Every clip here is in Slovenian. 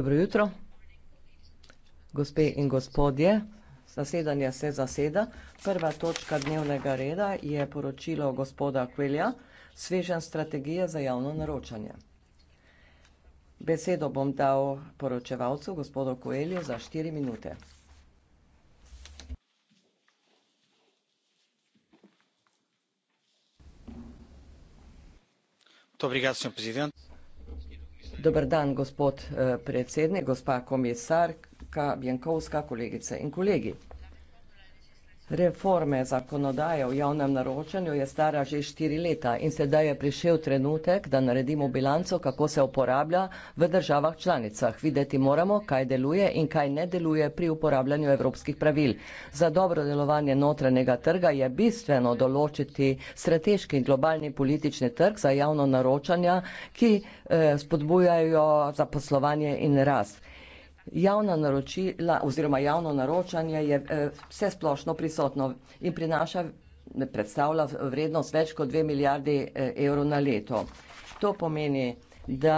Dobro jutro, gospe in gospodje. Zasedanje se zaseda. Prva točka dnevnega reda je poročilo gospoda Quelja, svežen strategije za javno naročanje. Besedo bom dal poročevalcu, gospodu Quelju, za štiri minute. Dobrega, sem prezident. Dobar dan, gospod eh, predsednik, gospa komisarka Bjankovska, kolegice in kolegi. Reforme zakonodaje v javnem naročanju je stara že štiri leta in sedaj je prišel trenutek, da naredimo bilanco, kako se uporablja v državah članicah. Videti moramo, kaj deluje in kaj ne deluje pri uporabljanju evropskih pravil. Za dobro delovanje notranjega trga je bistveno določiti strateški in globalni politični trg za javno naročanja, ki eh, spodbujajo zaposlovanje in rast. Javna naročila oziroma javno naročanje je eh, vse splošno prisotno in prinaša, predstavlja vrednost več kot dve milijardi eh, evrov na leto. To pomeni, da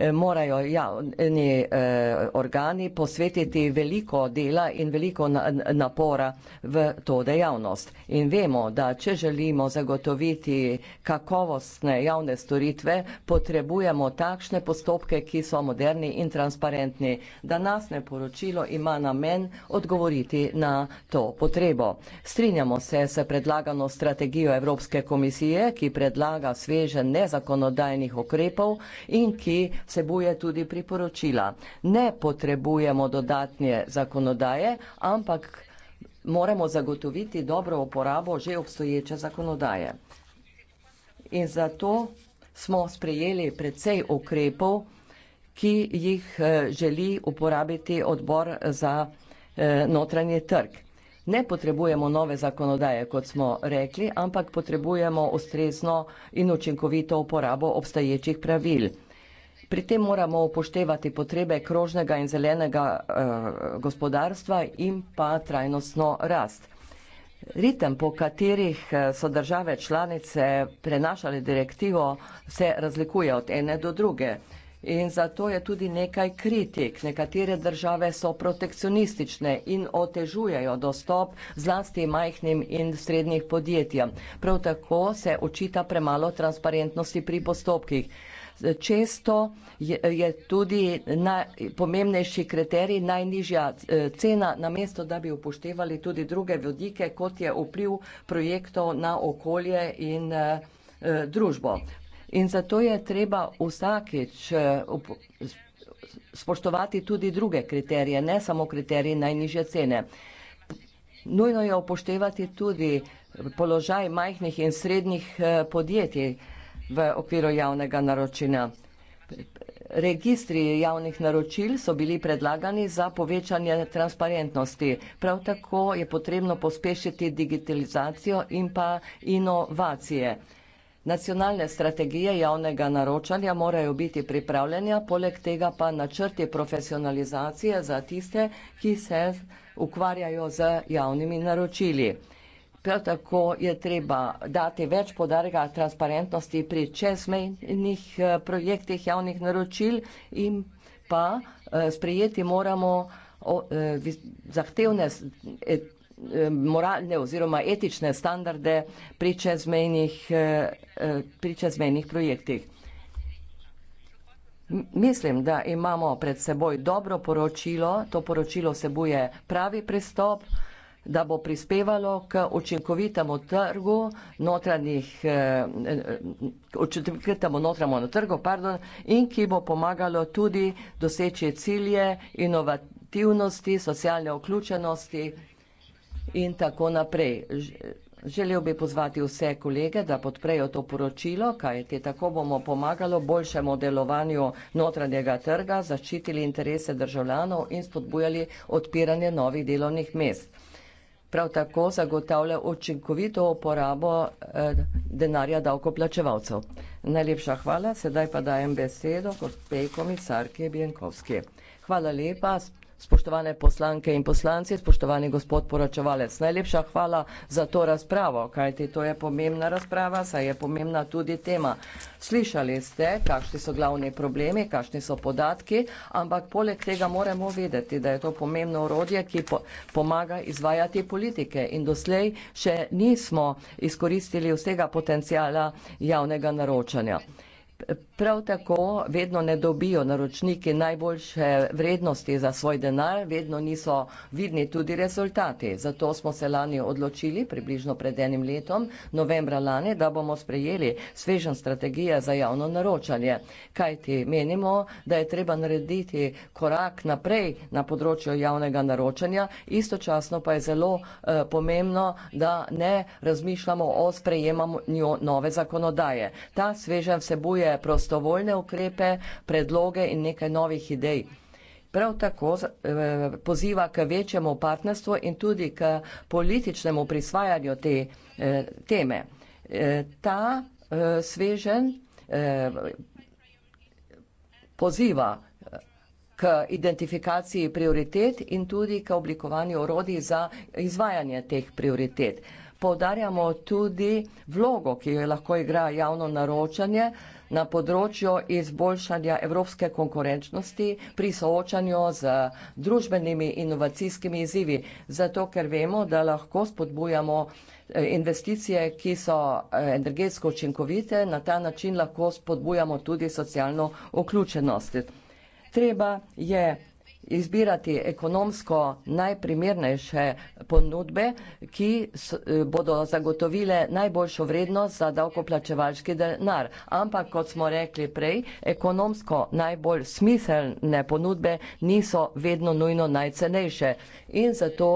Eh, morajo javni eh, organi posvetiti veliko dela in veliko napora v to dejavnost. In vemo, da če želimo zagotoviti kakovostne javne storitve, potrebujemo takšne postopke, ki so moderni in transparentni. Danasne poročilo ima namen odgovoriti na to potrebo. Strinjamo se s predlagano strategijo Evropske komisije, ki predlaga sveže nezakonodajnih okrepov in ki vsebuje tudi priporočila. Ne potrebujemo dodatnje zakonodaje, ampak moramo zagotoviti dobro uporabo že obstoječe zakonodaje. In zato smo sprejeli predvsej ukrepov, ki jih eh, želi uporabiti odbor eh, za eh, notranje trg. Ne potrebujemo nove zakonodaje, kot smo rekli, ampak potrebujemo ustrezno in učinkovito uporabo obstoječih pravil. Pri tem moramo upoštevati potrebe krožnega in zelenega uh, gospodarstva in pa trajnostno rast. Ritem, po katerih eh, so države članice prenašale direktivo, se razlikuje od ene do druge. In zato je tudi nekaj kritik. Nekatere države so protekcionistične in otežujejo dostop zlasti majhnim in srednjih podjetjem. Prav tako se očita premalo transparentnosti pri postopkih često je, je tudi najpomembnejši kriterij najnižja eh, cena, namesto da bi upoštevali tudi druge vodike, kot je vpliv projektov na okolje in eh, eh družbo. In zato je treba vsakeč eh, spoštovati tudi druge kriterije, ne samo kriterije najnižje cene. Nujno je upoštevati tudi položaj majhnih in srednjih podjetij v okviru javnega naročila. Registri javnih naročil so bili predlagani za povečanje transparentnosti. Prav tako je potrebno pospešiti digitalizacijo in pa inovacije. Nacionalne strategije javnega naročanja morajo biti pripravljene, poleg tega pa načrti profesionalizacije za tiste, ki se ukvarjajo z javnimi naročili prav tako je treba dati več podarga transparentnosti pri čezmejnih eh, projektih javnih naročil in pa eh, sprejeti moramo eh, zahtevne moralne oziroma etične standarde pri čezmejnih, pri čezmejnih projektih. Mislim, da imamo pred seboj dobro poročilo, to poročilo vsebuje pravi pristop da bo prispevalo k učinkovitemu trgu notranjih, eh, eh, učinkovitemu notranjemu trgu, pardon, in ki bo pomagalo tudi doseči cilje inovativnosti, socialne vključenosti in tako naprej. Želel bi pozvati vse kolege, da podprejo to poročilo, kajti tako bomo pomagalo boljšemu delovanju notranjega trga, zaščitili interese državljanov in spodbujali odpiranje novih delovnih mest prav tako zagotavlja učinkovito uporabo eh, denarja davkoplačevalcev. Najlepša hvala, sedaj pa dajem besedo gospej komisarki Bjenkovski. Hvala lepa, spoštovane poslanke in poslanci, spoštovani gospod poročevalec. Najlepša hvala za to razpravo, kajti to je pomembna razprava, saj je pomembna tudi tema. Slišali ste, kakšni so glavni problemi, kakšni so podatki, ampak poleg tega moramo vedeti, da je to pomembno orodje, ki po pomaga izvajati politike in doslej še nismo izkoristili vsega potencijala javnega naročanja. Prav tako vedno ne dobijo naročniki najboljše vrednosti za svoj denar, vedno niso vidni tudi rezultati. Zato smo se lani odločili, približno pred enim letom, novembra lani, da bomo sprejeli svežen strategije za javno naročanje. Kajti menimo, da je treba narediti korak naprej na področju javnega naročanja, istočasno pa je zelo uh, pomembno, da ne razmišljamo o sprejemanju nove zakonodaje. Ta svežen vsebuje svoje prostovoljne ukrepe, predloge in nekaj novih idej. Prav tako eh, poziva k večjemu partnerstvu in tudi k političnemu prisvajanju te eh, teme. Eh, ta svežen poziva k identifikaciji prioritet in tudi k oblikovanju orodij za izvajanje teh prioritet. Poudarjamo tudi vlogo, ki jo lahko igra javno naročanje, na področju izboljšanja evropske konkurenčnosti pri soočanju z družbenimi inovacijskimi izzivi. Zato, ker vemo, da lahko spodbujamo eh, investicije, ki so eh, energetsko učinkovite, na ta način lahko spodbujamo tudi socialno vključenost. Treba je izbirati ekonomsko najprimernejše ponudbe, ki e, bodo zagotovile najboljšo vrednost za davkoplačevalski denar. Ampak, kot smo rekli prej, ekonomsko najbolj smiselne ponudbe niso vedno nujno najcenejše. In zato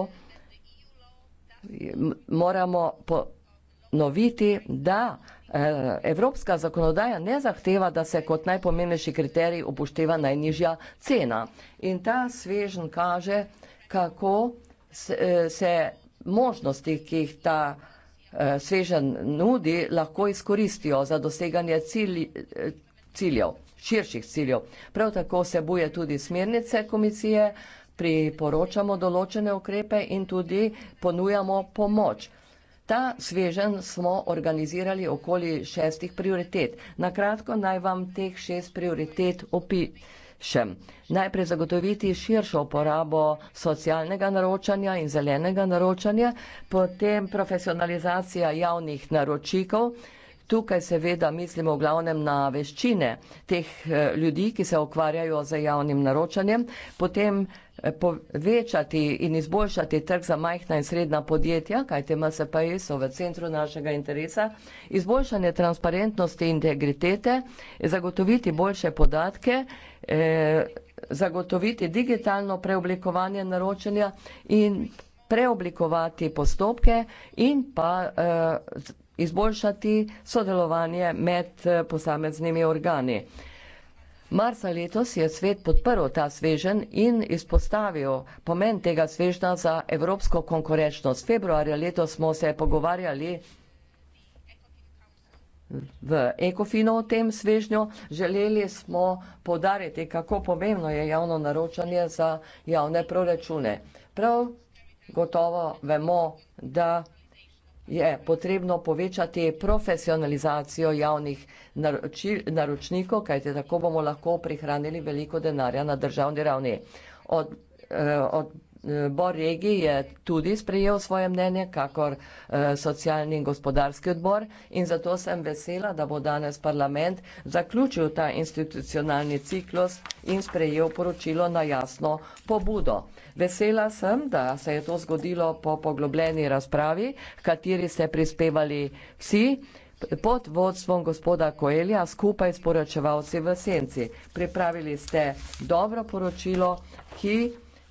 moramo ponoviti, da Eh, evropska zakonodaja ne zahteva, da se kot najpomembnejši kriterij upošteva najnižja cena. In ta svežen kaže, kako se eh, možnosti, ki jih ta eh, svežen nudi, lahko izkoristijo za doseganje ciljev, širših ciljev. Prav tako se buje tudi smernice komisije, priporočamo določene okrepe in tudi ponujamo pomoč. Ta svežen smo organizirali okoli šestih prioritet. Na kratko naj vam teh šest prioritet opišem. Najprej zagotoviti širšo uporabo socialnega naročanja in zelenega naročanja, potem profesionalizacija javnih naročikov. Tukaj seveda mislimo v glavnem na veščine teh eh, ljudi, ki se ukvarjajo z javnim naročanjem, potem povečati in izboljšati trg za majhna in srednja podjetja, kajte MSP-ji so v centru našega interesa, izboljšanje transparentnosti in integritete, zagotoviti boljše podatke, eh, zagotoviti digitalno preoblikovanje naročanja in preoblikovati postopke in pa eh, izboljšati sodelovanje med eh, posameznimi organi. Marca letos je svet podprl ta svežen in izpostavil pomen tega svežna za evropsko konkurenčnost. Februarja letos smo se pogovarjali v Ekofino o tem svežnju. Želeli smo podariti, kako pomembno je javno naročanje za javne proračune. Prav gotovo vemo, da je potrebno povečati profesionalizacijo javnih naročil, naročnikov, kajti tako bomo lahko prihranili veliko denarja na državni ravni. Od, eh, od Bor regij je tudi sprejel svoje mnenje, kakor eh, socialni in gospodarski odbor in zato sem vesela, da bo danes parlament zaključil ta institucionalni ciklus in sprejel poročilo na jasno pobudo. Vesela sem, da se je to zgodilo po poglobljeni razpravi, kateri ste prispevali vsi pod vodstvom gospoda Koelja skupaj s poročevalci v Senci. Pripravili ste dobro poročilo, ki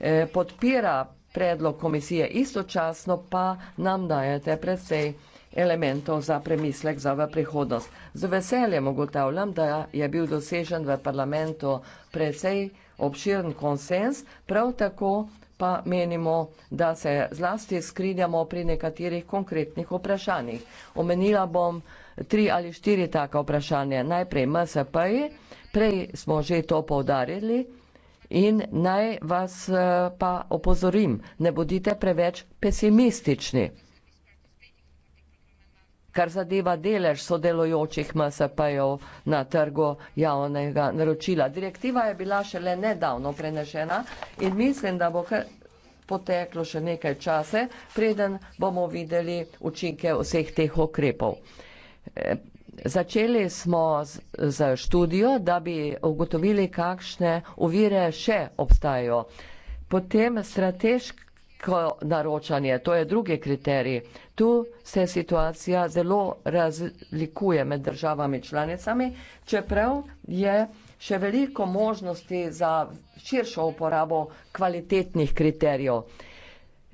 Eh, podpira predlog komisije, istočasno pa nam dajete predvsej elementov za premislek za v prihodnost. Z veseljem ugotavljam, da je bil dosežen v parlamentu predvsej obširen konsens, prav tako pa menimo, da se zlasti skrinjamo pri nekaterih konkretnih vprašanjih. Omenila bom tri ali štiri taka vprašanja. Najprej MSP-ji, prej smo že to povdarili, In naj vas eh, pa opozorim, ne bodite preveč pesimistični. Kar zadeva delež sodelujočih MSP-jev na trgu javnega naročila. Direktiva je bila šele nedavno prenešena in mislim, da bo poteklo še nekaj časa, preden bomo videli učinke vseh teh okrepov. Začeli smo z, z študijo, da bi ugotovili, kakšne ovire še obstajajo. Potem strateško naročanje, to je drugi kriterij. Tu se situacija zelo razlikuje med državami članicami, čeprav je še veliko možnosti za širšo uporabo kvalitetnih kriterijev.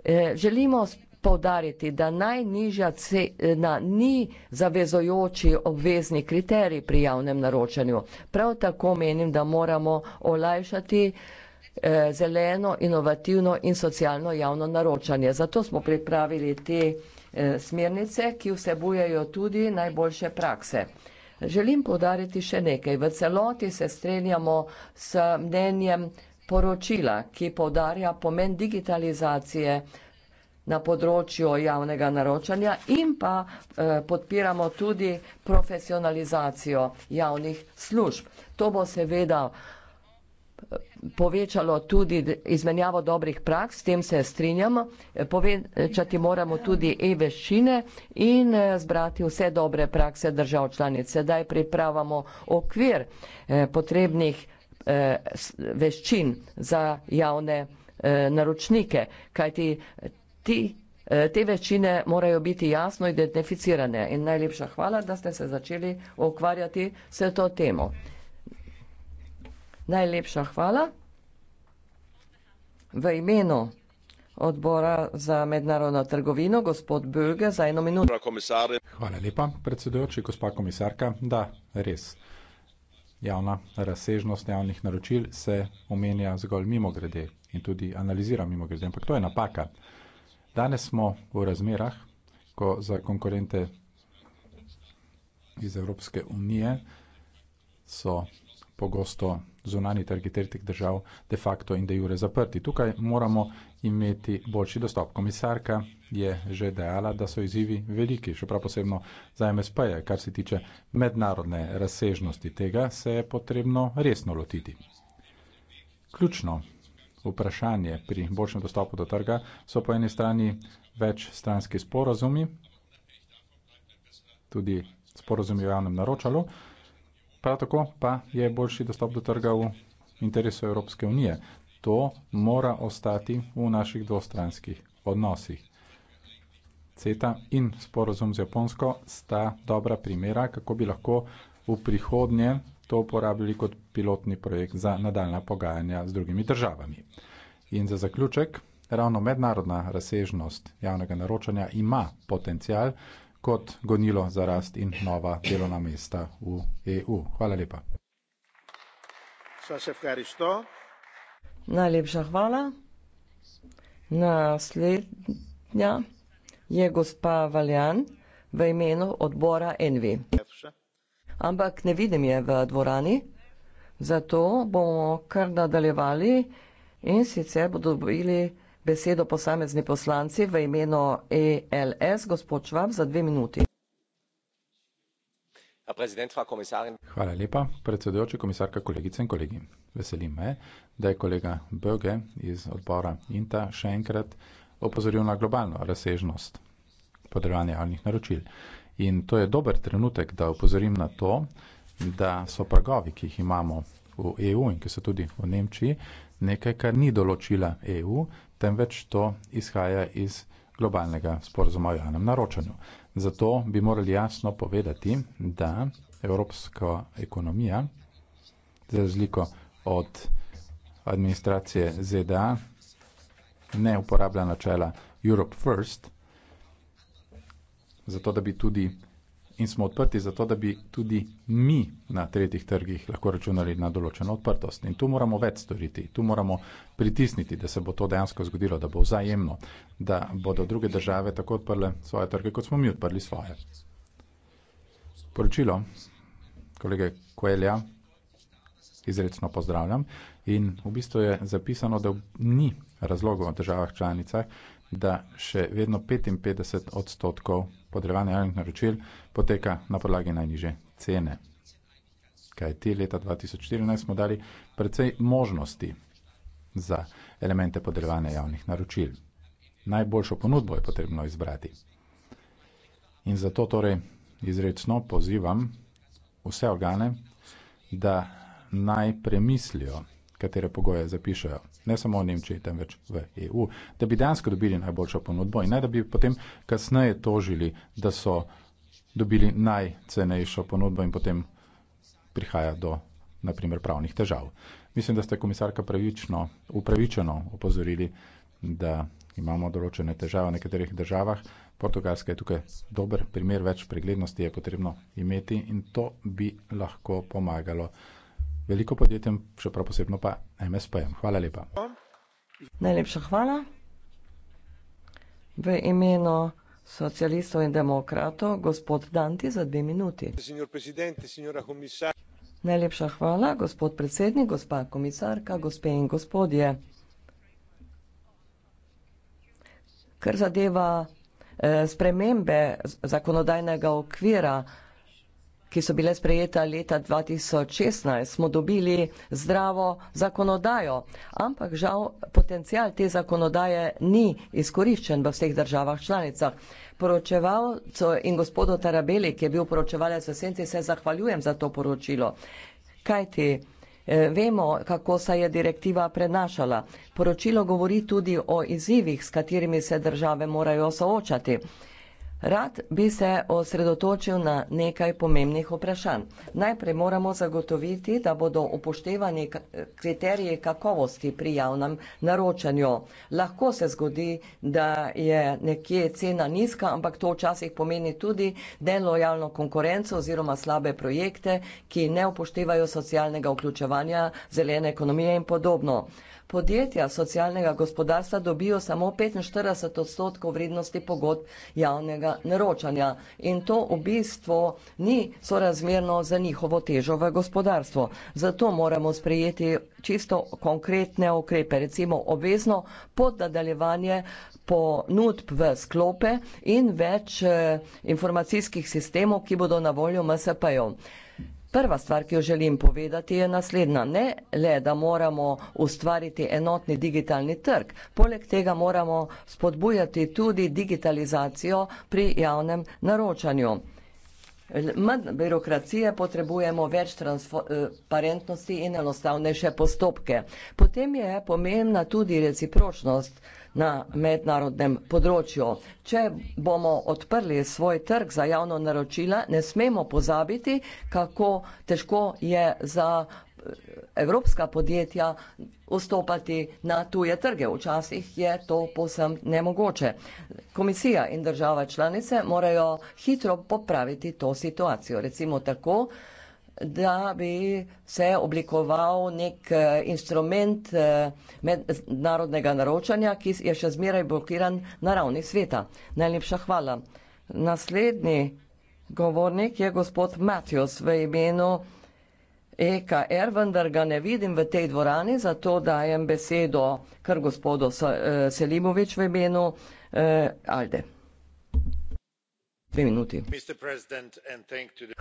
E, želimo poudariti, da najnižja cena ni zavezojoči obvezni kriterij pri javnem naročanju. Prav tako menim, da moramo olajšati eh, zeleno, inovativno in socialno javno naročanje. Zato smo pripravili te eh, smernice, ki vsebujejo tudi najboljše prakse. Želim povdariti še nekaj. V celoti se strenjamo s mnenjem poročila, ki povdarja pomen digitalizacije na področju javnega naročanja in pa eh, podpiramo tudi profesionalizacijo javnih služb. To bo seveda eh, povečalo tudi izmenjavo dobrih praks, s tem se strinjamo, eh, povečati moramo tudi e-veščine in eh, zbrati vse dobre prakse držav članice. Sedaj pripravamo okvir potrebnih veščin za javne naročnike, kajti ti, eh, te večine morajo biti jasno identificirane in najlepša hvala, da ste se začeli ukvarjati s to temo. Najlepša hvala v imenu odbora za mednarodno trgovino, gospod Bölge, za eno minuto. Hvala lepa, predsedujoči, gospa komisarka. Da, res. Javna razsežnost javnih naročil se omenja zgolj mimo grede in tudi analizira mimo grede, ampak to je napaka. Danes smo v razmerah, ko za konkurente iz Evropske unije so pogosto zunani trgi tretjih držav de facto in de jure zaprti. Tukaj moramo imeti boljši dostop. Komisarka je že dejala, da so izzivi veliki, še prav posebno za MSP-je, kar se tiče mednarodne razsežnosti tega, se je potrebno resno lotiti. Ključno vprašanje pri boljšem dostopu do trga, so po eni strani več stranski sporozumi, tudi sporozumi o javnem naročalu, prav tako pa je boljši dostop do trga v interesu Evropske unije. To mora ostati v naših dvostranskih odnosih. CETA in sporozum z Japonsko sta dobra primera, kako bi lahko v prihodnje to uporabili kot pilotni projekt za nadaljna pogajanja z drugimi državami. In za zaključek, ravno mednarodna razsežnost javnega naročanja ima potencial kot gonilo za rast in nova delovna mesta v EU. Hvala lepa. Najlepša hvala. Naslednja je gospa Valjan v imenu odbora Envi ampak ne vidim je v dvorani. Zato bomo kar nadaljevali in sicer bodo dobili besedo posamezni poslanci v imenu ELS, gospod Švab, za dve minuti. Ja, Hvala lepa, predsedujoči komisarka, kolegice in kolegi. Veselim me, da je kolega Böge iz odbora INTA še enkrat opozoril na globalno razsežnost podeljevanja javnih naročil. In to je dober trenutek, da upozorim na to, da so pragovi, ki jih imamo v EU in ki so tudi v Nemčiji, nekaj, kar ni določila EU, temveč to izhaja iz globalnega sporozuma o javnem naročanju. Zato bi morali jasno povedati, da evropska ekonomija, za razliko od administracije ZDA, ne uporablja načela Europe First, zato da bi tudi in smo odprti zato, da bi tudi mi na tretjih trgih lahko računali na določeno odprtost. In tu moramo več storiti, tu moramo pritisniti, da se bo to dejansko zgodilo, da bo vzajemno, da bodo druge države tako odprle svoje trge, kot smo mi odprli svoje. Poročilo kolege Koelja izredno pozdravljam in v bistvu je zapisano, da ni razlogov v državah članicah, da še vedno 55 odstotkov podrevanja javnih naročil poteka na podlagi najniže cene. Kaj ti leta 2014 smo dali precej možnosti za elemente podrevanja javnih naročil. Najboljšo ponudbo je potrebno izbrati. In zato torej izrecno pozivam vse organe, da naj premislijo, katere pogoje zapišajo ne samo v Nemčiji, temveč v EU, da bi dejansko dobili najboljšo ponudbo in ne da bi potem kasneje tožili, da so dobili najcenejšo ponudbo in potem prihaja do naprimer pravnih težav. Mislim, da ste komisarka pravično, upravičeno opozorili, da imamo določene težave v nekaterih državah. Portugalska je tukaj dober primer, več preglednosti je potrebno imeti in to bi lahko pomagalo veliko podjetjem, še prav posebno pa MSP-jem. Hvala lepa. Najlepša hvala. V imenu socialistov in demokratov, gospod Danti, za dve minuti. Najlepša hvala, gospod predsednik, gospa komisarka, gospe in gospodje. Kar zadeva eh, spremembe zakonodajnega okvira, ki so bile sprejeta leta 2016, smo dobili zdravo zakonodajo, ampak žal potencial te zakonodaje ni izkoriščen v vseh državah članicah. Poročevalcu in gospodu Tarabeli, ki je bil poročevalec v Senci, se zahvaljujem za to poročilo. Kajti, eh, Vemo, kako se je direktiva prenašala. Poročilo govori tudi o izzivih, s katerimi se države morajo soočati. Rad bi se osredotočil na nekaj pomembnih vprašanj. Najprej moramo zagotoviti, da bodo upoštevani kriteriji kakovosti pri javnem naročanju. Lahko se zgodi, da je nekje cena nizka, ampak to včasih pomeni tudi nelojalno konkurenco oziroma slabe projekte, ki ne upoštevajo socialnega vključevanja, zelene ekonomije in podobno podjetja socialnega gospodarstva dobijo samo 45 odstotkov vrednosti pogodb javnega naročanja. In to v bistvu ni sorazmerno za njihovo težo v gospodarstvu. Zato moramo sprejeti čisto konkretne okrepe, recimo obvezno podnadaljevanje ponudb v sklope in več eh, informacijskih sistemov, ki bodo na voljo MSP-ju. Prva stvar, ki jo želim povedati, je naslednja. Ne le, da moramo ustvariti enotni digitalni trg, poleg tega moramo spodbujati tudi digitalizacijo pri javnem naročanju. Manj birokracije potrebujemo več transparentnosti eh, in enostavnejše postopke. Potem je pomembna tudi recipročnost na mednarodnem področju. Če bomo odprli svoj trg za javno naročila, ne smemo pozabiti, kako težko je za eh, evropska podjetja vstopati na tuje trge. Včasih je to posem nemogoče. Komisija in država članice morajo hitro popraviti to situacijo. Recimo tako, da bi se oblikoval nek eh, instrument eh, mednarodnega naročanja, ki je še zmeraj blokiran na ravni sveta. Najlepša hvala. Naslednji govornik je gospod Matjus v imenu EKR, vendar ga ne vidim v tej dvorani, zato dajem besedo kar gospodu eh, Selimovič v imenu Alde.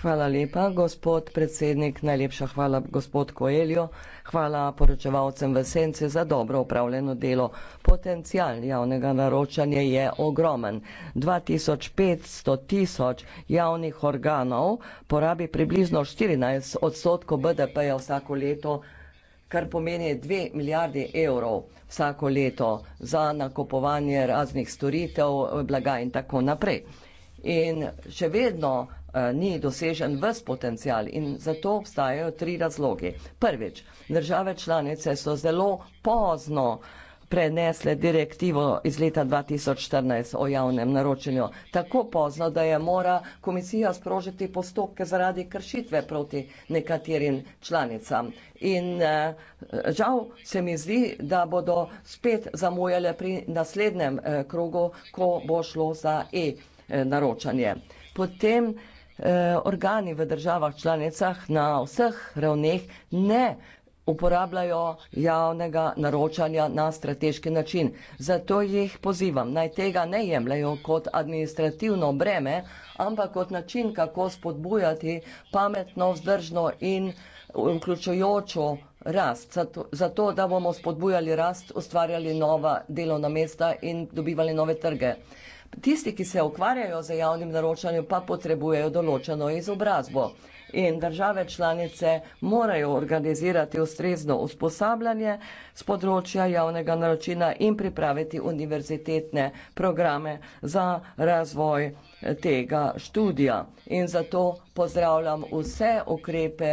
Hvala lepa, gospod predsednik. Najlepša hvala, gospod Coelho. Hvala poročevalcem v senci za dobro upravljeno delo. Potencial javnega naročanja je ogromen. 2500 tisoč javnih organov porabi približno 14 odstotkov BDP-ja vsako leto kar pomeni 2 milijarde evrov vsako leto za nakupovanje raznih storitev, blaga in tako naprej in še vedno eh, ni dosežen ves potencial in zato obstajajo tri razlogi. Prvič, države članice so zelo pozno prenesle direktivo iz leta 2014 o javnem naročanju. Tako pozno, da je mora komisija sprožiti postopke zaradi kršitve proti nekaterim članicam. In eh, žal se mi zdi, da bodo spet zamujale pri naslednjem eh, krogu, ko bo šlo za E-kršitve Eh, naročanje. Potem eh, organi v državah članicah na vseh ravneh ne uporabljajo javnega naročanja na strateški način. Zato jih pozivam, naj tega ne jemljajo kot administrativno breme, ampak kot način, kako spodbujati pametno, vzdržno in vključujočo rast. Zato, zato, da bomo spodbujali rast, ustvarjali nova delovna mesta in dobivali nove trge. Tisti, ki se ukvarjajo z javnim naročanjem, pa potrebujejo določeno izobrazbo. In države članice morajo organizirati ustrezno usposabljanje z področja javnega naročila in pripraviti univerzitetne programe za razvoj eh, tega študija. In zato pozdravljam vse ukrepe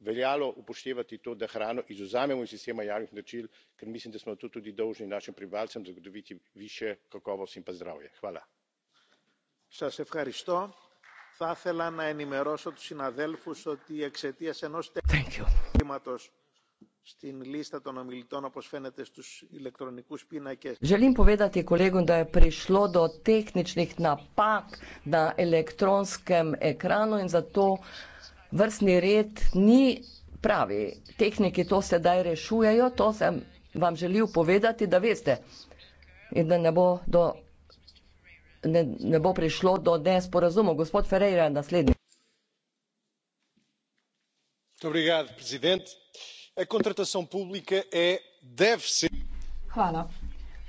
veljalo upoštevati to da hrano izvzamemo iz sistema javnih naročil ker mislim da smo to tudi dolžni našim prebivalcem zagotoviti višjo kakovost in pa zdravje. želim povedati kolegom da je prišlo do tehničnih napak na elektronskem ekranu in zato vrstni red ni pravi. Tehniki to sedaj rešujejo, to sem vam želel povedati, da veste in da ne bo, do, ne, ne bo prišlo do nesporazumov. Gospod Ferreira, naslednji. Obrigado, Hvala.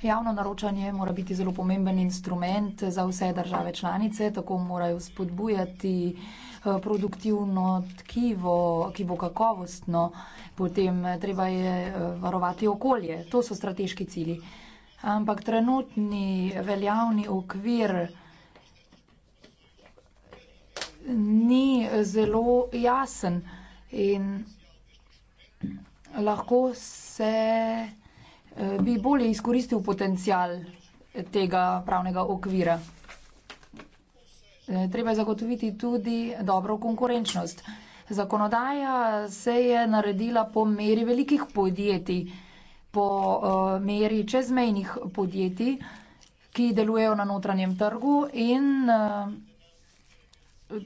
Javno naročanje mora biti zelo pomemben instrument za vse države članice, tako morajo spodbujati eh, produktivno tkivo, ki bo kakovostno, potem eh, treba je eh, varovati okolje. To so strateški cili. Ampak trenutni veljavni okvir ni zelo jasen in lahko se bi bolje izkoristil potencial tega pravnega okvira. Eh, treba je zagotoviti tudi dobro konkurenčnost. Zakonodaja se je naredila po meri velikih podjetij, po eh, meri čezmejnih podjetij, ki delujejo na notranjem trgu in eh,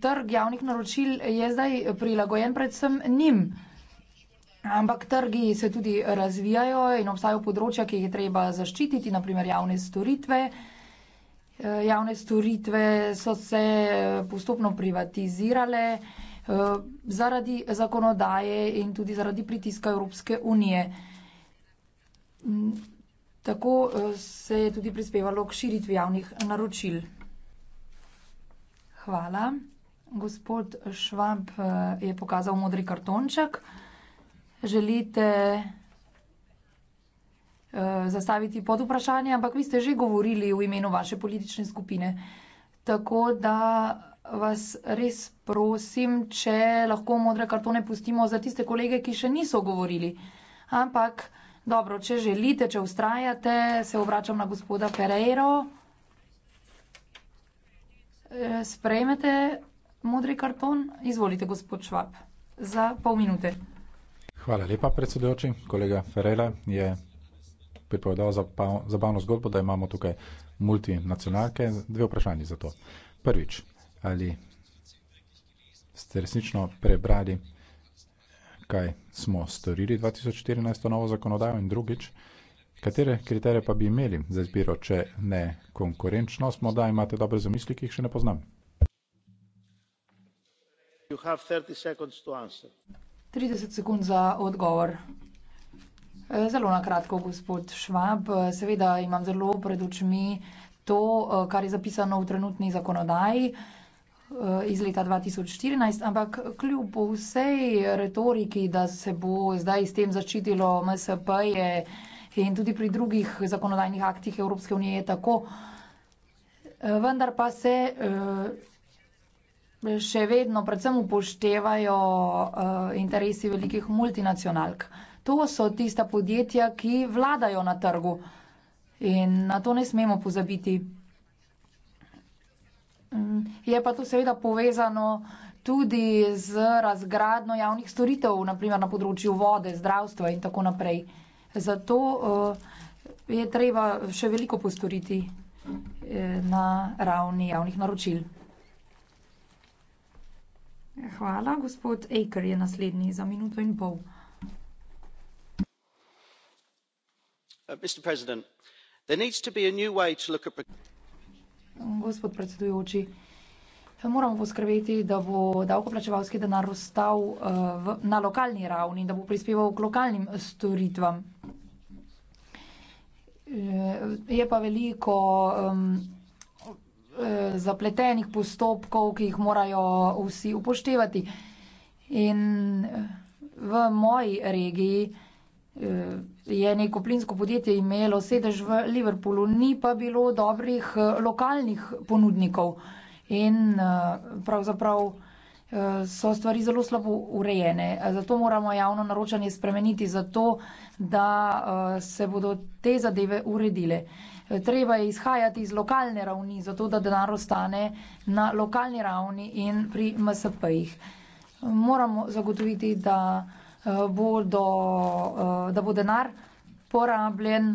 trg javnih naročil je zdaj prilagojen predvsem njim. Ampak trgi se tudi razvijajo in obstajajo področja, ki jih je treba zaščititi, naprimer javne storitve. E, javne storitve so se e, postopno privatizirale e, zaradi zakonodaje in tudi zaradi pritiska Evropske unije. Tako se je tudi prispevalo k širitvi javnih naročil. Hvala. Gospod Švamp je pokazal modri kartonček želite eh, zastaviti pod vprašanje, ampak vi ste že govorili v imenu vaše politične skupine. Tako da vas res prosim, če lahko modre kartone pustimo za tiste kolege, ki še niso govorili. Ampak dobro, če želite, če ustrajate, se obračam na gospoda Pereiro. Eh, sprejmete modri karton? Izvolite, gospod Švab, za pol minute. Hvala lepa, predsedujoči. Kolega Ferele je pripovedal zabavno zgodbo, da imamo tukaj multinacionalke. Dve vprašanje za to. Prvič, ali ste resnično prebrali, kaj smo storili 2014 to novo zakonodajo in drugič, katere kriterije pa bi imeli za izbiro, če ne konkurenčnost, morda imate dobre zamisli, ki jih še ne poznam. 30 sekund za odgovor. E, zelo na kratko, gospod Švab. E, seveda imam zelo pred očmi to, e, kar je zapisano v trenutni zakonodaji iz leta 2014, ampak kljub vsej retoriki, da se bo zdaj s tem začitilo MSP-je in tudi pri drugih zakonodajnih aktih Evropske unije je tako, vendar pa se še vedno predvsem upoštevajo uh, interesi velikih multinacionalk. To so tista podjetja, ki vladajo na trgu in na to ne smemo pozabiti. Mm, je pa to seveda povezano tudi z razgradno javnih storitev, naprimer na področju vode, zdravstva in tako naprej. Zato uh, je treba še veliko postoriti eh, na ravni javnih naročil. Hvala. Gospod Eker je naslednji za minuto in pol. Uh, Gospod predsedujoči, moramo poskrbeti, da bo davkoplačevalski denar ostal uh, na lokalni ravni, da bo prispeval k lokalnim storitvam. Uh, je pa veliko um, Eh, zapletenih postopkov, ki jih morajo vsi upoštevati. In eh, v moji regiji eh, je neko plinsko podjetje imelo sedež v Liverpoolu, ni pa bilo dobrih lokalnih ponudnikov in pravzaprav so stvari zelo slabo urejene. Zato moramo javno naročanje spremeniti, zato da se bodo te zadeve uredile treba je izhajati iz lokalne ravni, zato da denar ostane na lokalni ravni in pri MSP-jih. Moramo zagotoviti, da eh, bo, do, eh, da bo denar porabljen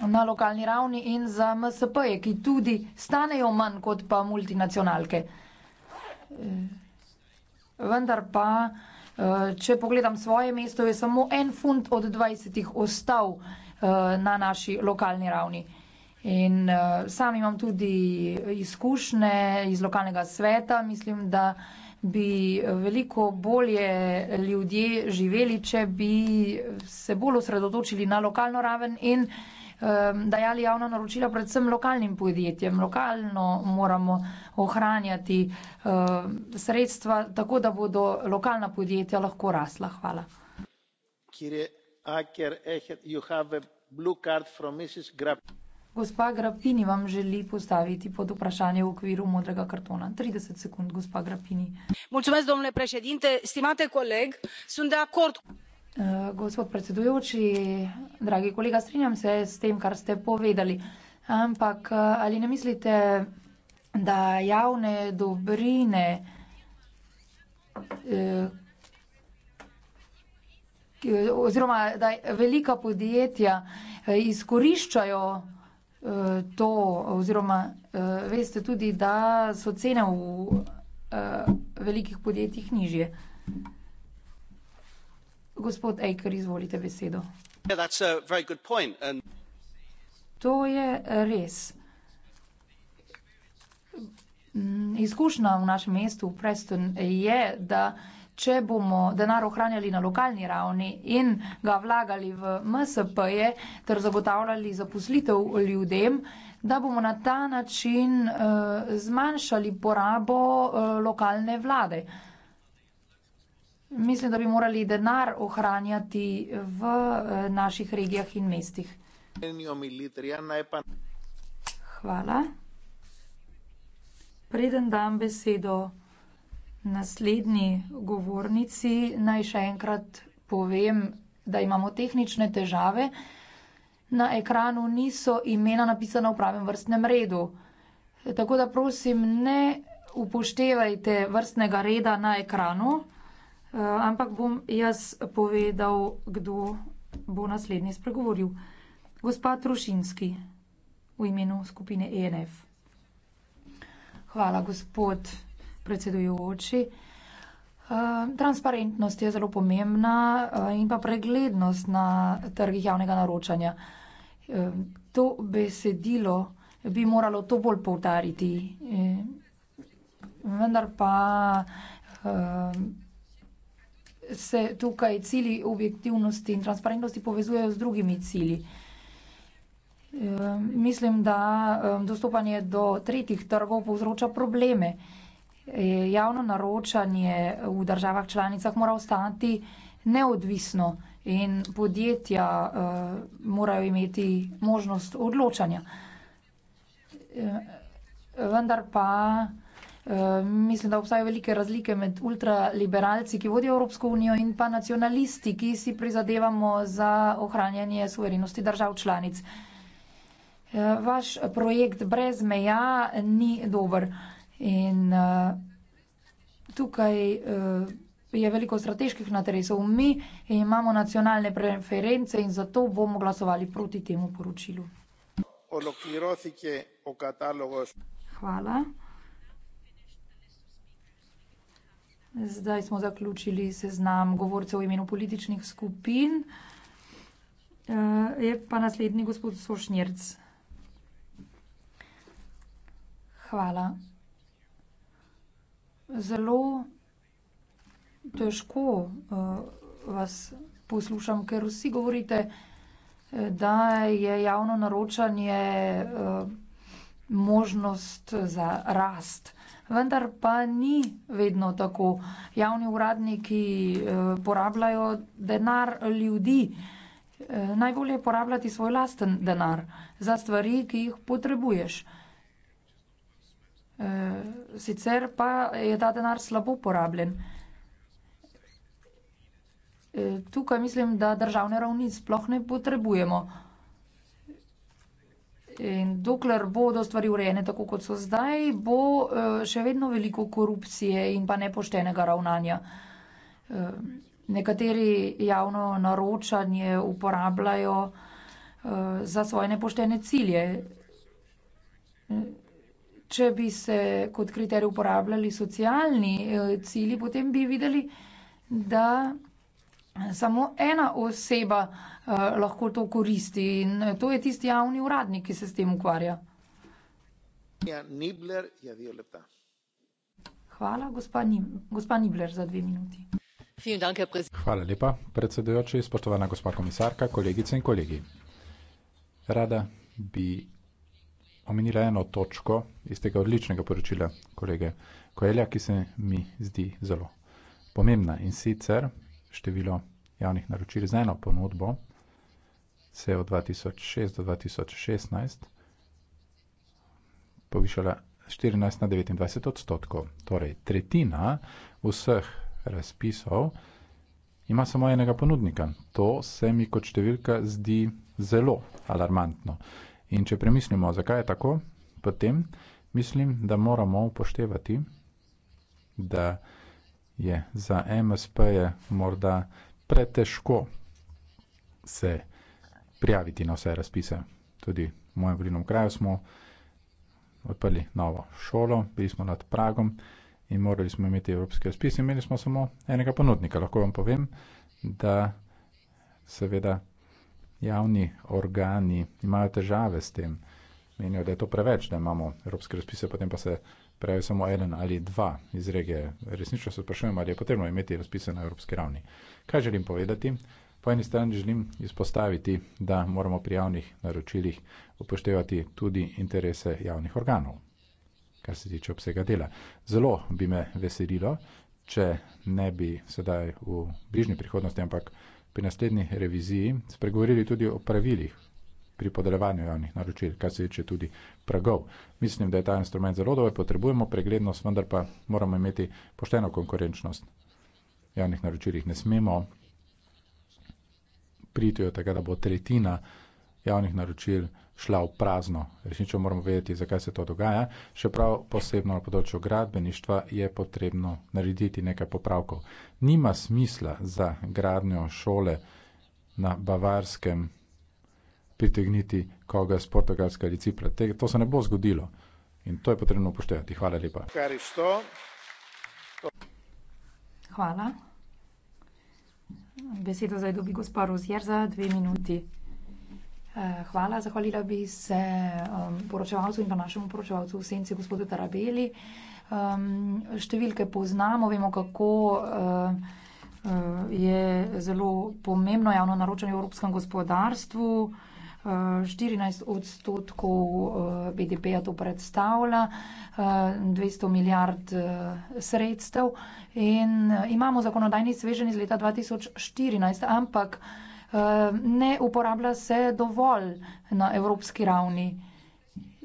na lokalni ravni in za MSP-je, ki tudi stanejo manj kot pa multinacionalke. Eh, vendar pa, če pogledam svoje mesto, je samo en funt od 20 ostal. Eh, na naši lokalni ravni. In uh, sam imam tudi izkušnje iz lokalnega sveta. Mislim, da bi veliko bolje ljudje živeli, če bi se bolj osredotočili na lokalno raven in um, dajali javna naročila predvsem lokalnim podjetjem. Lokalno moramo ohranjati uh, sredstva, tako da bodo lokalna podjetja lahko rasla. Hvala. Kjer je Gospa Grapini vam želi postaviti podvprašanje v okviru modrega kartona. 30 sekund, gospa Grapini. Mulțumesc, domnule președinte. Stimate coleg, sunt de acord. Eh, gospod predsedujoči, dragi kolega, strinjam se s tem, kar ste povedali. Ampak, eh, ali ne mislite, da javne dobrine, eh, oziroma da velika podjetja eh, izkoriščajo eh, to, oziroma eh, veste tudi, da so cene v velikih podjetjih nižje. Gospod Ejker, izvolite besedo. To je res. Mm, izkušnja v našem mestu, v Preston, je, da če bomo denar ohranjali na lokalni ravni in ga vlagali v MSP-je ter zagotavljali zaposlitev ljudem, da bomo na ta način uh, zmanjšali porabo uh, lokalne vlade. Mislim, da bi morali denar ohranjati v uh, naših regijah in mestih. Hvala. Preden dam besedo naslednji govornici naj še enkrat povem, da imamo tehnične težave. Na ekranu niso imena napisana v pravem vrstnem redu. Tako da prosim, ne upoštevajte vrstnega reda na ekranu, eh, ampak bom jaz povedal, kdo bo naslednji spregovoril. Gospa Trušinski v imenu skupine ENF. Hvala, gospod predsedujoči. Eh, transparentnost je zelo pomembna eh, in pa preglednost na trgih javnega naročanja. Eh, to besedilo bi moralo to bolj povdariti, vendar pa se tukaj cili objektivnosti in transparentnosti povezujejo z drugimi cili. Mislim, da dostopanje do tretjih trgov povzroča probleme javno naročanje v državah članicah mora ostati neodvisno in podjetja uh, morajo imeti možnost odločanja. Eh, vendar pa uh, mislim, da obstajajo velike razlike med ultraliberalci, ki vodijo Evropsko unijo, in pa nacionalisti, ki si prizadevamo za ohranjanje suverenosti držav članic. Uh, vaš projekt brez meja ni dober. Uh, In eh, tukaj eh, je veliko strateških interesov. Mi imamo nacionalne preference in zato bomo glasovali proti temu poročilu. Hvala. Zdaj smo zaključili seznam govorcev v imenu političnih skupin. Eh, je pa naslednji gospod Sošnjerc. Hvala zelo težko eh, vas poslušam, ker vsi govorite, eh, da je javno naročanje eh, možnost za rast. Vendar pa ni vedno tako. Javni uradniki porabljajo denar ljudi. Najbolje je porabljati svoj lasten denar za stvari, ki jih potrebuješ. Eh, sicer pa je ta denar slabo porabljen. Eh, tukaj mislim, da državne ravni sploh ne potrebujemo. In dokler bodo stvari urejene tako, kot so zdaj, bo eh, še vedno veliko korupcije in pa nepoštenega ravnanja. Nekateri javno naročanje uporabljajo za svoje nepoštene cilje če bi se kot kriterij uporabljali socialni eh, cilji, potem bi videli, da samo ena oseba eh, lahko to koristi in eh, to je tisti javni uradnik, ki se s tem ukvarja. Ja, Hvala, gospa Nibler, za dve minuti. Hvala lepa, predsedujoči, spoštovana gospa komisarka, kolegice in kolegi. Rada bi omenila eno točko iz tega odličnega poročila kolege Koelja, ki se mi zdi zelo pomembna. In sicer število javnih naročil za eno ponudbo se je od 2006 do 2016 povišala 14 na 29 odstotkov. Torej, tretjina vseh razpisov ima samo enega ponudnika. To se mi kot številka zdi zelo alarmantno. Uh, In če premislimo, zakaj je tako, potem mislim, da moramo upoštevati, da je za MSP-je morda pretežko se prijaviti na vse razpise. Tudi v mojem volilnem kraju smo odprli novo šolo, bili smo nad Pragom in morali smo imeti evropske razpise. Imeli smo samo enega ponudnika. Lahko vam povem, da seveda javni organi imajo težave s tem. Menijo, da je to preveč, da imamo evropske razpise, potem pa se prejajo samo en ali dva iz regije. Resnično se sprašujem, ali je potrebno imeti razpise na evropski ravni. Kaj želim povedati? Po eni strani želim izpostaviti, da moramo pri javnih naročilih upoštevati tudi interese javnih organov, kar se tiče obsega dela. Zelo bi me veselilo, če ne bi sedaj v bližnji prihodnosti, ampak pri naslednji reviziji spregovorili tudi o pravilih pri podeljevanju javnih naročil, kar se tiče tudi pragov. Mislim, da je ta instrument zelo dober, potrebujemo preglednost, vendar pa moramo imeti pošteno konkurenčnost. V javnih naročilih ne smemo priti od tega, da bo tretjina javnih naročil šla v prazno. Resnično moramo vedeti, zakaj se to dogaja. Še prav posebno na področju gradbeništva je potrebno narediti nekaj popravkov. Nima smisla za gradnjo šole na Bavarskem pritegniti koga z portugalske ali cipra. To se ne bo zgodilo in to je potrebno upoštevati. Hvala lepa. Hvala. Besedo zdaj dobi gospod Rozier za dve minuti. Eh, hvala, zahvalila bi se um, poročevalcu in pa našemu poročevalcu v senci, gospodu Tarabeli. Um, številke poznamo, vemo, kako uh, uh, je zelo pomembno javno naročanje v evropskem gospodarstvu. Uh, 14 odstotkov uh, BDP-ja to predstavlja, uh, 200 milijard uh, sredstev in uh, imamo zakonodajni sveženj iz leta 2014, ampak uh, ne uporablja se dovolj na evropski ravni.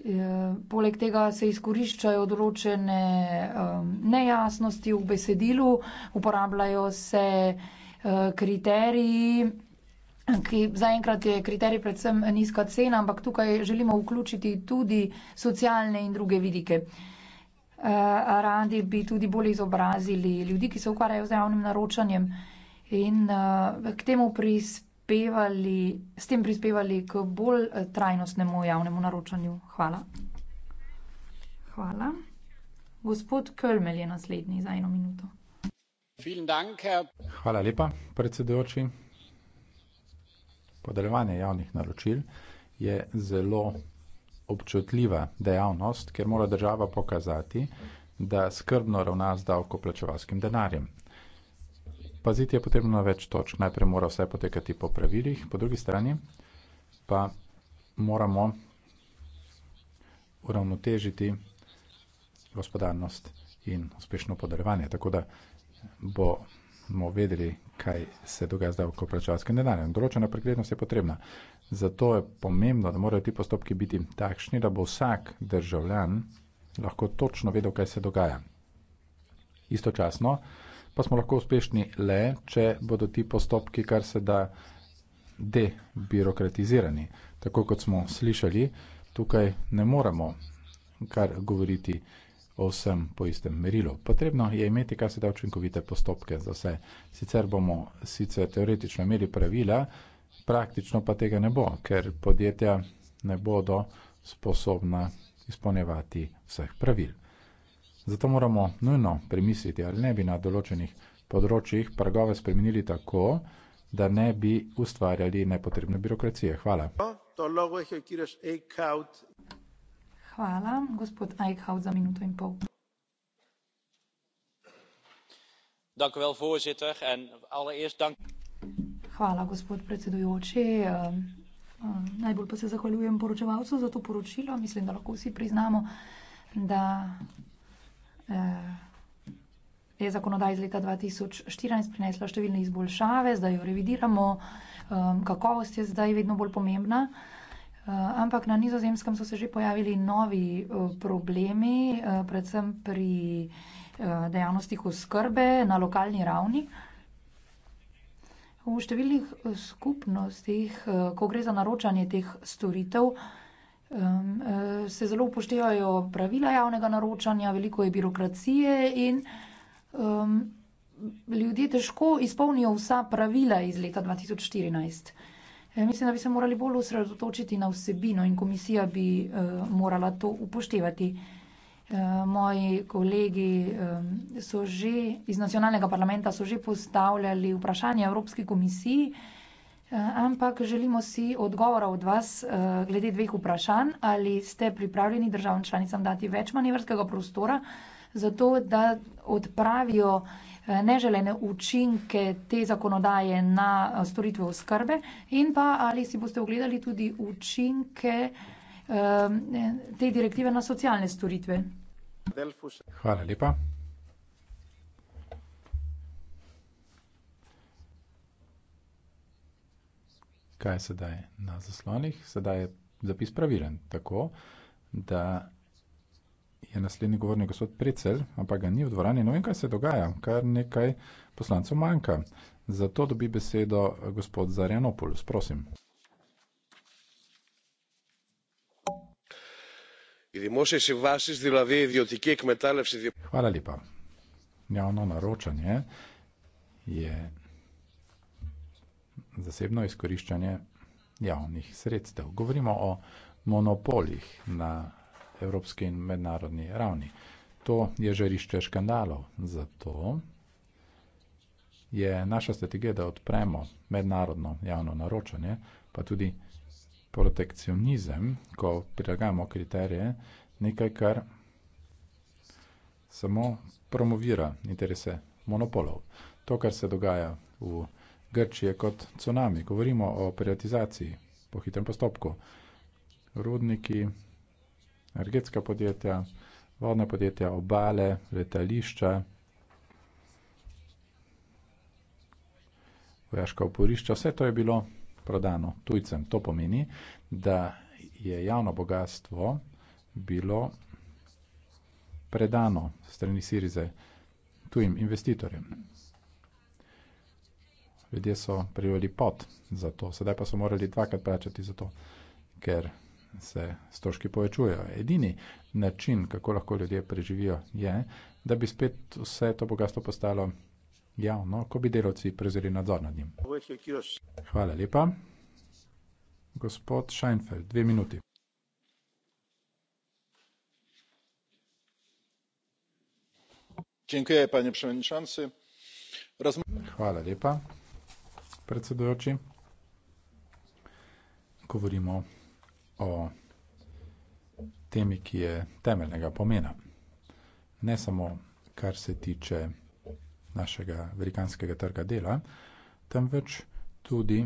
E, poleg tega se izkoriščajo določene e, nejasnosti v besedilu, uporabljajo se e, kriteriji, ki zaenkrat je kriterij predvsem nizka cena, ampak tukaj želimo vključiti tudi socialne in druge vidike. Radi bi tudi bolj izobrazili ljudi, ki se ukvarjajo z javnim naročanjem in k temu prispevajo prispevali, s tem prispevali k bolj eh, trajnostnemu javnemu naročanju. Hvala. Hvala. Gospod Kölmel je naslednji za eno minuto. Hvala lepa, predsedujoči. Podeljevanje javnih naročil je zelo občutljiva dejavnost, ker mora država pokazati, da skrbno ravna z davkoplačevalskim denarjem paziti je potrebno na več točk. Najprej mora vse potekati po pravilih, po drugi strani pa moramo uravnotežiti gospodarnost in uspešno podarjevanje. Tako da bomo vedeli, kaj se dogaja z davkoplačevalskim denarjem. Določena preglednost je potrebna. Zato je pomembno, da morajo ti postopki biti takšni, da bo vsak državljan lahko točno vedel, kaj se dogaja. Istočasno, pa smo lahko uspešni le, če bodo ti postopki kar se da debirokratizirani. Tako kot smo slišali, tukaj ne moramo kar govoriti o vsem po istem merilu. Potrebno je imeti kar se da učinkovite postopke za vse. Sicer bomo sicer teoretično imeli pravila, praktično pa tega ne bo, ker podjetja ne bodo sposobna izpolnjevati vseh pravil. Zato moramo nujno premisliti, ali ne bi na določenih področjih pragove spremenili tako, da ne bi ustvarjali nepotrebne birokracije. Hvala. Hvala, gospod Eichhout, za minuto in pol. Hvala, gospod predsedujoči. Ehm, ehm, najbolj pa se zahvaljujem poročevalcu za to poročilo. Mislim, da lahko vsi priznamo, da Eh, je zakonodaj iz leta 2014 prinesla številne izboljšave, zdaj jo revidiramo, ehm, kakovost je zdaj vedno bolj pomembna. Eh, ampak na nizozemskem so se že pojavili novi eh, problemi, predvsem pri dejavnostih oskrbe na lokalni ravni. V številnih skupnostih, ko gre za naročanje teh storitev, Um, se zelo upoštevajo pravila javnega naročanja, veliko je birokracije in um, ljudje težko izpolnijo vsa pravila iz leta 2014. Eh, mislim, da bi se morali bolj usredotočiti na vsebino in komisija bi uh, morala to upoštevati. Uh, moji kolegi um, so že iz nacionalnega parlamenta so že postavljali vprašanje Evropski komisiji uh, Eh, ampak želimo si odgovora od vas eh, glede dveh vprašanj. Ali ste pripravljeni državam članicam dati več manevrskega prostora, zato da odpravijo eh, neželene učinke te zakonodaje na storitve oskrbe in pa ali si boste ogledali tudi učinke te direktive na socialne storitve. Hvala lepa. kaj je sedaj na zaslonih. Sedaj je zapis pravilen, tako da je naslednji govornik gospod Precel, ampak ga ni v dvorani. No in kaj se dogaja? Kar nekaj poslancev manjka. Zato dobi besedo gospod Zarjanopoulos, prosim. Hvala lepa. Javno naročanje je zasebno izkoriščanje javnih sredstev. Govorimo o monopolih na evropski in mednarodni ravni. To je žarišče škandalov. Zato je naša strategija, da odpremo mednarodno javno naročanje, pa tudi protekcionizem, ko prilagajamo kriterije, nekaj, kar samo promovira interese monopolov. To, kar se dogaja v Grčije kot tsunami. Govorimo o privatizaciji po hitrem postopku. Rudniki, energetska podjetja, vodna podjetja, obale, letališča, vojaška oporišča, vse to je bilo prodano tujcem. To pomeni, da je javno bogatstvo bilo predano strani Sirize tujim investitorjem ljudje so prijeli pot za to, sedaj pa so morali dvakrat plačati za to, ker se stroški povečujejo. Edini način, kako lahko ljudje preživijo, je, da bi spet vse to bogatstvo postalo javno, ko bi delavci prevzeli nadzor nad njim. Hvala lepa. Gospod Scheinfeld, dve minuti. Hvala lepa predsedujoči. Govorimo o temi, ki je temeljnega pomena. Ne samo, kar se tiče našega velikanskega trga dela, temveč tudi,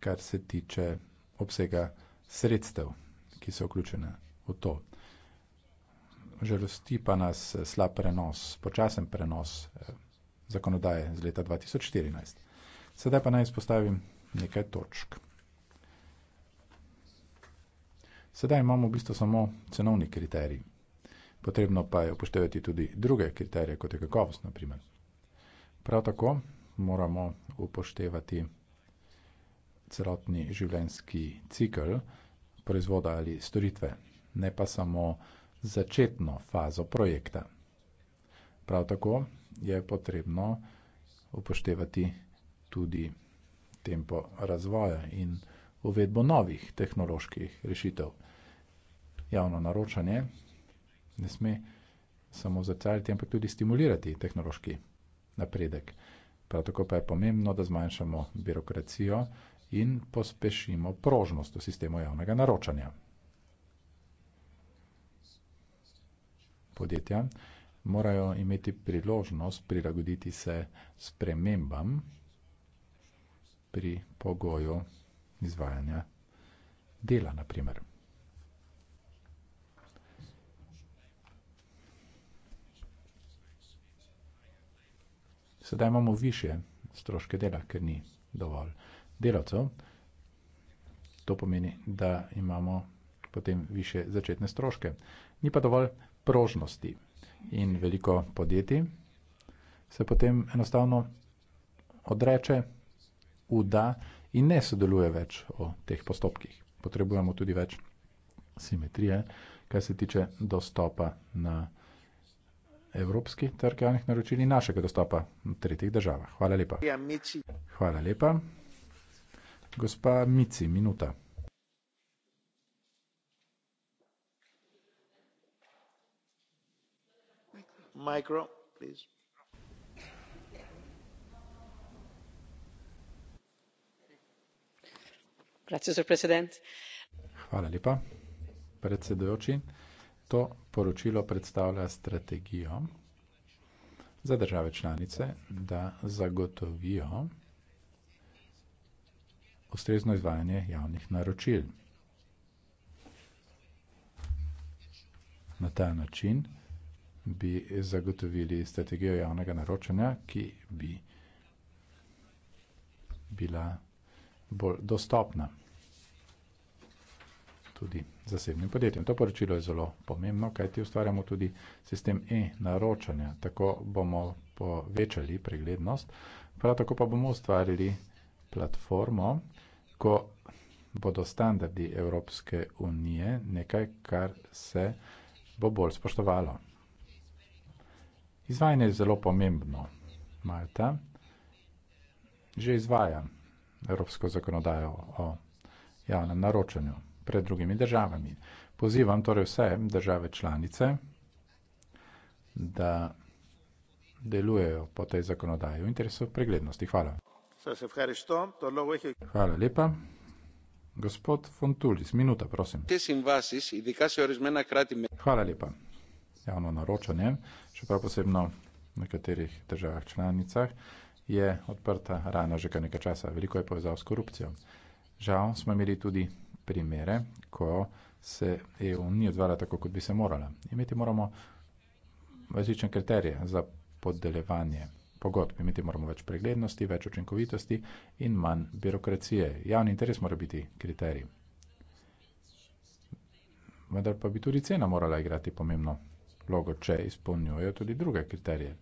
kar se tiče obsega sredstev, ki so vključene v to. Žalosti pa nas slab prenos, počasen prenos eh, zakonodaje z leta 2014. Sedaj pa naj izpostavim nekaj točk. Sedaj imamo v bistvu samo cenovni kriterij. Potrebno pa je upoštevati tudi druge kriterije, kot je kakovost, naprimer. Prav tako moramo upoštevati celotni življenski cikl proizvoda ali storitve, ne pa samo začetno fazo projekta. Prav tako je potrebno upoštevati tudi tempo razvoja in uvedbo novih tehnoloških rešitev. Javno naročanje ne sme samo zacariti, ampak tudi stimulirati tehnološki napredek. Prav tako pa je pomembno, da zmanjšamo birokracijo in pospešimo prožnost v sistemu javnega naročanja. Podjetja morajo imeti priložnost prilagoditi se spremembam pri pogoju izvajanja dela, naprimer. Sedaj imamo više stroške dela, ker ni dovolj delavcev. To pomeni, da imamo potem više začetne stroške. Ni pa dovolj prožnosti in veliko podjetij se potem enostavno odreče vda in ne sodeluje več o teh postopkih. Potrebujemo tudi več simetrije, kar se tiče dostopa na evropski trg javnih naročil in našega dostopa v tretjih državah. Hvala lepa. Ja, Hvala lepa. Gospa Mici, minuta. Mikro, please. Hvala lepa. Predsedujoči, to poročilo predstavlja strategijo za države članice, da zagotovijo ustrezno izvajanje javnih naročil. Na ta način bi zagotovili strategijo javnega naročanja, ki bi bila bolj dostopna tudi zasebnim podjetjem. To poročilo je zelo pomembno, kajti ustvarjamo tudi sistem e-naročanja. Tako bomo povečali preglednost, prav tako pa bomo ustvarili platformo, ko bodo standardi Evropske unije nekaj, kar se bo bolj spoštovalo. Izvajanje je zelo pomembno. Malta že izvaja evropsko zakonodajo o javnem naročanju pred drugimi državami. Pozivam torej vse države članice, da delujejo po tej zakonodaji v interesu preglednosti. Hvala. Hvala lepa. Gospod Fontulis, minuta, prosim. Hvala lepa. Javno naročanje, še prav posebno v nekaterih državah članicah, je odprta rana že kar nekaj časa. Veliko je povezav s korupcijo. Žal smo imeli tudi primere, ko se EU ni odvala tako, kot bi se morala. Imeti moramo različne kriterije za podelevanje pogodb. Imeti moramo več preglednosti, več učinkovitosti in manj birokracije. Javni interes mora biti kriterij. Vendar pa bi tudi cena morala igrati pomembno vlogo, če izpolnjujejo tudi druge kriterije.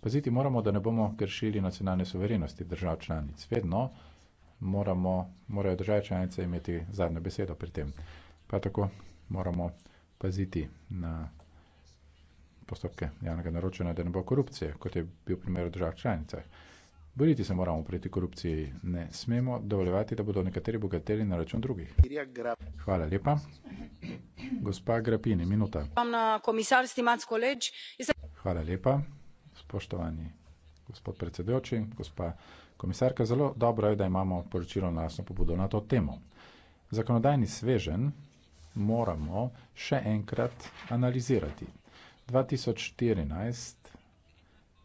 Paziti moramo, da ne bomo kršili nacionalne suverenosti držav članic. Vedno moramo, morajo države članice imeti zadnjo besedo pri tem. Pa tako moramo paziti na postopke javnega naročanja, da ne bo korupcije, kot je bil primer v držav članicah. Boriti se moramo proti korupciji, ne smemo dovoljevati, da bodo nekateri bogateli na račun drugih. Hvala lepa. Gospa Grapini, minuta. Hvala lepa. Spoštovani gospod predsedujoči, gospa komisarka, zelo dobro je, da imamo poročilo na jasno pobudo na to temo. Zakonodajni svežen moramo še enkrat analizirati. 2014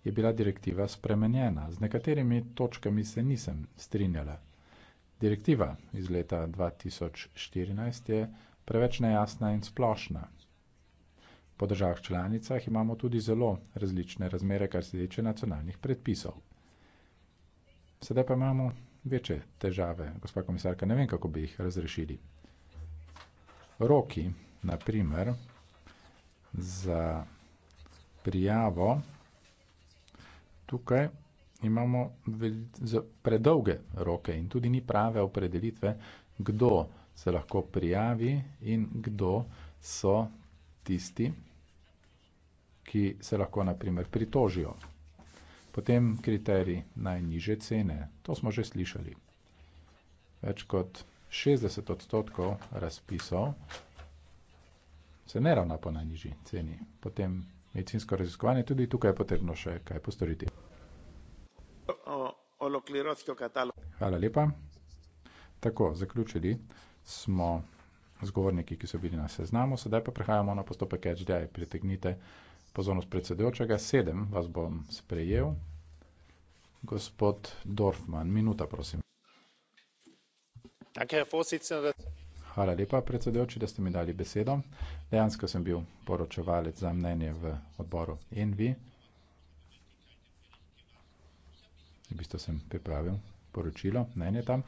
je bila direktiva spremenjena. Z nekaterimi točkami se nisem strinjala. Direktiva iz leta 2014 je preveč nejasna in splošna. Po državah članicah imamo tudi zelo različne razmere, kar se tiče nacionalnih predpisov. Sedaj pa imamo večje težave, gospod komisarka, ne vem, kako bi jih razrešili. Roki, naprimer, za prijavo, tukaj imamo predolge roke in tudi ni prave opredelitve, kdo se lahko prijavi in kdo so tisti, ki se lahko naprimer pritožijo. Potem kriterij najniže cene. To smo že slišali. Več kot 60 odstotkov razpisov se ne ravna po najnižji ceni. Potem medicinsko raziskovanje, tudi tukaj je potrebno še kaj postoriti. Hvala lepa. Tako, zaključili smo zgovorniki, ki so bili na seznamu, sedaj pa prehajamo na postopek HDI. Pritegnite pozornost predsedujočega. Sedem vas bom sprejel. Gospod Dorfman, minuta, prosim. Hvala lepa, predsedujoči, da ste mi dali besedo. Dejansko sem bil poročevalec za mnenje v odboru Envi. V bistvu sem pripravil poročilo, mnenje tam.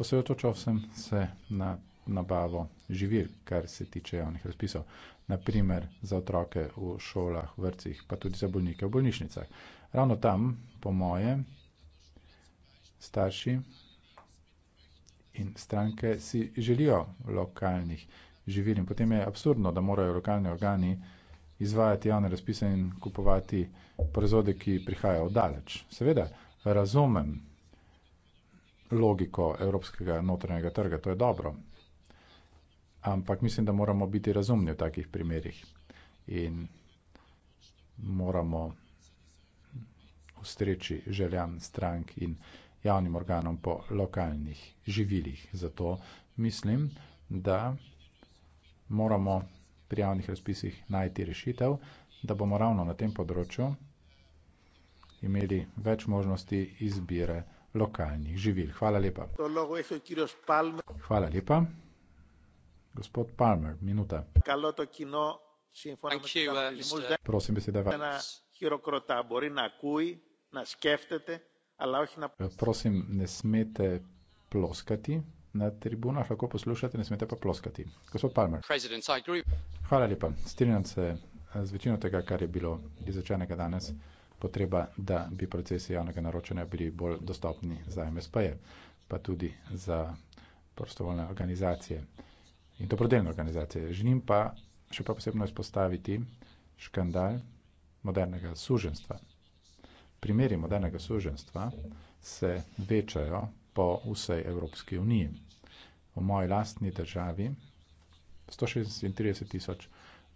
Osredotočal sem se na nabavo živil, kar se tiče javnih razpisov, naprimer za otroke v šolah, vrcih, pa tudi za bolnike v bolnišnicah. Ravno tam, po moje, starši in stranke si želijo lokalnih živil in potem je absurdno, da morajo lokalni organi izvajati javne razpise in kupovati proizvode, ki prihajajo daleč. Seveda, razumem logiko evropskega notranjega trga, to je dobro, Ampak mislim, da moramo biti razumni v takih primerjih in moramo ustreči željam strank in javnim organom po lokalnih živilih. Zato mislim, da moramo pri javnih razpisih najti rešitev, da bomo ravno na tem področju imeli več možnosti izbire lokalnih živil. Hvala lepa. Hvala lepa gospod Palmer, minuta. Thank you, uh, Mr. Prosim, Prosim, ne smete ploskati na tribunah, lahko poslušate, ne smete pa ploskati. Gospod Palmer. Hvala lepa. Strinjam se eh, z večino tega, kar je bilo izrečenega danes. Potreba, da bi procesi javnega naročanja bili bolj dostopni za MSP-je, pa tudi za prostovoljne organizacije in dobrodelne organizacije. Želim pa še pa posebno izpostaviti škandal modernega suženstva. Primeri modernega suženstva se večajo po vsej Evropski uniji. V moji lastni državi 136 tisoč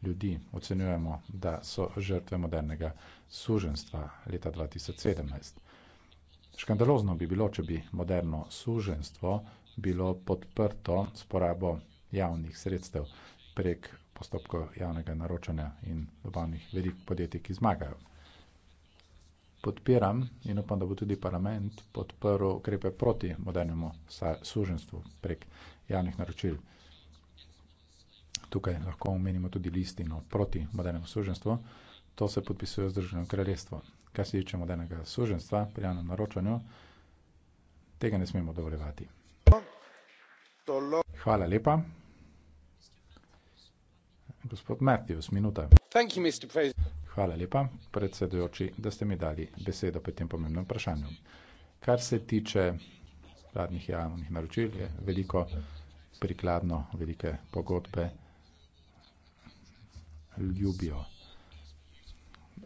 ljudi ocenjujemo, da so žrtve modernega suženstva leta 2017. Škandalozno bi bilo, če bi moderno suženstvo bilo podprto s porabo javnih sredstev prek postopkov javnega naročanja in dobavnih velikih podjetij, ki zmagajo. Podpiram in upam, da bo tudi parlament podprl ukrepe proti modernemu suženstvu prek javnih naročil. Tukaj lahko omenimo tudi listino proti modernemu suženstvu, to se podpisuje v Združeno kraljestvo. Kar se tiče modernega suženstva pri javnem naročanju, tega ne smemo dovoljevati. Hvala lepa. Gospod Matthews, minuta. Hvala lepa, predsedujoči, da ste mi dali besedo pri tem pomembnem vprašanju. Kar se tiče zadnjih javnih naročil, je veliko prikladno, velike pogodbe ljubijo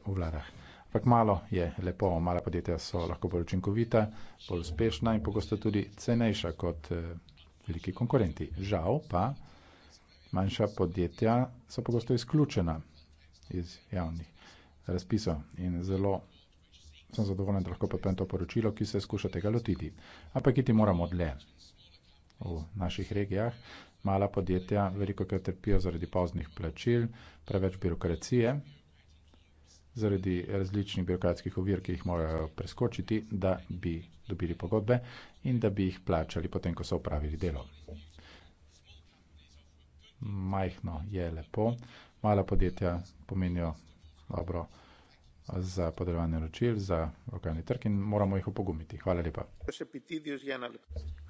v vladah. Ampak malo je lepo, mala podjetja so lahko bolj učinkovita, bolj uspešna in pogosto tudi cenejša kot eh, veliki konkurenti. Žal pa manjša podjetja so pogosto izključena iz javnih razpisov in zelo sem zadovoljen, da lahko podprem to poročilo, ki se skuša tega lotiti. Ampak iti moramo dlje. V naših regijah mala podjetja veliko krat trpijo zaradi poznih plačil, preveč birokracije, zaradi različnih birokratskih ovir, ki jih morajo preskočiti, da bi dobili pogodbe in da bi jih plačali potem, ko so upravili delo. Majhno je lepo, mala podjetja pomenijo dobro za podelovanje ročil, za lokalni trg in moramo jih opogumiti. Hvala lepa.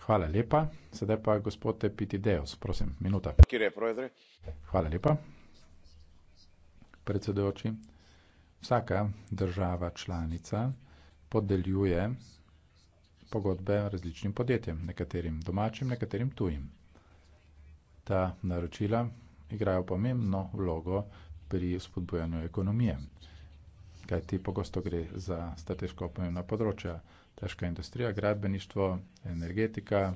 Hvala lepa. Sedaj pa gospod Piti Deos, prosim, minuta. Hvala lepa. Predsedujoči vsaka država članica podeljuje pogodbe različnim podjetjem, nekaterim domačim, nekaterim tujim. Ta naročila igrajo pomembno vlogo pri spodbujanju ekonomije, kajti pogosto gre za strateško pomembna področja, težka industrija, gradbeništvo, energetika,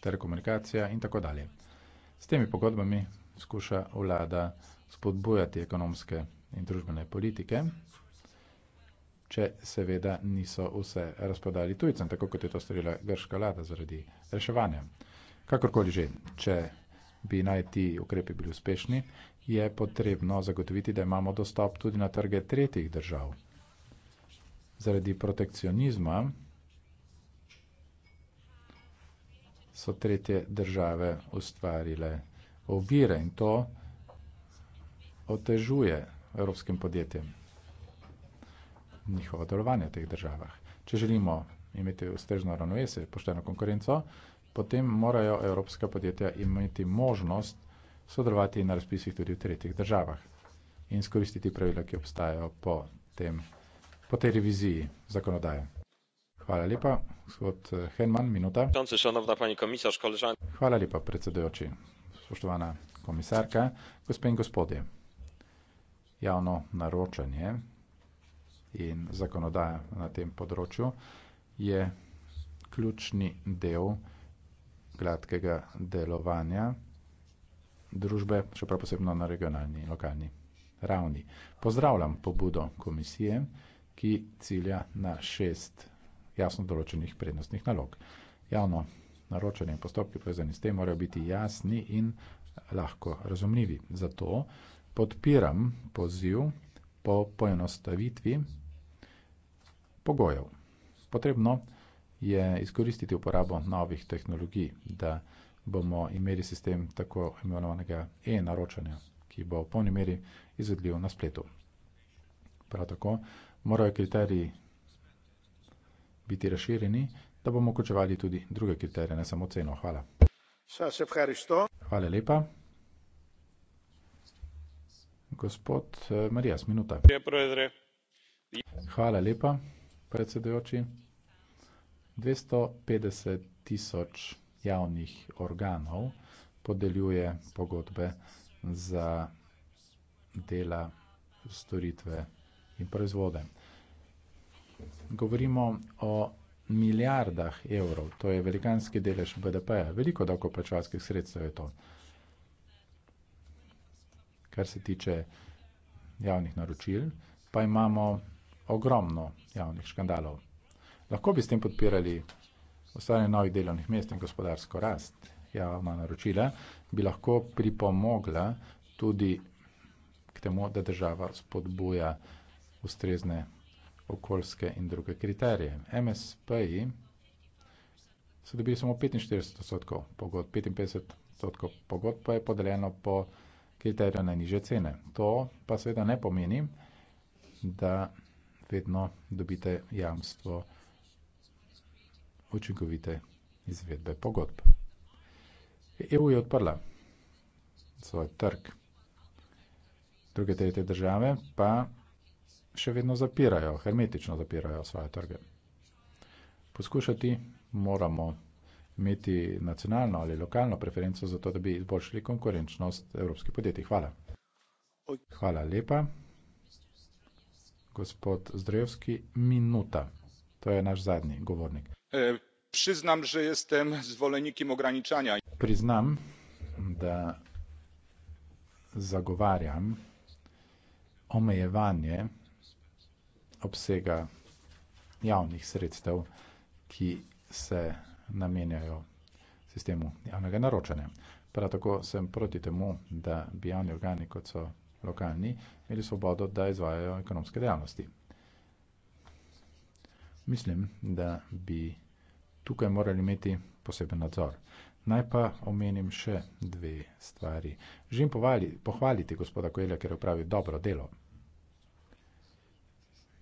telekomunikacija in tako dalje. S temi pogodbami skuša vlada spodbujati ekonomske in družbene politike, če seveda niso vse razpadali tujcem, tako kot je to storila grška vlada zaradi reševanja. Kakorkoli že, če bi naj ti ukrepi bili uspešni, je potrebno zagotoviti, da imamo dostop tudi na trge tretjih držav. Zaradi protekcionizma so tretje države ustvarile ovire in to otežuje evropskim podjetjem, njihovo delovanje v teh državah. Če želimo imeti ustrezno ravnovesje, pošteno konkurenco, potem morajo evropska podjetja imeti možnost sodelovati na razpisih tudi v tretjih državah in skoristiti pravila, ki obstajajo po, tem, po tej reviziji zakonodaje. Hvala lepa, gospod eh, Henman, minuta. Hvala lepa, predsedujoči, spoštovana komisarka, gospe in gospodje javno naročanje in zakonodaja na tem področju je ključni del gladkega delovanja družbe, še prav posebno na regionalni in lokalni ravni. Pozdravljam pobudo komisije, ki cilja na šest jasno določenih prednostnih nalog. Javno naročanje in postopki povezani s tem morajo biti jasni in lahko razumljivi. Zato podpiram poziv po poenostavitvi pogojev. Potrebno je izkoristiti uporabo novih tehnologij, da bomo imeli sistem tako imenovanega e-naročanja, ki bo v polni meri izvedljiv na spletu. Prav tako morajo kriteriji biti razširjeni, da bomo vključevali tudi druge kriterije, ne samo ceno. Hvala. Hvala lepa. Gospod eh, Marijas, minuta. Hvala lepa, predsedujoči. 250 tisoč javnih organov podeljuje pogodbe za dela, storitve in proizvode. Govorimo o milijardah evrov, to je velikanski delež BDP-ja, veliko davkoplačevalskih sredstev je to kar se tiče javnih naročil, pa imamo ogromno javnih škandalov. Lahko bi s tem podpirali ustvarjanje novih delovnih mest in gospodarsko rast. Javna naročila bi lahko pripomogla tudi k temu, da država spodbuja ustrezne okoljske in druge kriterije. MSP-ji so dobili samo 45 odstotkov pogodb, 55 odstotkov pogodb pa je podeljeno po ki terja najniže cene. To pa seveda ne pomeni, da vedno dobite jamstvo učinkovite izvedbe pogodb. EU je odprla svoj trg, druge tretje države pa še vedno zapirajo, hermetično zapirajo svoje trge. Poskušati moramo imeti nacionalno ali lokalno preferenco za to, da bi izboljšali konkurenčnost evropskih podjetij. Hvala. Hvala lepa. Gospod Zdrojevski, minuta. To je naš zadnji govornik. E, Priznam, že jestem zvolenikom ograničanja. Priznam, da zagovarjam omejevanje obsega javnih sredstev, ki se namenjajo sistemu javnega naročanja. Prav tako sem proti temu, da bi javni organi, kot so lokalni, imeli svobodo, da izvajajo ekonomske dejavnosti. Mislim, da bi tukaj morali imeti poseben nadzor. Naj pa omenim še dve stvari. Želim pohvaliti gospoda Kojelja, ker upravi dobro delo.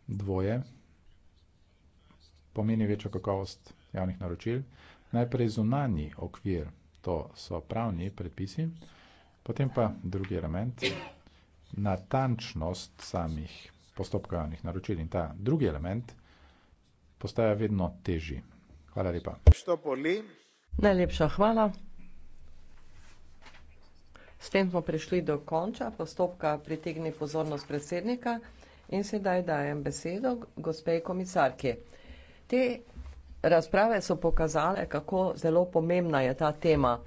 Dvoje pomeni večjo kakovost javnih naročil. Najprej zunanji okvir, to so pravni predpisi, potem pa drugi element, natančnost samih postopkov javnih naročil in ta drugi element postaja vedno težji. Hvala lepa. Najlepša hvala. S tem smo prišli do konča postopka pritegni pozornost predsednika in sedaj dajem besedo gospej komisarki. Te Razprave so pokazale, kako zelo pomembna je ta tema.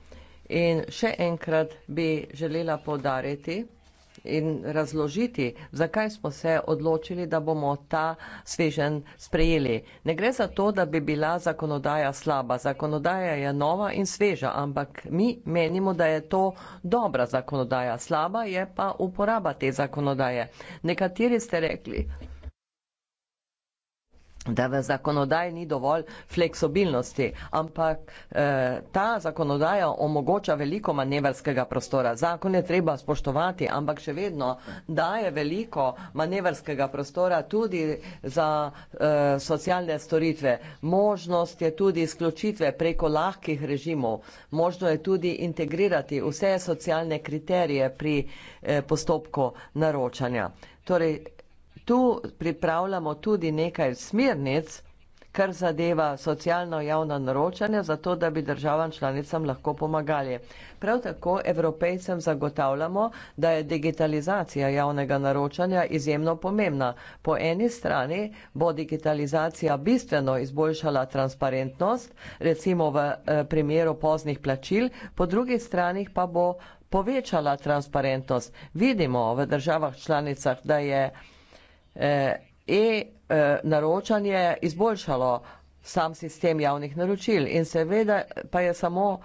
In še enkrat bi želela podariti in razložiti, zakaj smo se odločili, da bomo ta svežen sprejeli. Ne gre za to, da bi bila zakonodaja slaba. Zakonodaja je nova in sveža, ampak mi menimo, da je to dobra zakonodaja. Slaba je pa uporaba te zakonodaje. Nekateri ste rekli, da v zakonodaji ni dovolj fleksibilnosti, ampak eh, ta zakonodaja omogoča veliko manevrskega prostora. Zakon je treba spoštovati, ampak še vedno daje veliko manevrskega prostora tudi za eh, socialne storitve. Možnost je tudi izključitve preko lahkih režimov, možno je tudi integrirati vse socialne kriterije pri eh, postopku naročanja. Torej, tu pripravljamo tudi nekaj smernic, kar zadeva socialno javno naročanje, zato da bi državam članicam lahko pomagali. Prav tako evropejcem zagotavljamo, da je digitalizacija javnega naročanja izjemno pomembna. Po eni strani bo digitalizacija bistveno izboljšala transparentnost, recimo v eh, primeru poznih plačil, po drugi strani pa bo povečala transparentnost. Vidimo v državah članicah, da je e-naročanje eh, e, eh, izboljšalo sam sistem javnih naročil in seveda pa je samo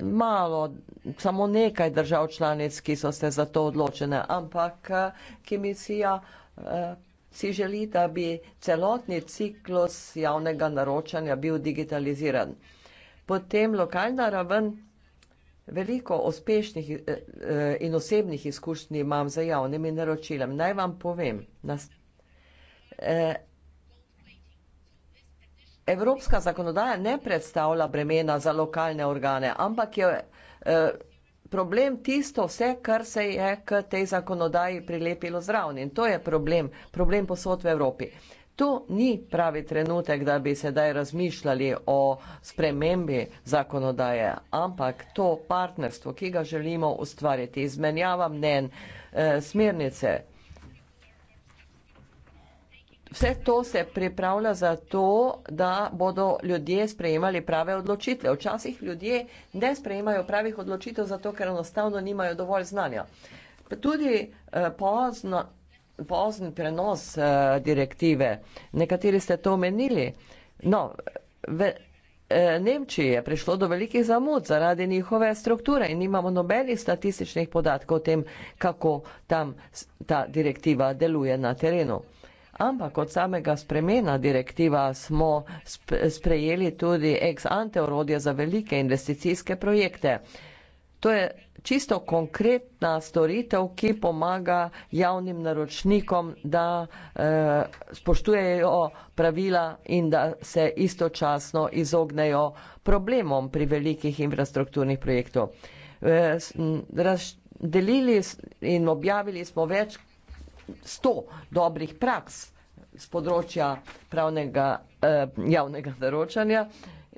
malo, samo nekaj držav članic, ki so se za to odločene, ampak eh, komisija si želi, da bi celotni ciklus javnega naročanja bil digitaliziran. Potem lokalna raven, veliko uspešnih in osebnih izkušnj imam za javnimi naročilem. Naj vam povem, Eh, evropska zakonodaja ne predstavlja bremena za lokalne organe, ampak je eh, problem tisto vse, kar se je k tej zakonodaji prilepilo zraven. In to je problem, problem posod v Evropi. To ni pravi trenutek, da bi sedaj razmišljali o spremembi zakonodaje, ampak to partnerstvo, ki ga želimo ustvariti, izmenjava mnen, eh, smernice. Vse to se pripravlja za to, da bodo ljudje sprejemali prave odločitve. Včasih ljudje ne sprejemajo pravih odločitev zato, ker enostavno nimajo dovolj znanja. Tudi eh, pozno, pozn prenos eh, direktive, nekateri ste to omenili. No, v eh, Nemčiji je prišlo do velikih zamud zaradi njihove strukture in nimamo nobenih statističnih podatkov o tem, kako tam ta direktiva deluje na terenu. Ampak od samega spremena direktiva smo sprejeli tudi ex ante orodje za velike investicijske projekte. To je čisto konkretna storitev, ki pomaga javnim naročnikom, da eh, spoštujejo pravila in da se istočasno izognejo problemom pri velikih infrastrukturnih projektov. Eh, delili in objavili smo več sto dobrih praks z področja pravnega eh, javnega naročanja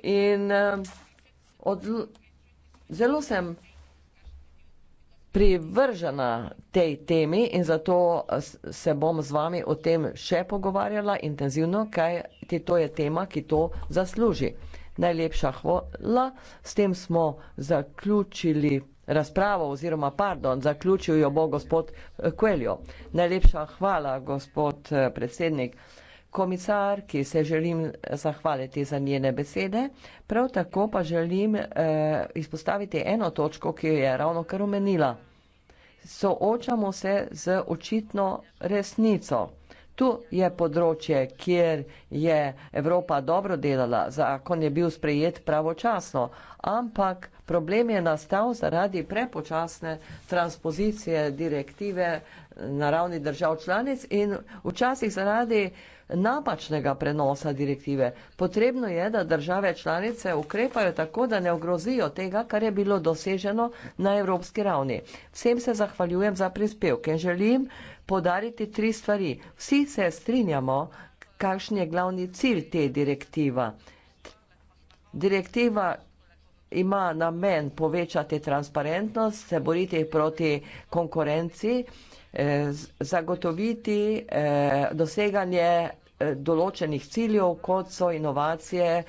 in eh, od, zelo sem privržena tej temi in zato eh, se bom z vami o tem še pogovarjala intenzivno, kaj ti to je tema, ki to zasluži. Najlepša hvala. S tem smo zaključili razpravo oziroma pardon, zaključil jo bo gospod Kueljo. Eh, Najlepša hvala, gospod eh, predsednik komisar, ki se želim eh, zahvaliti za njene besede. Prav tako pa želim eh, izpostaviti eno točko, ki jo je ravno kar omenila. Soočamo se z očitno resnico. Tu je področje, kjer je Evropa dobro delala, zakon je bil sprejet pravočasno, ampak Problem je nastal zaradi prepočasne transpozicije direktive na ravni držav članic in včasih zaradi napačnega prenosa direktive. Potrebno je, da države članice ukrepajo tako, da ne ogrozijo tega, kar je bilo doseženo na evropski ravni. Vsem se zahvaljujem za prispevke. Želim podariti tri stvari. Vsi se strinjamo, kakšen je glavni cilj te direktiva. Direktiva ima namen povečati transparentnost, se boriti proti konkurenci, eh, zagotoviti eh, doseganje eh, določenih ciljev, kot so inovacije,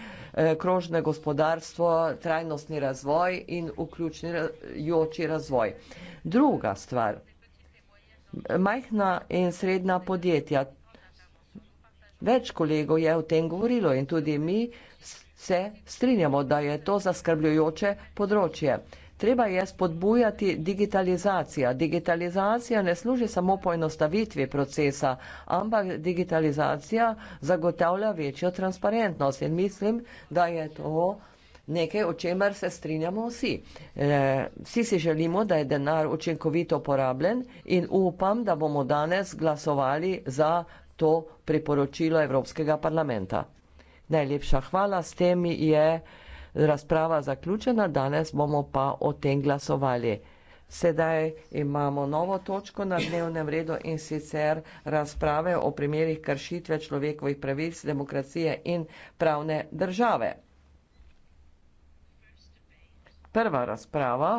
krožne gospodarstvo, trajnostni razvoj in vključujoči razvoj. Druga stvar, majhna in srednja podjetja. Več kolegov je o tem govorilo in tudi mi se strinjamo, da je to zaskrbljujoče področje. Treba je spodbujati digitalizacijo. Digitalizacija ne služi samo poenostavitvi procesa, ampak digitalizacija zagotavlja večjo transparentnost in mislim, da je to nekaj, o čemer se strinjamo vsi. E, vsi si želimo, da je denar učinkovito porabljen in upam, da bomo danes glasovali za to priporočilo Evropskega parlamenta. Najlepša hvala. S tem je razprava zaključena. Danes bomo pa o tem glasovali. Sedaj imamo novo točko na dnevnem redu in sicer razprave o primerih kršitve človekovih pravic, demokracije in pravne države. Prva razprava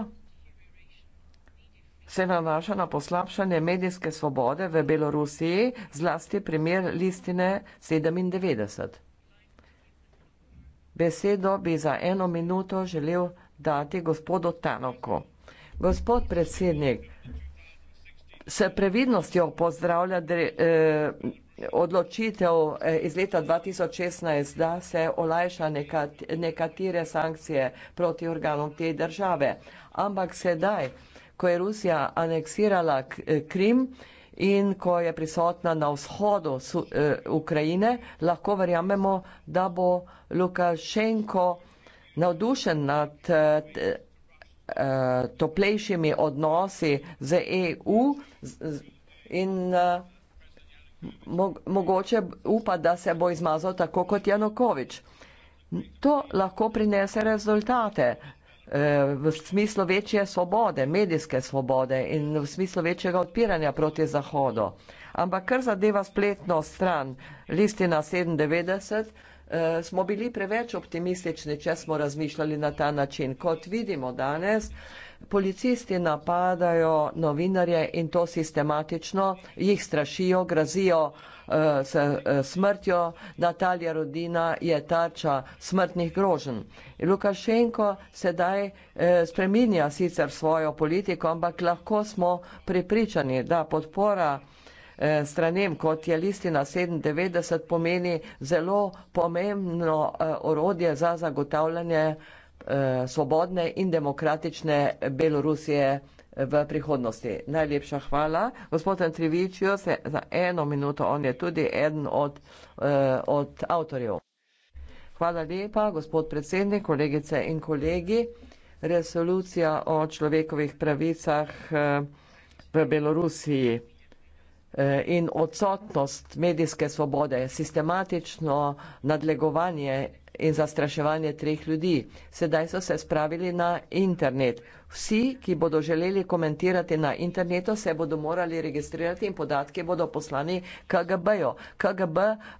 se nanaša na poslabšanje medijske svobode v Belorusiji, zlasti primer listine 97. Besedo bi za eno minuto želel dati gospodu Tanoku. Gospod predsednik, se previdnostjo pozdravlja eh, odločitev eh, iz leta 2016, da se olajša nekatere sankcije proti organom te države. Ampak sedaj, ko je Rusija aneksirala Krim, in ko je prisotna na vzhodu su, eh, Ukrajine, lahko verjamemo, da bo Lukašenko navdušen nad eh, eh, toplejšimi odnosi z EU z, z, in eh, mo, mogoče upa, da se bo izmazal tako kot Janukovič. To lahko prinese rezultate. Eh, v smislu večje svobode, medijske svobode in v smislu večjega odpiranja proti Zahodu. Ampak kar zadeva spletno stran listina 97, eh, smo bili preveč optimistični, če smo razmišljali na ta način. Kot vidimo danes, Policisti napadajo novinarje in to sistematično, jih strašijo, grazijo uh, s uh, smrtjo. Natalija Rodina je tarča smrtnih grožen. Lukašenko sedaj uh, spreminja sicer svojo politiko, ampak lahko smo pripričani, da podpora stranem, kot je listina 97, pomeni zelo pomembno orodje za zagotavljanje Eh, svobodne in demokratične Belorusije eh, v prihodnosti. Najlepša hvala. Gospod Antrivičjo se za eno minuto, on je tudi eden od, eh, od avtorjev. Hvala lepa, gospod predsednik, kolegice in kolegi. Resolucija o človekovih pravicah v Belorusiji in odsotnost medijske svobode, sistematično nadlegovanje in zastraševanje treh ljudi. Sedaj so se spravili na internet. Vsi, ki bodo želeli komentirati na internetu, se bodo morali registrirati in podatke bodo poslani KGB-ju. KGB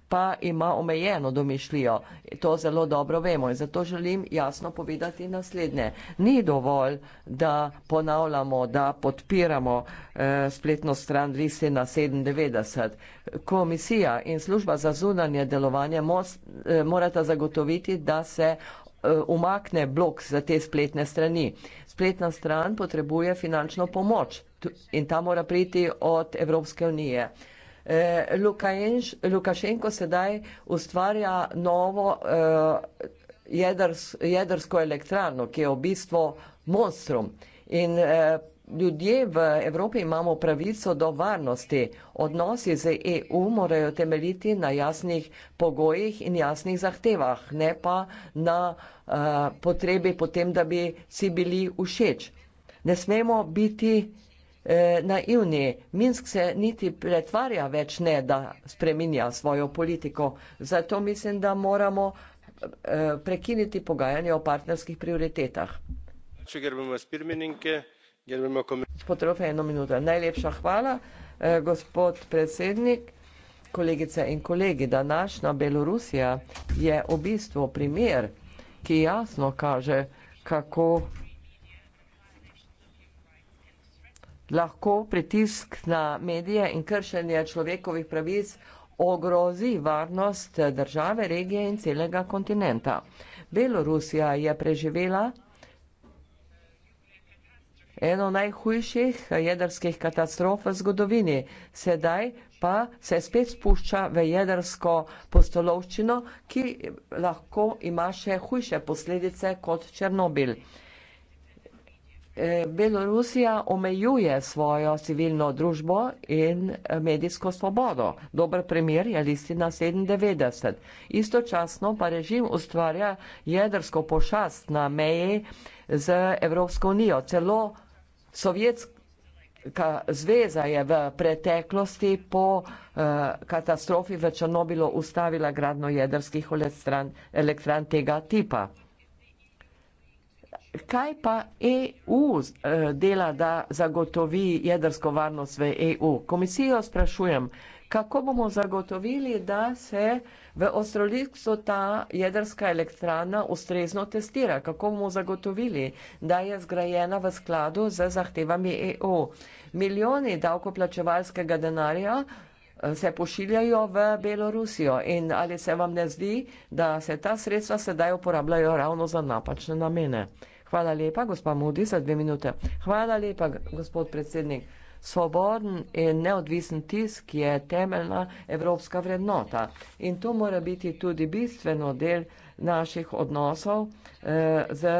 pa ima omejeno domišljijo. To zelo dobro vemo in zato želim jasno povedati naslednje. Ni dovolj, da ponavljamo, da podpiramo eh, spletno stran Lisina 97. Komisija in služba za zunanje delovanje mos, eh, morata zagotoviti, da se umakne blok za te spletne strani. Spletna stran potrebuje finančno pomoč in ta mora priti od Evropske unije. E, Lukajenš, Lukašenko sedaj ustvarja novo e, jedrsko elektrarno, ki je v bistvu monstrum in e, Ljudje v Evropi imamo pravico do varnosti. Odnosi z EU morajo temeljiti na jasnih pogojih in jasnih zahtevah, ne pa na uh, potrebi potem, da bi si bili všeč. Ne smemo biti eh, naivni. Minsk se niti pretvarja več ne, da spreminja svojo politiko. Zato mislim, da moramo eh, prekiniti pogajanje o partnerskih prioritetah. Če gremo s pirmininke. Najlepša hvala, eh, gospod predsednik. Kolegice in kolegi, današnja Belorusija je v bistvu primer, ki jasno kaže, kako lahko pritisk na medije in kršenje človekovih pravic ogrozi varnost države, regije in celega kontinenta. Belorusija je preživela eno najhujših jedrskih katastrof v zgodovini. Sedaj pa se spet spušča v jedrsko postolovščino, ki lahko ima še hujše posledice kot Černobil. Eh, Belorusija omejuje svojo civilno družbo in medijsko svobodo. Dober primer je listina 97. Istočasno pa režim ustvarja jedrsko pošast na meji z Evropsko unijo. Celo Sovjetska zveza je v preteklosti po uh, katastrofi v Črnobilu ustavila gradno jedrskih elektran tega tipa. Kaj pa EU eh, dela, da zagotovi jedrsko varnost v EU? Komisijo sprašujem, uh, kako bomo zagotovili, da se v Ostrolitsko ta jedrska elektrana ustrezno testira, kako bomo zagotovili, da je zgrajena v skladu z zahtevami EU. Milijoni davkoplačevalskega denarja eh, se pošiljajo v Belorusijo in ali se vam ne zdi, da se ta sredstva sedaj uporabljajo ravno za napačne namene. Hvala lepa, gospa Mudi, za dve minute. Hvala lepa, gospod predsednik. Svoboden in neodvisen tisk je temeljna evropska vrednota in to mora biti tudi bistveno del naših odnosov eh, z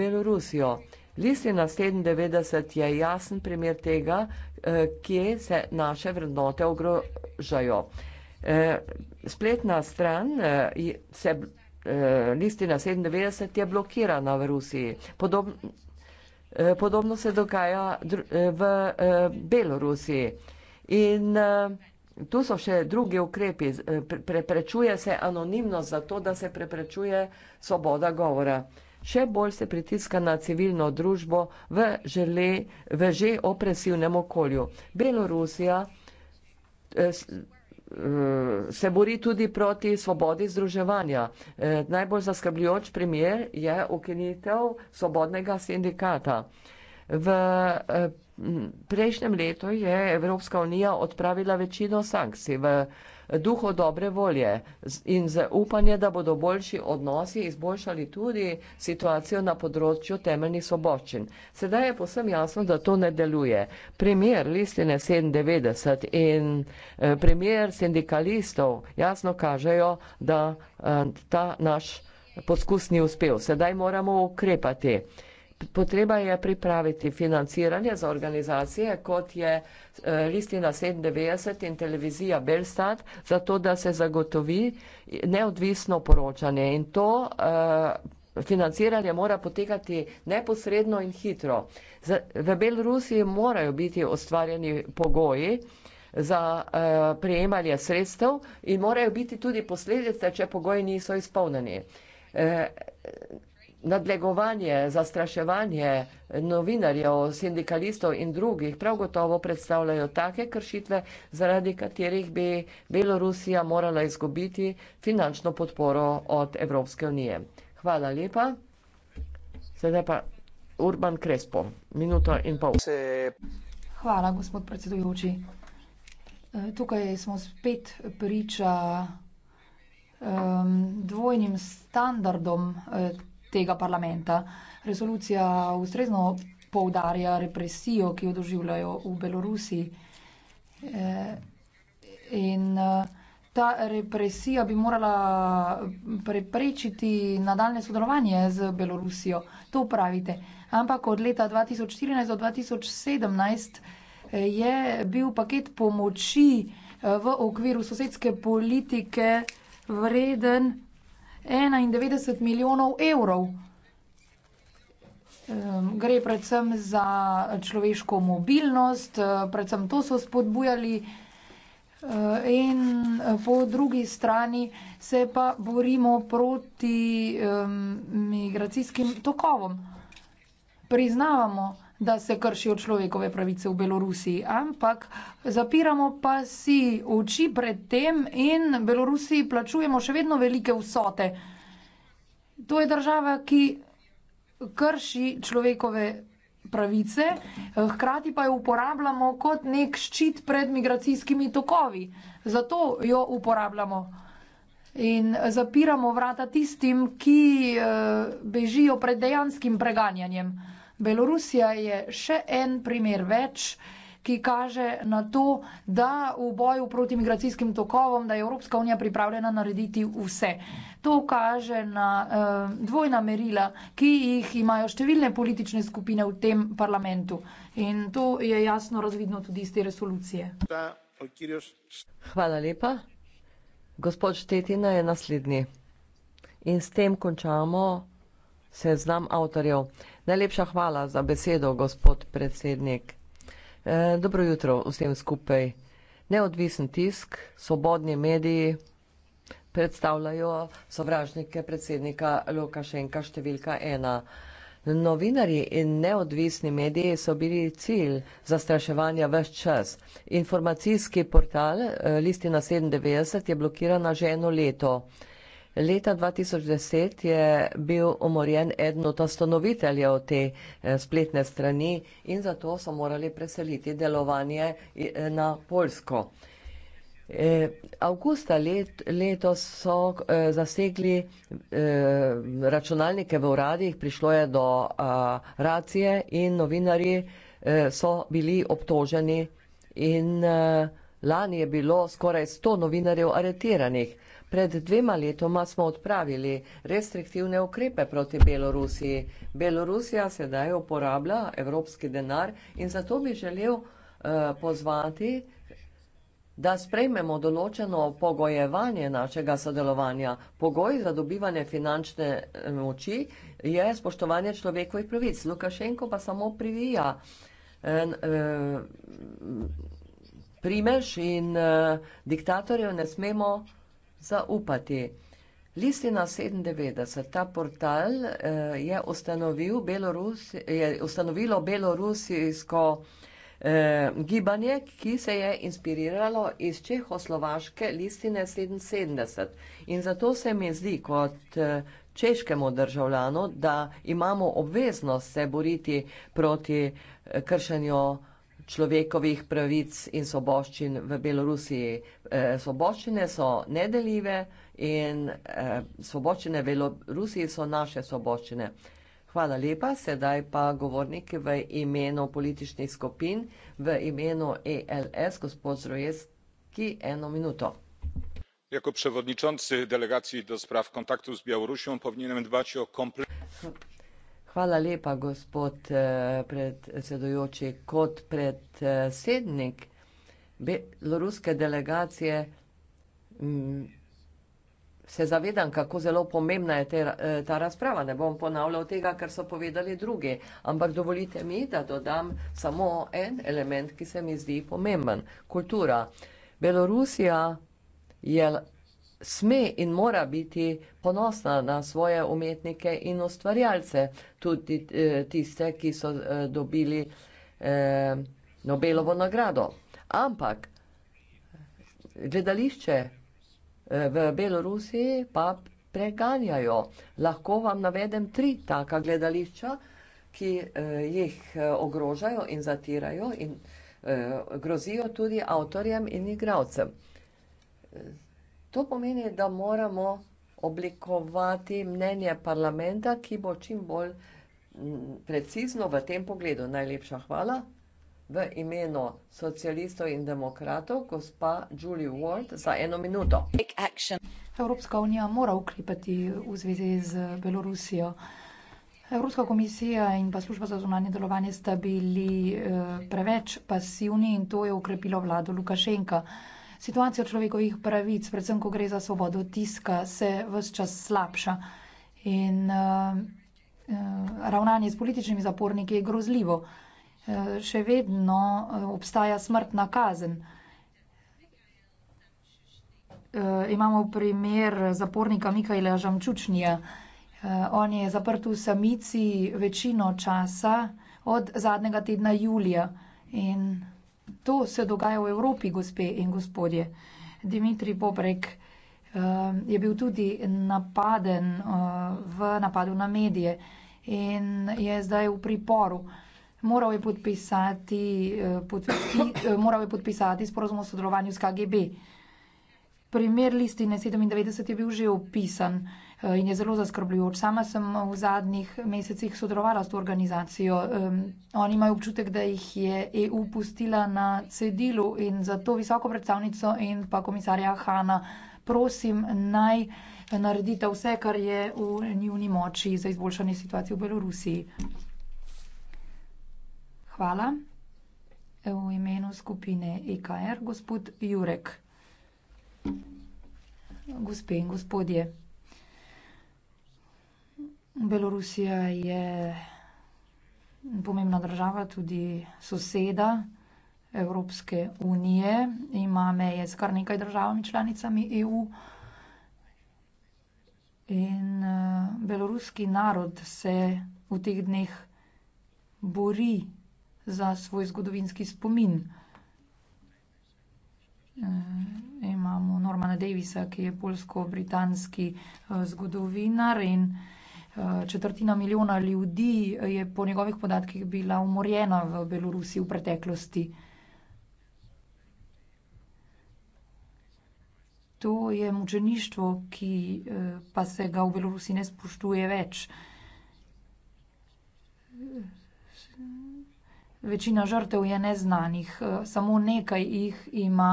Belorusijo. Listina 97 je jasen primer tega, eh, kje se naše vrednote ogrožajo. Eh, spletna stran eh, se, eh, listina 97 je blokirana v Rusiji. Podobno Eh, podobno se dogaja eh, v eh, Belorusiji. In tu so še drugi ukrepi. Preprečuje se anonimnost zato, da se preprečuje svoboda govora. Še bolj se pritiska na civilno družbo v, žele, v že opresivnem okolju. Belorusija Eh, se bori tudi proti svobodi združevanja. Eh, najbolj zaskrbljujoč primer je ukinitev svobodnega sindikata. V eh, prejšnjem letu je Evropska unija odpravila večino sankcij v duhu dobre volje in zaupanje, da bodo boljši odnosi izboljšali tudi situacijo na področju temeljnih soboščin. Sedaj je posebno jasno, da to ne deluje. Primer listine 97 in eh, primer sindikalistov jasno kažejo, da eh, ta naš poskus ni uspel. Sedaj moramo ukrepati. Potreba je pripraviti financiranje za organizacije, kot je eh, listina 97 in televizija Belstad, zato da se zagotovi neodvisno poročanje. In to eh, financiranje mora potekati neposredno in hitro. V Belorusiji morajo biti ustvarjeni pogoji za eh, prejemanje sredstev in morajo biti tudi posledice, če pogoji niso izpolnjeni nadlegovanje, zastraševanje novinarjev, sindikalistov in drugih prav gotovo predstavljajo take kršitve, zaradi katerih bi Belorusija morala izgubiti finančno podporo od Evropske unije. Hvala lepa. Sedaj pa Urban Krespo, minuto in pol. Hvala, gospod predsedujoči. E, tukaj smo spet priča um, dvojnim standardom. Um, tega parlamenta. Resolucija ustrezno poudarja represijo, ki jo doživljajo v Belorusiji. Eh, in eh, ta represija bi morala preprečiti nadaljne sodelovanje z Belorusijo. To pravite. Ampak od leta 2014 do 2017 eh, je bil paket pomoči v okviru sosedske politike vreden 91 milijonov evrov. Gre predvsem za človeško mobilnost, predvsem to so spodbujali eh, in eh, po drugi strani se pa borimo proti migracijskim tokovom. Priznavamo, da da se kršijo človekove pravice v Belorusiji, ampak zapiramo pa si oči pred tem in Belorusiji plačujemo še vedno velike vsote. To je država, ki krši človekove pravice, hkrati pa jo uporabljamo kot nek ščit pred migracijskimi tokovi. Zato jo uporabljamo in zapiramo vrata tistim, ki eh, bežijo pred dejanskim preganjanjem. Belorusija je še en primer več, ki kaže na to, da v boju proti migracijskim tokovom, da je Evropska unija pripravljena narediti vse. To kaže na uh, dvojna merila, ki jih imajo številne politične skupine v tem parlamentu. In to je jasno razvidno tudi iz te resolucije. Hvala lepa. Gospod Štetina je naslednji. In s tem končamo seznam avtorjev. Najlepša hvala za besedo, gospod predsednik. Eh, dobro jutro vsem skupaj. Neodvisen tisk, svobodni mediji predstavljajo sovražnike predsednika Lukašenka številka ena. Novinarji in neodvisni mediji so bili cilj zastraševanja ves čas. Informacijski portal, eh, Listina sedemindevetdeset je blokirana že eno leto. Leta 2010 je bil umorjen eden od ustanoviteljev te eh, spletne strani in zato so morali preseliti delovanje eh, na Poljsko. Eh, Augusta let, letos so zasegli računalnike v uradih, prišlo je do racije in novinari so bili obtoženi in lani je bilo skoraj 100 novinarjev aretiranih. Pred dvema letoma smo odpravili restriktivne ukrepe proti Belorusiji. Belorusija sedaj uporablja evropski denar in zato bi želel uh, pozvati, da sprejmemo določeno pogojevanje našega sodelovanja. Pogoj za dobivanje finančne eh, moči je spoštovanje človekovih pravic. Lukašenko pa samo privija. En, eh, uh, primež in uh, diktatorjev ne smemo zaupati. Listina 97, ta portal eh, je, ustanovil Belorus, je ustanovilo belorusijsko eh, gibanje, ki se je inspiriralo iz čehoslovaške listine 77. In zato se mi zdi kot eh, češkemu državljanu, da imamo obveznost se boriti proti eh, kršenju človekovih pravic in soboščin v Belorusiji. E, eh, soboščine so nedeljive in e, eh, soboščine v Belorusiji so naše soboščine. Hvala lepa, sedaj pa govornik v imenu političnih skupin, v imenu ELS, gospod Zrojevski, eno minuto. Jako predsednik delegacije do spraw kontaktov z Belorusijo, moram dbati o kompleksnost. Hvala lepa, gospod eh, predsedujoči. Kot predsednik beloruske delegacije m, mm, se zavedam, kako zelo pomembna je te, eh, ta razprava. Ne bom ponavljal tega, kar so povedali drugi, ampak dovolite mi, da dodam samo en element, ki se mi zdi pomemben. Kultura. Belorusija je sme in mora biti ponosna na svoje umetnike in ustvarjalce, tudi eh, tiste, ki so eh, dobili eh, Nobelovo nagrado. Ampak gledališče v Belorusiji pa preganjajo. Lahko vam navedem tri taka gledališča, ki jih ogrožajo in zatirajo in grozijo tudi avtorjem in igravcem. To pomeni, da moramo oblikovati mnenje parlamenta, ki bo čim bolj precizno v tem pogledu. Najlepša hvala v imenu socialistov in demokratov, gospa Julie Ward, za eno minuto. Evropska unija mora ukrepati v zvezi z Belorusijo. Evropska komisija in pa služba za zunanje delovanje sta bili eh, preveč pasivni in to je ukrepilo vlado Lukašenka situacijo človekovih pravic, predvsem ko gre za svobodo tiska, se vse čas slabša. In uh, ravnanje s političnimi zaporniki je grozljivo. Uh, še vedno uh, obstaja smrtna kazen. Uh, imamo primer zapornika Mikaela Žamčučnija. Uh, on je zaprt v samici večino časa od zadnjega tedna julija. In To se dogaja v Evropi, gospe in gospodje. Dimitri Bobrek uh, je bil tudi napaden uh, v napadu na medije in je zdaj v priporu. Moral je podpisati, eh, podpisati, moral je podpisati sporozum o sodelovanju s KGB. Primer listine 97 je bil že opisan. Uh, Eh, in je zelo zaskrbljujoč. Sama sem eh, v zadnjih mesecih sodelovala s to organizacijo. Oni imajo občutek, da jih je EU pustila na cedilu in zato visoko predstavnico in pa komisarja Hanna prosim naj naredite vse, kar je v njuni moči za izboljšanje situacije v Belorusiji. Hvala. V imenu skupine EKR, gospod Jurek. Gospe in gospodje. Belorusija je pomembna država, tudi soseda Evropske unije, ima meje s kar nekaj državami članicami EU. In uh, beloruski narod se v teh dneh bori za svoj zgodovinski spomin. Uh, imamo Normana Davisa, ki je polsko-britanski uh, zgodovinar in četrtina milijona ljudi je po njegovih podatkih bila umorjena v Belorusiji v preteklosti. To je mučeništvo, ki eh, pa se ga v Belorusiji ne spoštuje več. Večina žrtev je neznanih, eh, samo nekaj jih ima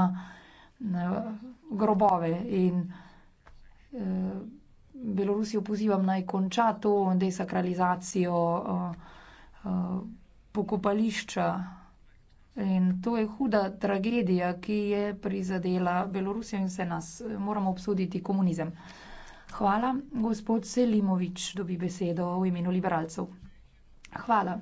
eh, grobove in Belorusijo pozivam naj konča to desakralizacijo eh, eh, pokopališča. In to je huda tragedija, ki je prizadela Belorusijo in vse nas. Moramo obsoditi komunizem. Hvala. Gospod Selimovič dobi besedo v imenu liberalcev. Hvala.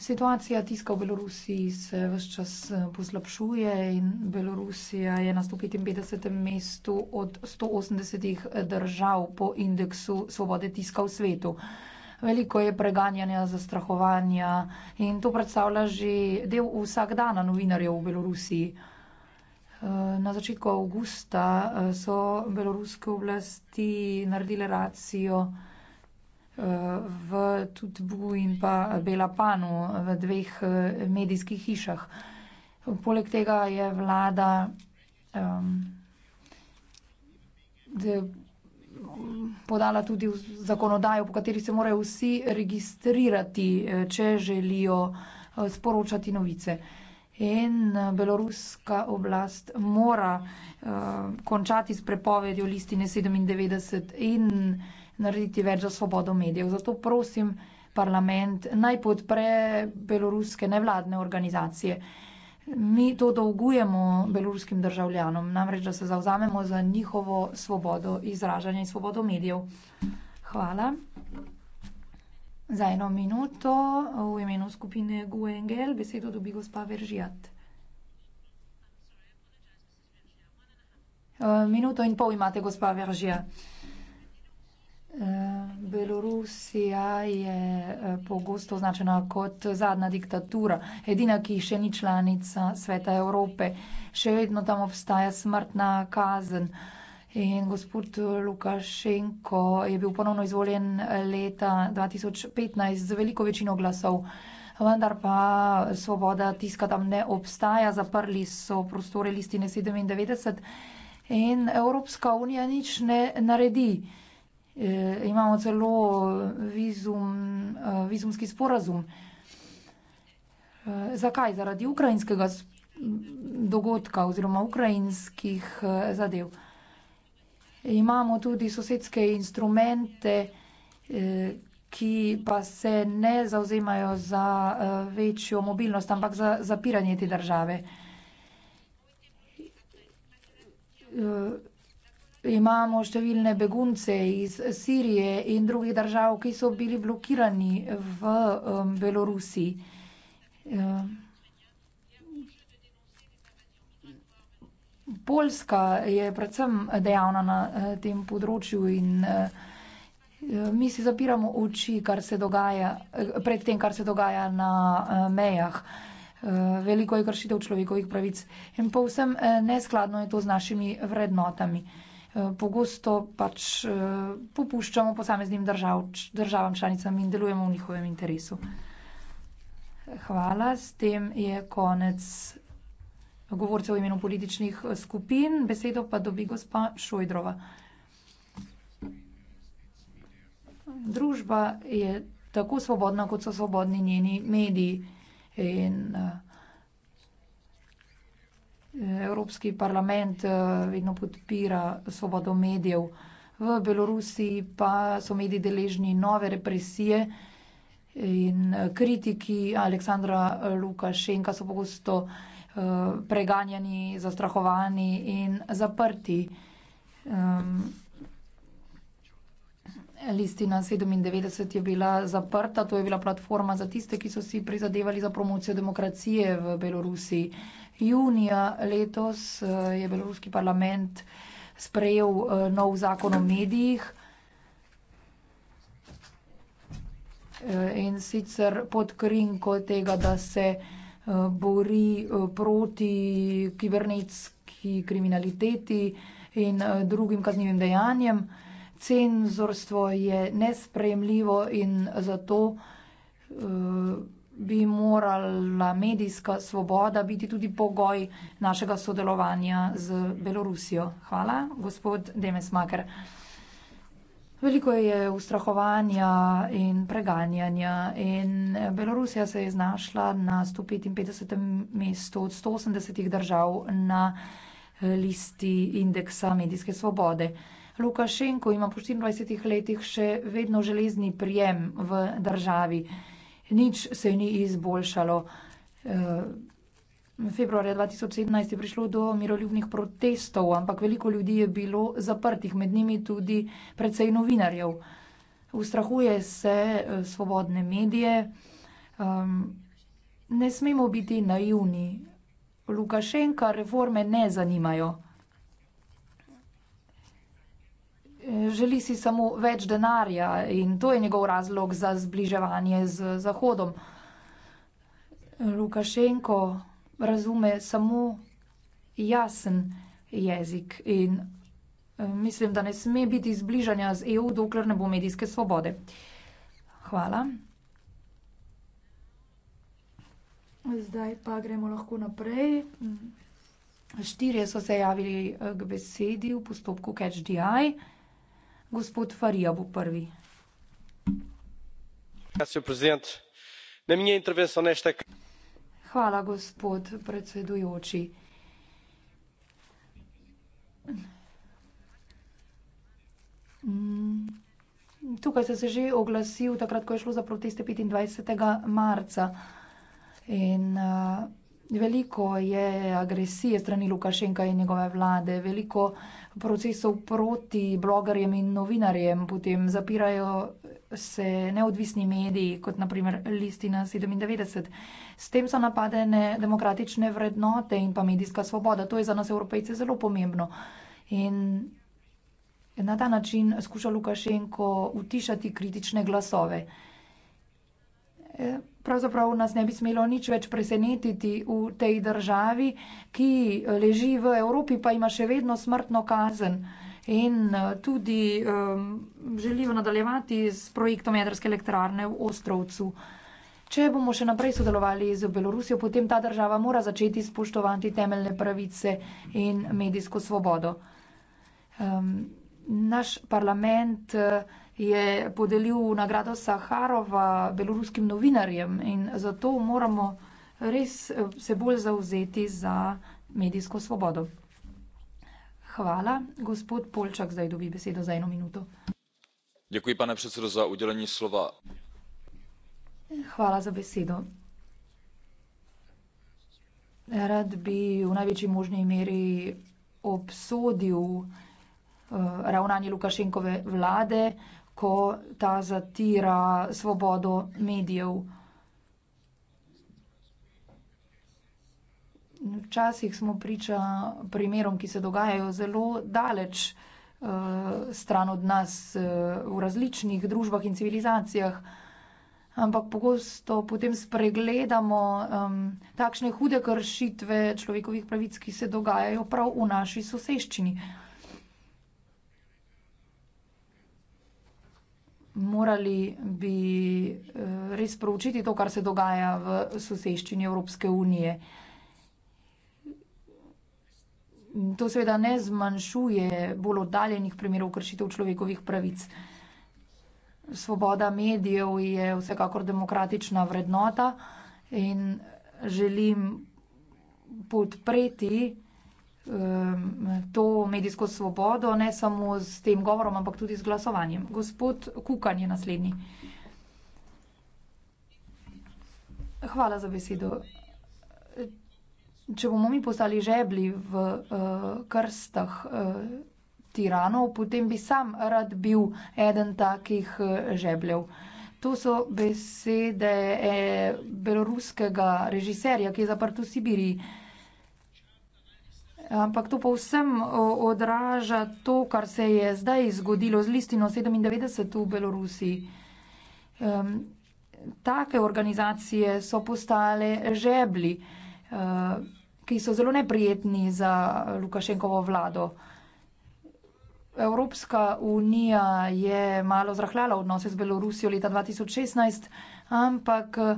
Situacija tiska v Belorusiji se vse čas eh, poslabšuje in Belorusija je na 155. mestu od 180 eh, držav po indeksu svobode tiska v svetu. Veliko je preganjanja, zastrahovanja in to predstavlja že del vsakdana novinarjev v Belorusiji. Eh, na začetku avgusta so beloruske oblasti naredile racijo v Tutbu in pa Bela Panu v dveh eh, medijskih hišah. Poleg tega je vlada um, de, podala tudi zakonodajo, po kateri se morajo vsi registrirati, eh, če želijo eh, sporočati novice. In beloruska oblast mora uh, končati s prepovedjo listine 97 in narediti več za svobodo medijev. Zato prosim parlament naj podpre beloruske nevladne organizacije. Mi to dolgujemo beloruskim državljanom, namreč, da se zauzamemo za njihovo svobodo izražanja in svobodo medijev. Hvala. Za eno minuto v imenu skupine Guengel besedo dobi gospa Veržijat. Eh, minuto in pol imate, gospa Veržijat. Belorusija je eh, pogosto označena kot zadnja diktatura, edina, ki še ni članica Sveta Evrope. Še vedno tam obstaja smrtna kazen. In gospod Lukašenko je bil ponovno izvoljen leta 2015 z veliko večino glasov. Vendar pa svoboda tiska tam ne obstaja, zaprli so prostore listine 97 in Evropska unija nič ne naredi. Eh, imamo celo vizum, eh, vizumski sporazum. Eh, zakaj? Zaradi ukrajinskega dogodka oziroma ukrajinskih zadev. Imamo tudi sosedske instrumente, ki pa se ne zauzemajo za večjo mobilnost, ampak za zapiranje te države. Imamo številne begunce iz Sirije in drugih držav, ki so bili blokirani v um, Belorusiji. Um, Poljska je predvsem dejavna na uh, tem področju in uh, mi si zapiramo oči dogaja, uh, pred tem, kar se dogaja na uh, mejah. Uh, veliko je kršitev človekovih pravic in povsem uh, neskladno je to z našimi vrednotami. Uh, Eh, pogosto pač eh, popuščamo posameznim držav, državam članicam in delujemo v njihovem interesu. Hvala, s tem je konec govorcev v imenu političnih eh, skupin, besedo pa dobi gospa Šojdrova. Družba je tako svobodna, kot so svobodni njeni mediji in Evropski parlament eh, vedno podpira svobodo medijev. V Belorusiji pa so mediji deležni nove represije in kritiki Aleksandra Lukašenka so pogosto eh, preganjani, zastrahovani in zaprti. Listina 97 je bila zaprta, to je bila platforma za tiste, ki so si prizadevali za promocijo demokracije v Belorusiji. Junija letos eh, je beloruski parlament sprejel eh, nov zakon o medijih. Eh, in sicer pod krinko tega, da se bori proti kibernetski kriminaliteti in drugim kaznjivim dejanjem. Cenzorstvo je nespremljivo in zato uh, bi morala medijska svoboda biti tudi pogoj našega sodelovanja z Belorusijo. Hvala, gospod Demes Maker. Veliko je ustrahovanja in preganjanja in Belorusija se je znašla na 155. mestu od 180 držav na listi indeksa medijske svobode. Lukašenko ima po 24 letih še vedno železni prijem v državi nič se ni izboljšalo. Eh, februarja 2017 je prišlo do miroljubnih protestov, ampak veliko ljudi je bilo zaprtih, med njimi tudi precej novinarjev. Ustrahuje se eh, svobodne medije. Um, ne smemo biti naivni. Lukašenka reforme ne zanimajo. Želi si samo več denarja in to je njegov razlog za zbliževanje z Zahodom. Lukašenko razume samo jasen jezik in eh, mislim, da ne sme biti zbližanja z EU, dokler ne bo medijske svobode. Hvala. Zdaj pa gremo lahko naprej. Štirje so se javili eh, k besedi v postopku Catch the Eye. Gospod Faria bo prvi. Ja, Hvala, gospod predsedujoči. Mm, tukaj ste se že oglasil takrat, ko je šlo za proteste 25. marca. In uh, veliko je agresije strani Lukašenka in njegove vlade, veliko uh, procesov proti blogerjem in novinarjem, potem zapirajo se neodvisni mediji, kot naprimer Listina 97. S tem so napadene demokratične vrednote in pa medijska svoboda. To je za nas evropejce zelo pomembno. In na ta način skuša Lukašenko utišati kritične glasove. E, pravzaprav nas ne bi smelo nič več presenetiti v tej državi, ki leži v Evropi, pa ima še vedno smrtno kazen. In eh, tudi um, želijo nadaljevati s projektom jedrske elektrarne v Ostrovcu. Če bomo še naprej sodelovali z Belorusijo, potem ta država mora začeti spoštovati temeljne pravice in medijsko svobodo. Um, naš parlament. Uh, je podelil nagrado Saharova beloruskim novinarjem in zato moramo res eh, se bolj zauzeti za medijsko svobodo. Hvala, gospod Polčak zdaj dobi besedo za eno minuto. Děkuji, pane předsedo, za udělení slova. Hvala za besedo. Rad bi v največji možni meri obsodil uh, ravnanje Lukašenkove vlade, ko ta zatira svobodo medijev. Včasih smo priča primerom, ki se dogajajo zelo daleč eh, stran od nas eh, v različnih družbah in civilizacijah, ampak pogosto potem spregledamo um, takšne hude kršitve človekovih pravic, ki se dogajajo prav v naši soseščini. morali bi eh, res proučiti to, kar se dogaja v soseščini Evropske unije. To seveda ne zmanjšuje bolj oddaljenih primerov kršitev človekovih pravic. Svoboda medijev je vsekakor demokratična vrednota in želim podpreti Ehm, to medijsko svobodo, ne samo s tem govorom, ampak tudi z glasovanjem. Gospod Kukan je naslednji. Hvala za besedo. Če bomo mi postali žebli v uh, krstah uh, tiranov, potem bi sam rad bil eden takih eh, žebljev. To so besede e, beloruskega režiserja, ki je zaprt v Sibiriji ampak to povsem odraža to, kar se je zdaj zgodilo z listino 97 v Belorusiji. Um, take organizacije so postale žebli, uh, ki so zelo neprijetni za Lukašenkovo vlado. Evropska unija je malo zrahljala odnose z Belorusijo leta 2016, ampak e,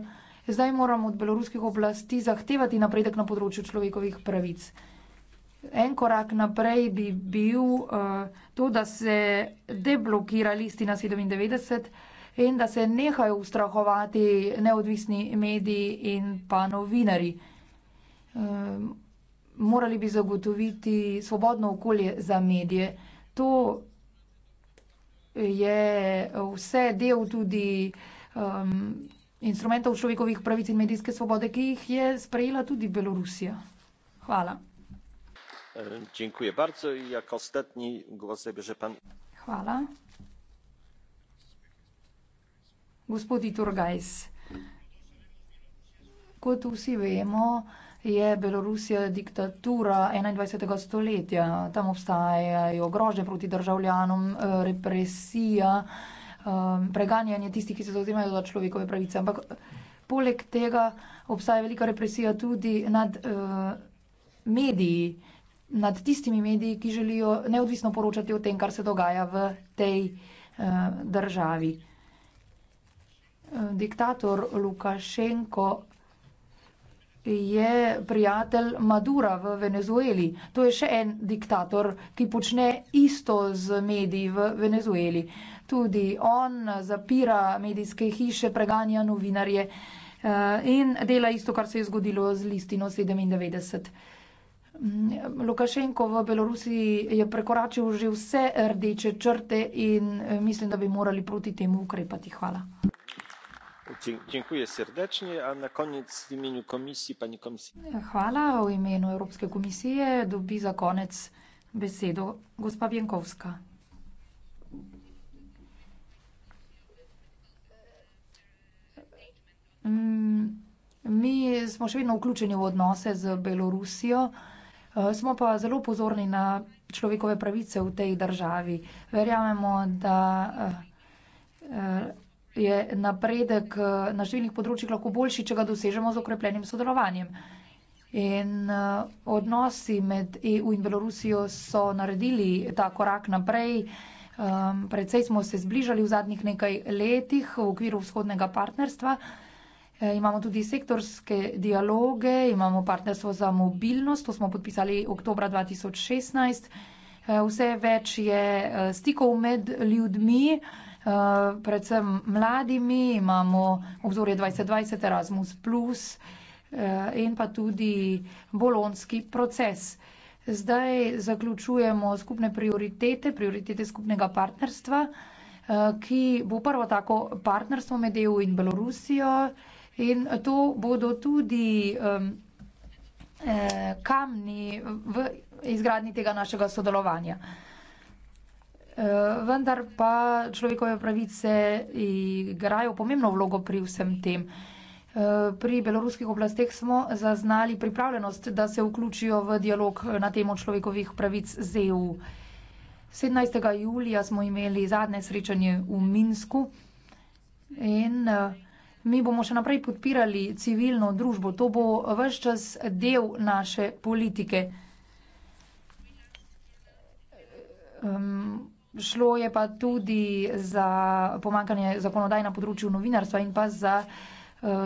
zdaj moramo od beloruskih oblasti zahtevati napredek na področju človekovih pravic. En korak naprej bi bil uh, to, da se deblokira listina 97 in da se nehajo ustrahovati neodvisni mediji in pa novinari. Um, eh, morali bi zagotoviti svobodno okolje za medije. To je vse del tudi um, instrumentov človekovih pravic in medijske svobode, ki jih je sprejela tudi Belorusija. Hvala. Gospod Iturgajz. Kot vsi vemo, je Belorusija diktatura enaindvajsetega stoletja. Tam obstajajo grožnje proti državljanom, represija, um, preganjanje tistih, ki se zavzemajo za človekove pravice, ampak poleg tega obstaja velika represija tudi nad, uh, mediji nad tistimi mediji, ki želijo neodvisno poročati o tem, kar se dogaja v tej eh, državi. Eh, diktator Lukašenko je prijatelj Madura v Venezueli. To je še en diktator, ki počne isto z mediji v Venezueli. Tudi on zapira medijske hiše, preganja novinarje eh, in dela isto, kar se je zgodilo z listino 97. Mm, Lukašenko v Belorusiji je prekoračil že vse rdeče črte in eh, mislim, da bi morali proti temu ukrepati. Hvala. Hvala. V imenu Evropske komisije dobi za konec besedo gospa Bjenkovska. Mm, mi smo še vedno vključeni v odnose z Belorusijo. Eh, smo pa zelo pozorni na človekove pravice v tej državi. Verjamemo, da eh, eh, je napredek na številnih področjih lahko boljši, če ga dosežemo z okrepljenim sodelovanjem. In odnosi med EU in Belorusijo so naredili ta korak naprej. Predvsej smo se zbližali v zadnjih nekaj letih v okviru vzhodnega partnerstva. Eh, imamo tudi sektorske dialoge, imamo partnerstvo za mobilnost, to smo podpisali oktobra 2016. Eh, vse več je eh, stikov med ljudmi, predvsem mladimi, imamo obzorje 2020, Erasmus, in pa tudi bolonski proces. Zdaj zaključujemo skupne prioritete, prioritete skupnega partnerstva, ki bo prvo tako partnerstvo med EU in Belorusijo. In to bodo tudi um, eh, kamni v izgradnji tega našega sodelovanja. Eh, vendar pa človekove pravice igrajo pomembno vlogo pri vsem tem. Eh, pri beloruskih oblasteh smo zaznali pripravljenost, da se vključijo v dialog na temo človekovih pravic z EU. 17. julija smo imeli zadnje srečanje v Minsku in uh, Mi bomo še naprej podpirali civilno družbo, to bo vse čas del naše politike. Um, šlo je pa tudi za pomankanje zakonodaj na področju novinarstva in pa za eh,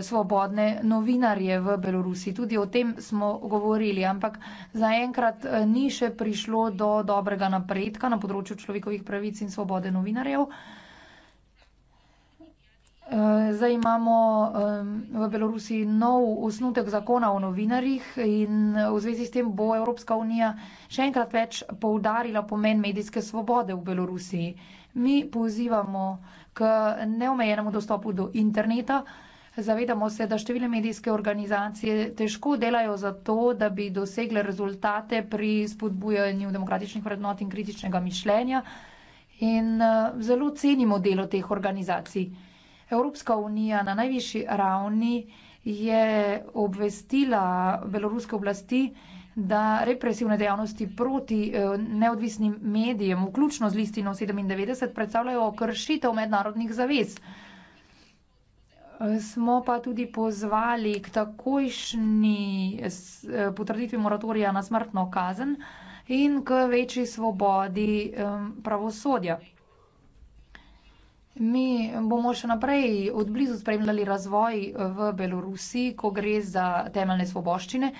svobodne novinarje v Belorusiji. Tudi o tem smo govorili, ampak zaenkrat eh, ni še prišlo do dobrega napredka na področju človekovih pravic in svobode novinarjev. Eh, zdaj imamo eh, v Belorusiji nov osnutek zakona o novinarjih in v zvezi s tem bo Evropska unija še enkrat več poudarila pomen medijske svobode v Belorusiji. Mi pozivamo k neomejenemu dostopu do interneta. Zavedamo se, da številne medijske organizacije težko delajo za to, da bi dosegle rezultate pri spodbujanju demokratičnih vrednot in kritičnega mišljenja. In eh, zelo cenimo delo teh organizacij. Evropska unija na najvišji ravni je obvestila beloruske oblasti, da represivne dejavnosti proti eh, neodvisnim medijem, vključno z listino 97, predstavljajo kršitev mednarodnih zavez. Smo pa tudi pozvali k takojšnji eh, potrditvi moratorija na smrtno kazen in k večji svobodi eh, pravosodja. Mi bomo še naprej odblizu spremljali razvoj v Belorusiji, ko gre za temeljne svoboščine.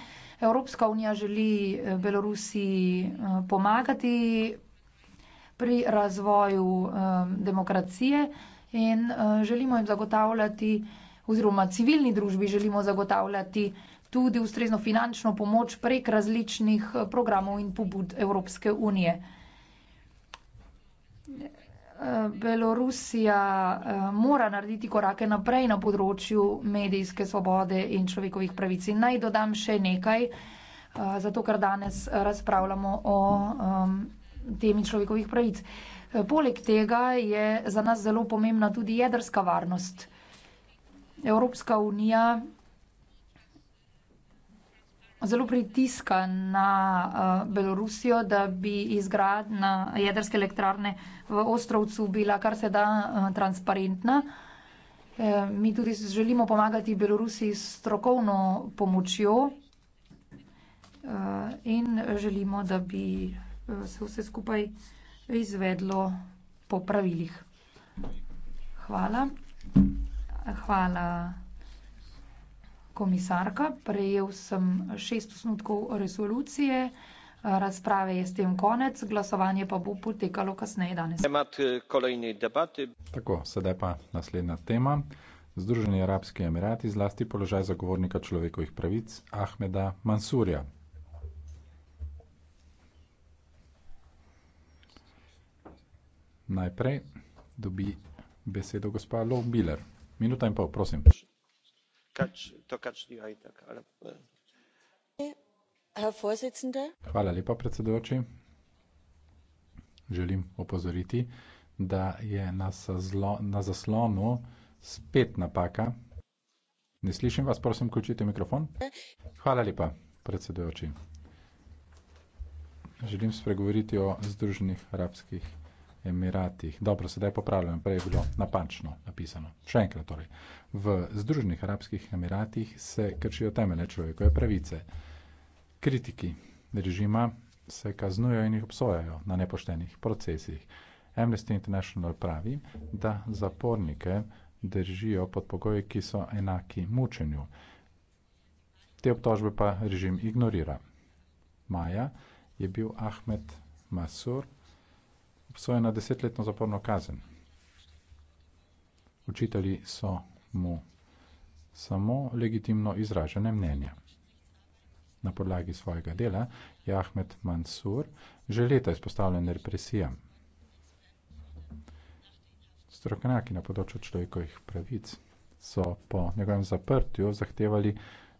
Evropska unija želi eh, Belorusiji eh, pomagati pri razvoju eh, demokracije in želimo jim zagotavljati, oziroma civilni družbi želimo zagotavljati tudi ustrezno finančno pomoč prek različnih programov in pobud Evropske unije. Eh, Belorusija eh, mora narediti korake naprej na področju medijske svobode in človekovih pravic. In naj dodam še nekaj, eh, zato ker danes razpravljamo o eh, temi človekovih pravic. Eh, poleg tega je za nas zelo pomembna tudi jedrska varnost. Evropska unija zelo pritiska na uh, Belorusijo, da bi izgradna jedrske elektrarne v Ostrovcu bila kar se da uh, transparentna. E, mi tudi želimo pomagati Belorusiji s strokovno pomočjo uh, in želimo, da bi uh, se vse skupaj izvedlo po pravilih. Hvala. Hvala komisarka. Prejel sem šest osnutkov resolucije. Razprave je s tem konec, glasovanje pa bo potekalo kasneje danes. Tako, sedaj pa naslednja tema. Združeni Arabski Emirati zlasti položaj zagovornika človekovih pravic Ahmeda Mansurja. Najprej dobi besedo gospa Lov Biller. Minuta in pol, prosim. E. Hvala lepa, predsedujoči. Želim opozoriti, da je na na zaslonu spet napaka. Ne slišim vas, prosim, vključite mikrofon. Hvala lepa, predsedujoči. Želim spregovoriti o Združenih arabskih Emiratih. Dobro, sedaj popravljam, prej je bilo napačno napisano. Še enkrat torej. V Združenih arabskih emiratih se kršijo temelje človekove pravice. Kritiki režima se kaznujejo in jih obsojajo na nepoštenih procesih. Amnesty International pravi, da zapornike držijo pod pogoji, ki so enaki mučenju. Te obtožbe pa režim ignorira. Maja je bil Ahmed Masur, obsojena desetletno zaporno kazen. Učitelji so mu samo legitimno izražene mnenja. Na podlagi svojega dela je Ahmed Mansur že leta izpostavljen represijam. Strokovnjaki na področju človekovih pravic so po njegovem zaprtju zahtevali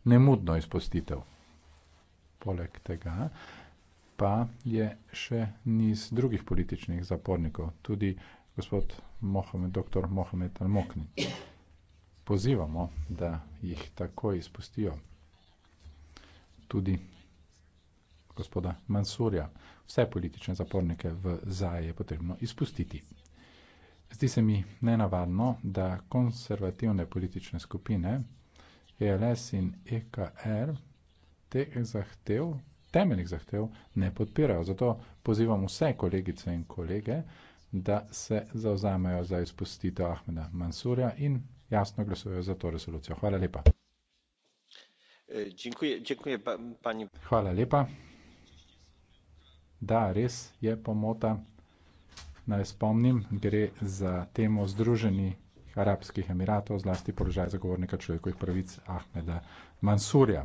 nemudno izpustitev. Poleg tega pa je še niz drugih političnih zapornikov, tudi gospod Mohamed, dr. Mohamed Almokni. Pozivamo, da jih takoj izpustijo. Tudi gospoda Mansurja. Vse politične zapornike v ZAE je potrebno izpustiti. Zdi se mi nenavadno, da konservativne politične skupine ELS in EKR teh zahtev temeljnih zahtev ne podpirajo. Zato pozivam vse kolegice in kolege, da se zauzamejo za izpustitev Ahmeda Mansurja in jasno glasujejo za to resolucijo. Hvala lepa. E, Hvala lepa. Da, res je pomota. Naj spomnim, gre za temo Združenih arabskih emiratov, zlasti položaj zagovornika človekovih pravic Ahmeda Mansurja.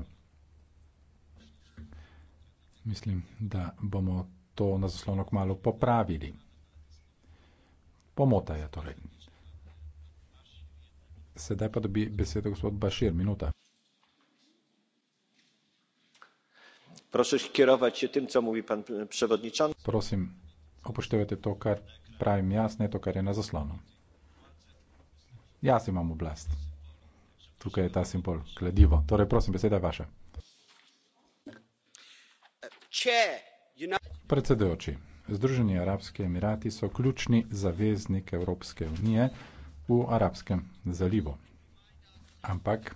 Mislim, da bomo to na zaslonu kmalo popravili. Pomota je torej. Sedaj pa dobi besedo gospod Bašir, minuta. Prosim, upoštevajte to, kar pravim jaz, ne to, kar je na zaslonu. Jaz imam oblast. Tukaj je ta simbol, kladivo. Torej, prosim, beseda je vaša. Predsedujoči, Združeni arabski emirati so ključni zaveznik Evropske unije v arabskem zalivu. Ampak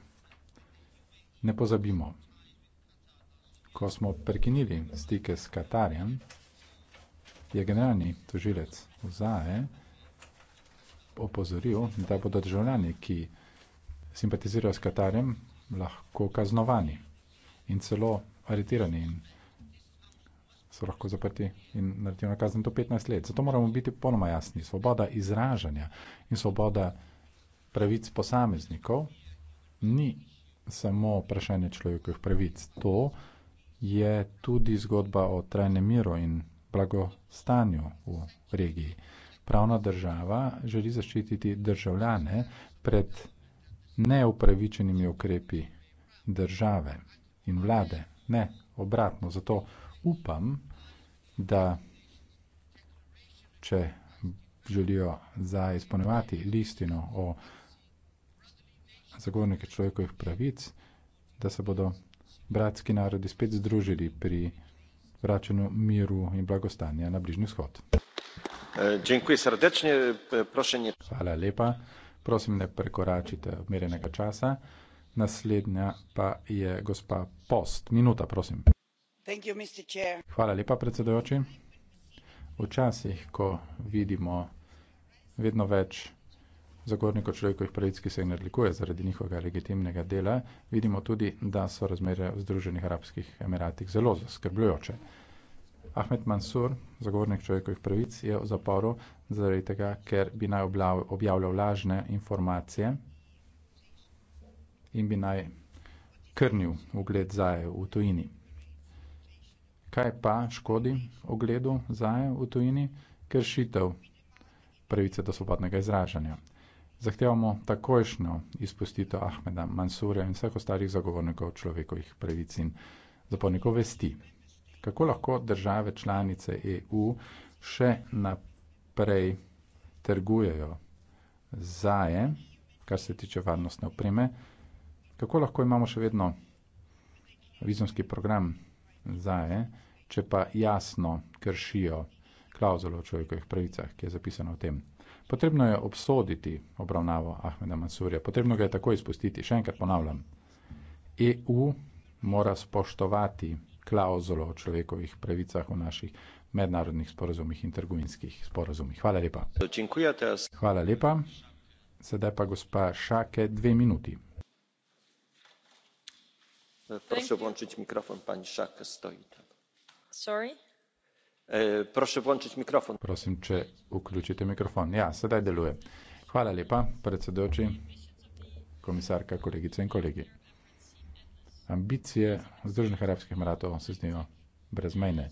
ne pozabimo, ko smo prekinili stike s Katarjem, je generalni tožilec Zae opozoril, da bodo državljani, ki simpatizirajo s Katarjem, lahko kaznovani in celo aretirani in so lahko zaprti in naredijo na kazen do 15 let. Zato moramo biti ponoma jasni. Svoboda izražanja in svoboda pravic posameznikov ni samo vprašanje človekovih pravic. To je tudi zgodba o trajnem miru in blagostanju v regiji. Pravna država želi zaščititi državljane pred neupravičenimi ukrepi države in vlade. Ne, obratno. Zato upam, da če želijo za izpolnevati listino o zagovornike človekovih pravic, da se bodo bratski narodi spet združili pri vračanju miru in blagostanja na Bližnji vzhod. Hvala lepa. Prosim, ne prekoračite odmerjenega časa. Naslednja pa je gospa Post. Minuta, prosim. Hvala lepa, predsedojoči. Včasih, ko vidimo vedno več zagornikov človekovih pravic, ki se jih nadlikuje zaradi njihovega legitimnega dela, vidimo tudi, da so razmere v Združenih arabskih emiratih zelo zaskrbljujoče. Ahmed Mansur, zagovornik človekovih pravic, je v zaporu zaradi tega, ker bi naj objavljal lažne informacije in bi naj krnil ugled zaje v tujini kaj pa škodi ogledu zaje v tujini, kršitev pravice do svobodnega izražanja. Zahtevamo takojšnjo izpustitev Ahmeda Mansurja in vseh ostalih zagovornikov človekovih pravic in zapornikov vesti. Kako lahko države članice EU še naprej trgujejo zaje, kar se tiče varnostne opreme, kako lahko imamo še vedno vizumski program zaje, če pa jasno kršijo klauzulo o človekovih pravicah, ki je zapisano v tem. Potrebno je obsoditi obravnavo Ahmeda Mansurja, potrebno ga je takoj izpustiti. Še enkrat ponavljam, EU mora spoštovati klauzulo o človekovih pravicah v naših mednarodnih sporazumih in trgovinskih sporazumih. Hvala lepa. Hvala lepa. Sedaj pa gospa Šake, dve minuti. Prosim, vončiti mikrofon, pani Šake, stojite. E, prosim če vključite mikrofon ja sedaj deluje hvala lepa predsedujoči komisarka kolegice in kolegi ambicije združenih arabskih emiratov se zdijo brezmejne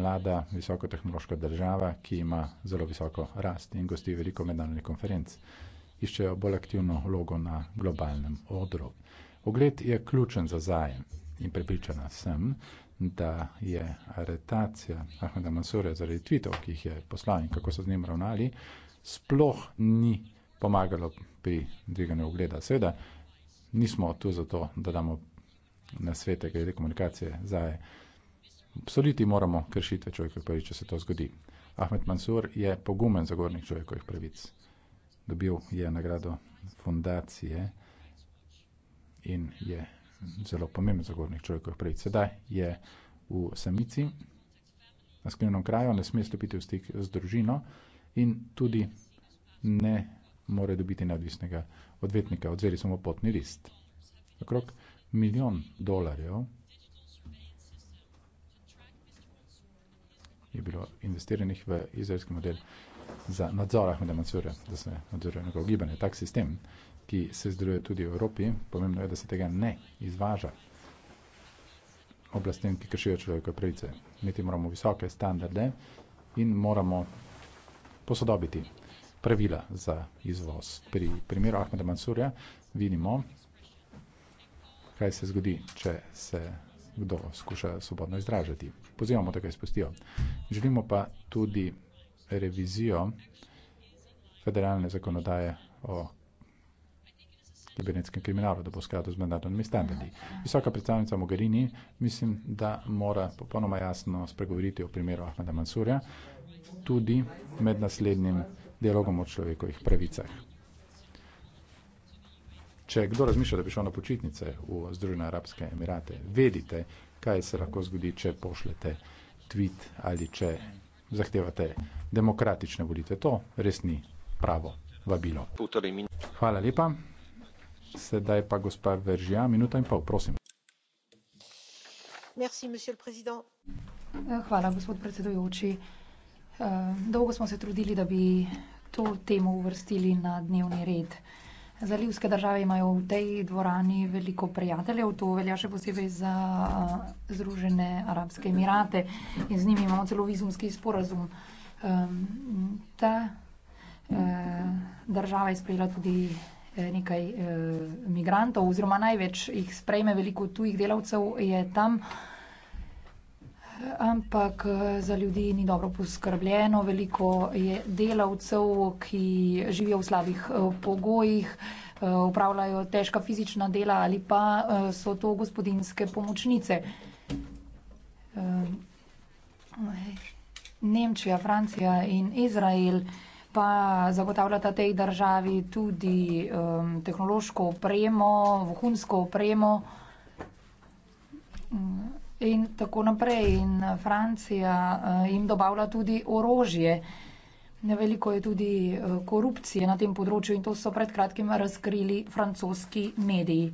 mlada visokotehnološka država ki ima zelo visoko rast in gosti veliko mednarodnih konferenc iščejo bolj aktivno vlogo na globalnem odru ugled je ključen za zajem in prepričana sem da je aretacija Ahmeda Mansurja zaradi tvitev, ki jih je poslal in kako so z njim ravnali, sploh ni pomagalo pri dviganju ogleda. Seveda nismo tu zato, da damo na svete glede komunikacije zaje. Absoliti moramo kršitve človekovih pravic, če se to zgodi. Ahmed Mansur je pogumen zagornik človekovih pravic. Dobil je nagrado fundacije in je zelo pomemben zagovornik človekovih pravic. Sedaj je v samici, na sklenjenem kraju, ne sme stopiti v stik z družino in tudi ne more dobiti neodvisnega odvetnika. Odzeli smo potni list. Okrog milijon dolarjev je bilo investiranih v izraelski model za nadzor Ahmeda Mansurja, da se nadzoruje njegovo gibanje. Tak sistem ki se zdruje tudi v Evropi, pomembno je, da se tega ne izvaža oblastem, ki kršijo človekove pravice. Imeti moramo visoke standarde in moramo posodobiti pravila za izvoz. Pri primeru Ahmeda Mansurja vidimo, kaj se zgodi, če se kdo skuša svobodno izražati. Pozivamo, da ga izpustijo. Želimo pa tudi revizijo federalne zakonodaje o kibernetskem kriminalu, da bo skladu z mednarodnimi standardi. Visoka predstavnica Mogherini mislim, da mora popolnoma jasno spregovoriti o primeru Ahmeda Mansurja, tudi med naslednjim dialogom o človekovih pravicah. Če kdo razmišlja, da bi šel na počitnice v Združene arabske emirate, vedite, kaj se lahko zgodi, če pošljete tweet ali če zahtevate demokratične volitve. To res ni pravo vabilo. Hvala lepa. Sedaj pa gospa Veržija, minuta in pol, prosim. Merci, eh, Hvala, gospod predsedujoči. Eh, dolgo smo se trudili, da bi to temo uvrstili na dnevni red. Zalivske države imajo v tej dvorani veliko prijateljev, to velja še posebej za eh, Združene Arabske Emirate in z njimi imamo celo vizumski sporazum. Ta država je sprejela tudi Eh, nekaj eh, migrantov oziroma največ jih sprejme veliko tujih delavcev je tam. Ampak eh, za ljudi ni dobro poskrbljeno, veliko je delavcev, ki živijo v slabih eh, pogojih, upravljajo težka fizična dela ali pa so to gospodinske pomočnice. Nemčija, Francija in Izrael pa zagotavljata tej državi tudi um, tehnološko opremo, vohunsko opremo mm, in tako naprej. In Francija uh, jim dobavlja tudi orožje. Veliko je tudi uh, korupcije na tem področju in to so pred kratkim razkrili francoski mediji.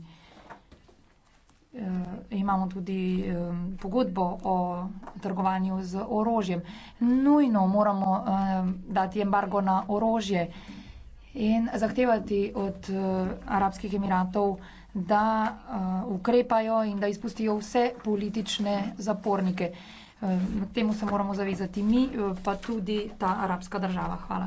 Eh, imamo tudi pogodbo o trgovanju z orožjem. Nujno moramo dati embargo na orožje in zahtevati od eh, Arabskih Emiratov, da eh, ukrepajo in da izpustijo vse politične zapornike. Temu se moramo zavezati mi, pa tudi ta arabska država. Hvala.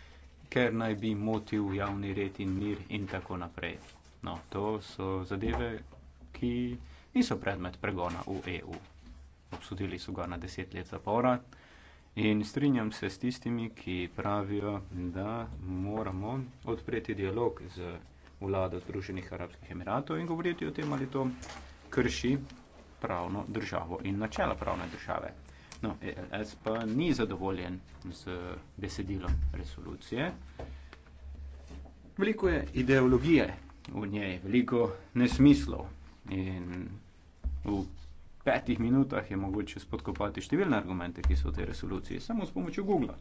ker naj bi motil javni red in mir in tako naprej. No, to so zadeve, ki niso predmet pregona v EU. Obsodili so ga na deset let zapora in strinjam se s tistimi, ki pravijo, da moramo odpreti dialog z vlado Združenih Arabskih Emiratov in govoriti o tem, ali to krši pravno državo in načela pravne države jasno, ELS pa ni zadovoljen z besedilom resolucije. Veliko je ideologije v njej, veliko nesmislov in v petih minutah je mogoče spodkopati številne argumente, ki so v tej resoluciji, samo s pomočjo Google.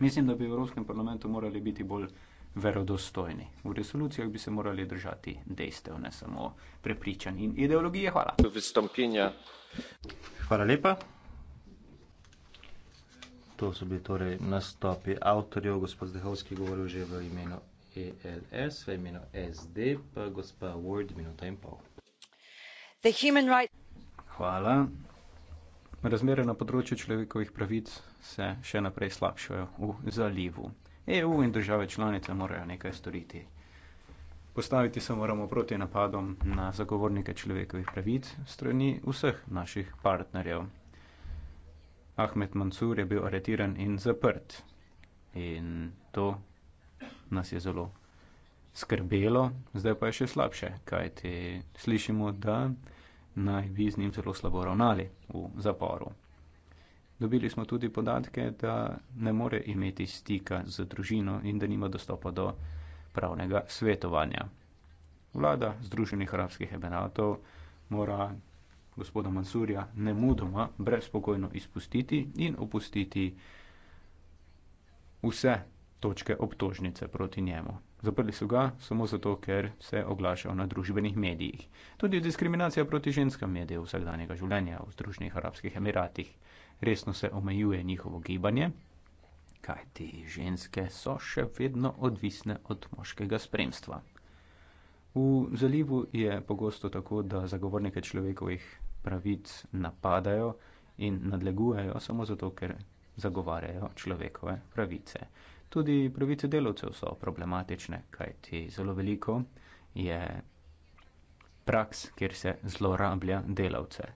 Mislim, da bi v Evropskem parlamentu morali biti bolj verodostojni. V resolucijah bi se morali držati dejstev, ne samo prepričanj in ideologije. Hvala. Hvala lepa. To so bili torej nastopi avtorjev, gospod Zdehovski govoril že v imenu ELS, v imenu SD, pa gospa Ward, minuta in pol. Right... Hvala. Razmere na področju človekovih pravic se še naprej slabšajo v zalivu. EU in države članice morajo nekaj storiti. Postaviti se moramo proti napadom na zagovornike človekovih pravic strani vseh naših partnerjev. Ahmed Mansur je bil aretiran in zaprt. In to nas je zelo skrbelo, zdaj pa je še slabše, kajti slišimo, da naj bi z njim zelo slabo ravnali v zaporu. Dobili smo tudi podatke, da ne more imeti stika z družino in da nima dostopa do pravnega svetovanja. Vlada Združenih arabskih emiratov mora gospoda Mansurja ne mudoma brezpokojno izpustiti in opustiti vse točke obtožnice proti njemu. Zaprli so ga samo zato, ker se je oglašal na družbenih medijih. Tudi diskriminacija proti ženskam je del vsakdanjega življenja v Združenih arabskih emiratih. Resno se omejuje njihovo gibanje, kaj ti ženske so še vedno odvisne od moškega spremstva. V zalivu je pogosto tako, da zagovornike človekovih pravic napadajo in nadlegujejo samo zato, ker zagovarjajo človekove pravice. Tudi pravice delavcev so problematične, kajti zelo veliko je praks, kjer se zlorablja delavce.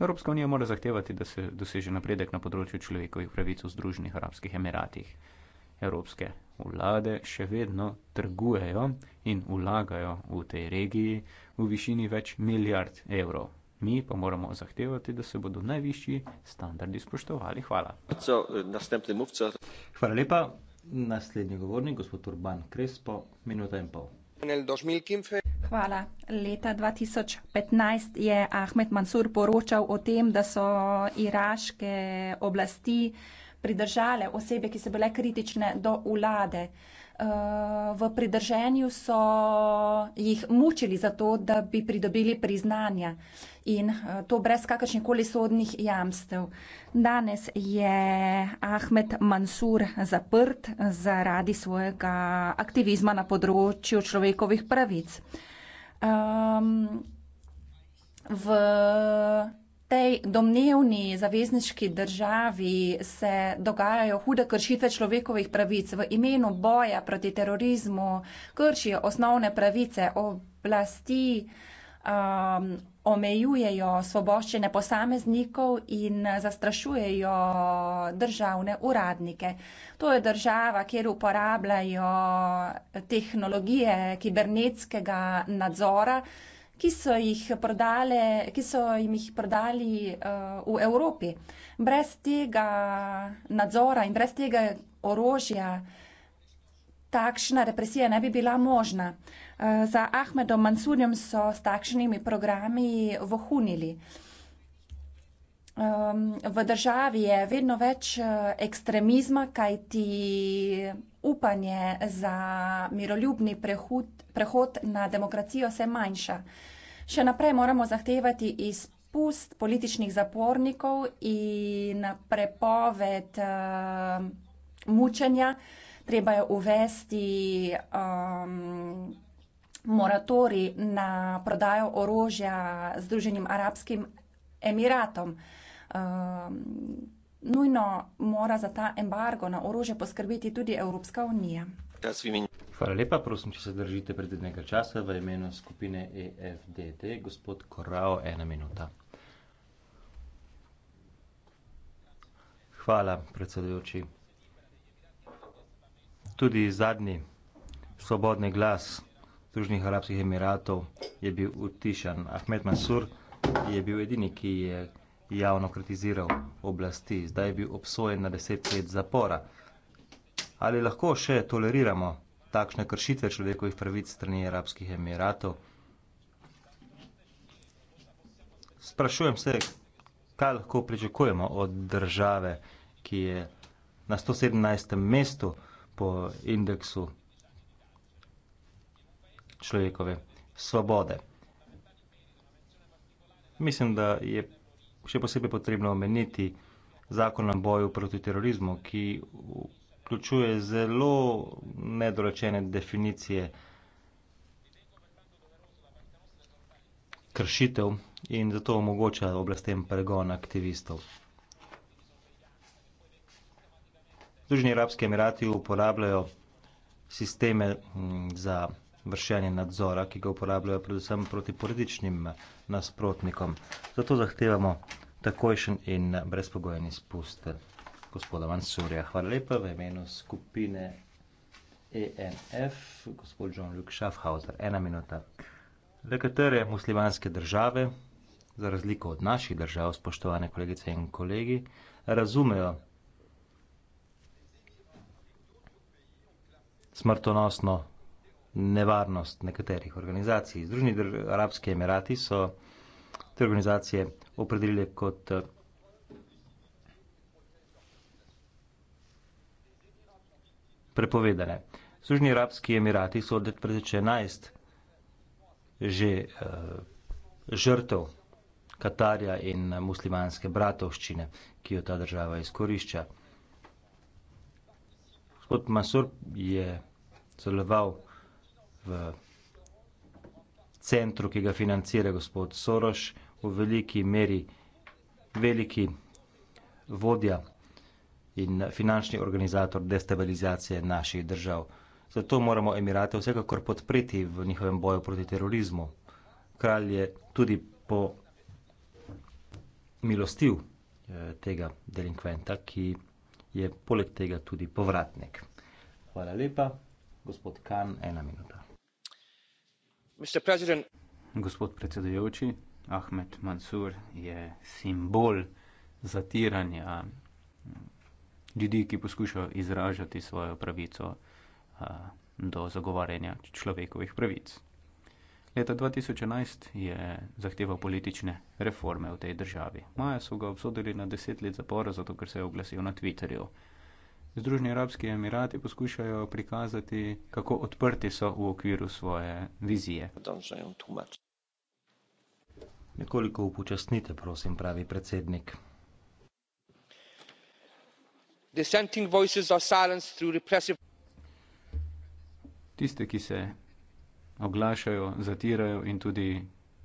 Evropska unija mora zahtevati, da se doseže napredek na področju človekovih pravic v Združenih arabskih emiratih. Evropske vlade še vedno trgujejo in ulagajo v tej regiji v višini več milijard evrov mi pa moramo zahtevati, da se bodo najvišji standardi spoštovali. Hvala. Hvala lepa. Naslednji govornik, gospod Urban Krespo, minuta in pol. Hvala. Leta 2015 je Ahmed Mansur poročal o tem, da so iraške oblasti pridržale osebe, ki so bile kritične do vlade. Uh, Eh, v pridrženju so jih mučili za to, da bi pridobili priznanja in eh, to brez kakršnikoli sodnih jamstev. Danes je Ahmed Mansur zaprt zaradi svojega aktivizma na področju človekovih pravic. Um, v tej domnevni zavezniški državi se dogajajo hude kršitve človekovih pravic v imenu boja proti terorizmu, kršijo osnovne pravice oblasti, um, omejujejo svoboščine posameznikov in zastrašujejo državne uradnike. To je država, kjer uporabljajo tehnologije kibernetskega nadzora, ki so jih, prodale, ki so jim jih prodali uh, v Evropi. Brez tega nadzora in brez tega orožja takšna represija ne bi bila možna. Uh, za Ahmedom Mansurjem so s takšnimi programi vohunili. Um, v državi je vedno več eh, ekstremizma, kaj ti upanje za miroljubni prehod, prehod na demokracijo se manjša. Uh, še naprej moramo zahtevati izpust političnih zapornikov in prepoved uh, mučenja. Treba je uvesti um, moratori na prodajo orožja Združenim arabskim emiratom. Um, nujno mora za ta embargo na orožje poskrbeti tudi Evropska unija čas v imenu. Hvala lepa, prosim, če se držite predvidnega časa v imenu skupine EFDD, gospod Korao, ena minuta. Hvala, predsedujoči. Tudi zadnji svobodni glas Združenih Arabskih Emiratov je bil utišan. Ahmed Mansur je bil edini, ki je javno kritiziral oblasti. Zdaj je bil obsojen na deset let zapora. Ali lahko še toleriramo takšne kršitve človekovih pravic strani Arabskih Emiratov? Sprašujem se, kaj lahko pričakujemo od države, ki je na 117. mestu po indeksu človekove svobode. Mislim, da je še posebej potrebno omeniti zakon o boju proti terorizmu, ki vključuje zelo nedorečene definicije kršitev in zato omogoča oblastem pregon aktivistov. Združeni arabski emirati uporabljajo sisteme mm, za vršenje nadzora, ki ga uporabljajo predvsem proti političnim nasprotnikom. Zato zahtevamo takojšen in brezpogojen izpust gospoda Mansurja. Hvala lepa v imenu skupine ENF, gospod Jean-Luc Schaffhauser. Ena minuta. Nekatere muslimanske države, za razliko od naših držav, spoštovane kolegice in kolegi, razumejo smrtonosno nevarnost nekaterih organizacij. Združeni arabski emirati so te organizacije opredelili kot prepovedane. Sužni Arabski Emirati so od pred 11 že uh, žrtev Katarja in muslimanske bratovščine, ki jo ta država izkorišča. Gospod Masur je celoval v centru, ki ga financira gospod Soroš, v veliki meri veliki vodja in finančni organizator destabilizacije naših držav. Zato moramo Emirate vsekakor podpreti v njihovem boju proti terorizmu. Kralj je tudi po milostiv eh, tega delinkventa, ki je poleg tega tudi povratnik. Hvala lepa. Gospod Kan, ena minuta. Gospod predsedujoči, Ahmed Mansur je simbol zatiranja ljudi, ki poskušajo izražati svojo pravico uh, do zagovarjanja človekovih pravic. Leta 2011 je zahteval politične reforme v tej državi. Maja so ga obsodili na deset let zapora, zato ker se je oglasil na Twitterju. Združeni arabski emirati poskušajo prikazati, kako odprti so v okviru svoje vizije. Nekoliko upočasnite, prosim, pravi predsednik dissenting voices are silenced through repressive. Tiste, ki se oglašajo, zatirajo in tudi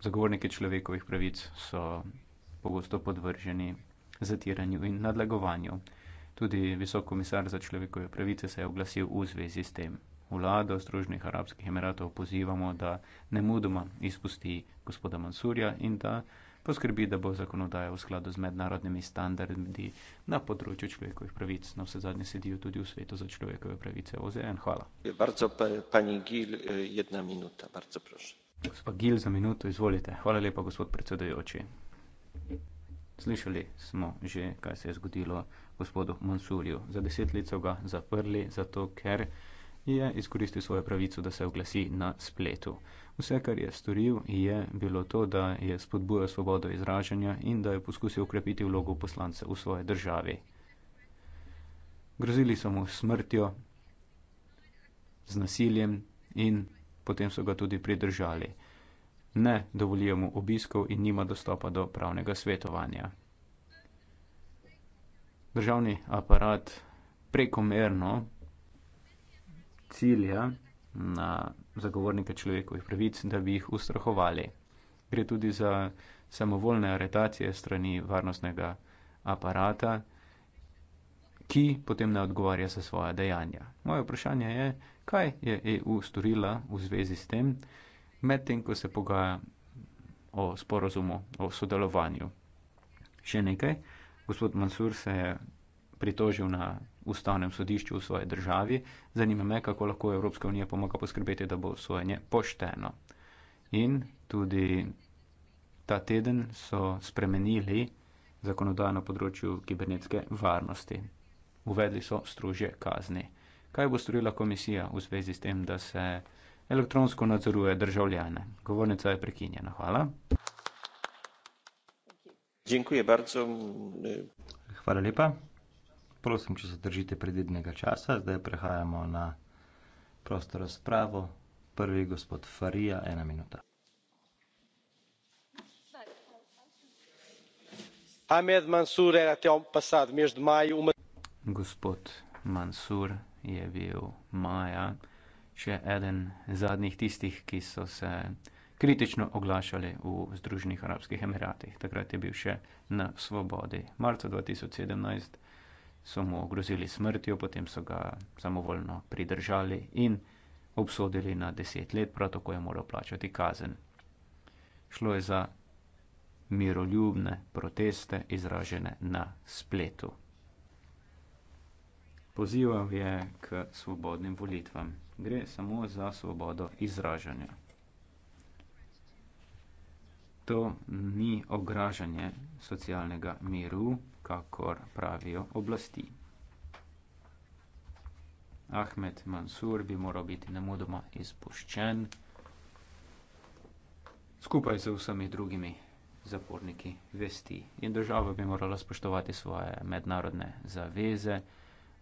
zagovorniki človekovih pravic so pogosto podvrženi zatiranju in nadlegovanju. Tudi visok komisar za človekove pravice se je oglasil v zvezi s tem. Vlado Združenih arabskih emiratov pozivamo, da ne mudoma izpusti gospoda Mansurja in da poskrbi, da bo zakonodaja v skladu z mednarodnimi standardi na področju človekovih pravic. Na vse zadnje sedijo tudi v svetu za človekove pravice OZN. Hvala. Bardzo pa, pani Gil, e, jedna minuta, bardzo prosim. Gospod Gil, za minuto izvolite. Hvala lepa, gospod predsedujoči. Slišali smo že, kaj se je zgodilo gospodu Mansurju. Za deset let so ga zaprli, zato ker je izkoristil svojo pravico, da se oglasi na spletu. Vse, kar je storil, je bilo to, da je spodbujal svobodo izražanja in da je poskusil ukrepiti vlogo poslance v svoji državi. Grozili so mu smrtjo, z nasiljem in potem so ga tudi pridržali. Ne dovolijo mu obiskov in nima dostopa do pravnega svetovanja. Državni aparat prekomerno cilja na zagovornike človekovih pravic, da bi jih ustrahovali. Gre tudi za samovoljne aretacije strani varnostnega aparata, ki potem ne odgovarja za svoja dejanja. Moje vprašanje je, kaj je EU storila v zvezi s tem, medtem ko se pogaja o sporozumu, o sodelovanju. Še nekaj, gospod Mansur se je pritožil na ustavnem sodišču v svoji državi. Zanima me, kako lahko Evropska unija pomaga poskrbeti, da bo sojenje pošteno. In tudi ta teden so spremenili zakonodajo na področju kibernetske varnosti. Uvedli so strože kazni. Kaj bo storila komisija v zvezi s tem, da se elektronsko nadzoruje državljane? Govornica je prekinjena. Hvala. Hvala lepa prosim, če se držite predvidnega časa. Zdaj prehajamo na prosto razpravo. Prvi gospod Farija, ena minuta. Ahmed Mansur je na tem pasad, med maji umrl. Gospod Mansur je bil maja še eden zadnjih tistih, ki so se kritično oglašali v Združenih arabskih emiratih. Takrat je bil še na svobodi. Marca 2017 so mu grozili smrtjo, potem so ga samovoljno pridržali in obsodili na deset let, prav tako je moral plačati kazen. Šlo je za miroljubne proteste, izražene na spletu. Pozival je k svobodnim volitvam. Gre samo za svobodo izražanja. To ni ogražanje socialnega miru, kakor pravijo oblasti. Ahmed Mansur bi moral biti nemudoma izpuščen skupaj z vsemi drugimi zaporniki vesti in država bi morala spoštovati svoje mednarodne zaveze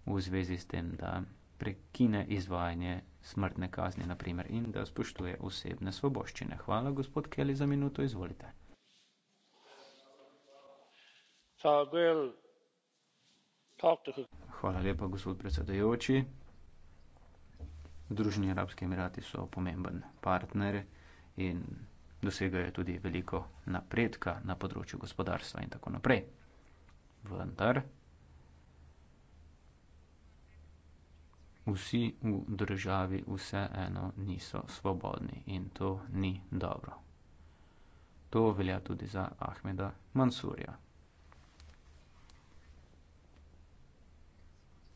v zvezi s tem, da prekine izvajanje smrtne kazni, naprimer, in da spoštuje osebne svoboščine. Hvala, gospod Kelly, za minuto, izvolite. Hvala lepa, gospod predsedujoči. Združeni arabski emirati so pomemben partner in dosegajo tudi veliko napredka na področju gospodarstva in tako naprej. Vendar vsi v državi vseeno niso svobodni in to ni dobro. To velja tudi za Ahmeda Mansurja.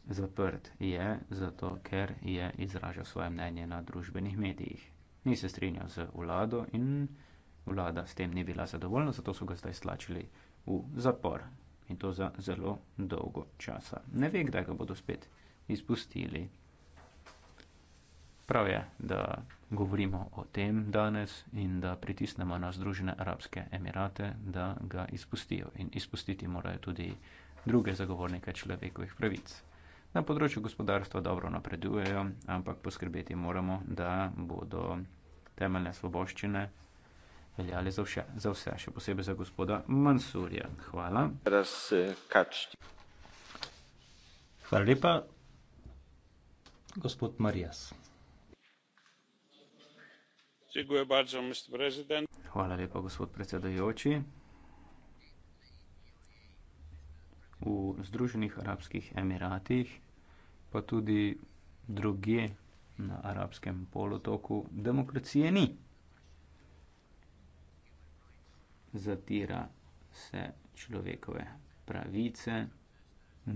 Zaprt je zato, ker je izražal svoje mnenje na družbenih medijih. Ni se strinjal z vlado in vlada s tem ni bila zadovoljna, zato so ga zdaj stlačili v zapor. In to za zelo dolgo časa. Ne ve, kdaj ga bodo spet izpustili. Prav je, da govorimo o tem danes in da pritisnemo na Združene arabske emirate, da ga izpustijo. In izpustiti morajo tudi druge zagovornike človekovih pravic na področju gospodarstva dobro napredujejo, ampak poskrbeti moramo, da bodo temeljne sloboščine veljale za vse, za vse še posebej za gospoda Mansurja. Hvala. Eh, Hvala lepa, gospod Marijas. Hvala lepa, gospod predsedajoči. v združenih arabskih emiratih pa tudi drugje na arabskem polotoku demokracije ni zatira se človekove pravice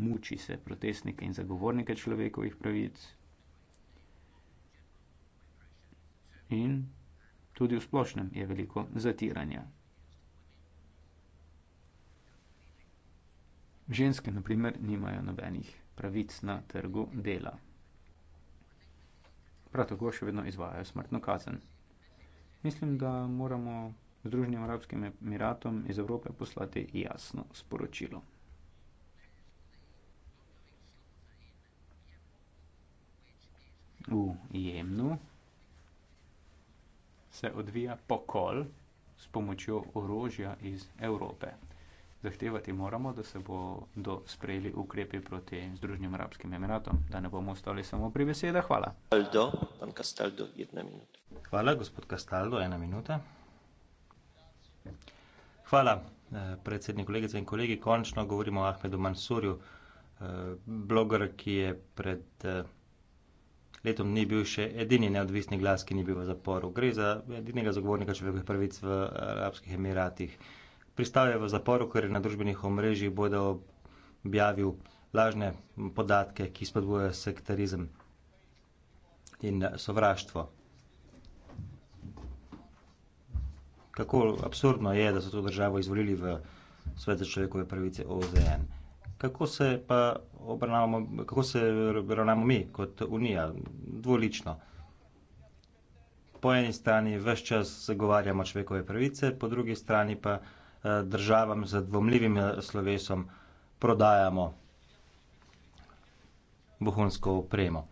muči se protestnike in zagovornike človekovih pravic in tudi v splošnem je veliko zatiranja Ženske, na primer, nimajo nobenih pravic na trgu dela. Prav tako še vedno izvajajo smrtno kazen. Mislim, da moramo Združenim arabskim emiratom iz Evrope poslati jasno sporočilo. V Jemnu se odvija pokol s pomočjo orožja iz Evrope zahtevati moramo, da se bodo sprejeli ukrepi proti Združenim arabskim emiratom, da ne bomo ostali samo pri besedah. Hvala. Aldo, pan Castaldo, ena minuta. Hvala, gospod Castaldo, ena minuta. Hvala, eh, predsednik, kolegice in kolegi. Končno govorimo o Ahmedu Mansurju, eh, bloger, ki je pred eh, letom ni bil še edini neodvisni glas, ki ni bil v zaporu. Gre za edinega zagovornika človekovih pravic v Arabskih emiratih pristal je v zaporu, ker je na družbenih omrežjih bodo objavil lažne podatke, ki spodbujajo sektarizem in sovraštvo. Kako absurdno je, da so to državo izvolili v Svet za človekove pravice OZN. Kako se pa obravnavamo, kako se ravnamo mi kot Unija? Dvolično. Po eni strani vse čas zagovarjamo človekove pravice, po drugi strani pa državam z dvomljivim slovesom prodajamo vohunsko opremo.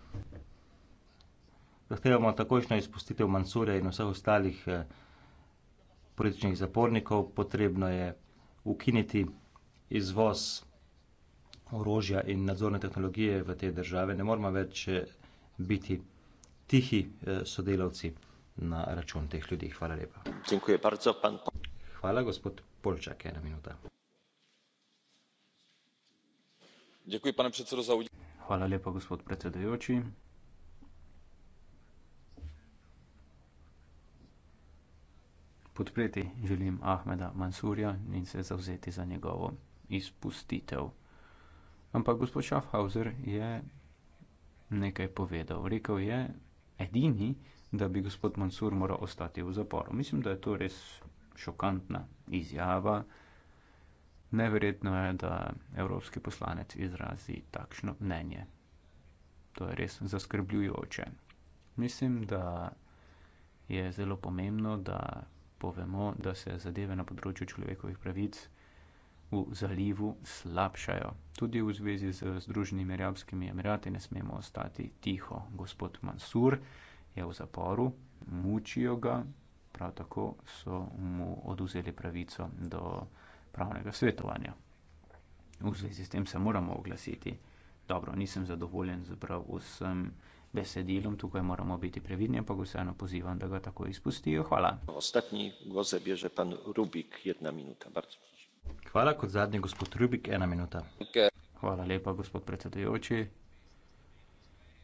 Zahtevamo takojšno izpustitev Mansure in vseh ostalih eh, političnih zapornikov. Potrebno je ukiniti izvoz orožja in nadzorne tehnologije v te države. Ne moramo več eh, biti tihi eh, sodelavci na račun teh ljudi. Hvala lepa. Hvala, gospod polčák, ena minuta. Děkuji, pane předsedo, za Hvala lepa, gospod predsedujoči. Podpreti želim Ahmeda Mansurja in se zavzeti za njegovo izpustitev. Ampak gospod Schaffhauser je nekaj povedal. Rekel je edini, da bi gospod Mansur moral ostati v zaporu. Mislim, da je to res šokantna izjava. Neverjetno je, da evropski poslanec izrazi takšno mnenje. To je res zaskrbljujoče. Mislim, da je zelo pomembno, da povemo, da se zadeve na področju človekovih pravic v zalivu slabšajo. Tudi v zvezi z Združenimi arabskimi emirati ne smemo ostati tiho. Gospod Mansur je v zaporu, mučijo ga, prav tako so mu oduzeli pravico do pravnega svetovanja. V zvezi s tem se moramo oglasiti. Dobro, nisem zadovoljen z prav vsem besedilom, tukaj moramo biti previdni, ampak vseeno pozivam, da ga tako izpustijo. Hvala. Ostatni gozeb je že pan Rubik, ena minuta. Bardzo. Hvala kot zadnji gospod Rubik, ena minuta. Okay. Hvala lepa, gospod predsedujoči.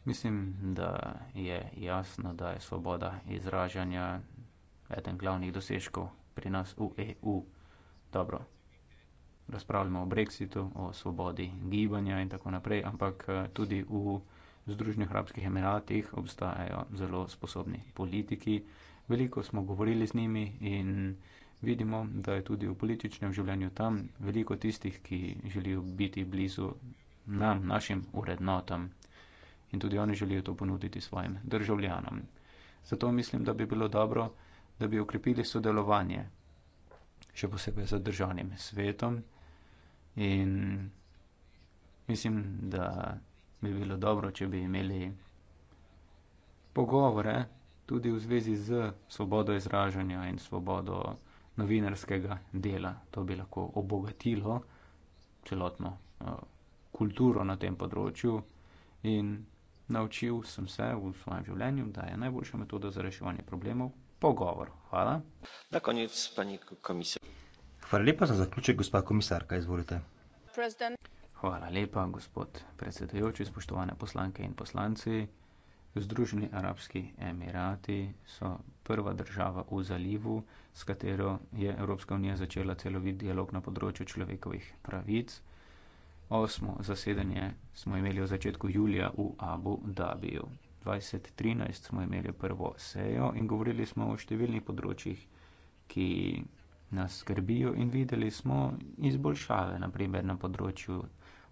Mislim, da je jasno, da je svoboda izražanja eden glavnih dosežkov pri nas v EU. Dobro, razpravljamo o Brexitu, o svobodi gibanja in tako naprej, ampak eh, tudi v Združenih arabskih emiratih obstajajo zelo sposobni politiki. Veliko smo govorili z njimi in vidimo, da je tudi v političnem življenju tam veliko tistih, ki želijo biti blizu nam, našim urednotam. In tudi oni želijo to ponuditi svojim državljanom. Zato mislim, da bi bilo dobro, da bi okrepili sodelovanje, še posebej z državnim svetom. In mislim, da bi bilo dobro, če bi imeli pogovore tudi v zvezi z svobodo izražanja in svobodo novinarskega dela. To bi lahko obogatilo celotno uh, kulturo na tem področju in naučil sem se v svojem življenju, da je najboljša metoda za reševanje problemov pogovoru. Hvala. Na konec, pani komisar. Hvala lepa za zaključek, gospa komisarka, izvolite. President. Hvala lepa, gospod predsedajoči, spoštovane poslanke in poslanci. Združeni arabski emirati so prva država v zalivu, s katero je Evropska unija začela celovit dialog na področju človekovih pravic. Osmo zasedanje smo imeli v začetku julija v Abu Dhabiju. 2013 smo imeli prvo sejo in govorili smo o številnih področjih, ki nas skrbijo in videli smo izboljšave, naprimer na področju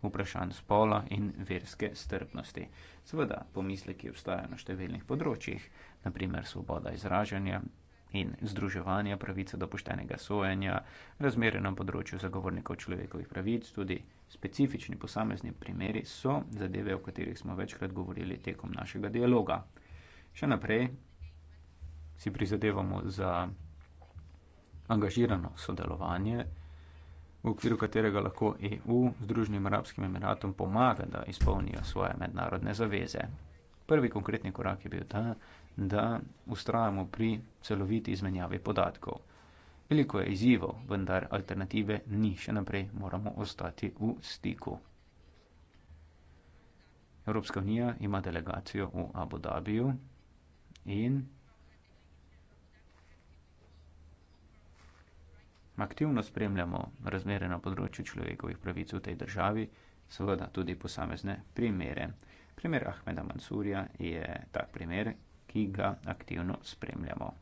vprašanj spola in verske strpnosti. Seveda, pomisleki obstajajo na številnih področjih, naprimer svoboda izražanja, in združevanja pravice do poštenega sojenja, razmere na področju zagovornikov človekovih pravic, tudi specifični posamezni primeri so zadeve, o katerih smo večkrat govorili tekom našega dialoga. Še naprej si prizadevamo za angažirano sodelovanje, v okviru katerega lahko EU Združenim arabskim emiratom pomaga, da izpolnijo svoje mednarodne zaveze. Prvi konkretni korak je bil ta, da ustrajamo pri celoviti izmenjavi podatkov. Veliko je izzivov, vendar alternative ni, še naprej moramo ostati v stiku. Evropska unija ima delegacijo v Abu Dhabiju in aktivno spremljamo razmere na področju človekovih pravic v tej državi, seveda tudi posamezne primere. Primer Ahmeda Mansurja je tak primer, ki ga aktivno spremljamo.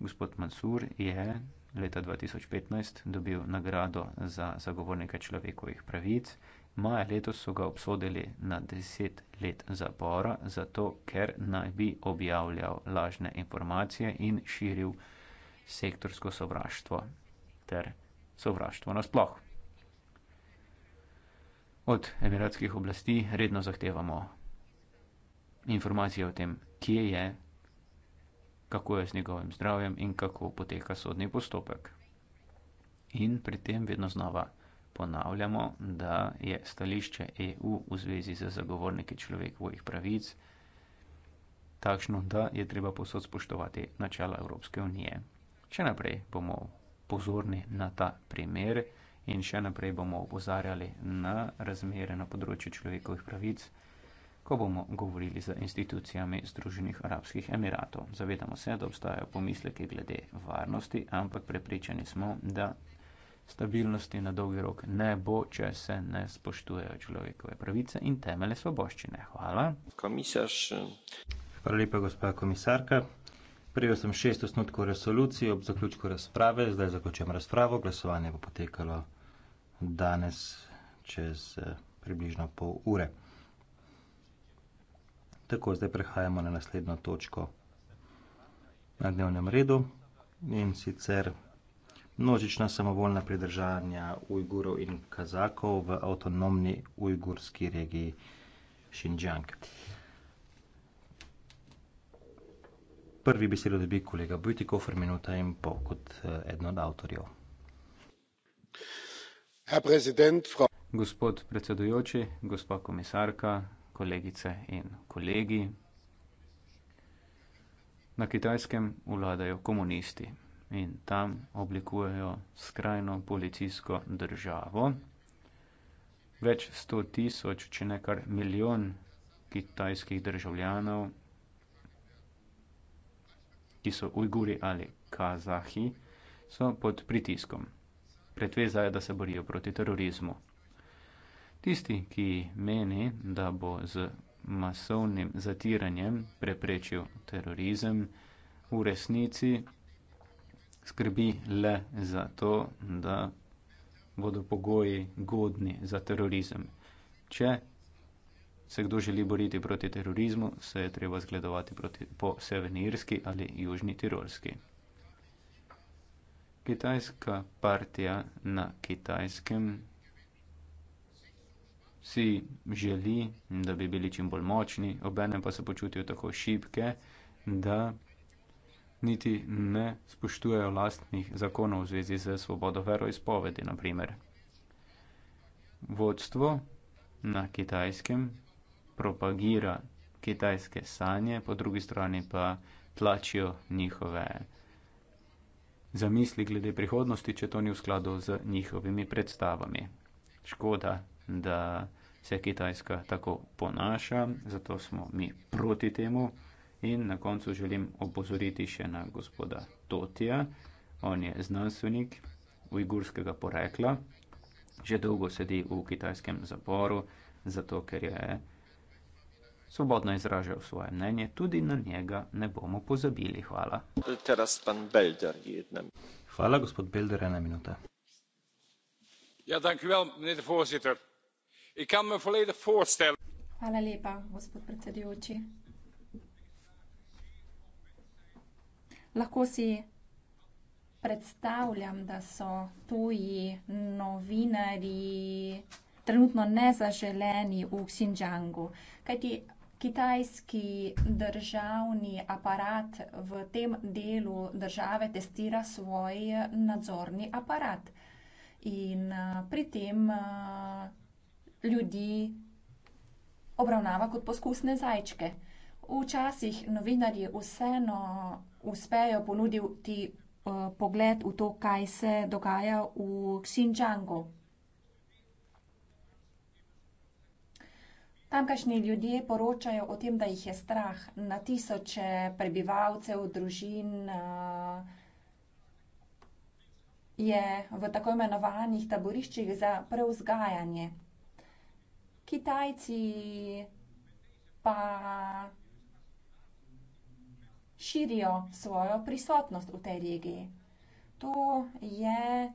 Gospod Mansur je leta 2015 dobil nagrado za zagovornika človekovih pravic. Maja letos so ga obsodili na 10 let zapora, zato ker naj bi objavljal lažne informacije in širil sektorsko sovraštvo ter sovraštvo nasploh. Od emiratskih oblasti redno zahtevamo informacije o tem, kje je, kako je z njegovim zdravjem in kako poteka sodni postopek. In pri tem vedno znova ponavljamo, da je stališče EU v zvezi z zagovorniki človekovih pravic takšno, da je treba posod spoštovati načela Evropske unije. Še naprej bomo pozorni na ta primer in še naprej bomo opozarjali na razmere na področju človekovih pravic ko bomo govorili z institucijami Združenih arabskih emiratov. Zavedamo se, da obstajajo pomisleke glede varnosti, ampak prepričani smo, da stabilnosti na dolgi rok ne bo, če se ne spoštujejo človekove pravice in temele svoboščine. Hvala. Komisarš. Hvala lepa, gospa komisarka. Prijel sem šest osnutkov resolucij ob zaključku razprave, zdaj zaključujem razpravo. Glasovanje bo potekalo danes čez eh, približno pol ure. Tako, zdaj prehajamo na naslednjo točko na dnevnem redu in sicer množična samovoljna pridržanja Ujgurov in Kazakov v avtonomni ujgurski regiji Xinjiang. Prvi besedo dobi kolega Bujtikofer, minuta in pol kot eh, eden od avtorjev. Gospod predsedujoči, gospa komisarka, kolegice in kolegi. Na kitajskem vladajo komunisti in tam oblikujejo skrajno policijsko državo. Več sto tisoč, če ne kar milijon kitajskih državljanov, ki so Ujguri ali Kazahi, so pod pritiskom. Pretvezajo, da se borijo proti terorizmu tisti ki meni da bo z masovnim zatiranjem preprečil terorizem v resnici skrbi le za to da bodo pogoji godni za terorizem če se kdo želi boriti proti terorizmu se je treba zgledovati proti po severni irski ali južni tirolski kitajska partija na kitajskem si želi, da bi bili čim bolj močni, obenem pa se počutijo tako šibke, da niti ne spoštujejo lastnih zakonov v zvezi z svobodo veroizpovedi, naprimer. Vodstvo na kitajskem propagira kitajske sanje, po drugi strani pa tlačijo njihove zamisli glede prihodnosti, če to ni v skladu z njihovimi predstavami. Škoda da se Kitajska tako ponaša, zato smo mi proti temu. In na koncu želim opozoriti še na gospoda Totija. On je znanstvenik ujgurskega porekla, že dolgo sedi v kitajskem zaporu, zato ker je svobodno izražal svoje mnenje. Tudi na njega ne bomo pozabili. Hvala. Hvala, gospod Belder, ena minuta. Ja, dank u wel, meneer de voorzitter. Ik kan me volledig voorstellen. Hvala lepa, gospod predsedujoči. Lahko si predstavljam, da so tuji novinari trenutno nezaželeni v Xinjiangu, kajti kitajski državni aparat v tem delu države testira svoj nadzorni aparat. In pri tem ljudi obravnava kot poskusne zajčke. Včasih novinarji vseeno uspejo ponuditi uh, pogled v to, kaj se dogaja v Xinjiangu. Tamkajšnji ljudje poročajo o tem, da jih je strah na tisoče prebivalcev, družin. Uh, Je v tako imenovanih taboriščih za preuzgajanje китайцы, pa širijo svojo prisotnost v tej regiji. To je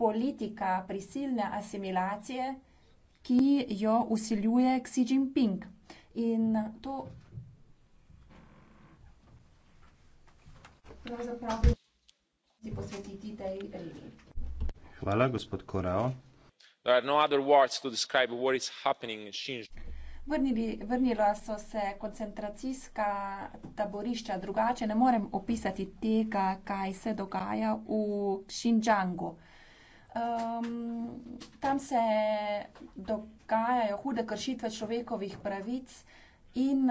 politika prisilne asimilacije, ki jo usiljuje Xi Jinping. In to pravzaprav si posvetiti tej regiji. Hvala, gospod Korao there are no other words to describe what is happening in xinjiang. Vrnili, vrnila so se koncentracijska taborišča, drugače ne morem opisati tega, kaj se dogaja v Xinjiangu. Um, tam se dogajajo hude kršitve človekovih pravic in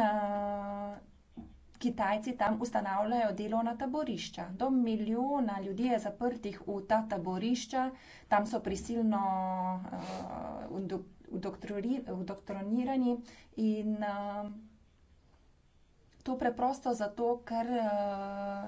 Kitajci tam ustanavljajo delovna taborišča. Do milijona ljudi je zaprtih v ta taborišča, tam so prisilno eh, udoktrinirani uh, in uh, to preprosto zato, ker uh,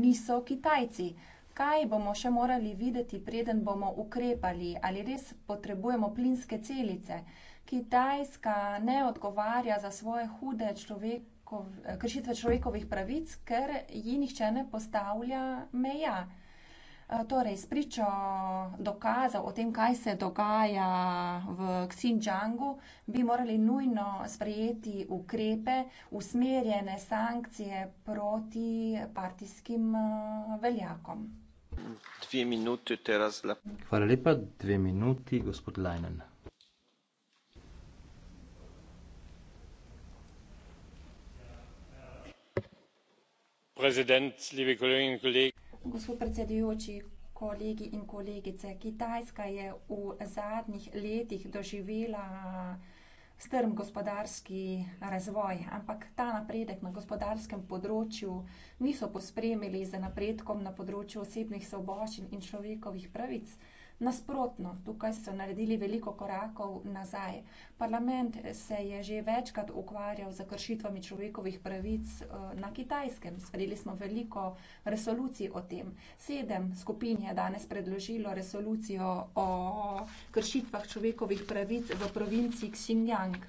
niso Kitajci. Kaj bomo še morali videti, preden bomo ukrepali, ali res potrebujemo plinske celice? Uh, Kitajska ne odgovarja za svoje hude človekov, kršitve človekovih pravic, ker ji nihče ne postavlja meja. Eh, torej, s pričo dokazov o tem, kaj se dogaja v Xinjiangu, bi morali nujno sprejeti ukrepe, usmerjene sankcije proti partijskim eh, veljakom. Dve minuti, te razla. Hvala lepa, dve minuti, gospod Lajnen. gospod predsedujoči kolegi in kolegice kitajska je v zadnjih letih doživela strm gospodarski razvoj ampak ta napredek na gospodarskem področju niso pospremili z napredkom na področju osebnih svoboščin in človekovih pravic. Nasprotno, tukaj so naredili veliko korakov nazaj. Parlament se je že večkrat ukvarjal z kršitvami človekovih pravic eh, na kitajskem. Sprejeli smo veliko resolucij o tem. Sedem skupin je danes predložilo resolucijo o kršitvah človekovih pravic v provinci Xinjiang.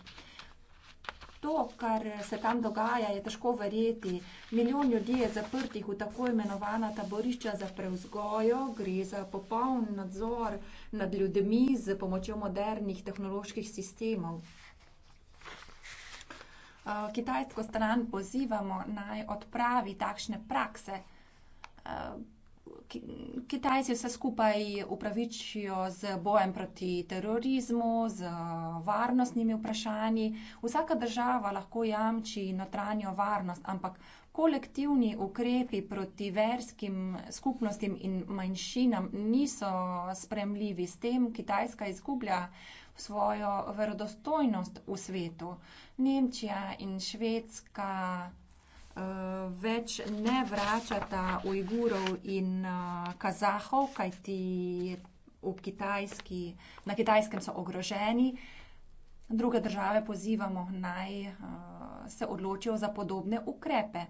To, kar se tam dogaja, je težko verjeti. Milijon ljudi je zaprtih v tako imenovana taborišča za prevzgojo, gre za popoln nadzor nad ljudmi z pomočjo modernih tehnoloških sistemov. Kitajsko stran pozivamo naj odpravi takšne prakse. Kitajci vse skupaj upravičijo z bojem proti terorizmu, z varnostnimi vprašanji. Vsaka država lahko jamči notranjo varnost, ampak kolektivni ukrepi proti verskim skupnostim in manjšinam niso spremljivi. S tem Kitajska izgublja svojo verodostojnost v svetu. Nemčija in Švedska uh, več ne vračata Ujgurov in uh, Kazahov, kajti kitajski, na kitajskem so ogroženi. Druge države pozivamo naj uh, se odločijo za podobne ukrepe.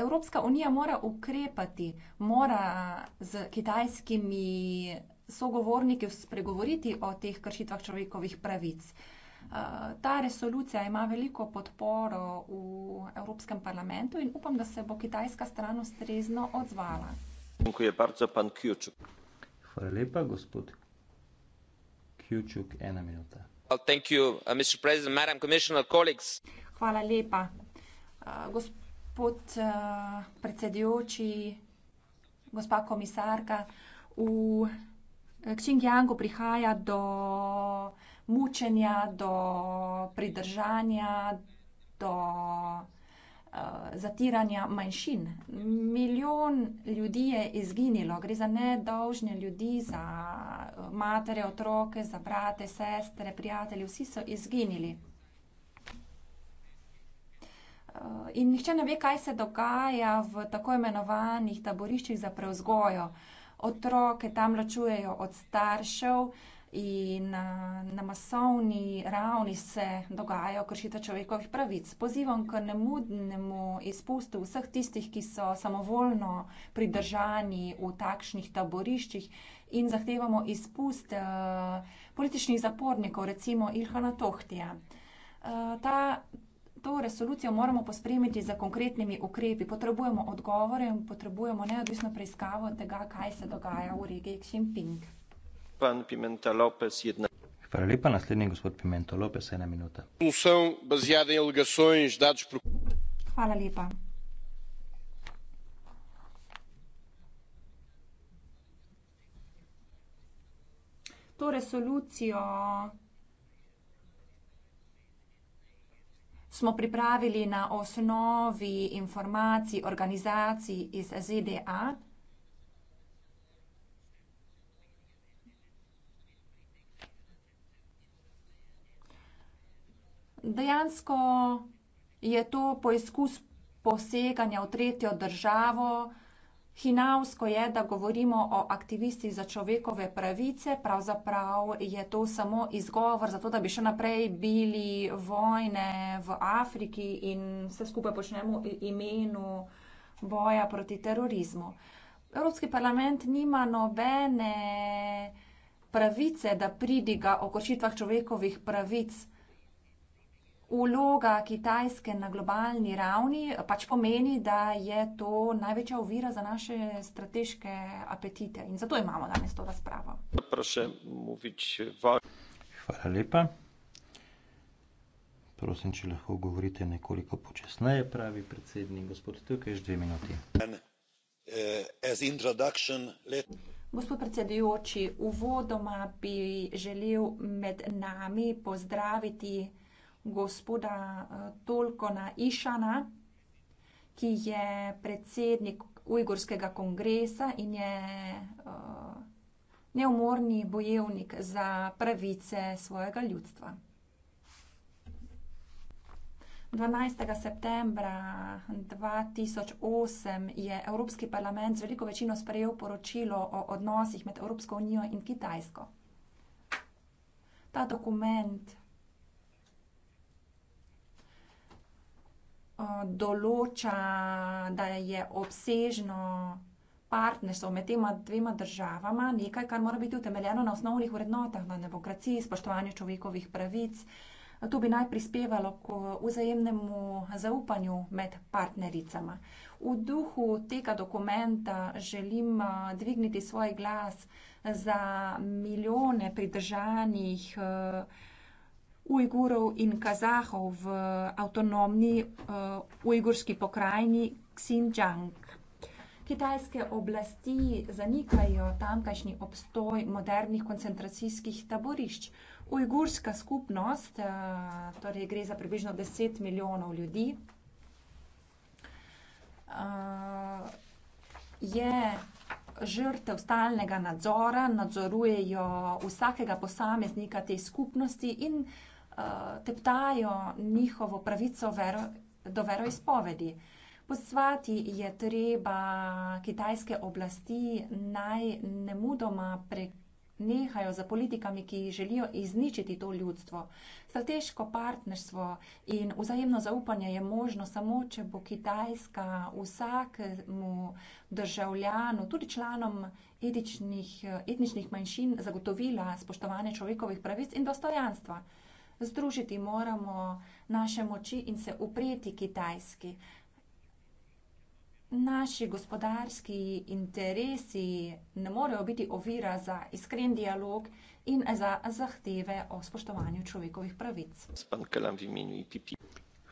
Evropska unija mora ukrepati, mora z kitajskimi sogovornike spregovoriti o teh kršitvah človekovih pravic. Eh, ta resolucija ima veliko podporo v Evropskem parlamentu in upam, da se bo kitajska stran ustrezno odzvala. Hvala lepa, gospod Kjučuk, ena minuta. Thank you, uh, Mr. President, Madam Commissioner, colleagues. Hvala lepa. Eh, gospod eh, predsedujoči, gospa komisarka, v k eh, Xinjiangu prihaja do mučenja, do pridržanja, do eh, zatiranja manjšin. Milijon ljudi je izginilo, gre za nedolžne ljudi, za eh, matere, otroke, za brate, sestre, prijatelje, vsi so izginili. In nihče ne ve, kaj se dogaja v tako imenovanih taboriščih za prevzgojo otroke tam ločujejo od staršev. In na, na masovni ravni se dogajajo kršitve človekovih pravic. Pozivam k nemudnemu izpustu vseh tistih, ki so samovoljno pridržani v takšnih taboriščih in zahtevamo izpust uh, političnih zapornikov, recimo Ilhana Tohtija. Uh, to resolucijo moramo pospremiti za konkretnimi ukrepi. Potrebujemo odgovore in potrebujemo neodvisno preiskavo tega, kaj se dogaja v regiji Xinjiang. Hvala lepa. Naslednji gospod Pimenta Lopes, ena minuta. Hvala lepa. To resolucijo smo pripravili na osnovi informacij organizacij iz ZDA. Dejansko je to poizkus poseganja v tretjo državo, Hinavsko je, da govorimo o aktivistih za človekove pravice, pravzaprav je to samo izgovor za to, da bi še naprej bili vojne v Afriki in vse skupaj počnemo imenu boja proti terorizmu. Evropski parlament nima nobene pravice, da pridiga o kršitvah človekovih pravic vloga Kitajske na globalni ravni eh, pač pomeni, da je to največja ovira za naše strateške apetite. In zato imamo danes to razpravo. Hvala lepa. Prosim, če lahko govorite nekoliko počasneje, pravi predsednik, gospod Tukajš, dve minuti. Eh, gospod predsedujoči, uvodoma bi želel med nami pozdraviti gospoda eh, Tolkona Išana, ki je predsednik Ujgurskega kongresa in je eh, neumorni bojevnik za pravice svojega ljudstva. 12. septembra 2008 je Evropski parlament z veliko večino sprejel poročilo o odnosih med Evropsko unijo in Kitajsko. Ta dokument Eh, določa, da je obsežno partnerstvo med tema dvema državama nekaj, kar mora biti utemeljeno na osnovnih vrednotah, na demokraciji, spoštovanju človekovih pravic. To bi naj prispevalo k vzajemnemu zaupanju med partnericama. V duhu tega dokumenta želim eh, dvigniti svoj glas za milijone pridržanih eh, Ujgurov in Kazahov v avtonomni uh, ujgurski pokrajini Xinjiang. Kitajske oblasti zanikajo tamkajšnji obstoj modernih koncentracijskih taborišč. Ujgurska skupnost, eh, torej gre za približno 10 milijonov ljudi, eh, je žrtev stalnega nadzora, nadzorujejo vsakega posameznika te skupnosti in uh, teptajo njihovo pravico vero, do veroizpovedi. Posvati je treba kitajske oblasti naj nemudoma prenehajo za politikami, ki želijo izničiti to ljudstvo. Strateško partnerstvo in vzajemno zaupanje je možno samo, če bo Kitajska vsakemu državljanu, tudi članom etničnih manjšin, zagotovila spoštovanje človekovih pravic in dostojanstva. Združiti moramo naše moči in se upreti Kitajski. Naši gospodarski interesi ne morejo biti ovira za iskren dialog in za zahteve o spoštovanju človekovih pravic. E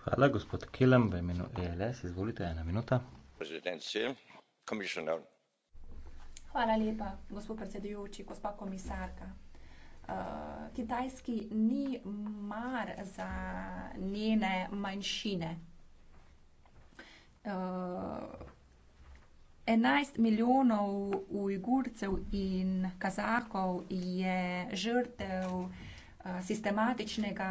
Hvala, gospod Kelem, v imenu ELS. Izvolite, ena minuta. Hvala lepa, gospod predsedujoči, gospa komisarka uh, Kitajski ni mar za njene manjšine. Uh, eh, 11 milijonov Ujgurcev in Kazakov je žrtev uh, sistematičnega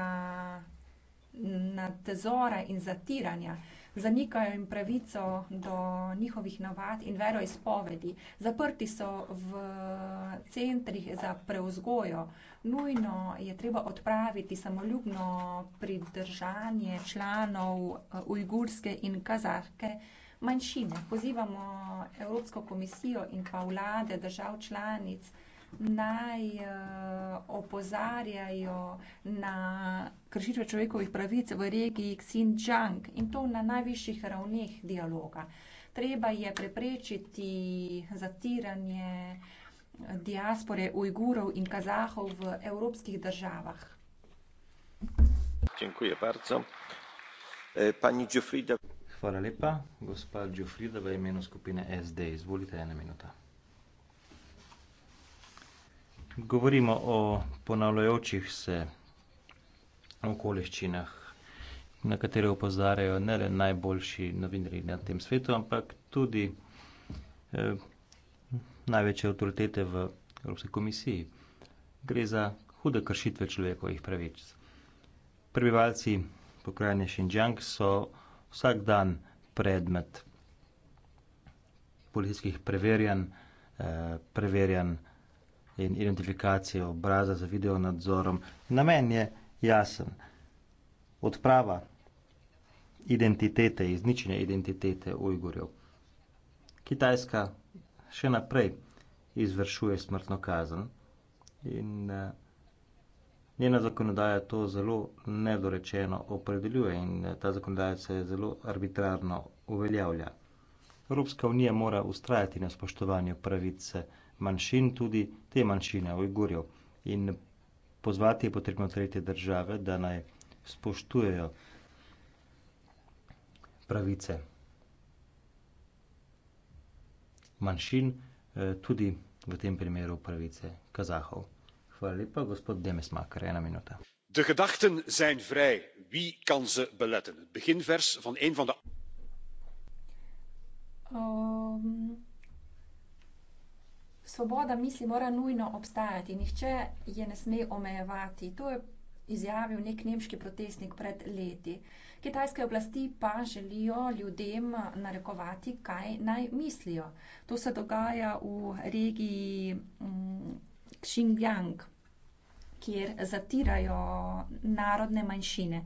nadzora in zatiranja. Uh, zanikajo jim pravico do njihovih navad in veroizpovedi. Zaprti so v centrih za preuzgojo. Nujno je treba odpraviti samoljubno pridržanje članov eh, ujgurske in kazahke manjšine. Pozivamo Evropsko komisijo in pa vlade držav članic, naj uh, opozarjajo na kršitve človekovih pravic v regiji Xinjiang in to na najvišjih ravneh dialoga. Treba je preprečiti zatiranje eh, diaspore Ujgurov in Kazahov v evropskih državah. E, Hvala lepa. Gospa Džofrida v imenu skupine SD. Izvolite ena minuta govorimo o ponavljajočih se okoliščinah, na katere opozarjajo ne le najboljši novinari na tem svetu, ampak tudi eh, največje avtoritete v Evropski komisiji. Gre za hude kršitve človekovih pravic. Prebivalci pokrajine Xinjiang so vsak dan predmet policijskih preverjanj, eh, preverjanj in identifikacije obraza z video nadzorom. Namen je jasen. Odprava identitete, izničenje identitete Ujgurjev. Kitajska še naprej izvršuje smrtno kazen in eh, njena zakonodaja to zelo nedorečeno opredeljuje in eh, ta zakonodaja se zelo arbitrarno uveljavlja. Evropska unija mora ustrajati na spoštovanju pravice manjšin, tudi te manjšine, Ujgurjev. In pozvati je potrebno tretje države, da naj spoštujejo pravice manjšin, eh, tudi v tem primeru pravice Kazahov. Hvala lepa, gospod Demesmaker, ena minuta. De gedachten zijn vrij. Wie kan ze beletten? Het beginvers van een van de. Um... Svoboda misli mora nujno obstajati, nihče je ne sme omejevati. To je izjavil nek nemški protestnik pred leti. Kitajske oblasti pa želijo ljudem narekovati, kaj naj mislijo. To se dogaja v regiji mm, Xinjiang, kjer zatirajo narodne manjšine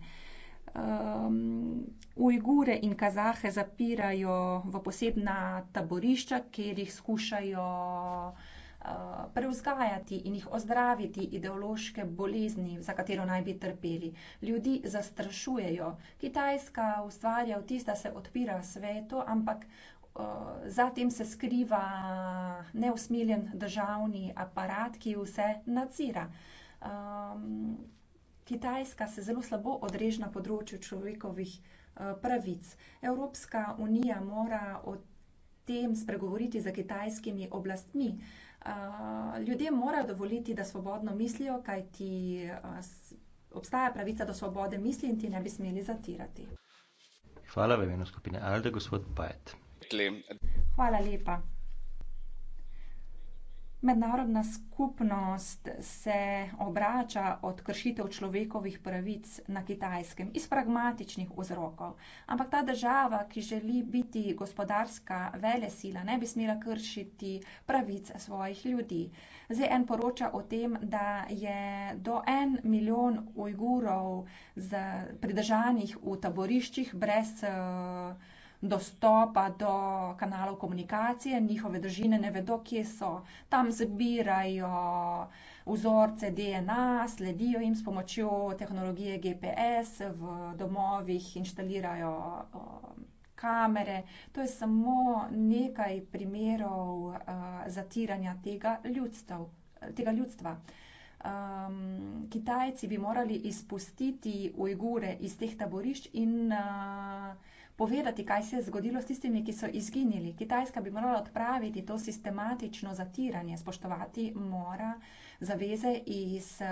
um, Ujgure in Kazahe zapirajo v posebna taborišča, kjer jih skušajo uh, eh, preuzgajati in jih ozdraviti ideološke bolezni, za katero naj bi trpeli. Ljudi zastrašujejo. Kitajska ustvarja vtis, da se odpira svetu, ampak. Eh, Zatem se skriva neusmiljen državni aparat, ki vse nadzira. Ehm, Kitajska se zelo slabo odreže na področju človekovih eh, pravic. Evropska unija mora o tem spregovoriti za kitajskimi oblastmi. Eh, ljudje morajo dovoliti, da svobodno mislijo, kaj ti eh, obstaja pravica do svobode misli in ti ne bi smeli zatirati. Hvala v imenu skupine Alde, gospod Bajet. Hvala lepa. Mednarodna skupnost se obrača od kršitev človekovih pravic na kitajskem iz pragmatičnih vzrokov. Ampak ta država, ki želi biti gospodarska velesila, ne bi smela kršiti pravic svojih ljudi. ZN poroča o tem, da je do en milijon ujgurov pridržanih v taboriščih brez. Uh, dostopa do kanalov komunikacije, njihove družine ne vedo, kje so. Tam zbirajo vzorce DNA, sledijo jim s pomočjo tehnologije GPS, v domovih inštalirajo kamere. To je samo nekaj primerov zatiranja tega ljudstv, tega ljudstva. Um, Kitajci bi morali izpustiti Ujgure iz teh taborišč in uh, povedati, kaj se je zgodilo s tistimi, ki so izginili. Kitajska bi morala odpraviti to sistematično zatiranje, spoštovati mora zaveze iz eh,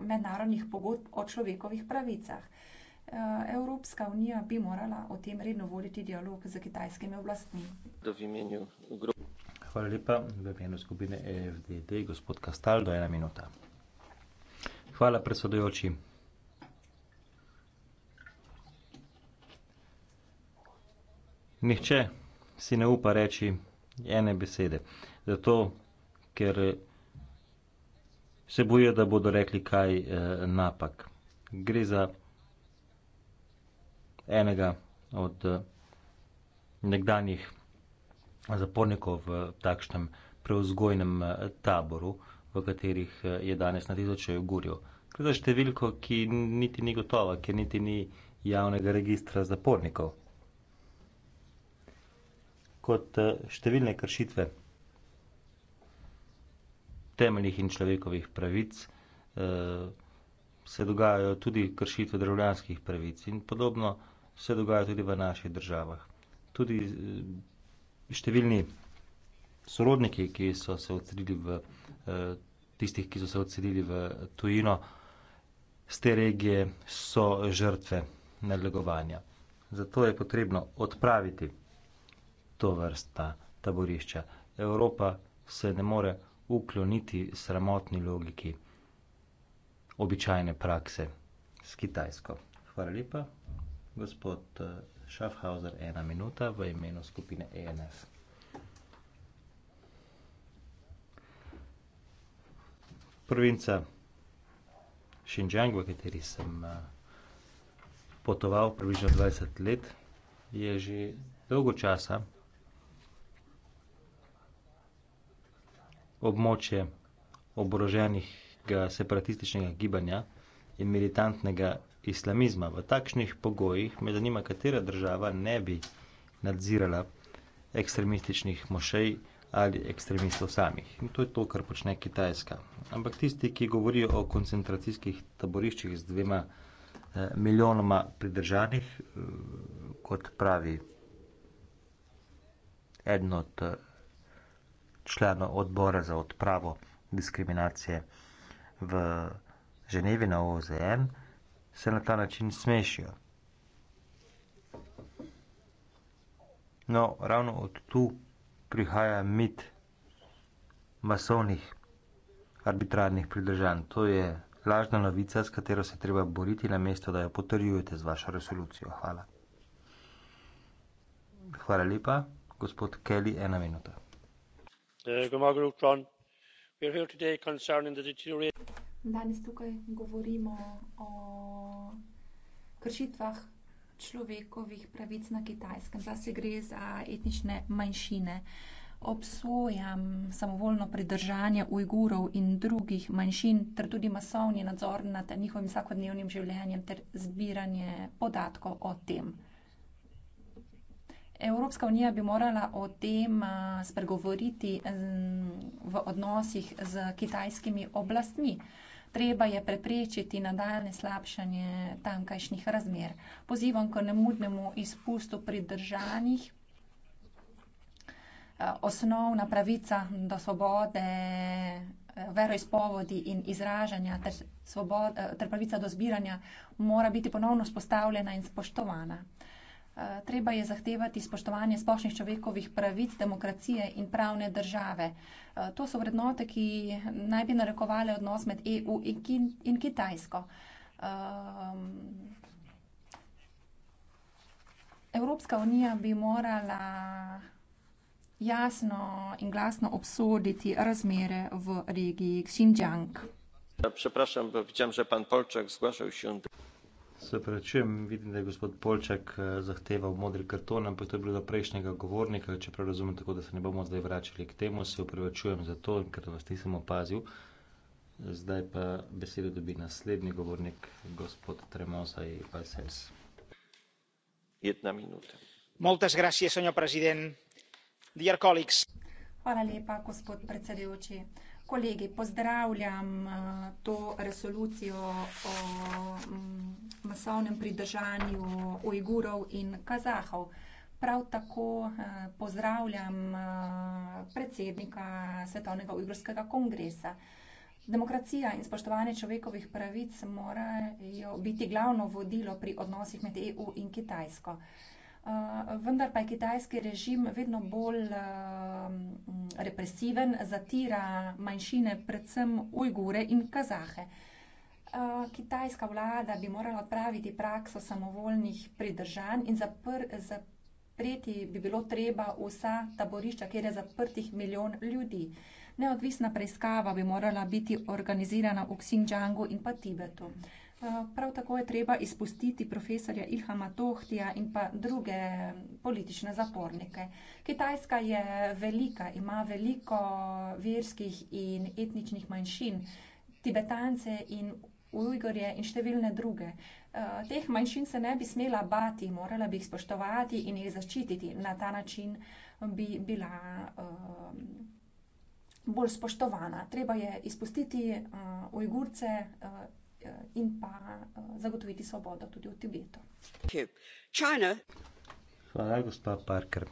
mednarodnih pogodb o človekovih pravicah. Eh, Evropska unija bi morala o tem redno voditi dialog z kitajskimi oblastmi. Hvala lepa. V imenu skupine EFDD, gospod Kastal, do ena minuta. Hvala predsedujoči. nihče si ne upa reči ene besede zato ker se bojijo da bodo rekli kaj eh, napak gre za enega od eh, nekdanjih zapornikov v takšnem preuzgojnem eh, taboru v katerih eh, je danes na tisoče ugurjev gre za številko ki niti ni gotova ker niti ni javnega registra zapornikov kot eh, številne kršitve temeljnih in človekovih pravic, eh, se dogajajo tudi kršitve državljanskih pravic in podobno se dogaja tudi v naših državah. Tudi eh, številni sorodniki, ki so se odselili v tistih, ki so se odselili v tujino, z te regije so žrtve nadlegovanja. Zato je potrebno odpraviti to vrsta taborišča. Evropa se ne more ukloniti sramotni logiki običajne prakse s Kitajsko. Hvala lepa, gospod eh, Schaffhauser, ena minuta v imenu skupine ENF. Provinca Xinjiang, v kateri sem eh, potoval približno 20 let, je že dolgo časa območje oboroženega separatističnega gibanja in militantnega islamizma. V takšnih pogojih me zanima, katera država ne bi nadzirala ekstremističnih mošej ali ekstremistov samih. In to je to, kar počne Kitajska. Ampak tisti, ki govorijo o koncentracijskih taboriščih z dvema eh, milijonoma pridržanih, eh, kot pravi eden od eh, člana odbora za odpravo diskriminacije v Ženevi na OZN, se na ta način smešijo. No, ravno od tu prihaja mit masovnih arbitrarnih pridržanj. To je lažna novica, s katero se treba boriti na mesto, da jo potrjujete z vašo resolucijo. Hvala. Hvala lepa, gospod Kelly, ena minuta. Eh, danes tukaj govorimo o kršitvah človekovih pravic na Kitajskem. Zase gre za etnične manjšine. Obsojam samovoljno pridržanje Ujgurov in drugih manjšin ter tudi masovni nadzor nad njihovim vsakodnevnim življenjem ter zbiranje podatkov o tem. Evropska unija bi morala o tem spregovoriti v odnosih z kitajskimi oblastmi. Treba je preprečiti nadaljne slabšanje tamkajšnjih razmer. Pozivam k nemudnemu izpustu pridržanih. Osnovna pravica do svobode e, veroizpovodi in izražanja ter, svobod, e, ter pravica do zbiranja mora biti ponovno spostavljena in spoštovana treba je zahtevati spoštovanje splošnih človekovih pravic, demokracije in pravne države. To so vrednote, ki naj bi narekovali odnos med EU in, Kin in Kitajsko. Um, Evropska unija bi morala jasno in glasno obsoditi razmere v regiji Xinjiang. Ja, Se prečujem, vidim, da je gospod Polček eh, zahteval modri karton, ampak to je bilo do prejšnjega govornika, če prav razumem, tako da se ne bomo zdaj vračali k temu, se upravičujem za to, ker vas nisem opazil. Zdaj pa besedo dobi naslednji govornik, gospod Tremosa i e Pajsens. Jedna minuta. Moltes gracias, senjor prezident. Dear colleagues. Hvala lepa, gospod predsedujoči kolegi, pozdravljam eh, to resolucijo o mm, masovnem pridržanju Ujgurov in Kazahov. Prav tako eh, pozdravljam eh, predsednika Svetovnega Ujgurskega kongresa. Demokracija in spoštovanje človekovih pravic morajo biti glavno vodilo pri odnosih med EU in Kitajsko. Eh, vendar pa je kitajski režim vedno bolj eh, represiven, zatira manjšine, predvsem Ujgure in Kazahe. Eh, kitajska vlada bi morala odpraviti prakso samovoljnih pridržanj in zapr, zapreti bi bilo treba vsa taborišča, kjer je zaprtih milijon ljudi. Neodvisna preiskava bi morala biti organizirana v Ksindžangu in pa Tibetu. Prav tako je treba izpustiti profesorja Ilhama Tohtija in pa druge politične zapornike. Kitajska je velika, ima veliko verskih in etničnih manjšin, tibetance in ujgorje in številne druge. Eh, teh manjšin se ne bi smela bati, morala bi jih spoštovati in jih zaščititi. Na ta način bi bila eh, bolj spoštovana. Treba je izpustiti eh, ujgurce Eh, in pa eh, zagotoviti svobodo tudi v Tibetu. China. Hvala, gospod Parker.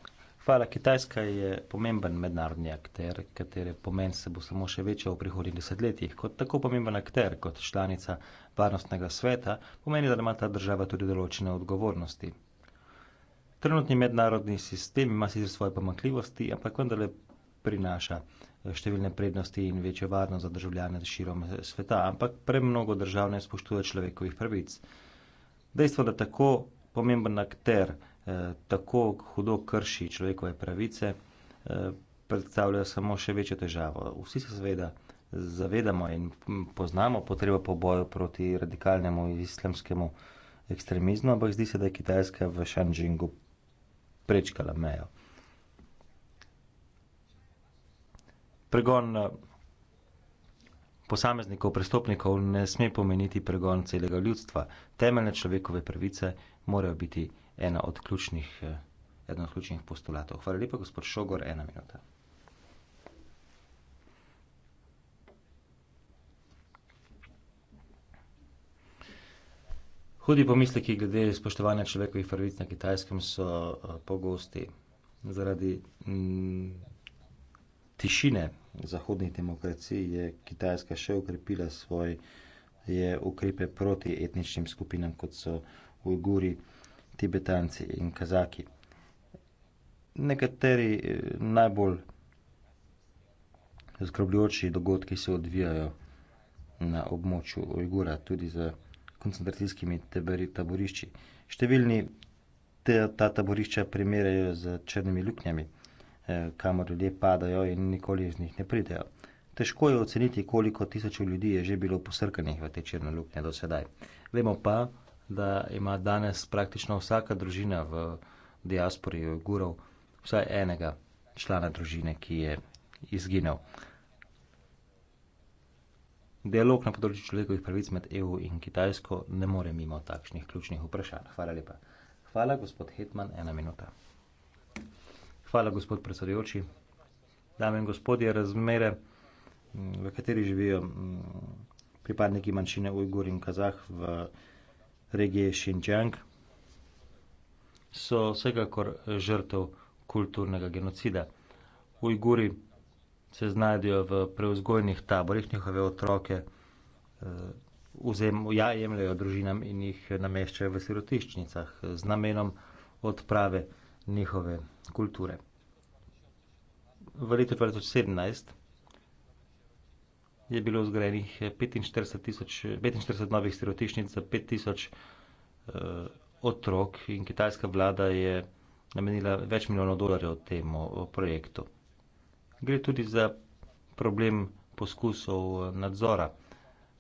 Hvala, Kitajska je pomemben mednarodni akter, katere pomen se bo samo še večal v prihodnjih desetletjih. Kot tako pomemben akter, kot članica varnostnega sveta, pomeni, da ima ta država tudi določene odgovornosti. Trenutni mednarodni sistem ima sicer svoje pomakljivosti, ampak vendarle prinaša številne prednosti in večjo varnost za državljane širom sveta, ampak premnogo držav ne spoštuje človekovih pravic. Dejstvo, da tako pomemben akter eh, tako hudo krši človekove pravice, eh, predstavlja samo še večjo težavo. Vsi se seveda zavedamo in poznamo potrebo po boju proti radikalnemu islamskemu ekstremizmu, ampak zdi se, da je Kitajska v Šanžingu prečkala mejo. pregon eh, posameznikov, prestopnikov ne sme pomeniti pregon celega ljudstva. Temeljne človekove pravice morajo biti ena od ključnih, eh, eden od ključnih postulatov. Hvala lepa, gospod Šogor, ena minuta. Hudi pomisleki glede spoštovanja človekovih pravic na kitajskem so eh, pogosti. Zaradi mm, tišine zahodnih demokracij je Kitajska še ukrepila svoje ukrepe proti etničnim skupinam, kot so Ujguri, Tibetanci in Kazaki. Nekateri eh, najbolj zgrobljujoči dogodki se odvijajo na območju Ujgura, tudi za koncentracijskimi taborišči. Številni ta taborišča primerjajo z črnimi luknjami. Eh, kamor ljudje padajo in nikoli iz njih ne pridejo. Težko je oceniti, koliko tisočev ljudi je že bilo posrkanih v te črne luknje do sedaj. Vemo pa, da ima danes praktično vsaka družina v diaspori Ugurov vsaj enega člana družine, ki je izginil. Dialog na področju človekovih pravic med EU in Kitajsko ne more mimo takšnih ključnih vprašanj. Hvala lepa. Hvala, gospod Hetman, ena minuta. Hvala, gospod predsedujoči. Dame in gospodje, razmere, v kateri živijo mm, pripadniki manjšine Ujgur in Kazah v regiji Xinjiang, so vsekakor žrtev kulturnega genocida. Ujguri se znajdejo v preuzgojnih taborih, njihove otroke eh, ja, jemljajo družinam in jih nameščajo v sirotišnicah z namenom odprave njihove kulture. V letu 2017 je bilo zgrajenih 45, eh, 45 novih stereotišnic za 5000 eh, otrok in kitajska vlada je namenila več milijonov dolarjev temu eh, projektu. Gre tudi za problem poskusov eh, nadzora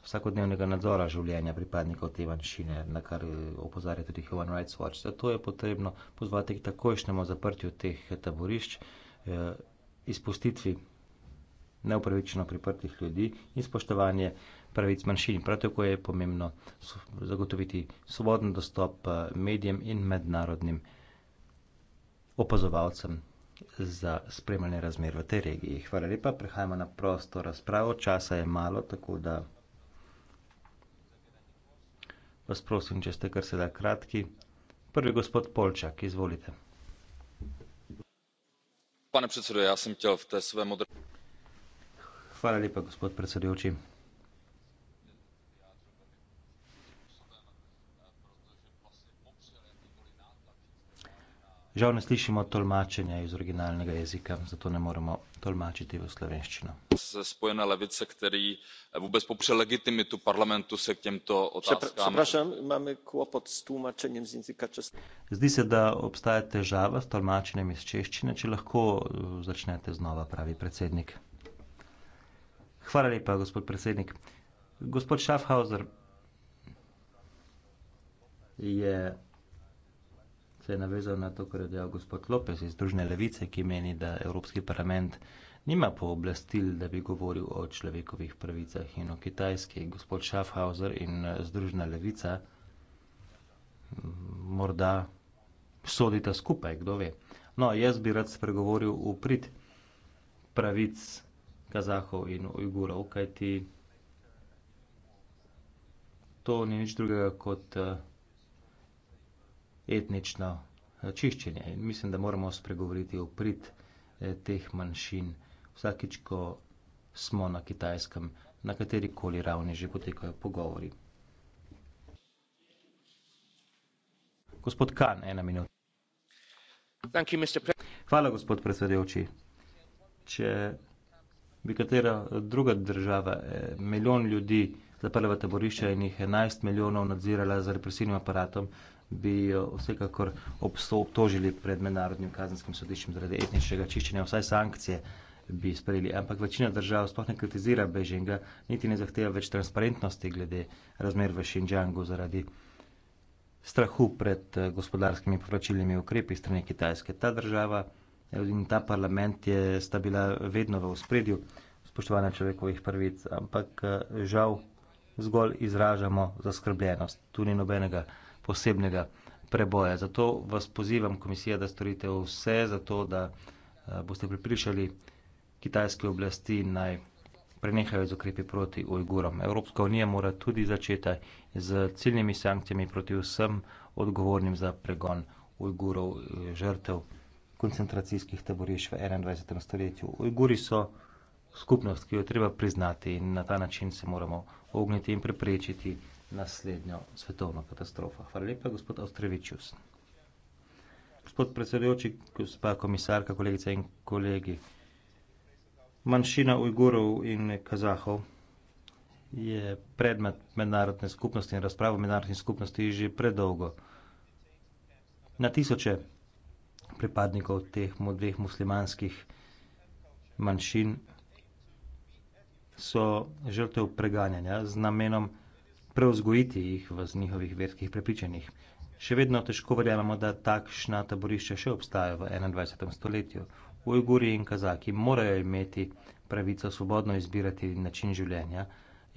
vsakodnevnega nadzora življenja pripadnikov te manjšine, na kar eh, opozarja tudi Human Rights Watch. Zato je potrebno pozvati k takojšnjemu zaprtju teh eh, taborišč, eh, izpustitvi neupravičeno priprtih ljudi in spoštovanje pravic manjšin. Prav tako je pomembno zagotoviti svoboden dostop medijem in mednarodnim opazovalcem za spremljanje razmer v tej regiji. Hvala lepa, prehajamo na prosto razpravo, časa je malo, tako da Vas prosim, če ste kar se da kratki. Prvi gospod Polčak, izvolite. Pane predsedujoči, jaz sem chtěl v té své modré. Hvala lepa, gospod predsedujoči. Žal ne slišimo tolmačenja iz originalnega jezika, zato ne moremo tolmačiti v slovenščino. Spojene levice, ki eh, vůbec popře legitimitu parlamentu se k těmto otázkám. Prašam, máme kvopot s tlumačenjem z jezika čes... Zdi se, da obstaja težava s tolmačenjem iz češčine, če lahko eh, začnete znova, pravi predsednik. Hvala lepa, gospod predsednik. Gospod Schaffhauser je yeah se je navezal na to, kar je dejal gospod Lopes iz Združene levice, ki meni, da Evropski parlament nima pooblastil, da bi govoril o človekovih pravicah in o kitajski. Gospod Schaffhauser in eh, Združena levica mm, morda sodita skupaj, kdo ve. No, jaz bi rad spregovoril v prid pravic kazahov in ujgurov, kajti to ni nič drugega kot uh, etnično eh, čiščenje. In mislim, da moramo spregovoriti o prid eh, teh manjšin. Vsakič, ko smo na kitajskem, na kateri koli ravni že potekajo pogovori. Gospod Kan, ena minuta. Thank you, Mr. Hvala, gospod predsedujoči. Če bi katera eh, druga država, milijon ljudi zaprla v taborišče in jih 11 milijonov nadzirala z represivnim aparatom, bi vsekakor obtožili pred mednarodnim kazenskim sodiščem zaradi etničnega čiščenja, vsaj sankcije bi sprejeli. Ampak večina držav sploh ne kritizira Bežinga, niti ne zahteva več transparentnosti glede razmer v Xinjiangu zaradi strahu pred eh, gospodarskimi povračilnimi ukrepi strani Kitajske. Ta država eh, in ta parlament je, sta bila vedno v uspredju spoštovanja človekovih prvic, ampak eh, žal zgolj izražamo zaskrbljenost. Tu ni nobenega posebnega preboja. Zato vas pozivam, komisija, da storite vse za to, da eh, boste pripričali kitajske oblasti naj prenehajo z ukrepi proti Ujgurom. Evropska unija mora tudi začeti z ciljnimi sankcijami proti vsem odgovornim za pregon Ujgurov eh, žrtev koncentracijskih taborišč v 21. stoletju. Ujguri so skupnost, ki jo treba priznati in na ta način se moramo ogniti in preprečiti naslednjo svetovno katastrofo. Hvala lepa, gospod Ostrevičus. Gospod predsedujoči, gospa komisarka, kolegice in kolegi. Manjšina Ujgurov in Kazahov je predmet mednarodne skupnosti in razpravo mednarodne skupnosti že predolgo. Na tisoče pripadnikov teh dveh muslimanskih manjšin so žrtev preganjanja z namenom prevzgojiti jih v njihovih verskih prepričanjih. Še vedno težko verjamemo, da takšna taborišča še obstajajo v 21. stoletju. Ujguri in kazaki morajo imeti pravico svobodno izbirati način življenja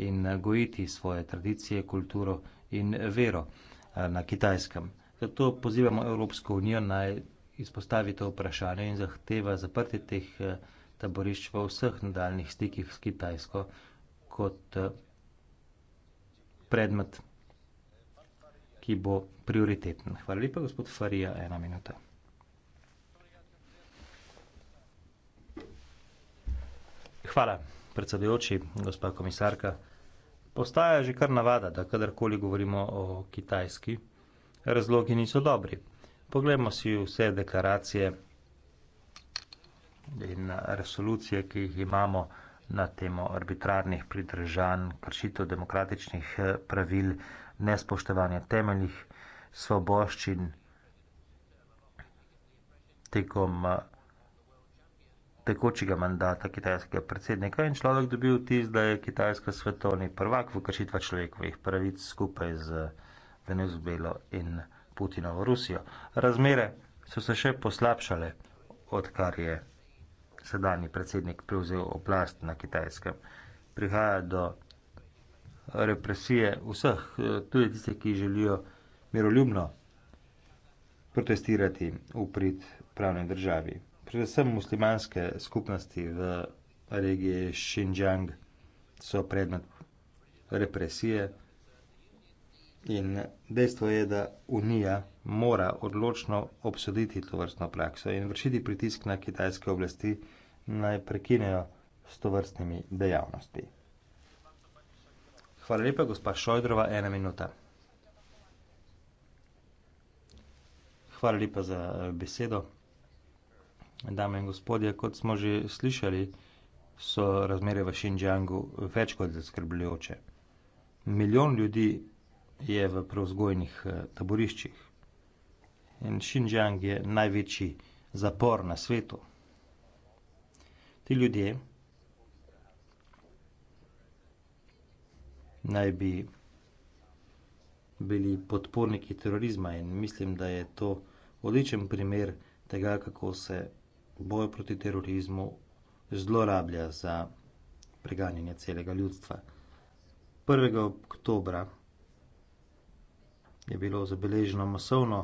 in eh, gojiti svoje tradicije, kulturo in eh, vero eh, na kitajskem. Zato pozivamo Evropsko unijo naj izpostavi to vprašanje in zahteva zaprti teh taborišč v vseh nadaljnih stikih s Kitajsko kot predmet, ki bo prioriteten. Hvala lepa, gospod Farija, ena minuta. Hvala, predsedujoči, gospa komisarka. Postaja že kar navada, da kadarkoli govorimo o Kitajski, razlogi niso dobri. Poglejmo si vse deklaracije in resolucije, ki jih imamo na temo arbitrarnih pridržanj, kršitev demokratičnih eh, pravil, nespoštovanja temeljnih svoboščin tekom eh, tekočega mandata kitajskega predsednika in človek dobil tis, da je kitajska svetovni prvak v kršitva človekovih pravic skupaj z eh, Venezuelo in Putinovo Rusijo. Razmere so se še poslabšale, odkar je sedajni predsednik prevzel oblast na kitajskem. Prihaja do represije vseh, eh, tudi tistih, ki želijo miroljubno protestirati v prid pravni državi. Predvsem muslimanske skupnosti v regiji Xinjiang so predmet represije in dejstvo je, da Unija mora odločno obsoditi to vrstno prakso in vršiti pritisk na kitajske oblasti, naj prekinejo s to vrstnimi dejavnosti. Hvala lepa, gospa Šojdrova, ena minuta. Hvala lepa za eh, besedo. Dame in gospodje, kot smo že slišali, so razmere v Xinjiangu več kot zaskrbljujoče. Milijon ljudi je v prevzgojnih eh, taboriščih in Xinjiang je največji zapor na svetu. Ti ljudje naj bi bili podporniki terorizma in mislim, da je to odličen primer tega, kako se boj proti terorizmu zlorablja za preganjanje celega ljudstva. 1. oktobra je bilo zabeleženo masovno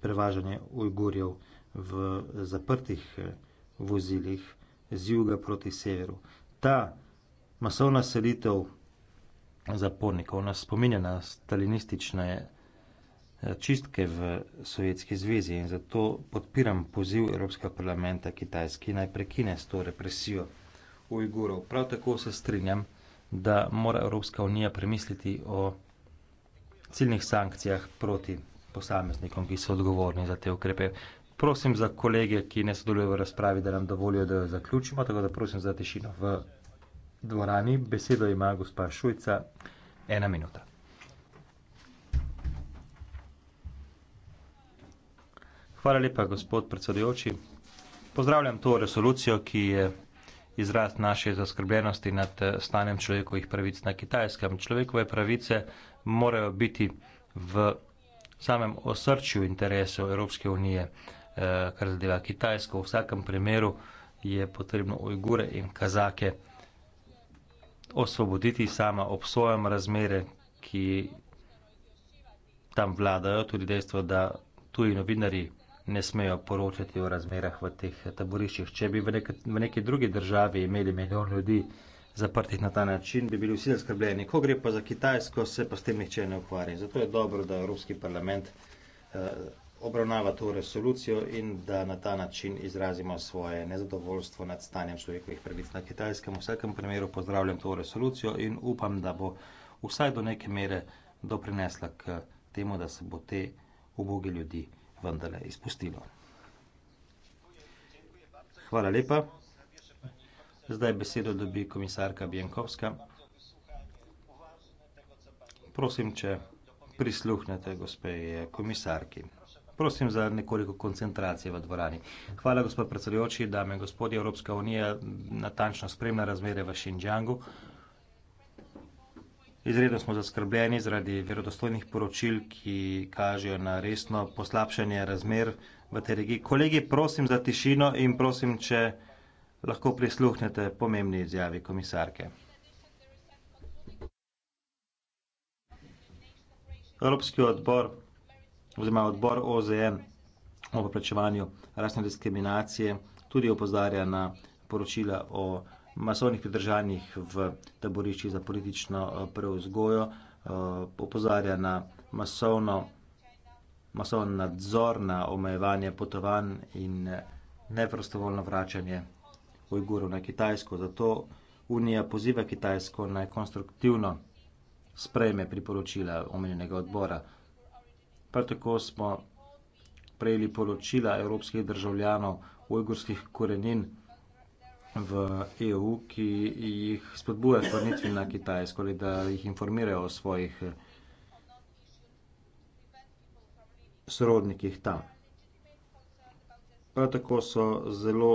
prevažanje Ujgurjev v zaprtih eh, vozilih z juga proti severu. Ta masovna selitev zapornikov nas spominja na stalinistične eh, čistke v Sovjetski zvezi in zato podpiram poziv Evropskega parlamenta Kitajski naj prekine s to represijo Ujgurov. Prav tako se strinjam, da mora Evropska unija premisliti o ciljnih sankcijah proti posameznikom, ki so odgovorni za te ukrepe. Prosim za kolege, ki ne sodelujejo v razpravi, da nam dovolijo, da jo zaključimo, tako da prosim za tišino v dvorani. Besedo ima gospa Šujca, ena minuta. Hvala lepa, gospod predsedujoči. Pozdravljam to resolucijo, ki je izraz naše zaskrbljenosti nad eh, stanjem človekovih pravic na kitajskem. Človekove pravice morajo biti v samem osrčju interesov Evropske unije, eh, kar zadeva Kitajsko. V vsakem primeru je potrebno Ujgure in Kazake osvoboditi sama obsojem razmere, ki tam vladajo, tudi dejstvo, da tuji novinari ne smejo poročati o razmerah v teh taboriščih. Če bi v neki drugi državi imeli milijon ljudi, zaprtih na ta način, bi bili vsi zaskrbljeni. Ko gre pa za Kitajsko, se pa s tem nihče ne ukvarja. Zato je dobro, da Evropski parlament eh, obravnava to resolucijo in da na ta način izrazimo svoje nezadovoljstvo nad stanjem človekovih pravic na Kitajskem. V vsakem primeru pozdravljam to resolucijo in upam, da bo vsaj do neke mere doprinesla k temu, da se bo te uboge ljudi vendarle izpustilo. Hvala lepa. Zdaj besedo dobi komisarka Bjenkovska. Prosim, če prisluhnete gospe komisarki. Prosim za nekoliko koncentracije v dvorani. Hvala, gospod predsedujoči, da me gospodje Evropska unija natančno spremlja razmere v Xinjiangu. Izredno smo zaskrbljeni zaradi verodostojnih poročil, ki kažejo na resno poslabšanje razmer v tej regiji. Kolegi, prosim za tišino in prosim, če lahko prisluhnete pomembni izjavi komisarke evropski odbor oziroma odbor OZN o preprečevanju rasne diskriminacije tudi opozarja na poročila o masovnih pridržanjih v taboriščih za politično eh, preuzgojo, eh, opozarja na masovno, masovni nadzor na omejevanje potovanj in eh, neprostovoljno vračanje Ujgurov na Kitajsko. Zato Unija poziva Kitajsko naj konstruktivno sprejme priporočila omenjenega odbora. Prav tako smo prejeli poročila evropskih državljanov ujgurskih korenin v EU, ki jih spodbujajo k vrnitvi na Kitajsko ali torej da jih informirajo o svojih sorodnikih tam. Prav tako so zelo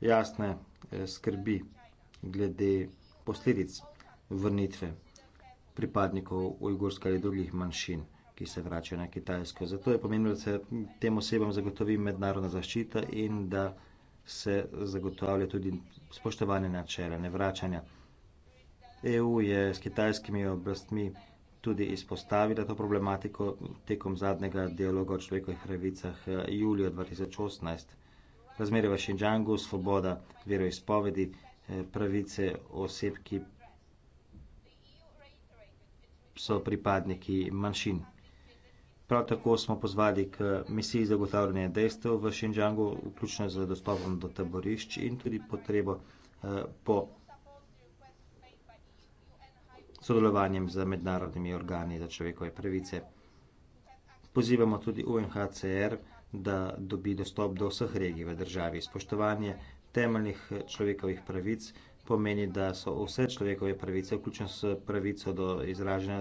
jasne eh, skrbi glede posledic vrnitve pripadnikov ujgurskih ali drugih manjšin, ki se vračajo na Kitajsko. Zato je pomembno, da se tem osebam zagotovi mednarodna zaščita in da se zagotavlja tudi spoštovanje načela nevračanja. EU je s kitajskimi oblastmi tudi izpostavila to problematiko tekom zadnjega dialoga o človekovih pravicah eh, julija 2018 razmere v Šenžangu, svoboda veroizpovedi, eh, pravice oseb, ki so pripadniki manjšin. Prav tako smo pozvali k misiji zagotavljanja dejstev v Šenžangu, vključno z dostopom do taborišč in tudi potrebo eh, po sodelovanjem z mednarodnimi organi za človekove pravice. Pozivamo tudi UNHCR, da dobi dostop do vseh regij v državi. Spoštovanje temeljnih eh, človekovih pravic pomeni, da so vse človekove pravice, vključno s pravico do izražanja,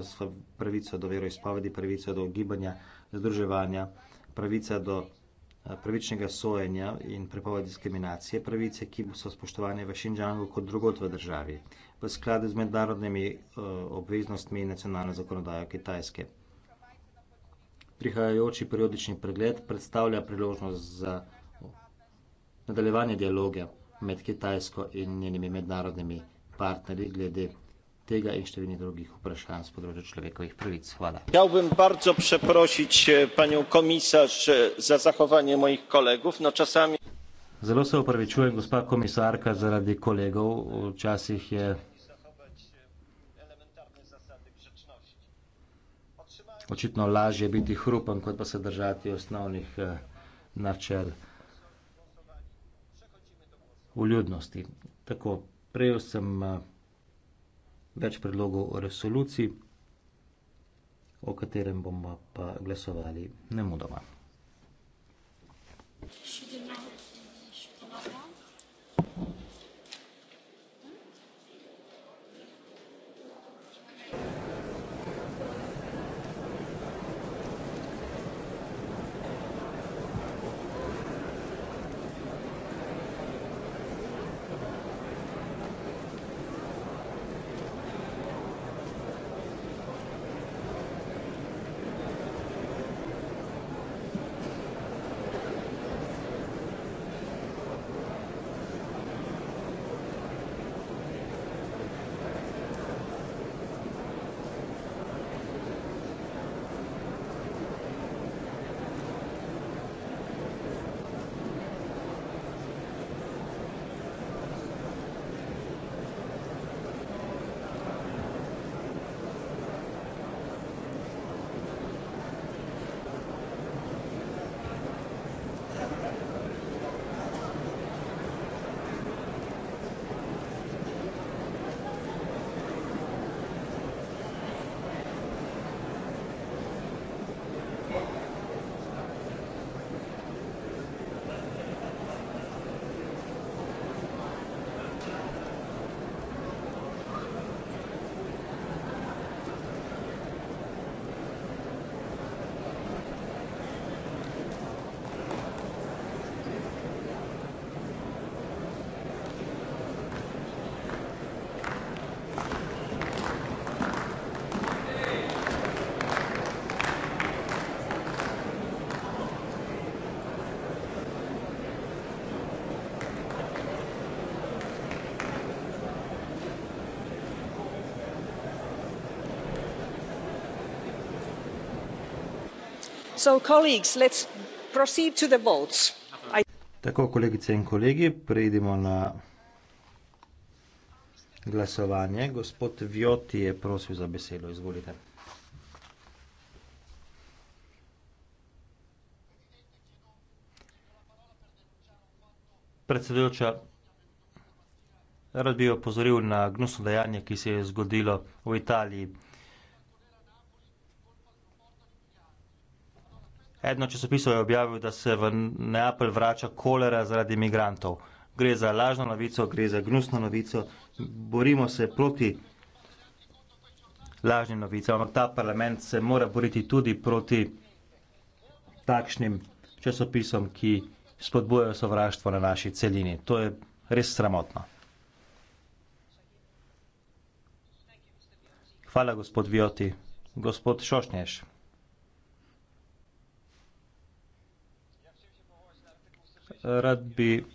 pravico do veroizpovedi, pravico do gibanja, združevanja, pravica do eh, pravičnega sojenja in prepoved diskriminacije, pravice, ki so spoštovane v Šinđangu kot drugot v državi, v skladu z mednarodnimi eh, obveznostmi in nacionalno zakonodajo Kitajske prihajajoči periodični pregled predstavlja priložnost za nadaljevanje dialoga med Kitajsko in njenimi mednarodnimi partnerji glede tega in številnih drugih vprašanj z področja človekovih pravic. Hvala. Chciałbym bardzo przeprosić e, panią komisarz e, za zachowanie moich kolegów. No czasami... Zelo se opravičujem, gospa komisarka, zaradi kolegov. Včasih je očitno lažje biti hrupen, kot pa se držati osnovnih eh, načel v ljudnosti. Tako, prejel sem eh, več predlogov o resoluciji, o katerem bomo pa glasovali nemudoma. Thank you. Tako, kolegice in kolegi, prejdemo na glasovanje. Gospod Vjoti je prosil za besedo. Izvolite. Predsedujoča, rad bi opozoril na gnusno dejanje, ki se je zgodilo v Italiji. Eden od časopisov je objavil, da se v Neapelj vrača kolera zaradi imigrantov. Gre za lažno novico, gre za gnusno novico. Borimo se proti lažnim novicam, ampak ta parlament se mora boriti tudi proti takšnim časopisom, ki spodbujajo sovraštvo na naši celini. To je res sramotno. Hvala, gospod Vioti. Gospod Šošnješ. rad bi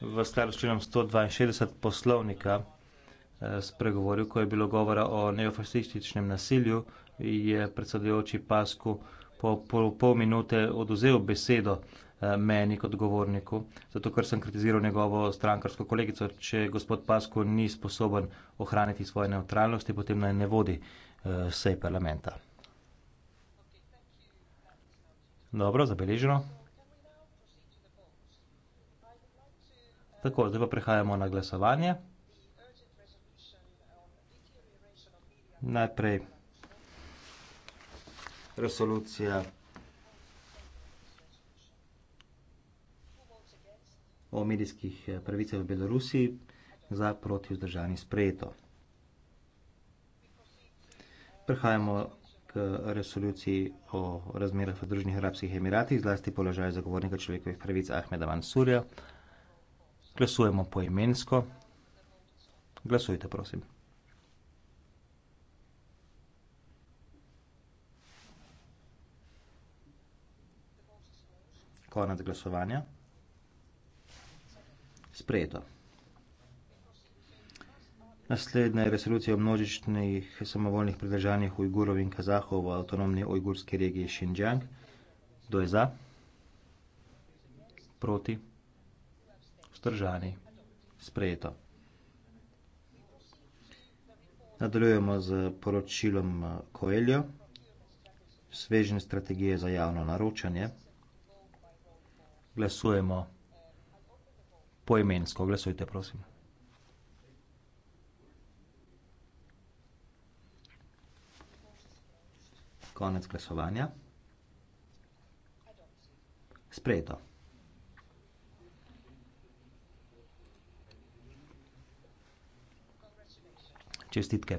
v skladu s členom 162 poslovnika eh, spregovoril, ko je bilo govora o neofašističnem nasilju, je predsedujoči Pasku po pol, pol minute oduzel besedo eh, meni kot govorniku, zato ker sem kritiziral njegovo strankarsko kolegico, če gospod Pasko ni sposoben ohraniti svoje neutralnosti, potem naj ne vodi eh, sej parlamenta. Dobro, zabeleženo. Tako, zdaj pa prehajamo na glasovanje. Najprej resolucija o medijskih pravicah v Belorusiji za proti vzdržanje sprejeto. Prehajamo k resoluciji o razmerah v Združenih arabskih emiratih, zlasti položaj zagovornika človekovih pravic Ahmeda Mansurja glasujemo poimensko glasujte prosim konec glasovanja sprejeto Naslednja je resolucija o množičnih samovoljnih pridržanjih Ujgurov in Kazahov v avtonomni ujgurski regiji Xinjiang. Kdo je za? Proti? vzdržani, sprejeto. Nadaljujemo z poročilom eh, Koeljo, svežen strategije za javno naročanje. Glasujemo poimensko, glasujte prosim. Konec glasovanja. Sprejeto. čestitke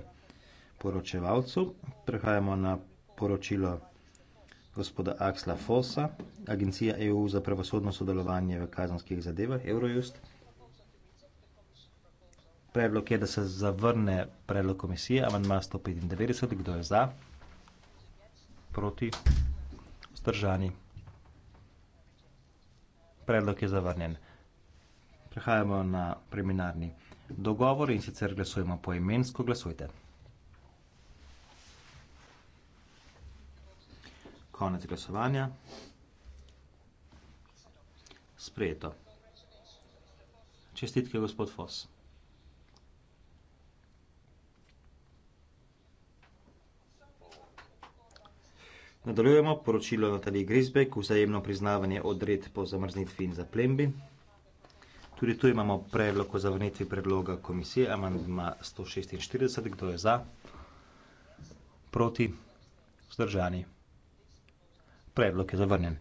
poročevalcu. Prehajamo na poročilo gospoda Aksla Fosa, Agencija EU za pravosodno sodelovanje v kazanskih zadevah, Eurojust. Predlog je, da se zavrne predlog komisije, amandma 195, kdo je za, proti, zdržani. Predlog je zavrnjen. Prehajamo na preminarni dogovor in sicer glasujemo po imensko, glasujte. Konec glasovanja. Sprejeto. Čestitke, gospod Fos. Nadaljujemo poročilo Natalije Grisbek, vzajemno priznavanje odred po zamrznitvi in zaplembi. Tudi tu imamo predlog o zavrnitvi predloga komisije, amandma 146, kdo je za, proti, vzdržani. Predlog je zavrnjen.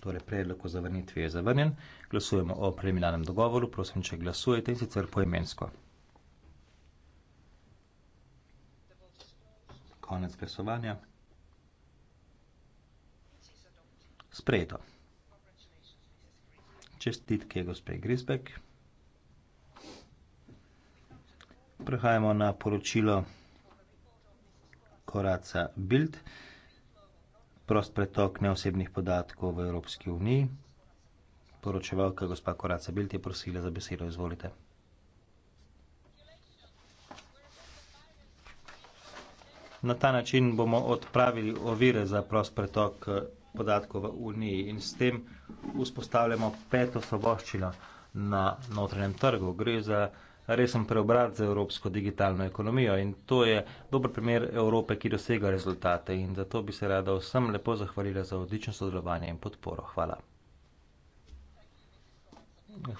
Torej, predlog o zavrnitvi je zavrnjen. Glasujemo o preliminarnem dogovoru, prosim, če glasujete in sicer poimensko. Konec glasovanja. Sprejeto čestitke gospe Grisbek. Prehajamo na poročilo Koraca Bild, prost pretok neosebnih podatkov v Evropski uniji. Poročevalka gospa Koraca Bild je prosila za besedo, izvolite. Na ta način bomo odpravili ovire za prost pretok podatkov v Uniji in s tem vzpostavljamo peto soboščino na notranjem trgu. Gre za resen preobrat za evropsko digitalno ekonomijo in to je dober primer Evrope, ki dosega rezultate in zato bi se rada vsem lepo zahvalila za odlično sodelovanje in podporo. Hvala.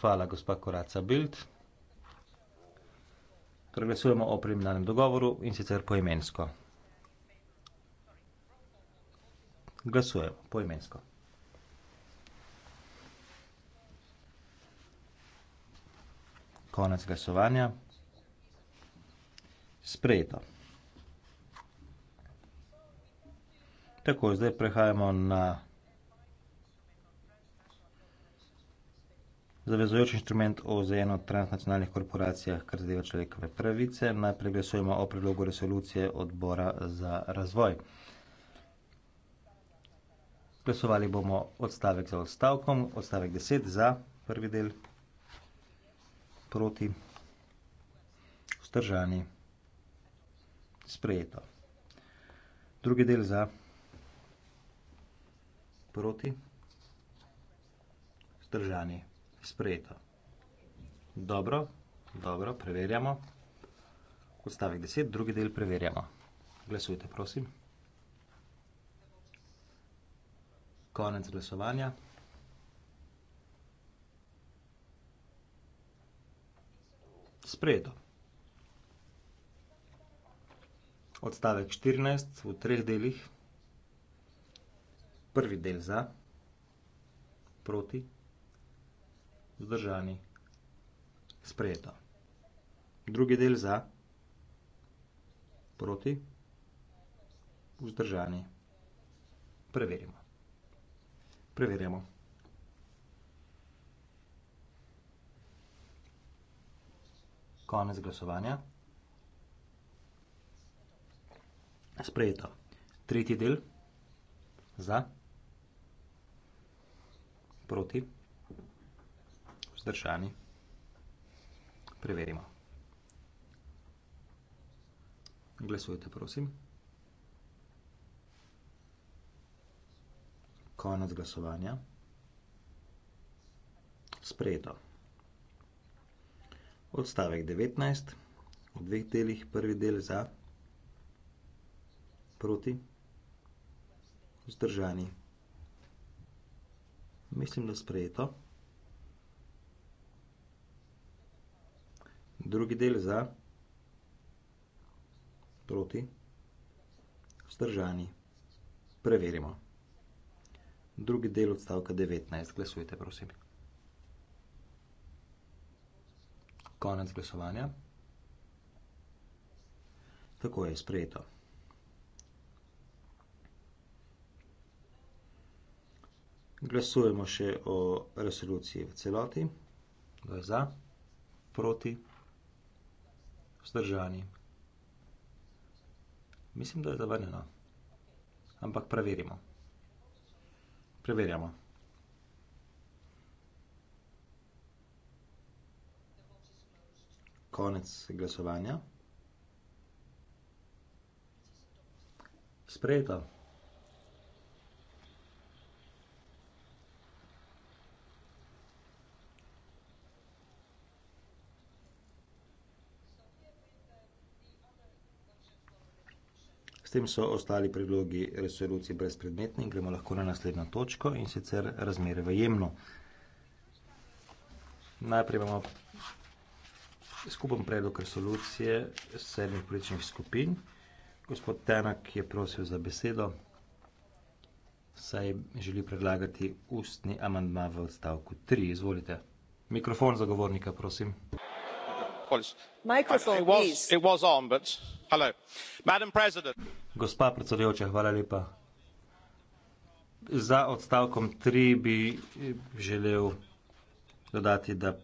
Hvala, gospa Koraca Bild. Preglasujemo o preliminarnem dogovoru in sicer poimensko. glasujemo poimensko. Konec glasovanja. Sprejeto. Tako, zdaj prehajamo na zavezujoč inštrument o ZN o transnacionalnih korporacijah, kar zadeva človekove pravice. Najprej glasujemo o predlogu resolucije odbora za razvoj. Glasovali bomo odstavek za odstavkom, odstavek 10 za prvi del, proti, vzdržani, sprejeto. Drugi del za, proti, vzdržani, sprejeto. Dobro, dobro, preverjamo. Odstavek 10, drugi del preverjamo. Glasujte, prosim. konec glasovanja. Sprejeto. Odstavek 14 v treh delih. Prvi del za, proti, zdržani, sprejeto. Drugi del za, proti, vzdržani. Preverimo. Preverjamo. Konec glasovanja. Sprejeto. Tretji del. Za. Proti. Vzdržani. Preverimo. Glasujte, prosim. Konec glasovanja. Sprejeto. Odstavek 19. V dveh delih prvi del za, proti, vzdržani. Mislim, da sprejeto. Drugi del za, proti, vzdržani. Preverimo. Drugi del odstavka 19. Glasujte, prosim. Konec glasovanja. Tako je sprejeto. Glasujemo še o resoluciji v celoti. Kdo je za? Proti? Vzdržani? Mislim, da je zavrnjeno. Ampak preverimo. Preverjamo. Konec glasovanja. Sprejeto. tem so ostali predlogi resolucij brezpredmetni in gremo lahko na naslednjo točko in sicer razmere v jemno. Najprej imamo skupen predlog resolucije sedmih političnih skupin. Gospod Tenak je prosil za besedo, saj želi predlagati ustni amandma v odstavku 3. Izvolite. Mikrofon za govornika, prosim. Mikrofon, prosim. Gospa predsedujoča, hvala lepa. Za odstavkom 3 bi eh, želel dodati, da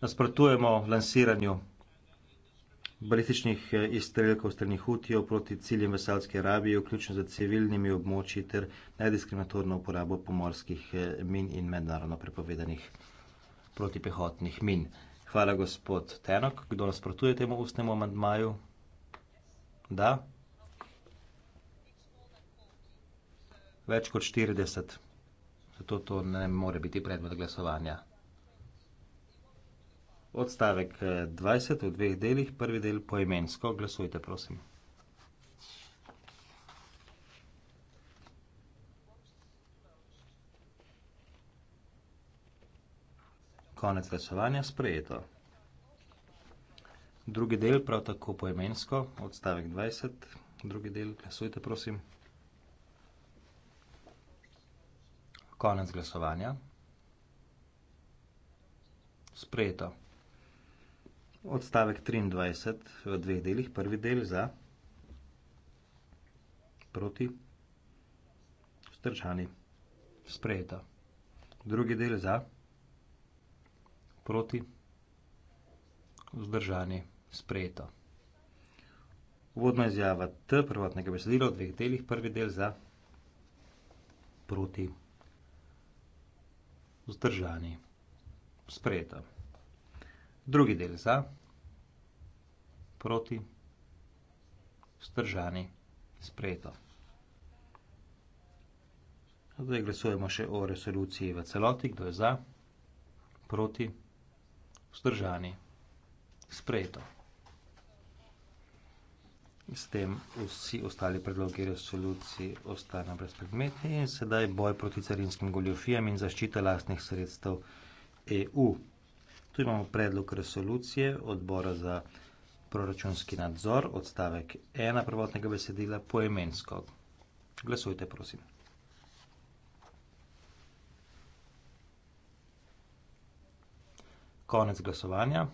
nasprotujemo lansiranju balističnih eh, izstrelkov strani Hutijev proti ciljem v Saudski Arabiji, vključno z civilnimi območji ter nediskriminatorno uporabo pomorskih eh, min in mednarodno prepovedanih protipehotnih min. Hvala, gospod Tenok. Kdo nasprotuje temu ustnemu amandmaju? Da. Več kot 40. Zato to ne more biti predmet glasovanja. Odstavek 20 eh, v dveh delih. Prvi del poimensko. Glasujte, prosim. Konec glasovanja sprejeto. Drugi del, prav tako poemensko, odstavek 20. Drugi del, glasujte, prosim. Konec glasovanja. Sprejeto. Odstavek 23 v dveh delih, prvi del za, proti, vzdržani. Sprejeto. Drugi del za, proti. Proti? Vzdržani. Sprejeto. Uvodna izjava T prvotnega besedila v dveh delih. Prvi del za proti. Vzdržani. Sprejeto. Drugi del za proti. Vzdržani. Sprejeto. Zdaj glasujemo še o resoluciji v celoti. Kdo je za? Proti. Proti vzdržani. Sprejeto. S tem vsi ostali predlogi resolucij ostane brez predmeti in sedaj boj proti carinskim goljofijam in zaščita lastnih sredstev EU. Tu imamo predlog resolucije odbora za proračunski nadzor, odstavek 1 prvotnega besedila poemensko. Glasujte, prosim. Konec glasovanja.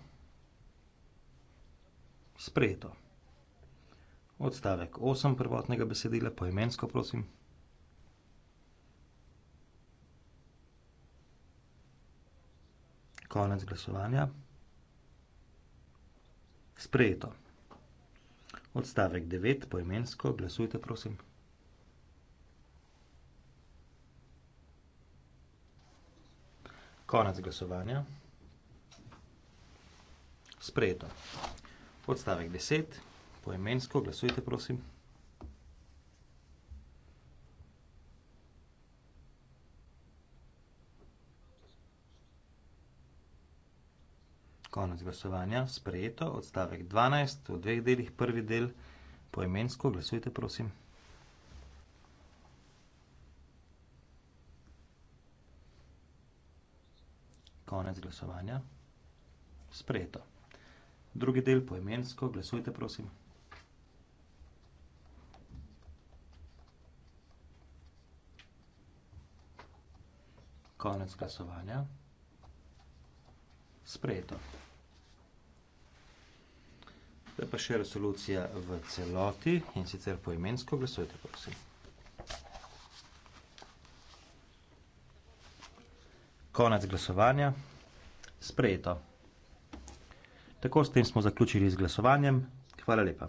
Sprejeto. Odstavek 8 prvotnega besedila, poimensko prosim. Konec glasovanja. Sprejeto. Odstavek 9 poimensko, glasujte prosim. Konec glasovanja. Sprejeto. Odstavek 10. Poimensko glasujte, prosim. Konec glasovanja. Sprejeto. Odstavek 12. V dveh delih prvi del. Poimensko glasujte, prosim. Konec glasovanja. Sprejeto. Drugi del poimensko, glasujte prosim. Konec glasovanja. Sprejeto. Zdaj pa še resolucija v celoti in sicer poimensko, glasujte prosim. Konec glasovanja. Sprejeto. Tako s tem smo zaključili z glasovanjem. Hvala lepa.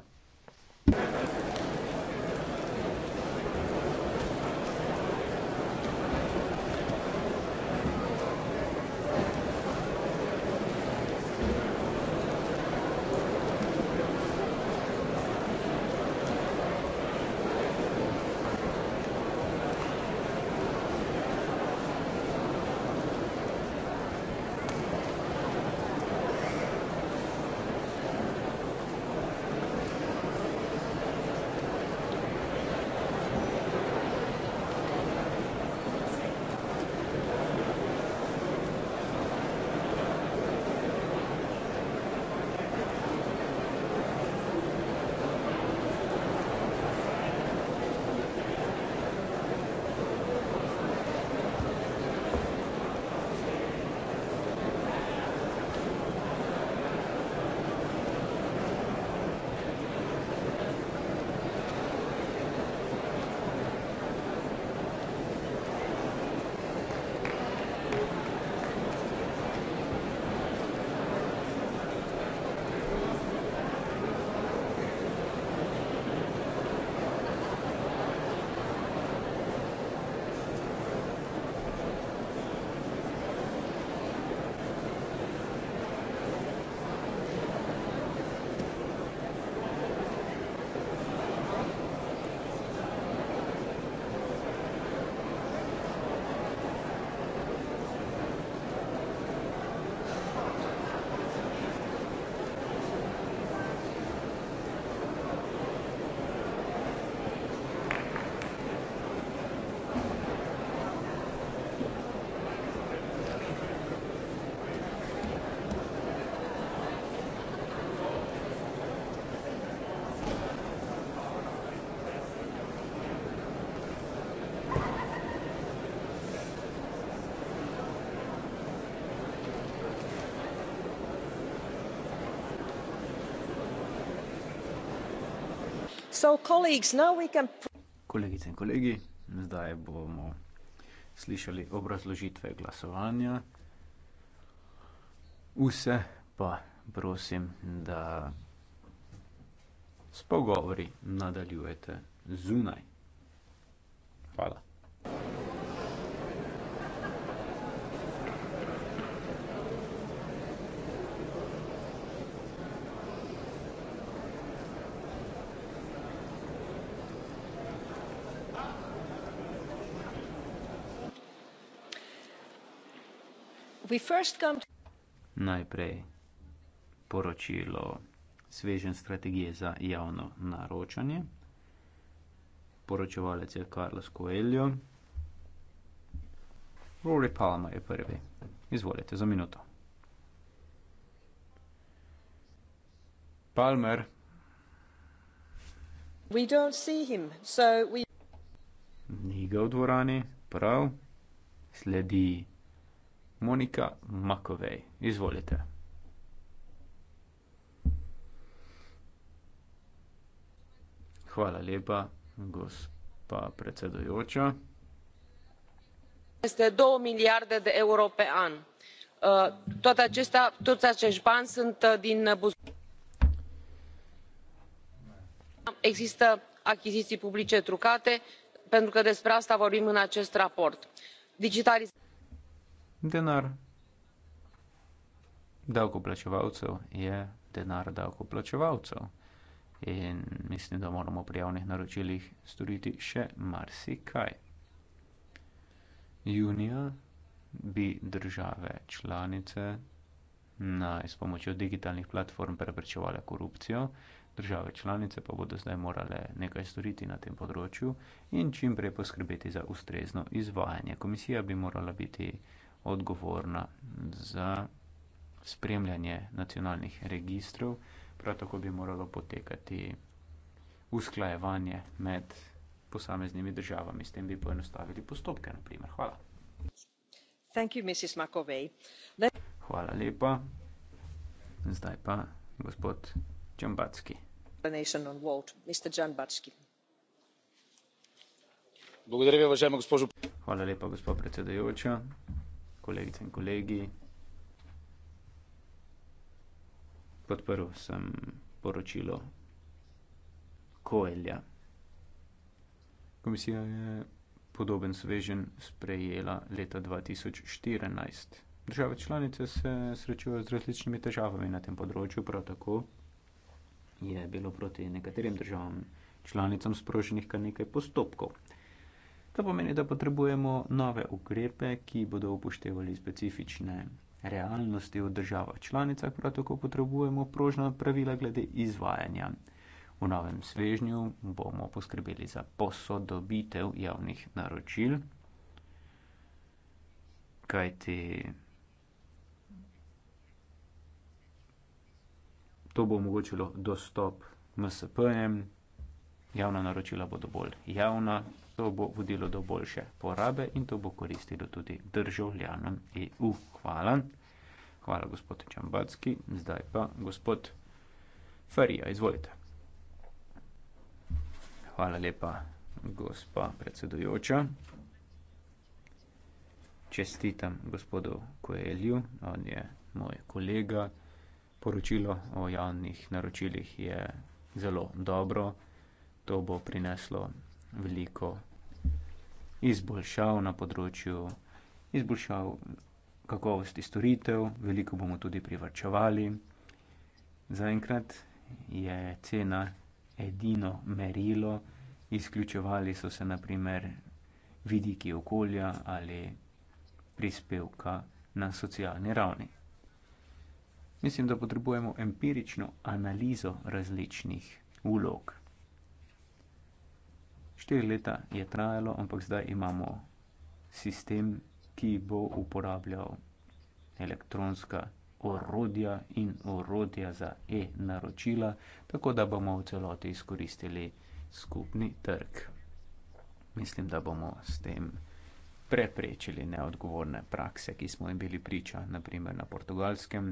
Kolegice in kolegi, zdaj bomo slišali obrazložitve glasovanja. Vse pa prosim, da s pogovori nadaljujete zunaj. Najprej poročilo svežen strategije za javno naročanje. Poročevalec je Carlos Coelho. Rory Palma je prvi. Izvolite za minuto. Palmer. We don't see him, so we... Ni ga v dvorani, prav. Sledi Monika Makovej. Izvolite. Hvala lepa, gospa predsedujoča. Este două miliarde de euro pe an. Uh, toate acestea, toți acești bani sunt uh, din Există achiziții publice trucate, pentru că despre asta vorbim în acest raport. Digitalizarea denar davkoplačevalcev je denar davkoplačevalcev. In mislim, da moramo pri javnih naročilih storiti še marsikaj. Junija bi države članice naj s pomočjo digitalnih platform preprečevale korupcijo, države članice pa bodo zdaj morale nekaj storiti na tem področju in čim prej poskrbeti za ustrezno izvajanje. Komisija bi morala biti odgovorna za spremljanje nacionalnih registrov, prav tako bi moralo potekati usklajevanje med posameznimi državami, s tem bi poenostavili postopke, na primer. Hvala. Thank you, Mrs. Hvala lepa. Zdaj pa gospod Džambacki. Hvala lepa, gospod predsedujoča kolegice in kolegi. Podprl sem poročilo Koelja. Komisija je podoben svežen sprejela leta 2014. Države članice se srečujejo z različnimi težavami na tem področju, prav tako je bilo proti nekaterim državam članicam sproženih kar nekaj postopkov. To pomeni, da potrebujemo nove ukrepe, ki bodo upoštevali specifične realnosti v državah članicah, prav tako potrebujemo prožna pravila glede izvajanja. V novem svežnju bomo poskrbeli za posodobitev javnih naročil, kajti to bo omogočilo dostop MSP-jem, javna naročila bodo bolj javna, To bo vodilo do boljše porabe in to bo koristilo tudi državljanom EU. Hvala. Hvala, gospod Čambacki. Zdaj pa gospod Farija, izvolite. Hvala lepa, gospa predsedujoča. Čestitam gospodu Koelju, on je moj kolega. Poročilo o javnih naročilih je zelo dobro. To bo prineslo veliko izboljšav na področju izboljšav kakovosti storitev, veliko bomo tudi privrčevali. Zaenkrat je cena edino merilo, izključevali so se naprimer vidiki okolja ali prispevka na socialni ravni. Mislim, da potrebujemo empirično analizo različnih vlog. Štiri leta je trajalo, ampak zdaj imamo sistem, ki bo uporabljal elektronska orodja in orodja za e-naročila, tako da bomo v celoti izkoristili skupni trg. Mislim, da bomo s tem preprečili neodgovorne prakse, ki smo jim bili priča, naprimer na portugalskem,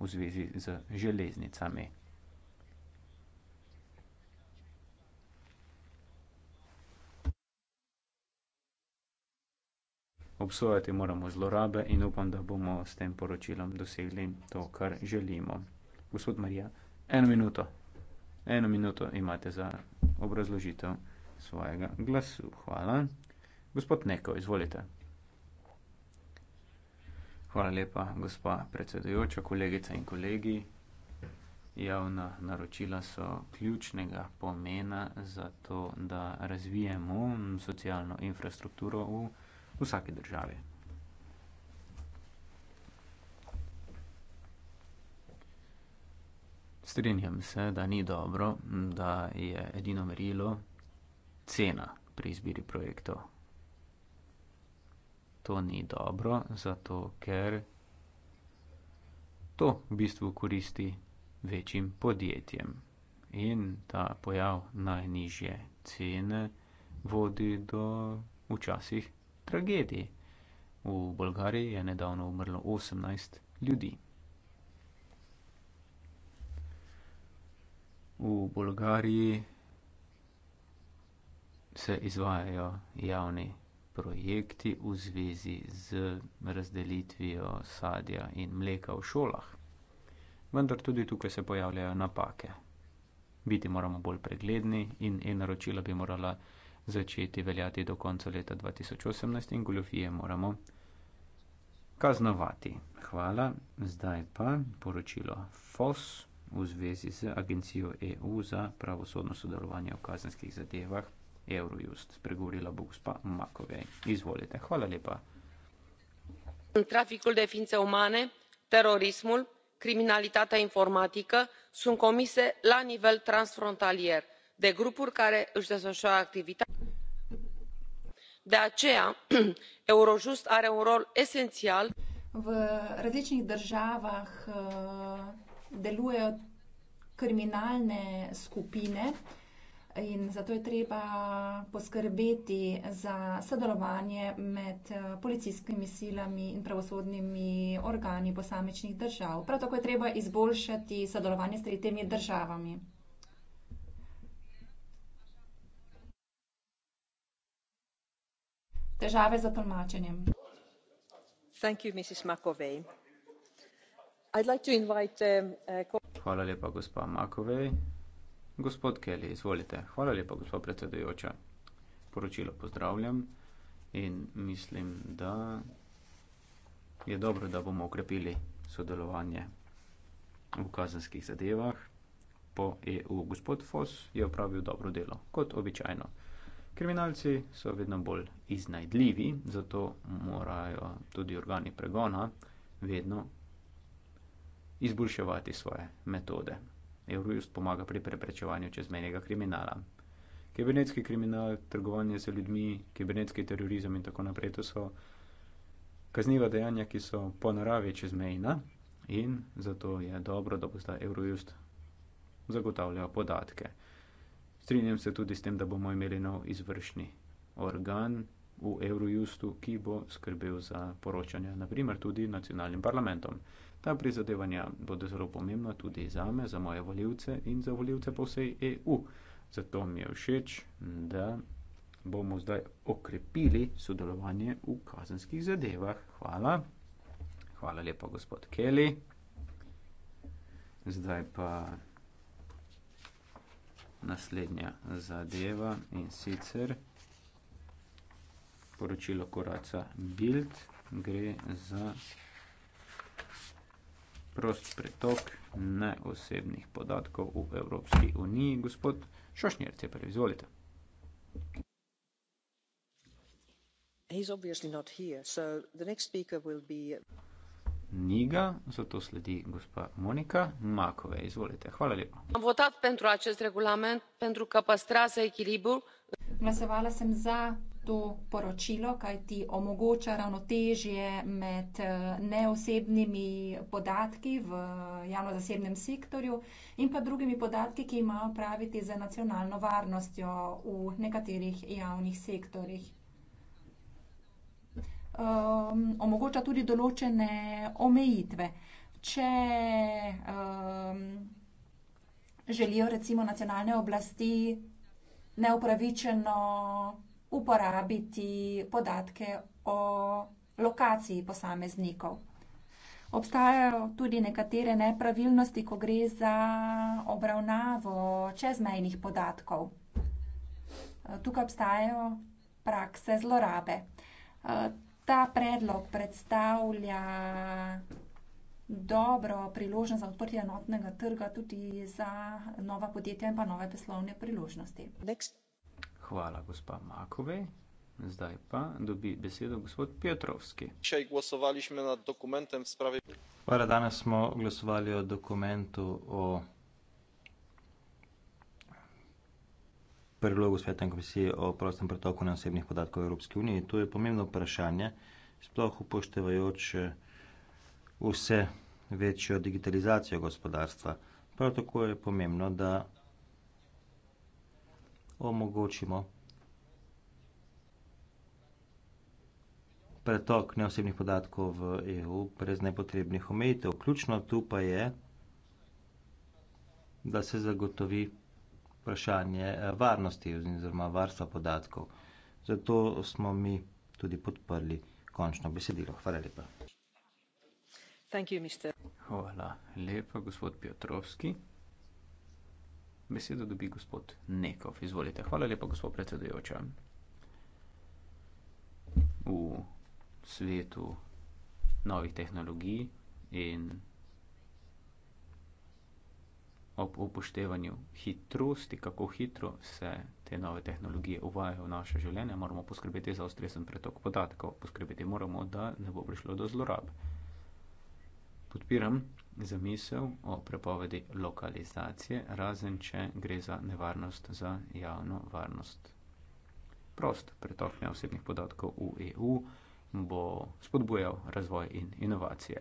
v zvezi z železnicami. Obsojati moramo zlorabe in upam, da bomo s tem poročilom dosegli to, kar želimo. Gospod Marija, eno minuto. Eno minuto imate za obrazložitev svojega glasu. Hvala. Gospod Neko, izvolite. Hvala lepa, gospa predsedujoča, kolegica in kolegi. Javna naročila so ključnega pomena za to, da razvijemo socialno infrastrukturo v Evropi vsake države. Strenjam se, da ni dobro, da je edino merilo cena pri izbiri projektov. To ni dobro, zato ker to v bistvu koristi večjim podjetjem. In ta pojav najnižje cene vodi do včasih tragediji. V Bolgariji je nedavno umrlo 18 ljudi. V Bolgariji se izvajajo javni projekti v zvezi z razdelitvijo sadja in mleka v šolah. Vendar tudi tukaj se pojavljajo napake. Biti moramo bolj pregledni in e-naročila bi morala začeti veljati do konca leta 2018 in goljofije moramo kaznovati. Hvala. Zdaj pa poročilo FOS v zvezi z agencijo EU za pravosodno sodelovanje v kazenskih zadevah Eurojust. Pregovorila bo gospa Makovej. Izvolite. Hvala lepa. Traficul de ființe umane, terorismul, criminalitatea informatică sunt comise la nivel transfrontalier de grupuri care își desfășoară activitatea. de aceea eurojust are un rol esențial. в различных державах делают криминальные скупины и за то треба поскорбеть за сотрудничество мед полицейскими силами и правосудными органами посамечных держав. про такое треба изболшать и сотрудничество с третими державами. težave s tolmačenjem. Uh, uh, poročilo pozdravljam in mislim, da je dobro, da bomo okrepili sodelovanje v kazenskih zadevah po EU. Gospod Foss je opravil dobro delo, kot običajno. Kriminalci so vedno bolj iznajdljivi, zato morajo tudi organi pregona vedno izboljševati svoje metode. Eurojust pomaga pri preprečevanju čezmenjega kriminala. Kibernetski kriminal, trgovanje z ljudmi, kibernetski terorizem in tako naprej, to so kazniva dejanja, ki so po naravi čezmejna in zato je dobro, da bo zdaj Eurojust zagotavljal podatke. Strinjam se tudi s tem, da bomo imeli nov izvršni organ v Eurojustu, ki bo skrbel za poročanje, naprimer tudi nacionalnim parlamentom. Ta prizadevanja bodo zelo pomembna tudi za me, za moje voljivce in za voljivce po vsej EU. Zato mi je všeč, da bomo zdaj okrepili sodelovanje v kazenskih zadevah. Hvala. Hvala lepa, gospod Kelly. Zdaj pa naslednja zadeva in sicer poročilo koraca Bild gre za prost pretok neosebnih podatkov v Evropski uniji. Gospod Šošnjer, te prvi, izvolite. He's obviously not here, so the next speaker will be niga zato sledi gospa monica macovei izvolite. hvala lepa. am votat pentru acest regulament pentru că păstrează echilibrul. glasovala sem za to poročilo kajti omogoča ravnotežje med eh, neosebnimi podatki v eh, javno zasebnem sektorju in pa drugimi podatki ki imajo opraviti z nacionalno varnostjo v nekaterih javnih sektorjih um, omogoča tudi določene omejitve. Če um, želijo recimo nacionalne oblasti neupravičeno uporabiti podatke o lokaciji posameznikov. Obstajajo tudi nekatere nepravilnosti, ko gre za obravnavo čezmejnih podatkov. Uh, tukaj obstajajo prakse zlorabe. Uh, ta predlog predstavlja dobro priložnost za odprtje enotnega trga tudi za nova podjetja in pa nove poslovne priložnosti. Next. Hvala, gospa Makovej. Zdaj pa dobi besedo gospod Petrovski. Včeraj glasovali smo nad dokumentom v spravi... Hvala, danes smo glasovali o dokumentu o predlogu Svetne komisije o prostem pretoku neosebnih podatkov v Evropski uniji. To je pomembno vprašanje, sploh upoštevajoč eh, vse večjo digitalizacijo gospodarstva. Prav tako je pomembno, da omogočimo pretok neosebnih podatkov v EU brez nepotrebnih omejitev. Ključno tu pa je, da se zagotovi vprašanje eh, varnosti oziroma varstva podatkov. Zato smo mi tudi podprli končno besedilo. Hvala lepa. You, Hvala lepa, gospod Piotrovski. Besedo dobi gospod Nekov. Izvolite. Hvala lepa, gospod predsedujoča. V svetu novih tehnologij in ob upoštevanju hitrosti, kako hitro se te nove tehnologije uvajajo v naše življenje, moramo poskrbeti za ustrezen pretok podatkov, poskrbeti moramo, da ne bo prišlo do zlorab. Podpiram zamisel o prepovedi lokalizacije, razen če gre za nevarnost za javno varnost. Prost pretok neosebnih podatkov v EU bo spodbujal razvoj in inovacije.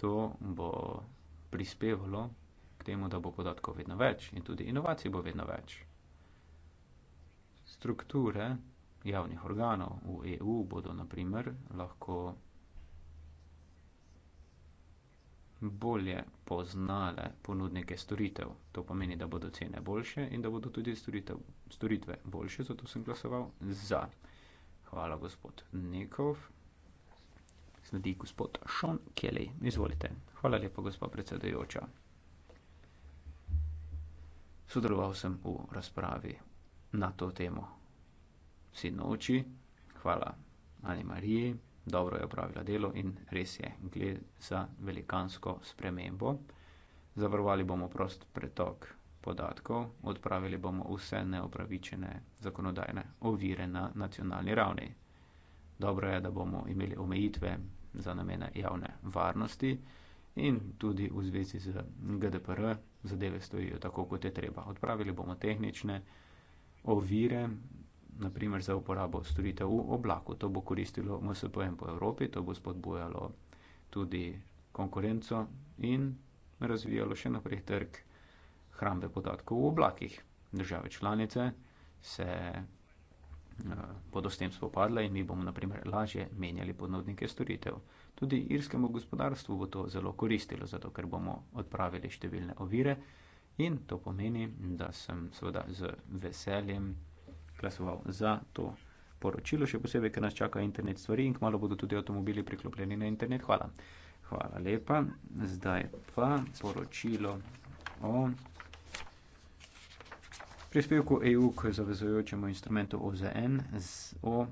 To bo prispevalo k temu, da bo podatkov vedno več in tudi inovacij bo vedno več. Strukture javnih organov v EU bodo naprimer lahko bolje poznale ponudnike storitev. To pomeni, da bodo cene boljše in da bodo tudi storitev, storitve boljše, zato sem glasoval za. Hvala, gospod Nekov sledi gospod Sean Kelly. Izvolite. Hvala lepa, gospod predsedujoča. Sodeloval sem v razpravi na to temo. Vsi noči, hvala Ani Mariji, dobro je opravila delo in res je, gre za velikansko spremembo. Zavrvali bomo prost pretok podatkov, odpravili bomo vse neopravičene zakonodajne ovire na nacionalni ravni. Dobro je, da bomo imeli omejitve za namene javne varnosti in tudi v zvezi z GDPR zadeve stojijo tako, kot je treba. Odpravili bomo tehnične ovire, naprimer za uporabo storitev v oblaku. To bo koristilo MSPM po Evropi, to bo spodbujalo tudi konkurenco in razvijalo še naprej trg hrambe podatkov v oblakih. Države članice se Eh, bodo s tem spopadle in mi bomo, naprimer, lažje menjali ponudnike storitev. Tudi irskemu gospodarstvu bo to zelo koristilo, zato ker bomo odpravili številne ovire in to pomeni, da sem seveda z veseljem glasoval za to poročilo, še posebej, ker nas čaka internet stvari in kmalo bodo tudi avtomobili priklopljeni na internet. Hvala. Hvala lepa. Zdaj pa poročilo o prispevku EU k zavezujočemu instrumentu OZN z O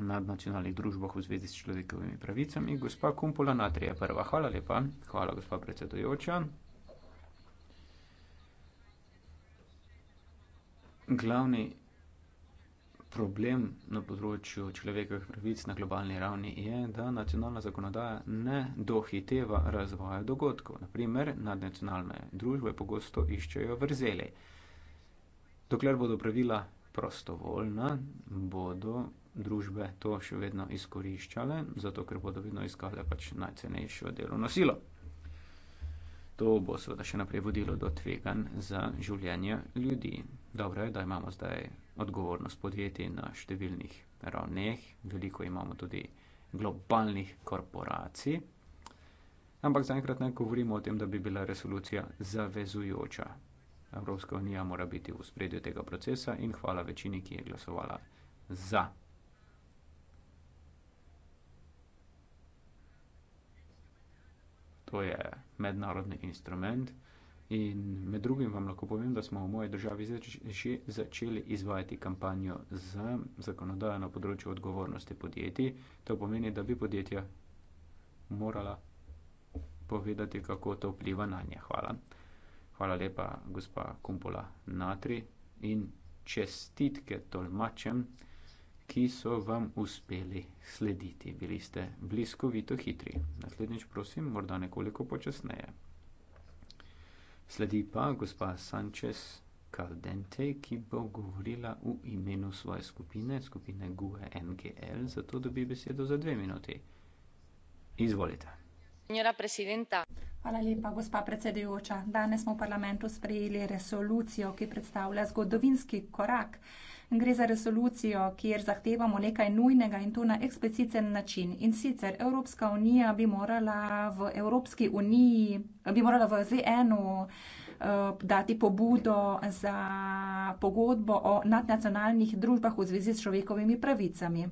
nadnacionalnih družbah v zvezi s človekovimi pravicami. Gospa Kumpola Natri je prva. Hvala lepa. Hvala, gospa predsedujoča. Glavni problem na področju človekovih pravic na globalni ravni je, da nacionalna zakonodaja ne dohiteva razvoja dogodkov. Naprimer, nadnacionalne družbe pogosto iščejo vrzeli. Dokler bodo pravila prostovoljna, bodo družbe to še vedno izkoriščale, zato ker bodo vedno iskale pač najcenejšo delovno silo. To bo seveda še naprej vodilo do tveganj za življenje ljudi. Dobro je, da imamo zdaj odgovornost podjetij na številnih ravneh, veliko imamo tudi globalnih korporacij, ampak zaenkrat ne govorimo o tem, da bi bila resolucija zavezujoča. Evropska unija mora biti v spredju tega procesa in hvala večini, ki je glasovala za. To je mednarodni instrument in med drugim vam lahko povem, da smo v moji državi že začeli izvajati kampanjo za zakonodajo na področju odgovornosti podjetij. To pomeni, da bi podjetja morala povedati, kako to vpliva na nje. Hvala. Hvala lepa, gospa Kumpola Natri in čestitke tolmačem, ki so vam uspeli slediti. Bili ste bliskovito hitri. Naslednjič, prosim, morda nekoliko počasneje. Sledi pa gospa Sanchez Caldente, ki bo govorila v imenu svoje skupine, skupine GUE NGL, zato dobi besedo za dve minuti. Izvolite gospa predsedujoča. Danes smo v parlamentu sprejeli resolucijo, ki predstavlja zgodovinski korak. Gre za resolucijo, kjer zahtevamo nekaj nujnega in to na ekspliciten način. In sicer Evropska unija bi morala v Evropski uniji, bi morala v ZN-u uh, eh, dati pobudo za pogodbo o nadnacionalnih družbah v zvezi s človekovimi pravicami.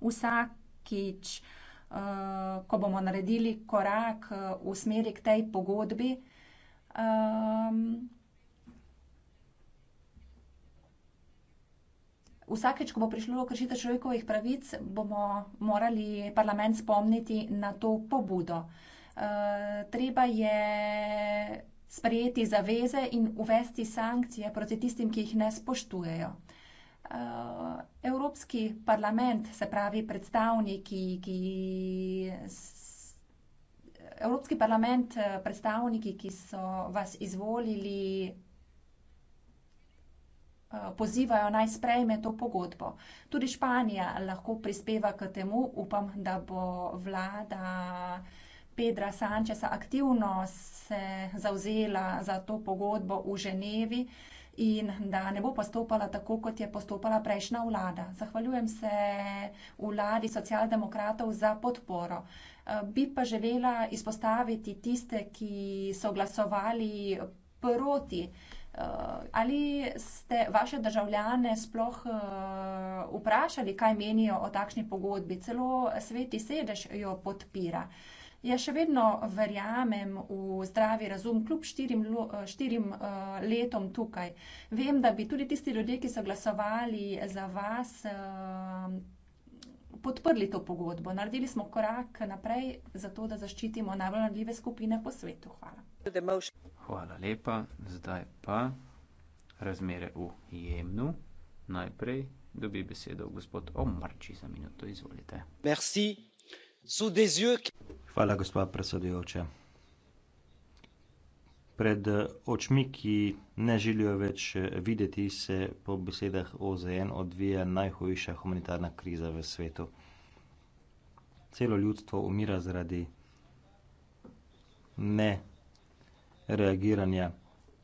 Vsakič uh, Eh, ko bomo naredili korak eh, v smeri k tej pogodbi. Ehm, vsakeč, ko bo prišlo do kršitev človekovih pravic, bomo morali parlament spomniti na to pobudo. Eh, treba je sprejeti zaveze in uvesti sankcije proti tistim, ki jih ne spoštujejo. Eh, Evropski parlament, se pravi predstavniki, ki Evropski parlament, eh, predstavniki, ki so vas izvolili, eh, pozivajo naj sprejme to pogodbo. Tudi Španija lahko prispeva k temu, upam, da bo vlada Pedra Sančesa aktivno se zauzela za to pogodbo v Ženevi in da ne bo postopala tako, kot je postopala prejšnja vlada. Zahvaljujem se vladi socialdemokratov za podporo. Eh, bi pa želela izpostaviti tiste, ki so glasovali proti. Eh, ali ste vaše državljane sploh eh, vprašali, kaj menijo o takšni pogodbi? Celo sveti sedež jo podpira. Jaz še vedno verjamem v zdravi razum, kljub štirim, eh, štirim uh, letom tukaj. Vem, da bi tudi tisti ljudje, ki so glasovali za vas, uh, podprli to pogodbo. Naredili smo korak naprej za to, da zaščitimo najbolj nadljive skupine po svetu. Hvala. Hvala lepa. Zdaj pa razmere v jemnu. Najprej dobi besedo gospod Omarči za minuto. Izvolite. Merci. Hvala, gospod predsedujoče. Pred eh, očmi, ki ne želijo več eh, videti, se po besedah OZN odvija najhujša humanitarna kriza v svetu. Celo ljudstvo umira zaradi ne reagiranja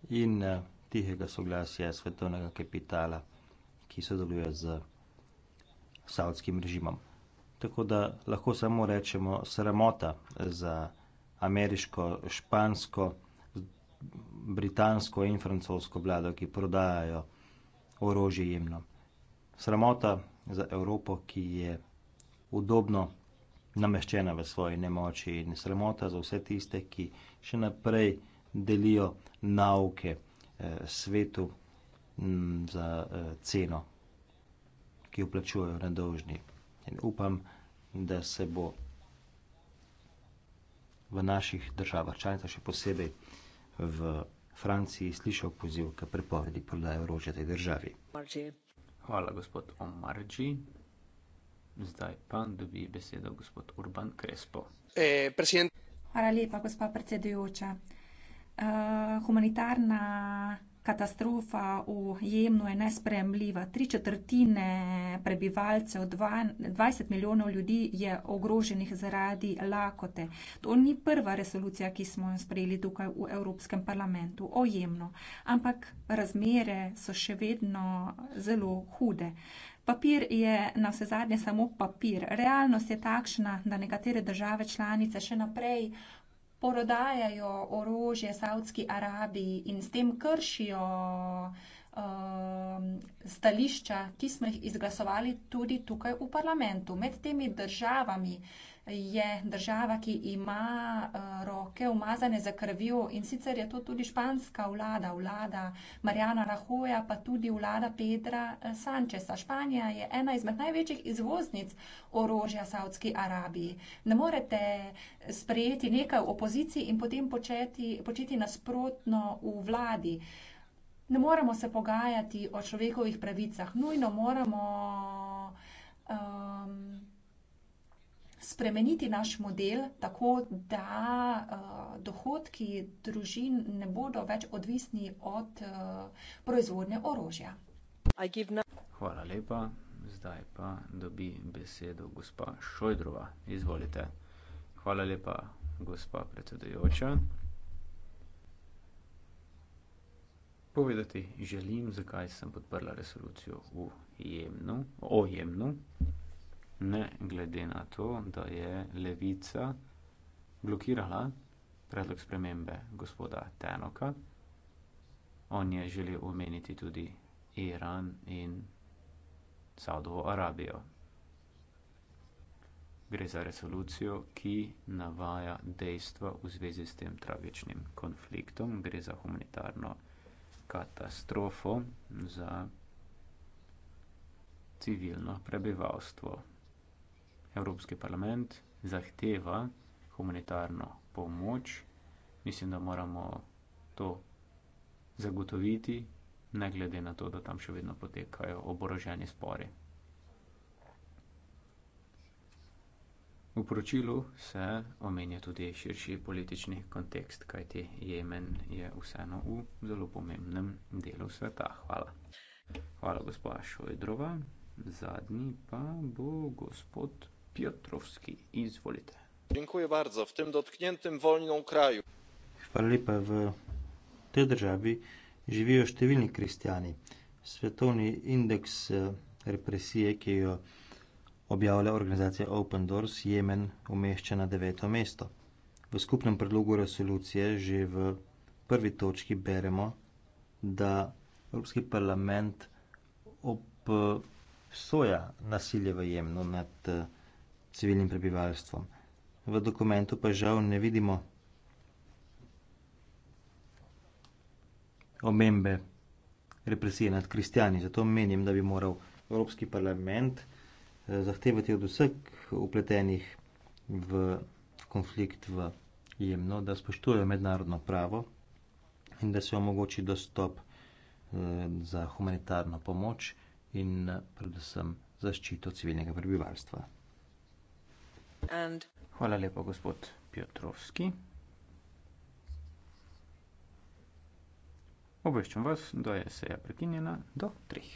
in eh, tihega soglasja svetovnega kapitala, ki sodeluje z savdskim režimom tako da lahko samo rečemo sramota za ameriško, špansko, britansko in francosko vlado, ki prodajajo orožje jemno. Sramota za Evropo, ki je udobno nameščena v svoji nemoči in sramota za vse tiste, ki še naprej delijo nauke eh, svetu m, za eh, ceno, ki jo plačujejo nedolžni in upam, da se bo v naših državah članica, še posebej v Franciji, slišal poziv k prepovedi prodaje orožja tej državi. Hvala, gospod Omarđi. Zdaj pa dobi besedo gospod Urban Krespo. Eh, Hvala lepa, gospod predsedujoča. Uh, humanitarna katastrofa v Jemnu je nespremljiva. Tri četrtine prebivalcev, 20 milijonov ljudi je ogroženih zaradi lakote. To ni prva resolucija, ki smo jo sprejeli tukaj v Evropskem parlamentu o Jemnu, ampak razmere so še vedno zelo hude. Papir je na vse zadnje samo papir. Realnost je takšna, da nekatere države članice še naprej prodajajo orožje Saudski Arabiji in s tem kršijo uh, stališča, ki smo jih izglasovali tudi tukaj v parlamentu. Med temi državami uh, je država, ki ima eh, roke umazane za krvjo in sicer je to tudi španska vlada, vlada Marjana Rahoja, pa tudi vlada Pedra eh, Sančesa. Španija je ena izmed največjih izvoznic orožja Saudski Arabiji. Ne morete sprejeti nekaj v opoziciji in potem početi, početi nasprotno v vladi. Ne moramo se pogajati o človekovih pravicah. Nujno moramo. Um, spremeniti naš model tako, da uh, dohodki družin ne bodo več odvisni od uh, proizvodnje orožja. No- Hvala lepa. Zdaj pa dobi besedo gospa Šojdrova. Izvolite. Hvala lepa, gospa predsedujoča. Povedati želim, zakaj sem podprla resolucijo v Jemnu, o Jemnu ne glede na to da je levica blokirala predlog spremembe gospoda Tenoka. On je želel omeniti tudi Iran in Saudovo Arabijo. Gre za resolucijo, ki navaja dejstva v zvezi s tem tragičnim konfliktom. Gre za humanitarno katastrofo za civilno prebivalstvo Evropski parlament zahteva humanitarno pomoč. Mislim, da moramo to zagotoviti, ne glede na to, da tam še vedno potekajo oboroženi spori. V poročilu se omenja tudi širši politični kontekst, kajti Jemen je vseeno v zelo pomembnem delu sveta. Hvala. Hvala, gospod Šojdrova. Zadnji pa bo gospod piotrowski izvolite. Dziękuję bardzo. W tym dotkniętym wojną kraju. Hvala lepa. V tej državi živijo številni kristijani. Svetovni indeks eh, represije, ki jo objavlja organizacija Open Doors, Jemen umešča na deveto mesto. V skupnem predlogu resolucije že v prvi točki beremo, da Evropski parlament obsoja nasilje v Jemnu nad uh, civilnim prebivalstvom v dokumentu pa žal ne vidimo omembe represije nad kristjani zato menim da bi moral evropski parlament eh, zahtevati od vseh upletenih v konflikt v Jemno, da spoštujejo mednarodno pravo in da se omogoči dostop eh, za humanitarno pomoč in eh, predvsem zaščito civilnega prebivalstva and Hvala lepa, gospod Piotrovski. Obveščam vas, da je seja prekinjena do treh.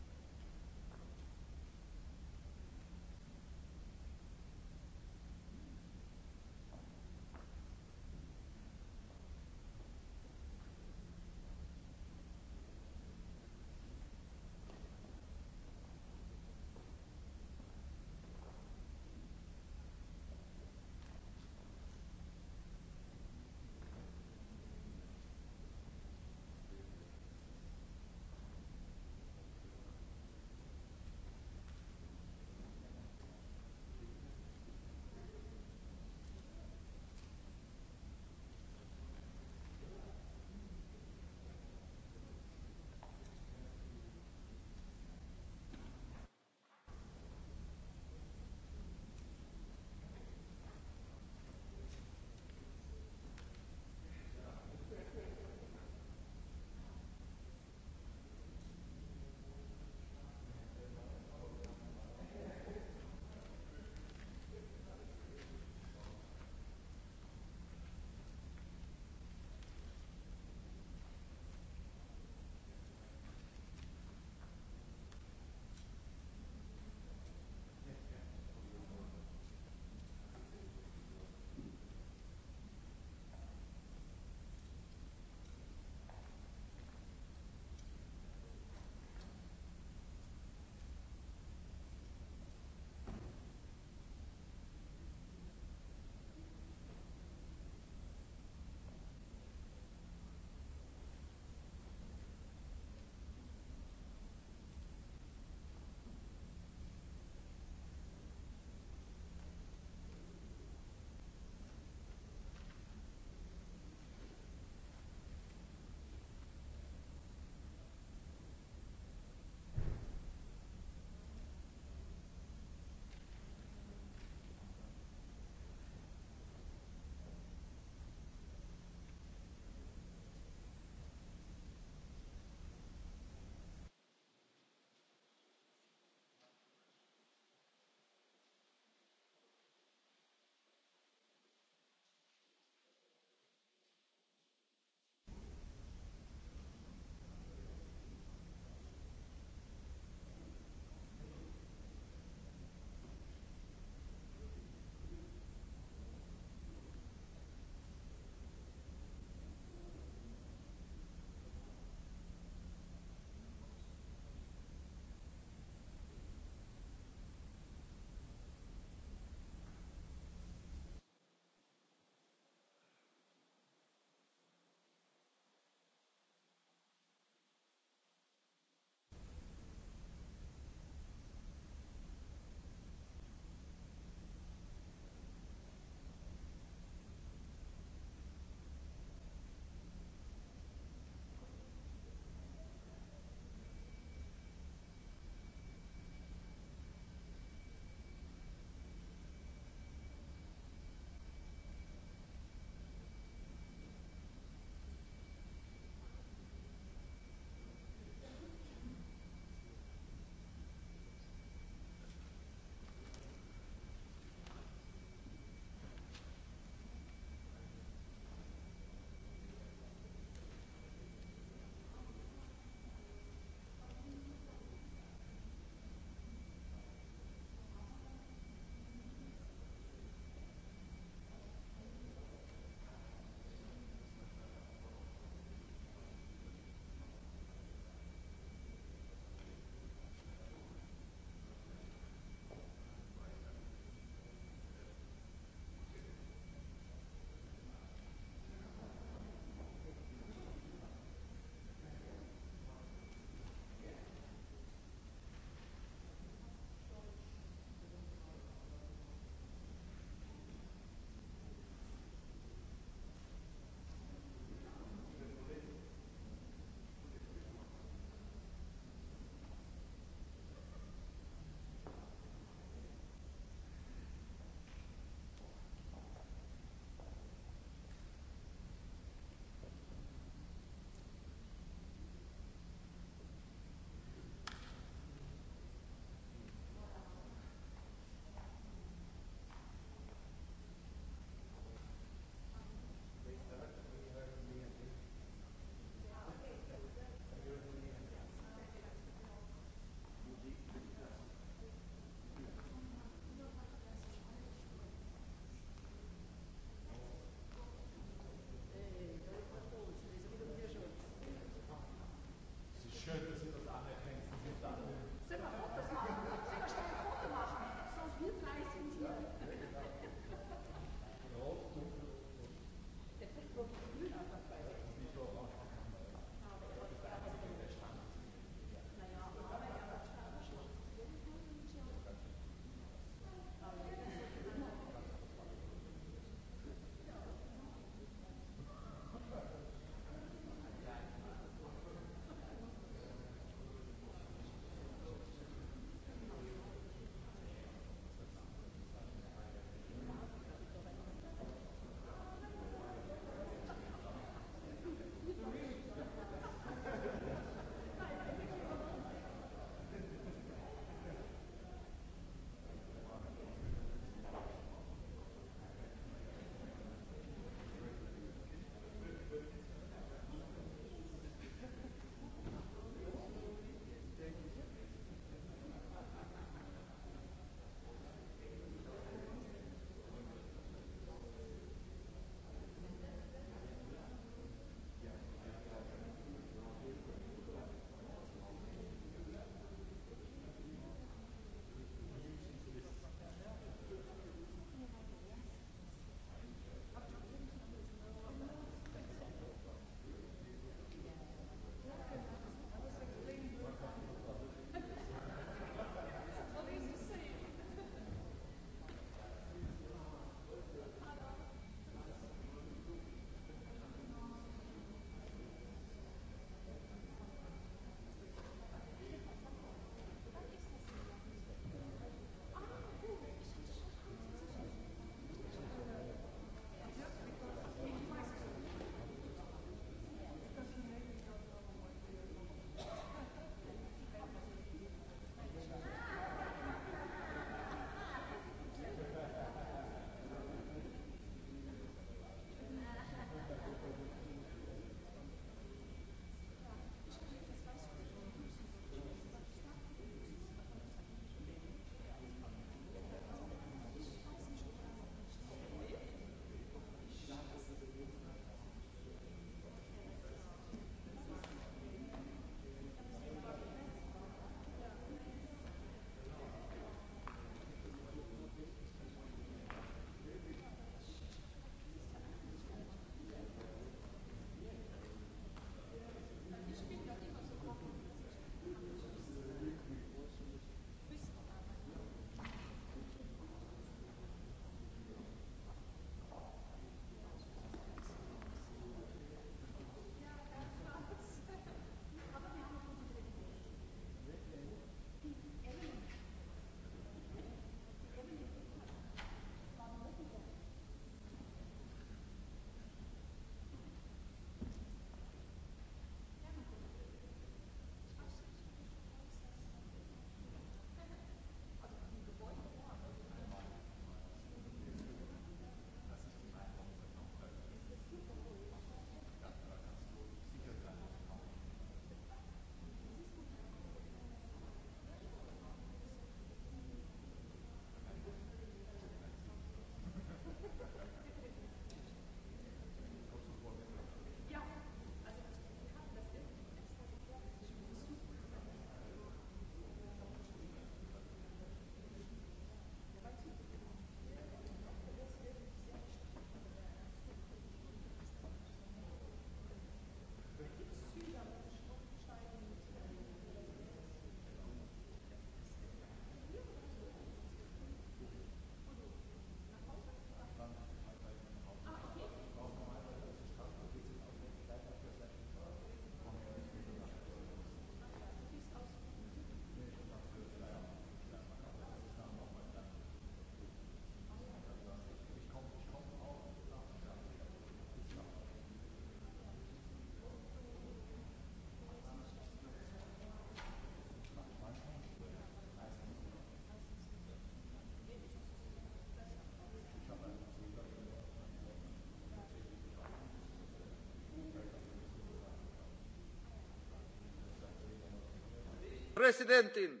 presidentin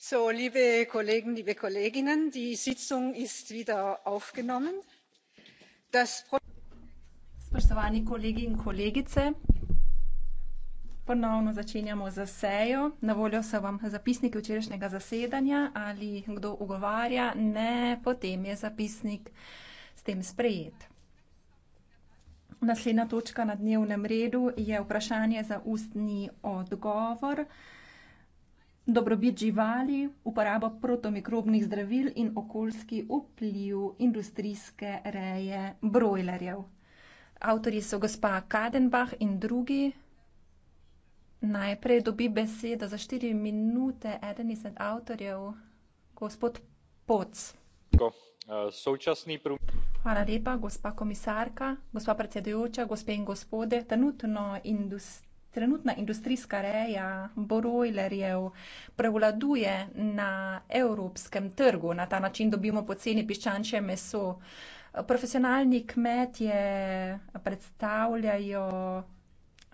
so liebe kollegen liebe kolleginnen die sitzung ist wieder aufgenommen. spoštovani kolegi in kolegice ponovno začenjamo s sejo na voljo so vam zapisniki včerajšnjega zasedanja ali kdo ugovarja ne potem je zapisnik s tem sprejet. Naslednja točka na dnevnem redu je vprašanje za ustni odgovor. Dobrobit živali, uporabo protomikrobnih zdravil in okoljski vpliv industrijske reje brojlerjev. Avtori so gospa Kadenbach in drugi. Najprej dobi besedo za štiri minute eden izmed avtorjev, gospod Poc. Současný prům... Hvala lepa, gospa komisarka, gospa predsedujoča, gospe in gospode. Trenutno industrija Trenutna industrijska reja brojlerjev prevladuje na evropskem trgu. Na ta način dobimo poceni piščančje meso. Profesionalni kmetje predstavljajo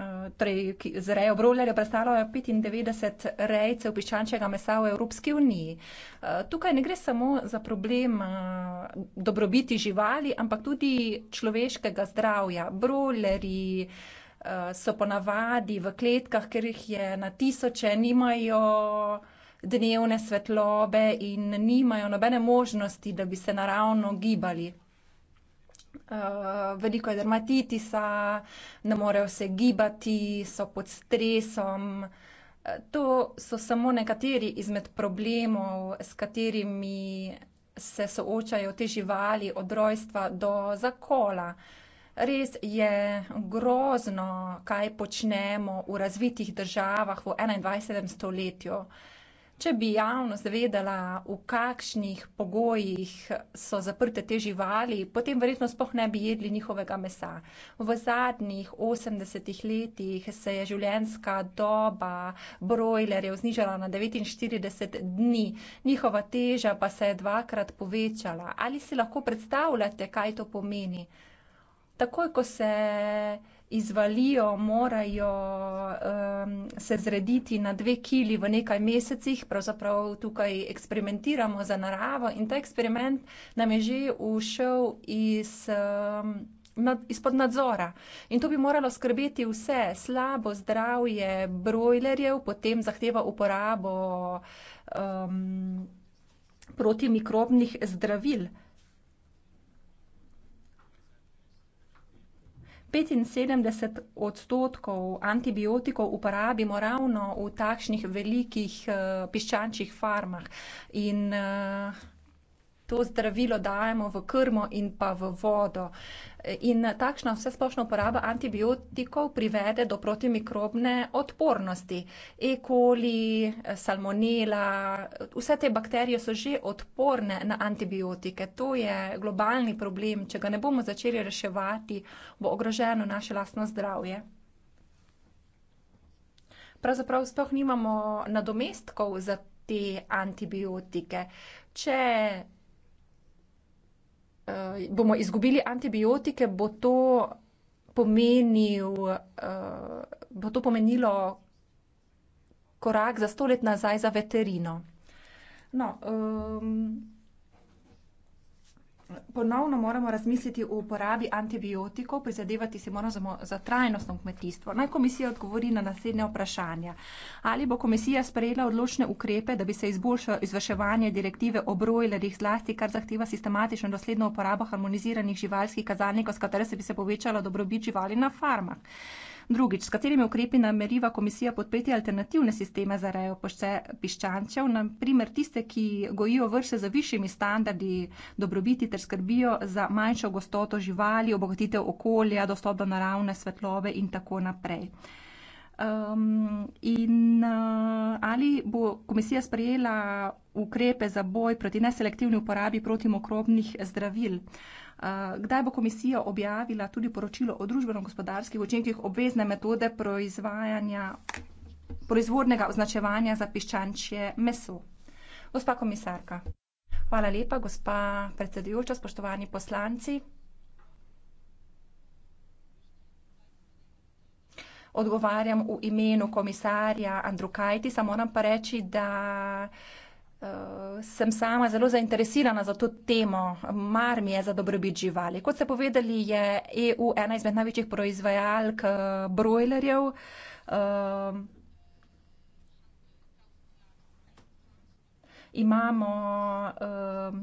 Eh, torej ki, z rejo brolerjev predstavljajo 95 rejcev piščančjega mesa v Evropski uniji. Eh, tukaj ne gre samo za problem eh, dobrobiti živali, ampak tudi človeškega zdravja. Brolerji so ponavadi v kletkah, ker jih je na tisoče, nimajo dnevne svetlobe in nimajo nobene možnosti, da bi se naravno gibali. Uh, veliko je dermatitisa, ne morejo se gibati, so pod stresom. Eh, to so samo nekateri izmed problemov, s katerimi se soočajo te živali od rojstva do zakola. Res je grozno, kaj počnemo v razvitih državah v 21. stoletju. Uh, Če bi javnost vedela, v kakšnih pogojih so zaprte te živali, potem verjetno spoh ne bi jedli njihovega mesa. V zadnjih 80 letih se je življenjska doba brojlerjev znižala na 49 dni, njihova teža pa se je dvakrat povečala. Ali si lahko predstavljate, kaj to pomeni? Takoj, ko se izvalijo, morajo. Eh, Um, se zrediti na dve kili v nekaj mesecih, pravzaprav tukaj eksperimentiramo za naravo in ta eksperiment nam je že ušel iz, um, nad, izpod nadzora. In to bi moralo skrbeti vse. Slabo zdravje brojlerjev potem zahteva uporabo um, protimikrobnih zdravil. 75 odstotkov antibiotikov uporabimo ravno v takšnih velikih eh, piščančjih farmah. In eh, to zdravilo dajemo v krmo in pa v vodo. In takšna vse splošna uporaba antibiotikov privede do protimikrobne odpornosti. E. coli, salmonela, vse te bakterije so že odporne na antibiotike. To je globalni problem. Če ga ne bomo začeli reševati, bo ogroženo naše lastno zdravje. Pravzaprav sploh nimamo nadomestkov za te antibiotike. Če uh, bomo izgubili antibiotike, bo to, pomenil, uh, bo to pomenilo korak za stolet nazaj za veterino. No, um, Ponovno moramo razmisliti o uporabi antibiotikov, prizadevati se moramo za trajnostno kmetijstvo. Naj komisija odgovori na naslednje vprašanje. Ali bo komisija sprejela odločne ukrepe, da bi se izboljšalo izvrševanje direktive o brojlerjih zlasti, kar zahteva sistematično dosledno uporabo harmoniziranih živalskih kazalnikov, s katero se bi se povečala dobrobit živali na farmah? Drugič, s katerimi ukrepi nameriva komisija podpreti alternativne sisteme za rejo pošče piščančev, naprimer tiste, ki gojijo vrše za višjimi standardi dobrobiti ter skrbijo za manjšo gostoto živali, obogatitev okolja, dostop do naravne svetlobe in tako naprej. Um, in uh, ali bo komisija sprejela ukrepe za boj proti neselektivni uporabi protimokrobnih zdravil? Uh, Kdaj bo komisija objavila tudi poročilo o družbeno-gospodarskih učinkih obvezne metode proizvajanja, proizvodnega označevanja za piščančje meso? Gospa komisarka. Hvala lepa, gospa predsedujoča, spoštovani poslanci. Odgovarjam v imenu komisarja Andrukaitisa, moram pa reči, da Uh, sem sama zelo zainteresirana za to temo, mar mi je za dobrobit živali. Kot ste povedali, je EU ena izmed največjih proizvajalk uh, brojlerjev. Uh, imamo uh,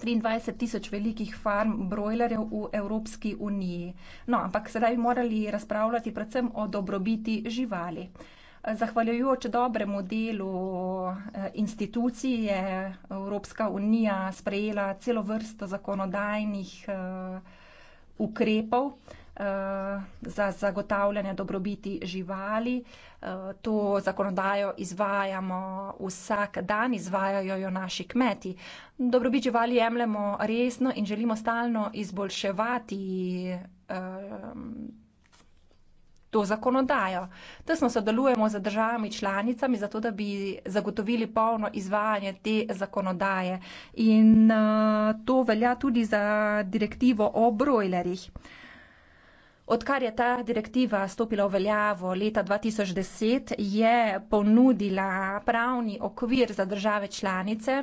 23 tisoč velikih farm brojlerjev v Evropski uniji. No, ampak sedaj bi morali razpravljati predvsem o dobrobiti živali. Uh, Zahvaljujoč dobremu delu eh, institucij je Evropska unija sprejela celo vrsto zakonodajnih eh, ukrepov eh, za zagotavljanje dobrobiti živali. To zakonodajo izvajamo vsak dan, izvajajo jo naši kmeti. Dobrobit živali jemljemo resno in želimo stalno izboljševati to zakonodajo. Tesno sodelujemo z državami članicami, zato da bi zagotovili polno izvajanje te zakonodaje. In eh, to velja tudi za direktivo o brojlerjih. Odkar je ta direktiva stopila v veljavo leta 2010, je ponudila pravni okvir za države članice,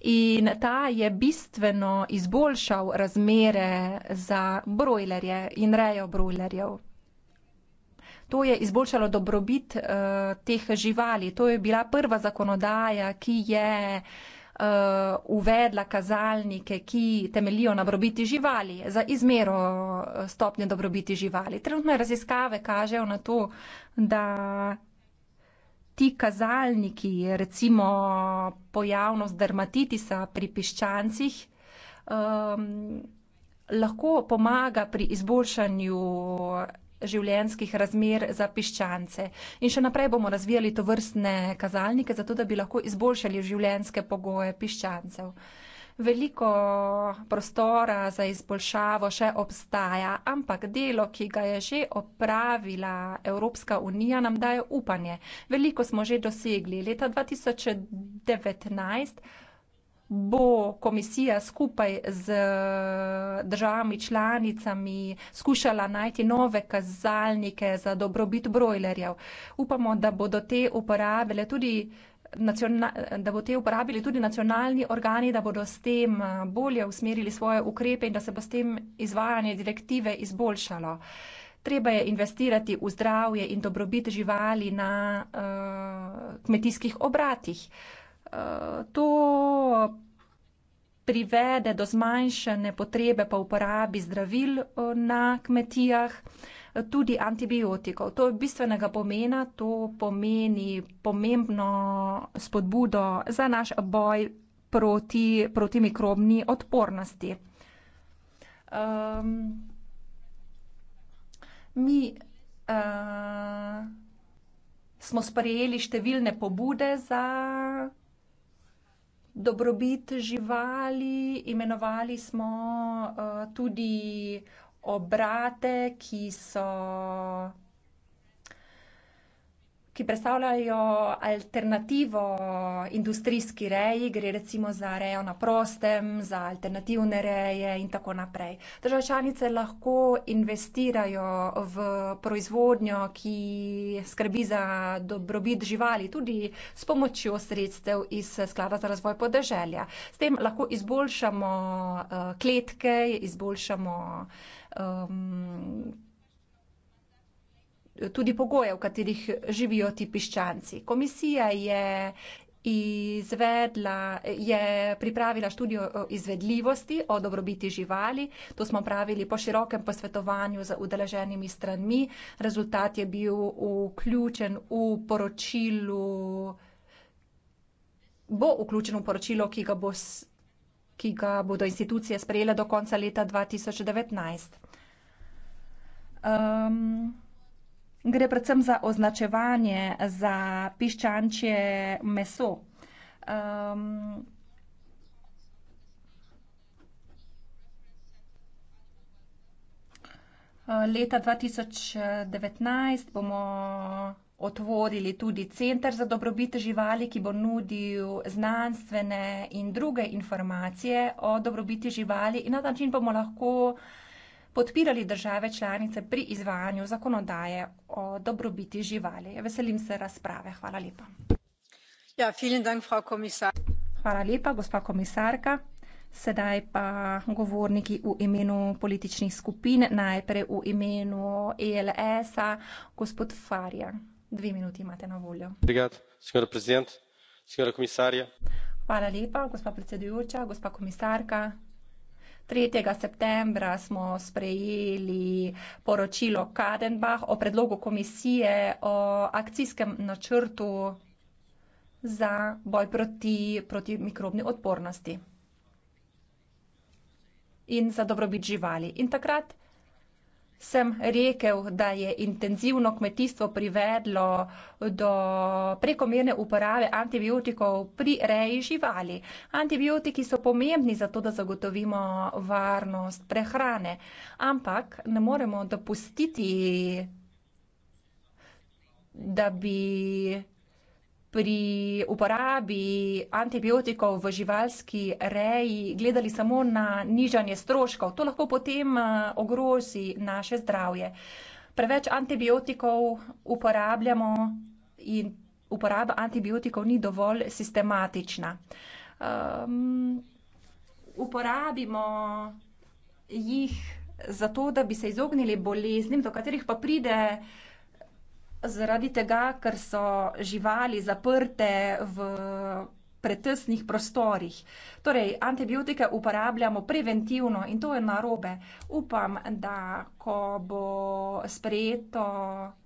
in ta je bistveno izboljšal razmere za brojlerje in rejo brojlerjev. To je izboljšalo dobrobit uh, teh živali. To je bila prva zakonodaja, ki je uh, uvedla kazalnike, ki temelijo na dobrobiti živali, za izmero eh, stopnje dobrobiti živali. Trenutne raziskave kažejo na to, da ti kazalniki, recimo pojavnost dermatitisa pri piščancih, um, lahko pomaga pri izboljšanju življenskih razmer za piščance. In še naprej bomo razvijali to vrstne kazalnike, zato da bi lahko izboljšali življenske pogoje piščancev. Veliko prostora za izboljšavo še obstaja, ampak delo, ki ga je že opravila Evropska unija, nam daje upanje. Veliko smo že dosegli. Leta 2019 bo komisija skupaj z državami članicami skušala najti nove kazalnike za dobrobit brojlerjev. Upamo, da bodo te uporabile tudi da bo te uporabili tudi nacionalni organi, da bodo s tem eh, bolje usmerili svoje ukrepe in da se bo s tem izvajanje direktive izboljšalo. Treba je investirati v zdravje in dobrobit živali na uh, kmetijskih obratih. Uh, to privede do zmanjšane potrebe po uporabi zdravil uh, na kmetijah. Uh, tudi antibiotikov. To je bistvenega pomena, to pomeni pomembno spodbudo za naš boj proti, proti mikrobni odpornosti. Um, mi uh, smo sprejeli številne pobude za dobrobit živali, imenovali smo uh, tudi obrate, ki so ki predstavljajo alternativo industrijski reji, gre recimo za rejo na prostem, za alternativne reje in tako naprej. Države članice lahko investirajo v proizvodnjo, ki skrbi za dobrobit živali, tudi s pomočjo sredstev iz sklada za razvoj podeželja. S tem lahko izboljšamo uh, kletke, izboljšamo um, tudi pogoje, v katerih živijo ti piščanci. Komisija je izvedla, je pripravila študijo izvedljivosti o dobrobiti živali. To smo pravili po širokem posvetovanju z udeleženimi stranmi. Rezultat je bil vključen v poročilu, bo vključen v poročilo, ki ga, bo, ki ga bodo institucije sprejele do konca leta 2019. Um, gre predvsem za označevanje za piščančje meso. Um, leta dva tisoč devetnajst bomo otvorili tudi Center za dobrobit živali, ki bo nudil znanstvene in druge informacije o dobrobiti živali in na ta način bomo lahko podpirali države članice pri izvajanju zakonodaje o dobrobiti živali. Veselim se razprave. Hvala lepa. Ja, dank, frau Hvala lepa, gospa komisarka. Sedaj pa govorniki v imenu političnih skupin, najprej v imenu ELS-a, gospod Farja. Dve minuti imate na voljo. Hvala lepa, gospa predsedujoča, gospa komisarka, 3. septembra smo sprejeli poročilo Kadenbach o predlogu komisije o akcijskem načrtu za boj proti, proti mikrobni odpornosti in za dobrobit živali. In takrat sem rekel, da je intenzivno kmetijstvo privedlo do prekomerne uporabe antibiotikov pri reji živali. Antibiotiki so pomembni zato, da zagotovimo varnost prehrane, ampak ne moremo dopustiti, da bi pri uporabi antibiotikov v živalski reji gledali samo na nižanje stroškov. To lahko potem eh, ogrozi naše zdravje. Preveč antibiotikov uporabljamo in uporaba antibiotikov ni dovolj sistematična. Um, uporabimo jih zato, da bi se izognili boleznim, do katerih pa pride uh, Zaradi tega, ker so živali zaprte v pretesnih prostorih. Torej, antibiotike uporabljamo preventivno in to je narobe. Upam, da ko bo sprejeto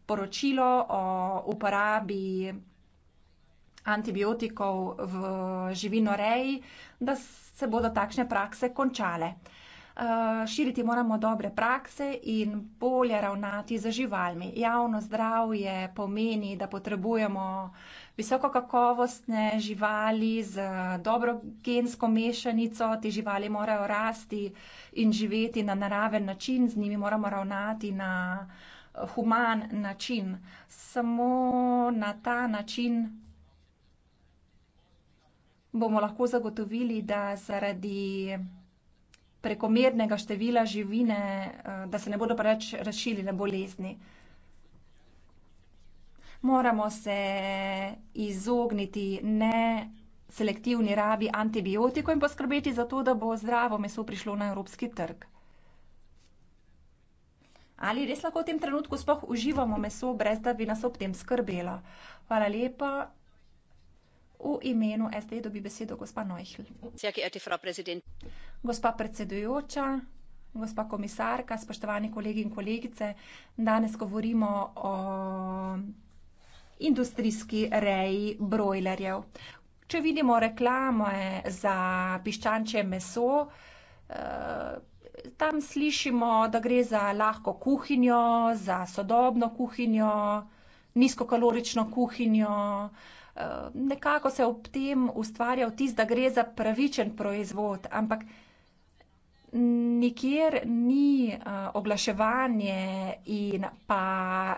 poročilo o uporabi antibiotikov v živinoreji, da se bodo takšne prakse končale. Eh, širiti moramo dobre prakse in bolje ravnati z živalmi. Javno zdravje pomeni, da potrebujemo visokokakovostne živali z dobro gensko mešanico, te živali morajo rasti in živeti na naraven način, z njimi moramo ravnati na eh, human način. Samo na ta način bomo lahko zagotovili, da zaradi prekomernega števila živine, eh, da se ne bodo preveč razširile bolezni. Moramo se izogniti neselektivni rabi antibiotikov in poskrbeti za to, da bo zdravo meso prišlo na evropski trg. Ali res lahko v tem trenutku sploh uživamo meso, brez da bi nas ob tem skrbelo? Hvala lepa. Gospa predsedujoča, gospa komisarka, spoštovani kolegi in kolegice. Danes govorimo o industrijski reji brojlerjev. Če vidimo reklame za piščančje meso, eh, tam slišimo, da gre za lahko kuhinjo, za sodobno kuhinjo, nizkokalorično kuhinjo, Eh, nekako se ob tem ustvarja vtis, da gre za pravičen proizvod, ampak nikjer ni eh, oglaševanje in pa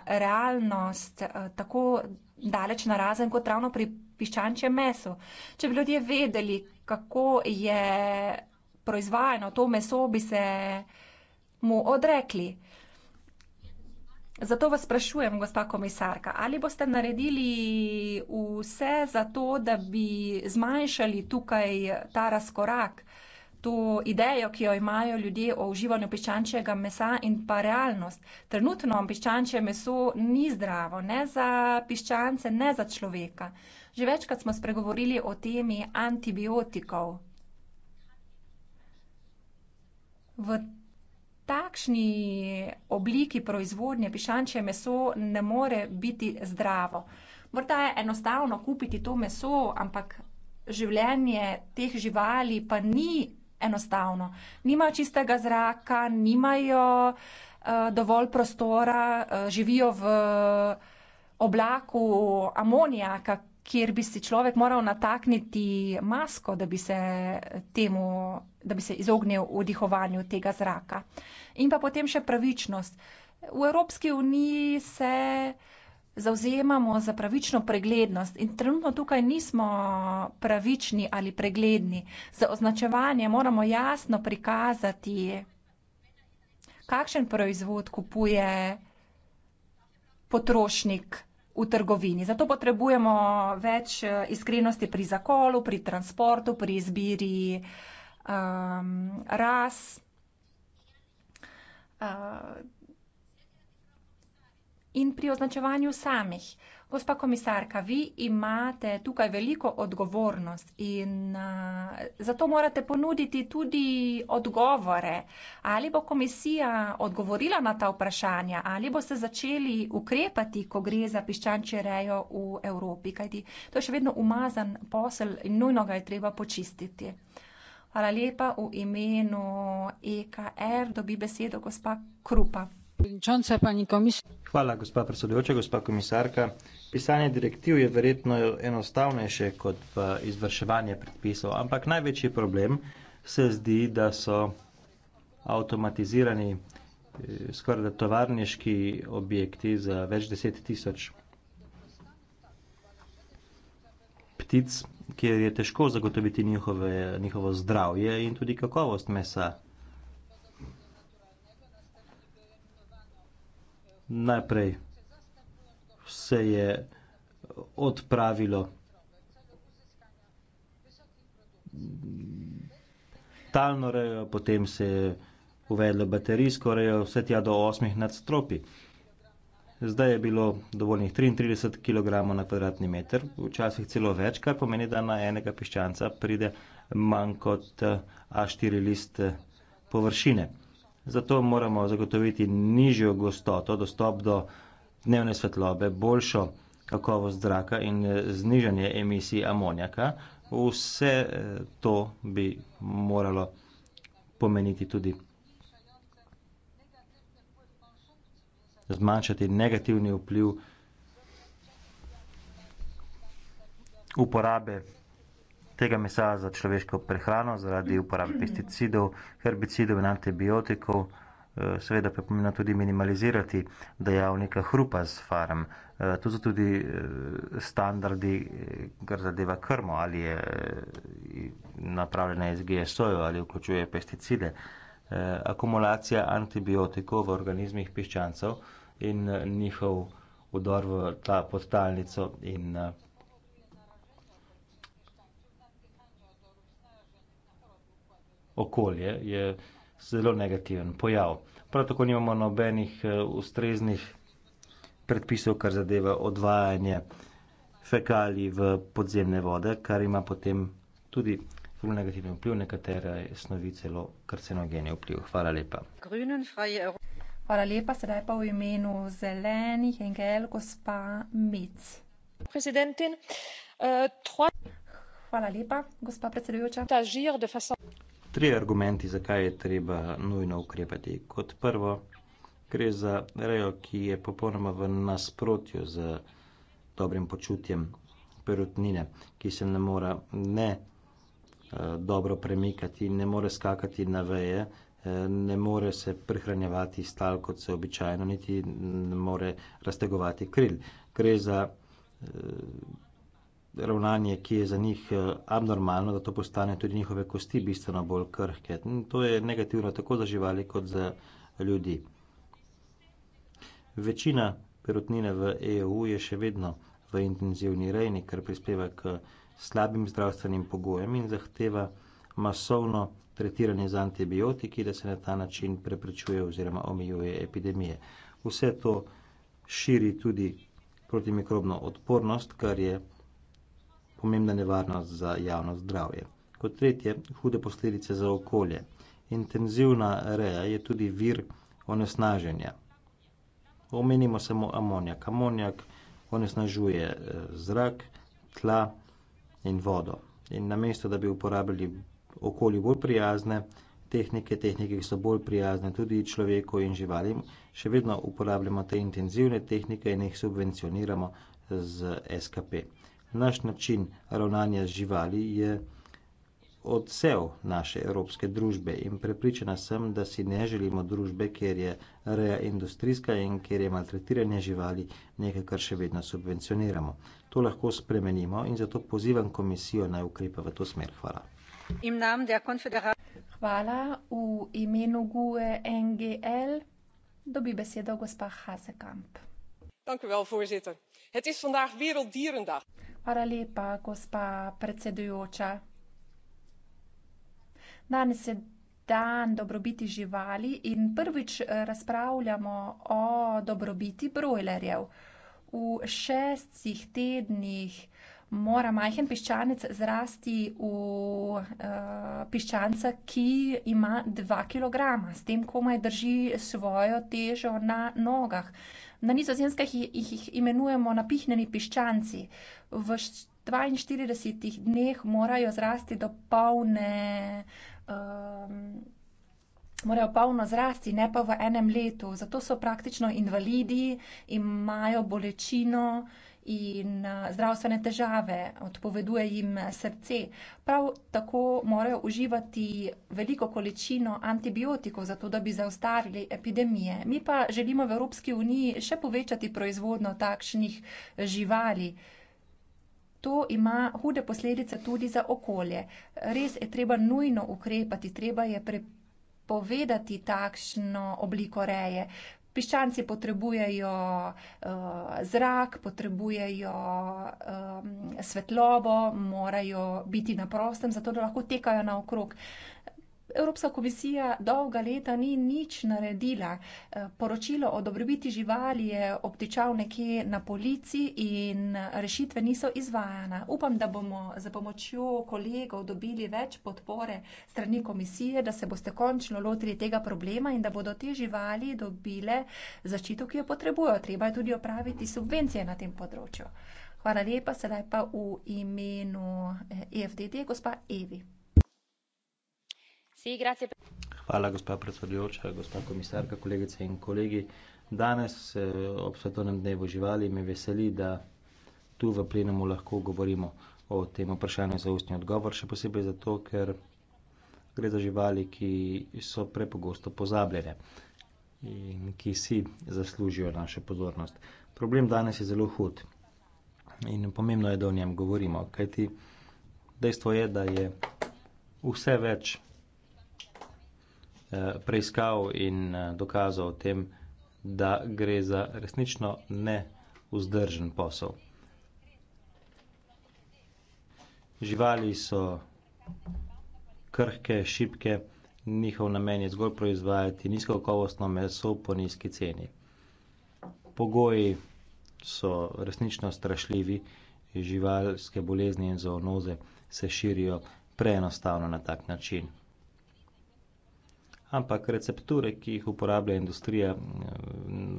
realnost eh, tako daleč narazen kot ravno pri piščančjem mesu. Če bi ljudje vedeli, kako je proizvajeno to meso, bi se mu odrekli. Zato vas sprašujem, gospa komisarka, ali boste naredili vse za to, da bi zmanjšali tukaj ta razkorak, to idejo, ki jo imajo ljudje o uživanju piščančjega mesa in pa realnost. Trenutno piščančje meso ni zdravo, ne za piščance, ne za človeka. Že večkrat smo spregovorili o temi antibiotikov. V takšni obliki proizvodnje pišančje meso ne more biti zdravo. Morda je enostavno kupiti to meso, ampak življenje teh živali pa ni enostavno. Nimajo čistega zraka, nimajo uh, dovolj prostora, uh, živijo v oblaku amonijaka, kjer bi si človek moral natakniti masko, da bi se temu, da bi se izognil vdihovanju tega zraka. In pa potem še pravičnost. V Evropski uniji se zauzemamo za pravično preglednost in trenutno tukaj nismo pravični ali pregledni. Za označevanje moramo jasno prikazati, kakšen proizvod kupuje potrošnik v trgovini. Zato potrebujemo več eh, iskrenosti pri zakolu, pri transportu, pri izbiri um, ras. Uh, In pri označevanju samih. Gospa komisarka, vi imate tukaj veliko odgovornost in uh, zato morate ponuditi tudi odgovore. Ali bo komisija odgovorila na ta vprašanja, ali bo se začeli ukrepati, ko gre za piščančje rejo v Evropi, kajti to je še vedno umazan posel in nujno ga je treba počistiti. Hvala lepa v imenu EKR, dobi besedo gospa Krupa. Hvala, gospa predsedujoča, gospa komisarka. Pisanje direktiv je verjetno enostavnejše kot pa izvrševanje predpisov, ampak največji problem se zdi, da so avtomatizirani eh, skoraj da tovarniški objekti za več deset tisoč ptic, kjer je težko zagotoviti njihove, njihovo zdravje in tudi kakovost mesa. Najprej se je odpravilo. Talno rejo, potem se je uvedlo baterijsko rejo, vse tja do osmih nadstropi. Zdaj je bilo dovoljnih 33 kg na kvadratni meter, včasih celo več, kar pomeni, da na enega piščanca pride manj kot A4 list površine. Zato moramo zagotoviti nižjo gostoto, dostop do uh, dnevne svetlobe, boljšo kakovost zraka in eh, znižanje emisij amonjaka. Vse eh, to bi moralo pomeniti tudi zmanjšati negativni vpliv uporabe tega mesa za človeško prehrano zaradi uporabe pesticidov, herbicidov in antibiotikov seveda pa je pomembno tudi minimalizirati dejavnika hrupa z farm. Eh, to so tudi eh, standardi, eh, kar zadeva krmo, ali je napravljena iz GSO-jo ali vključuje pesticide. Akumulacija antibiotikov v organizmih piščancev in njihov udor v ta podtalnico in okolje je zelo negativen pojav. Prav tako nimamo nobenih eh, ustreznih predpisov, kar zadeva odvajanje fekalij v podzemne vode, kar ima potem tudi zelo negativen vpliv, nekatere snovi celo karcinogeni vpliv. Hvala lepa. Hvala lepa, sedaj pa v imenu zelenih engel, gospa Mic. Eh, Hvala lepa, gospa predsedujoča tri argumenti, zakaj je treba nujno ukrepati. Kot prvo, gre za rejo, ki je popolnoma v nasprotju z dobrim počutjem perutnine, ki se ne mora ne eh, dobro premikati, ne more skakati na veje, eh, ne more se prehranjevati stal, kot se običajno, niti ne more raztegovati kril. Gre za eh, ravnanje, ki je za njih eh, abnormalno, da to postane tudi njihove kosti bistveno bolj krhke. To je negativno tako za živali kot za ljudi. Večina perutnine v EU je še vedno v intenzivni rejni, kar prispeva k slabim zdravstvenim pogojem in zahteva masovno tretiranje z antibiotiki, da se na ta način preprečuje oziroma omejuje epidemije. Vse to širi tudi protimikrobno odpornost, kar je pomembna nevarnost za javno zdravje. Kot tretje, hude posledice za okolje. Intenzivna reja je tudi vir onesnaženja. Omenimo samo amonijak. Amonijak onesnažuje eh, zrak, tla in vodo. In namesto, da bi uporabili okolju bolj prijazne tehnike, tehnike, ki so bolj prijazne tudi človeku in živalim, še vedno uporabljamo te intenzivne tehnike in jih subvencioniramo z SKP. Naš način ravnanja z živali je odsev naše evropske družbe in prepričana sem, da si ne želimo družbe, kjer je reja industrijska in kjer je maltretiranje živali nekaj, kar še vedno subvencioniramo. To lahko spremenimo in zato pozivam komisijo naj ukrepa v to smer. Hvala. Hvala. V imenu GUE NGL dobi besedo gospa Hasekamp. Dank u wel, voorzitter. Het is vandaag Werelddierendag. Hvala lepa, gospa predsedujoča. Danes je dan dobrobiti živali in prvič eh, razpravljamo o dobrobiti brojlerjev. V šestih tednih mora majhen piščanec zrasti v uh, piščanca, ki ima 2 kg, s tem komaj drži svojo težo na nogah. Na nizozemskih jih, jih imenujemo napihnjeni piščanci. V 42 dneh morajo zrasti do polne. Um, Morajo polno zrasti, ne pa v enem letu. Zato so praktično invalidi, imajo bolečino, in zdravstvene težave, odpoveduje jim srce. Prav tako morajo uživati veliko količino antibiotikov, zato da bi zaustavili epidemije. Mi pa želimo v Evropski uniji še povečati proizvodno takšnih živali. To ima hude posledice tudi za okolje. Res je treba nujno ukrepati, treba je prepovedati takšno obliko reje. Piščanci potrebujejo uh, zrak, potrebujejo um, svetlobo, morajo biti na prostem, zato da lahko tekajo naokrog. Evropska komisija dolga leta ni nič naredila. Eh, poročilo o dobrobiti živali je obtičal nekje na polici in rešitve niso izvajane. Upam, da bomo za pomočjo kolegov dobili več podpore strani komisije, da se boste končno lotili tega problema in da bodo te živali dobile zaščito, ki jo potrebujo. Treba je tudi opraviti subvencije na tem področju. Hvala lepa, sedaj pa v imenu EFDD, eh, e gospa Evi. Hvala, gospa predsedujoča, gospa komisarka, kolegice in kolegi. Danes eh, ob svetovnem dnevu živali me veseli, da tu v plenumu lahko govorimo o tem vprašanju za ustni odgovor, še posebej zato, ker gre za živali, ki so prepogosto pozabljene in ki si zaslužijo našo pozornost. Problem danes je zelo hud in pomembno je, da o njem govorimo, kajti dejstvo je, da je vse več. Eh, preiskav in eh, dokazov o tem, da gre za resnično neuzdržen posel. Živali so krhke, šipke, njihov namen je zgolj proizvajati nizkokovostno meso po nizki ceni. Pogoji so resnično strašljivi, živalske bolezni in zoonoze se širijo preenostavno na tak način ampak recepture, ki jih uporablja industrija eh,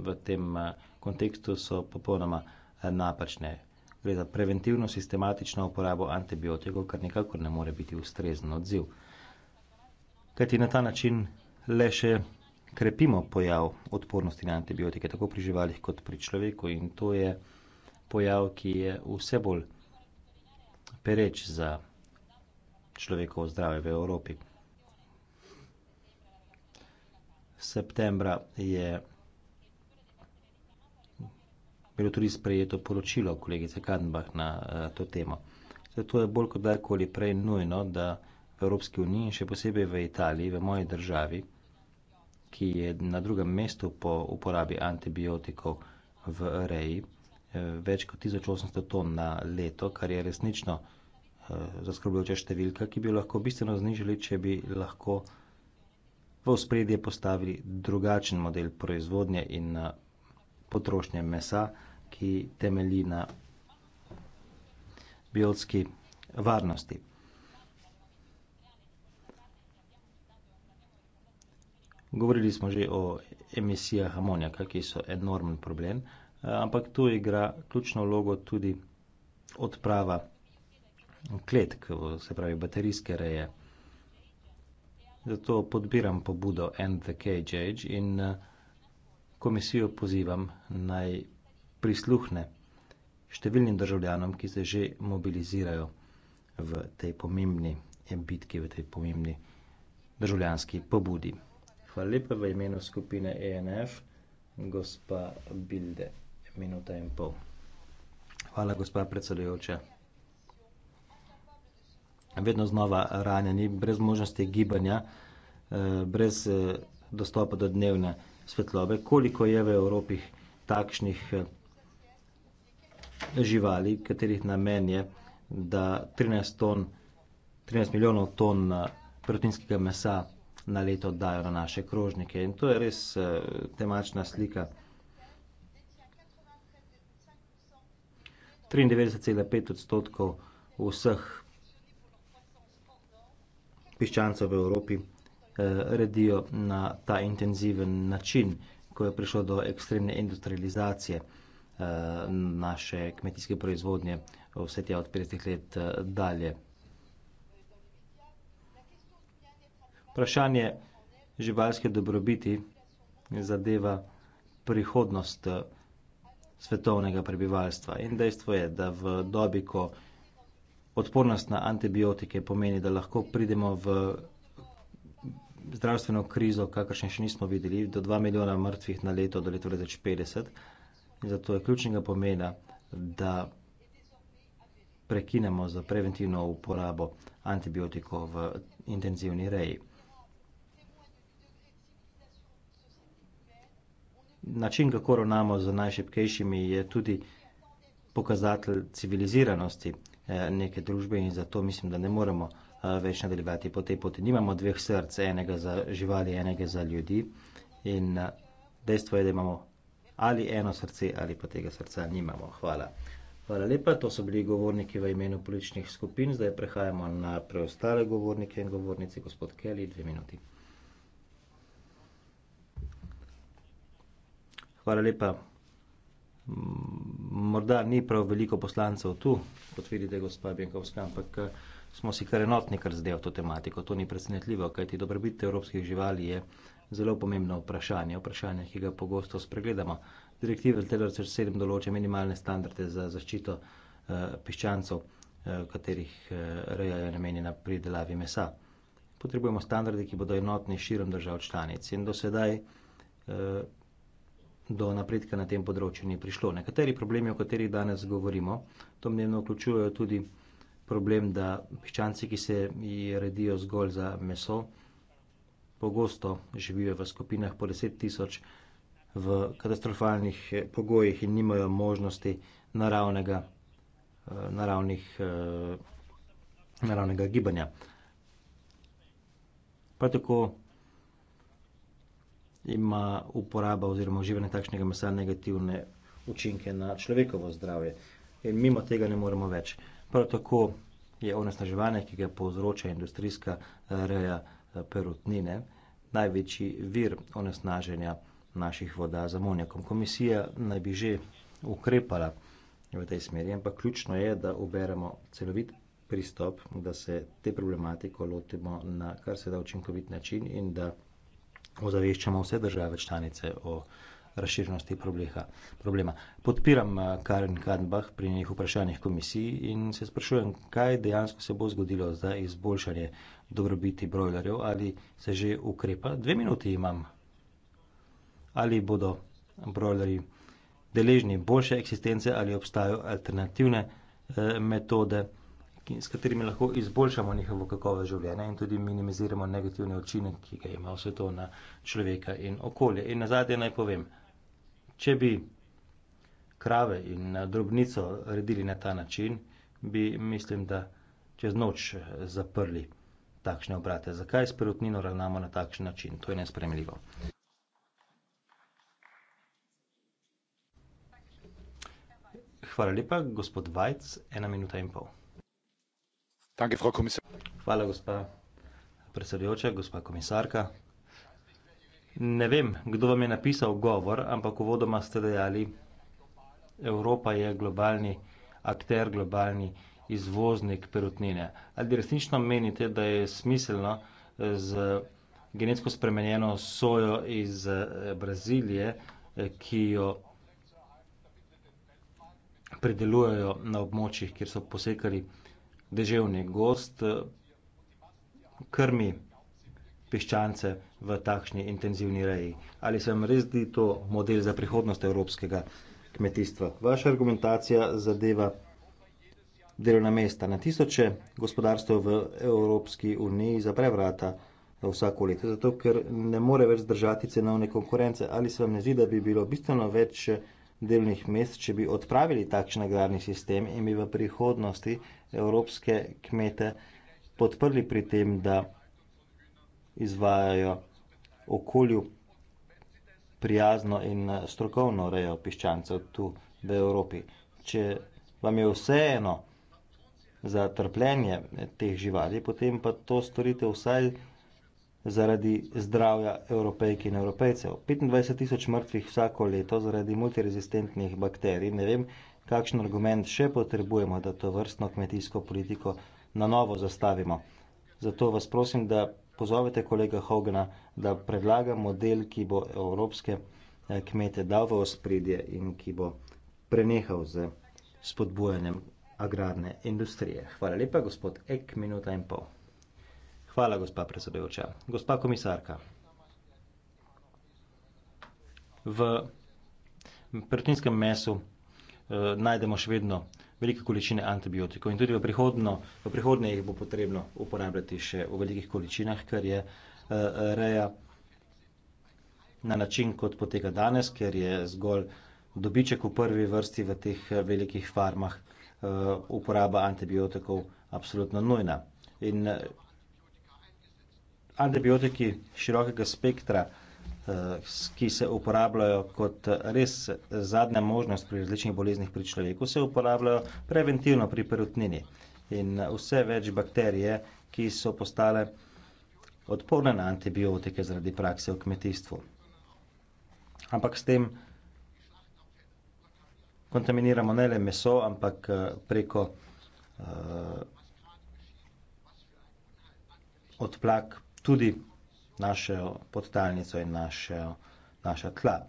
v tem eh, kontekstu, so popolnoma eh, napačne. Gre za preventivno sistematično uporabo antibiotikov, kar nekako ne more biti ustrezen odziv. Kajti na ta način le še krepimo pojav odpornosti na antibiotike, tako pri živalih kot pri človeku in to je pojav, ki je vse bolj pereč za človekovo zdravje v Evropi. septembra je bilo tudi sprejeto poročilo kolegice Kadenbach na eh, to temo. Zato je bolj kot kdajkoli prej nujno, da v Evropski uniji in še posebej v Italiji, v moji državi, ki je na drugem mestu po uporabi antibiotikov v reji, eh, več kot 1800 ton na leto, kar je resnično eh, zaskrbljujoča številka, ki bi jo lahko bistveno znižali, če bi lahko v ospredje postavili drugačen model proizvodnje in eh, potrošnje mesa, ki temelji na biotski varnosti. Govorili smo že o emisijah amonjaka, ki so enormen problem, eh, ampak tu igra ključno vlogo tudi odprava kletk, se pravi baterijske reje. Zato podpiram pobudo End the Cage Age in eh, komisijo pozivam naj prisluhne številnim državljanom, ki se že mobilizirajo v tej pomembni eh, bitki, v tej pomembni državljanski pobudi. Hvala lepa v imenu skupine ENF, gospa Bilde, minuta in pol. Hvala, gospa predsedujoča vedno znova ranjeni, brez možnosti gibanja, eh, brez eh, dostopa do dnevne svetlobe. Koliko je v Evropi takšnih eh, živali, katerih namen je, da 13, ton, 13 milijonov ton protinskega mesa na leto dajo na naše krožnike. In to je res temačna slika. 93,5 odstotkov vseh piščancev v Evropi eh, redijo na ta intenziven način, ko je prišlo do ekstremne industrializacije eh, naše kmetijske proizvodnje vse tja od 50 let eh, dalje. Vprašanje živalske dobrobiti zadeva prihodnost svetovnega prebivalstva in dejstvo je, da v dobi, ko vsega, odpornost na antibiotike pomeni, da lahko pridemo v zdravstveno krizo, kakršne še nismo videli, do 2 milijona mrtvih na leto do leta 2050. In zato je ključnega pomena, da prekinemo za preventivno uporabo antibiotikov v intenzivni reji. Način, kako ravnamo z najšipkejšimi, je tudi pokazatelj civiliziranosti. Eh, neke družbe in zato mislim, da ne moremo eh, več nadaljevati po tej poti. Nimamo dveh src, enega za živali, enega za ljudi in eh, dejstvo je, da imamo ali eno srce ali pa tega srca nimamo. Hvala. Hvala lepa, to so bili govorniki v imenu političnih skupin, zdaj prehajamo na preostale govornike in govornice, gospod Kelly, dve minuti. Hvala lepa morda ni prav veliko poslancev tu, kot vidite, gospa Bjankovska, ampak eh, smo si kar enotni, kar zdaj v to tematiko. To ni presenetljivo, kajti dobrobit evropskih živali je zelo pomembno vprašanje, vprašanje, ki ga pogosto spregledamo. Direktiva Teller 7 določa minimalne standarde za zaščito uh, eh, piščancov, uh, eh, katerih uh, reja je namenjena pridelavi mesa. Potrebujemo standarde, ki bodo enotni širom držav članic. In do sedaj uh, do napredka na tem področju ni prišlo. Nekateri problemi, o katerih danes govorimo, to mnenje vključujejo tudi problem, da piščanci, ki se jih redijo zgolj za meso, pogosto živijo v skupinah po 10 tisoč v katastrofalnih eh, pogojih in nimajo možnosti naravnega, eh, naravnih, eh, naravnega gibanja. Prav tako ima uporaba oziroma uživanje takšnega mesa negativne učinke na človekovo zdravje. In mimo tega ne moremo več. Prav tako je onesnaževanje, ki ga povzroča industrijska eh, reja eh, perutnine, največji vir onesnaženja naših voda z amonijakom. Komisija naj bi že ukrepala v tej smeri, ampak ključno je, da uberemo celovit pristop, da se te problematiko lotimo na kar se da učinkovit način in da ozaveščamo vse države članice o razširjenosti problema. Podpiram eh, Karen Kadbah pri njenih vprašanjih komisiji in se sprašujem, kaj dejansko se bo zgodilo za izboljšanje dobrobiti brojlerjev, ali se že ukrepa. Dve minuti imam. Ali bodo brojleri deležni boljše eksistence ali obstajajo alternativne eh, metode? ki, s katerimi lahko izboljšamo njihovo kakovost življenja in tudi minimiziramo negativni učinek, ki ga ima vse to na človeka in okolje. In na zadnje naj povem, če bi krave in eh, drobnico redili na ta način, bi mislim, da čez noč eh, zaprli takšne obrate. Zakaj s perutnino ravnamo na takšen način? To je nespremljivo. Hvala lepa, gospod Vajc, ena minuta in pol. Danke, Frau Hvala, gospa predsedujoča, gospa komisarka. Ne vem, kdo vam je napisal govor, ampak uvodoma ste dejali, Evropa je globalni akter, globalni izvoznik perutnine. Ali resnično menite, da je smiselno z genetsko spremenjeno sojo iz Brazilije, ki jo predelujejo na območjih, kjer so posekali deževni gozd eh, krmi piščance v takšni intenzivni reji. Ali se vam res zdi to model za prihodnost evropskega kmetijstva? Vaša argumentacija zadeva delovna mesta. Na tisoče gospodarstvo v Evropski uniji zapre vrata vsako leto, zato ker ne more več zdržati cenovne konkurence. Ali se vam ne zdi, da bi bilo bistveno več delovnih mest, če bi odpravili takšen agrarni sistem in bi v prihodnosti evropske kmete podprli pri tem da izvajajo okolju prijazno in eh, strokovno rejo piščancev tu v evropi če vam je vseeno za trpljenje eh, teh živali potem pa to storite vsaj zaradi zdravja evropejk in evropejcev 25.000 mrtvih vsako leto zaradi multirezistentnih bakterij ne vem kakšen argument še potrebujemo, da to vrstno kmetijsko politiko na novo zastavimo. Zato vas prosim, da pozovete kolega Hogana, da predlaga model, ki bo evropske eh, kmete dal v ospredje in ki bo prenehal z spodbujanjem agrarne industrije. Hvala lepa, gospod Ek, minuta in pol. Hvala, gospa predsedujoča. Gospa komisarka, v prtinskem mesu eh, najdemo še vedno velike količine antibiotikov in tudi v, v prihodnje jih bo potrebno uporabljati še v velikih količinah, ker je eh, reja na način, kot poteka danes, ker je zgolj dobiček v prvi vrsti v teh eh, velikih farmah eh, uporaba antibiotikov absolutno nujna. In, eh, antibiotiki širokega spektra eh, ki se uporabljajo kot res zadnja možnost pri različnih boleznih pri človeku, se uporabljajo preventivno pri perutnini. In vse več bakterije, ki so postale odporne na antibiotike zaradi prakse v kmetijstvu. Ampak s tem kontaminiramo ne le meso, ampak preko uh, odplak tudi našo podtalnico in naše, naša tla.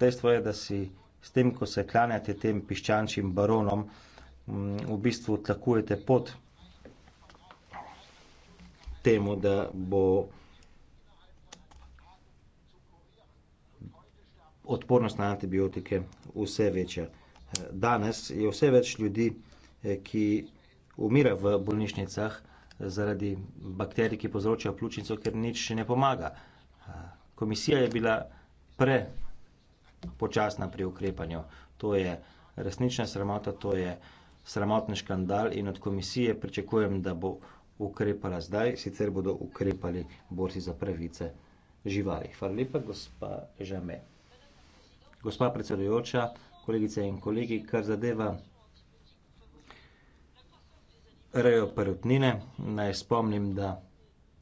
Dejstvo je, da si s tem, ko se klanjate tem piščančim baronom, v bistvu tlakujete pot temu, da bo odpornost na antibiotike vse večja. Danes je vse več ljudi, ki umira v bolnišnicah zaradi bakterij, ki povzročajo pljučnico, ker nič še ne pomaga. Komisija je bila prepočasna pri ukrepanju. To je resnična sramota, to je sramotni škandal in od komisije pričakujem, da bo ukrepala zdaj, sicer bodo ukrepali borci za pravice živali. Hvala lepa, gospa Žame. Gospa predsedujoča, kolegice in kolegi, kar zadeva rejo perutnine. Naj spomnim, da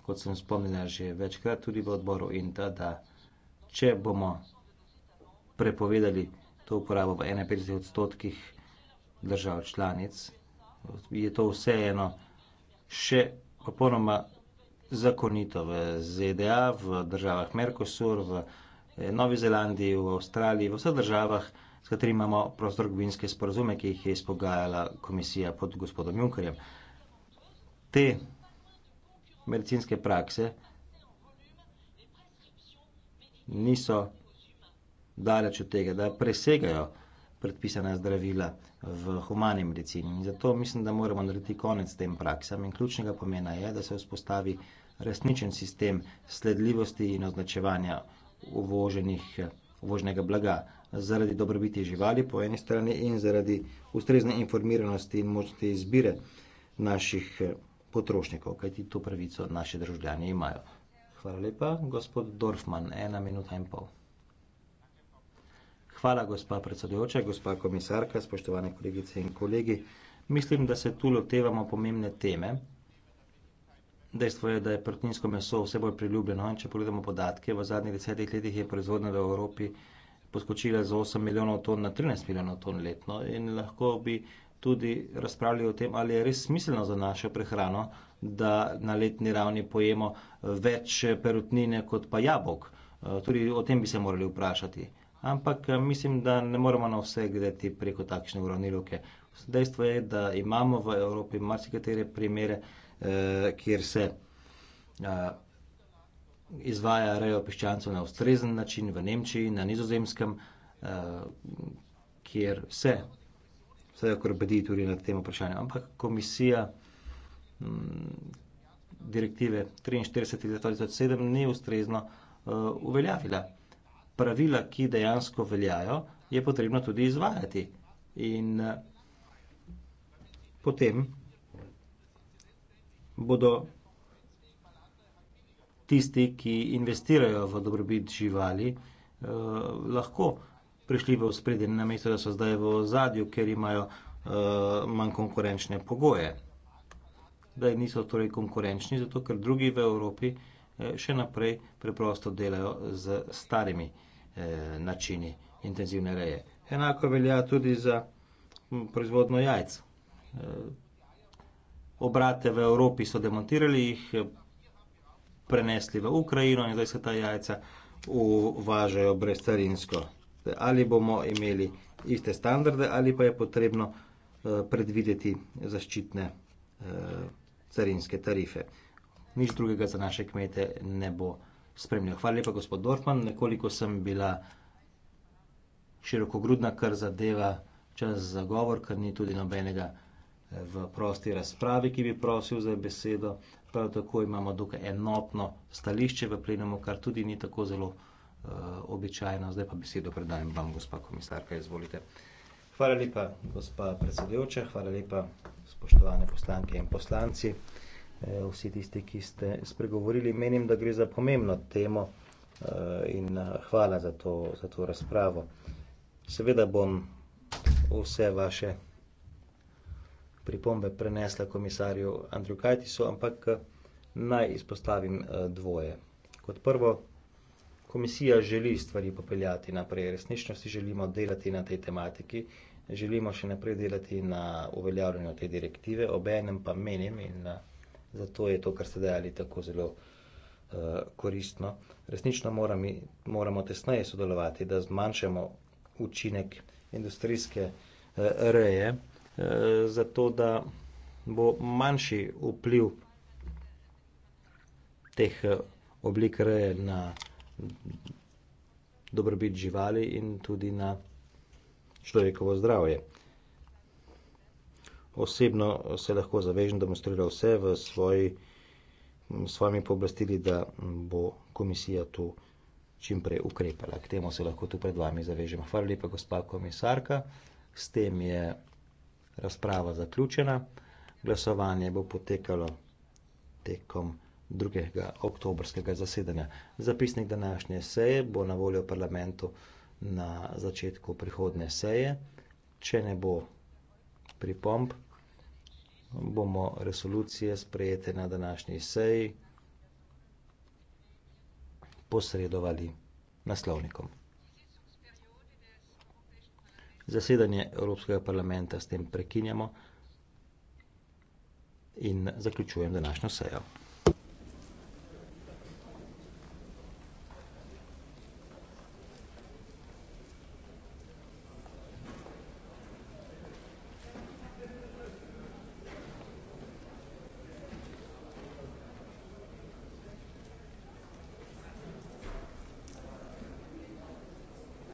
kot sem spomnila že večkrat tudi v odboru in da, da če bomo prepovedali to uporabo v 51 odstotkih držav članic, je to vseeno še popolnoma zakonito v ZDA, v državah Mercosur, v eh, Novi Zelandiji, v Avstraliji, v vseh državah, s katerimi imamo prostorgovinske sporozume, ki jih je izpogajala komisija pod gospodom Junkerjem te medicinske prakse niso daleč od tega, da presegajo predpisana zdravila v humani medicini. In zato mislim, da moramo narediti konec tem praksam in ključnega pomena je, da se vzpostavi resničen sistem sledljivosti in označevanja uvoženih, uvoženega blaga zaradi dobrobiti živali po eni strani in zaradi ustrezne informiranosti in možnosti izbire naših potrošnikov, kajti to pravico naše državljani imajo. Hvala lepa, gospod Dorfman, ena minuta in pol. Hvala, gospa predsedujoča, gospa komisarka, spoštovane kolegice in kolegi. Mislim, da se tu lotevamo pomembne teme. Dejstvo je, da je proteinsko meso vse bolj priljubljeno in če pogledamo podatke, v zadnjih desetih letih je proizvodnja v Evropi poskočila z 8 milijonov ton na 13 milijonov ton letno in lahko bi tudi razpravljali o tem, ali je res smiselno za našo prehrano, da na letni ravni pojemo več perutnine kot pa jabolk. Eh, tudi o tem bi se morali vprašati. Ampak eh, mislim, da ne moramo na vse gledati preko takšne uravnilovke. Dejstvo je, da imamo v Evropi marsikatere primere, eh, kjer se eh, izvaja rejo piščancev na ustrezen način, v Nemčiji, na nizozemskem, eh, kjer se se je korbedi tudi nad tem vprašanjem. Ampak komisija m, mm, direktive 43. leta 2007 ni ustrezno uh, eh, uveljavila. Pravila, ki dejansko veljajo, je potrebno tudi izvajati. In uh, potem bodo tisti, ki investirajo v dobrobit živali, uh, lahko uh, prišli v spredje, na mesto, da so zdaj v zadju, ker imajo uh, manj konkurenčne pogoje. Da niso torej konkurenčni, zato ker drugi v Evropi eh, še naprej preprosto delajo z starimi eh, načini intenzivne reje. Enako velja tudi za hm, proizvodno jajc. Eh, obrate v Evropi so demontirali jih, eh, prenesli v Ukrajino in zdaj se ta jajca uvažajo brezcarinsko ali bomo imeli iste standarde ali pa je potrebno eh, predvideti zaščitne eh, carinske tarife. Nič drugega za naše kmete ne bo spremljeno. Hvala lepa, gospod Dortman. Nekoliko sem bila širokogrudna, kar zadeva čas za govor, ker ni tudi nobenega eh, v prosti razpravi, ki bi prosil za besedo. Prav tako imamo dokaj enotno stališče v plenumu, kar tudi ni tako zelo. Eh, običajno. Zdaj pa besedo predajem vam, gospa komisarka, izvolite. Hvala lepa, gospa predsedujoča, hvala lepa, spoštovane poslanke in poslanci, eh, vsi tisti, ki ste spregovorili. Menim, da gre za pomembno temo eh, in hvala za to, za to razpravo. Seveda bom vse vaše pripombe prenesla komisarju Andriju Kajtisu, ampak naj izpostavim dvoje. Kot prvo, komisija želi stvari popeljati naprej. Resnično si želimo delati na tej tematiki, želimo še naprej delati na uveljavljanju te direktive, obenem pa menim in eh, zato je to, kar ste dejali, tako zelo uh, koristno. Resnično moram, moramo tesneje sodelovati, da zmanjšamo učinek industrijske uh, reje, uh, zato da bo manjši vpliv teh oblik reje na dobrobit živali in tudi na človekovo zdravje. Osebno se lahko zavežem, da bom storila vse v svoji, svojimi pooblastili, da bo komisija tu čim prej ukrepala. K temu se lahko tu pred vami zavežem. Hvala lepa, gospa komisarka. S tem je razprava zaključena. Glasovanje bo potekalo tekom 2. oktobrskega zasedanja. Zapisnik današnje seje bo na voljo parlamentu na začetku prihodne seje. Če ne bo pripomb, bomo resolucije sprejete na današnji seji posredovali naslovnikom. Zasedanje Evropskega parlamenta s tem prekinjamo in zaključujem današnjo sejo.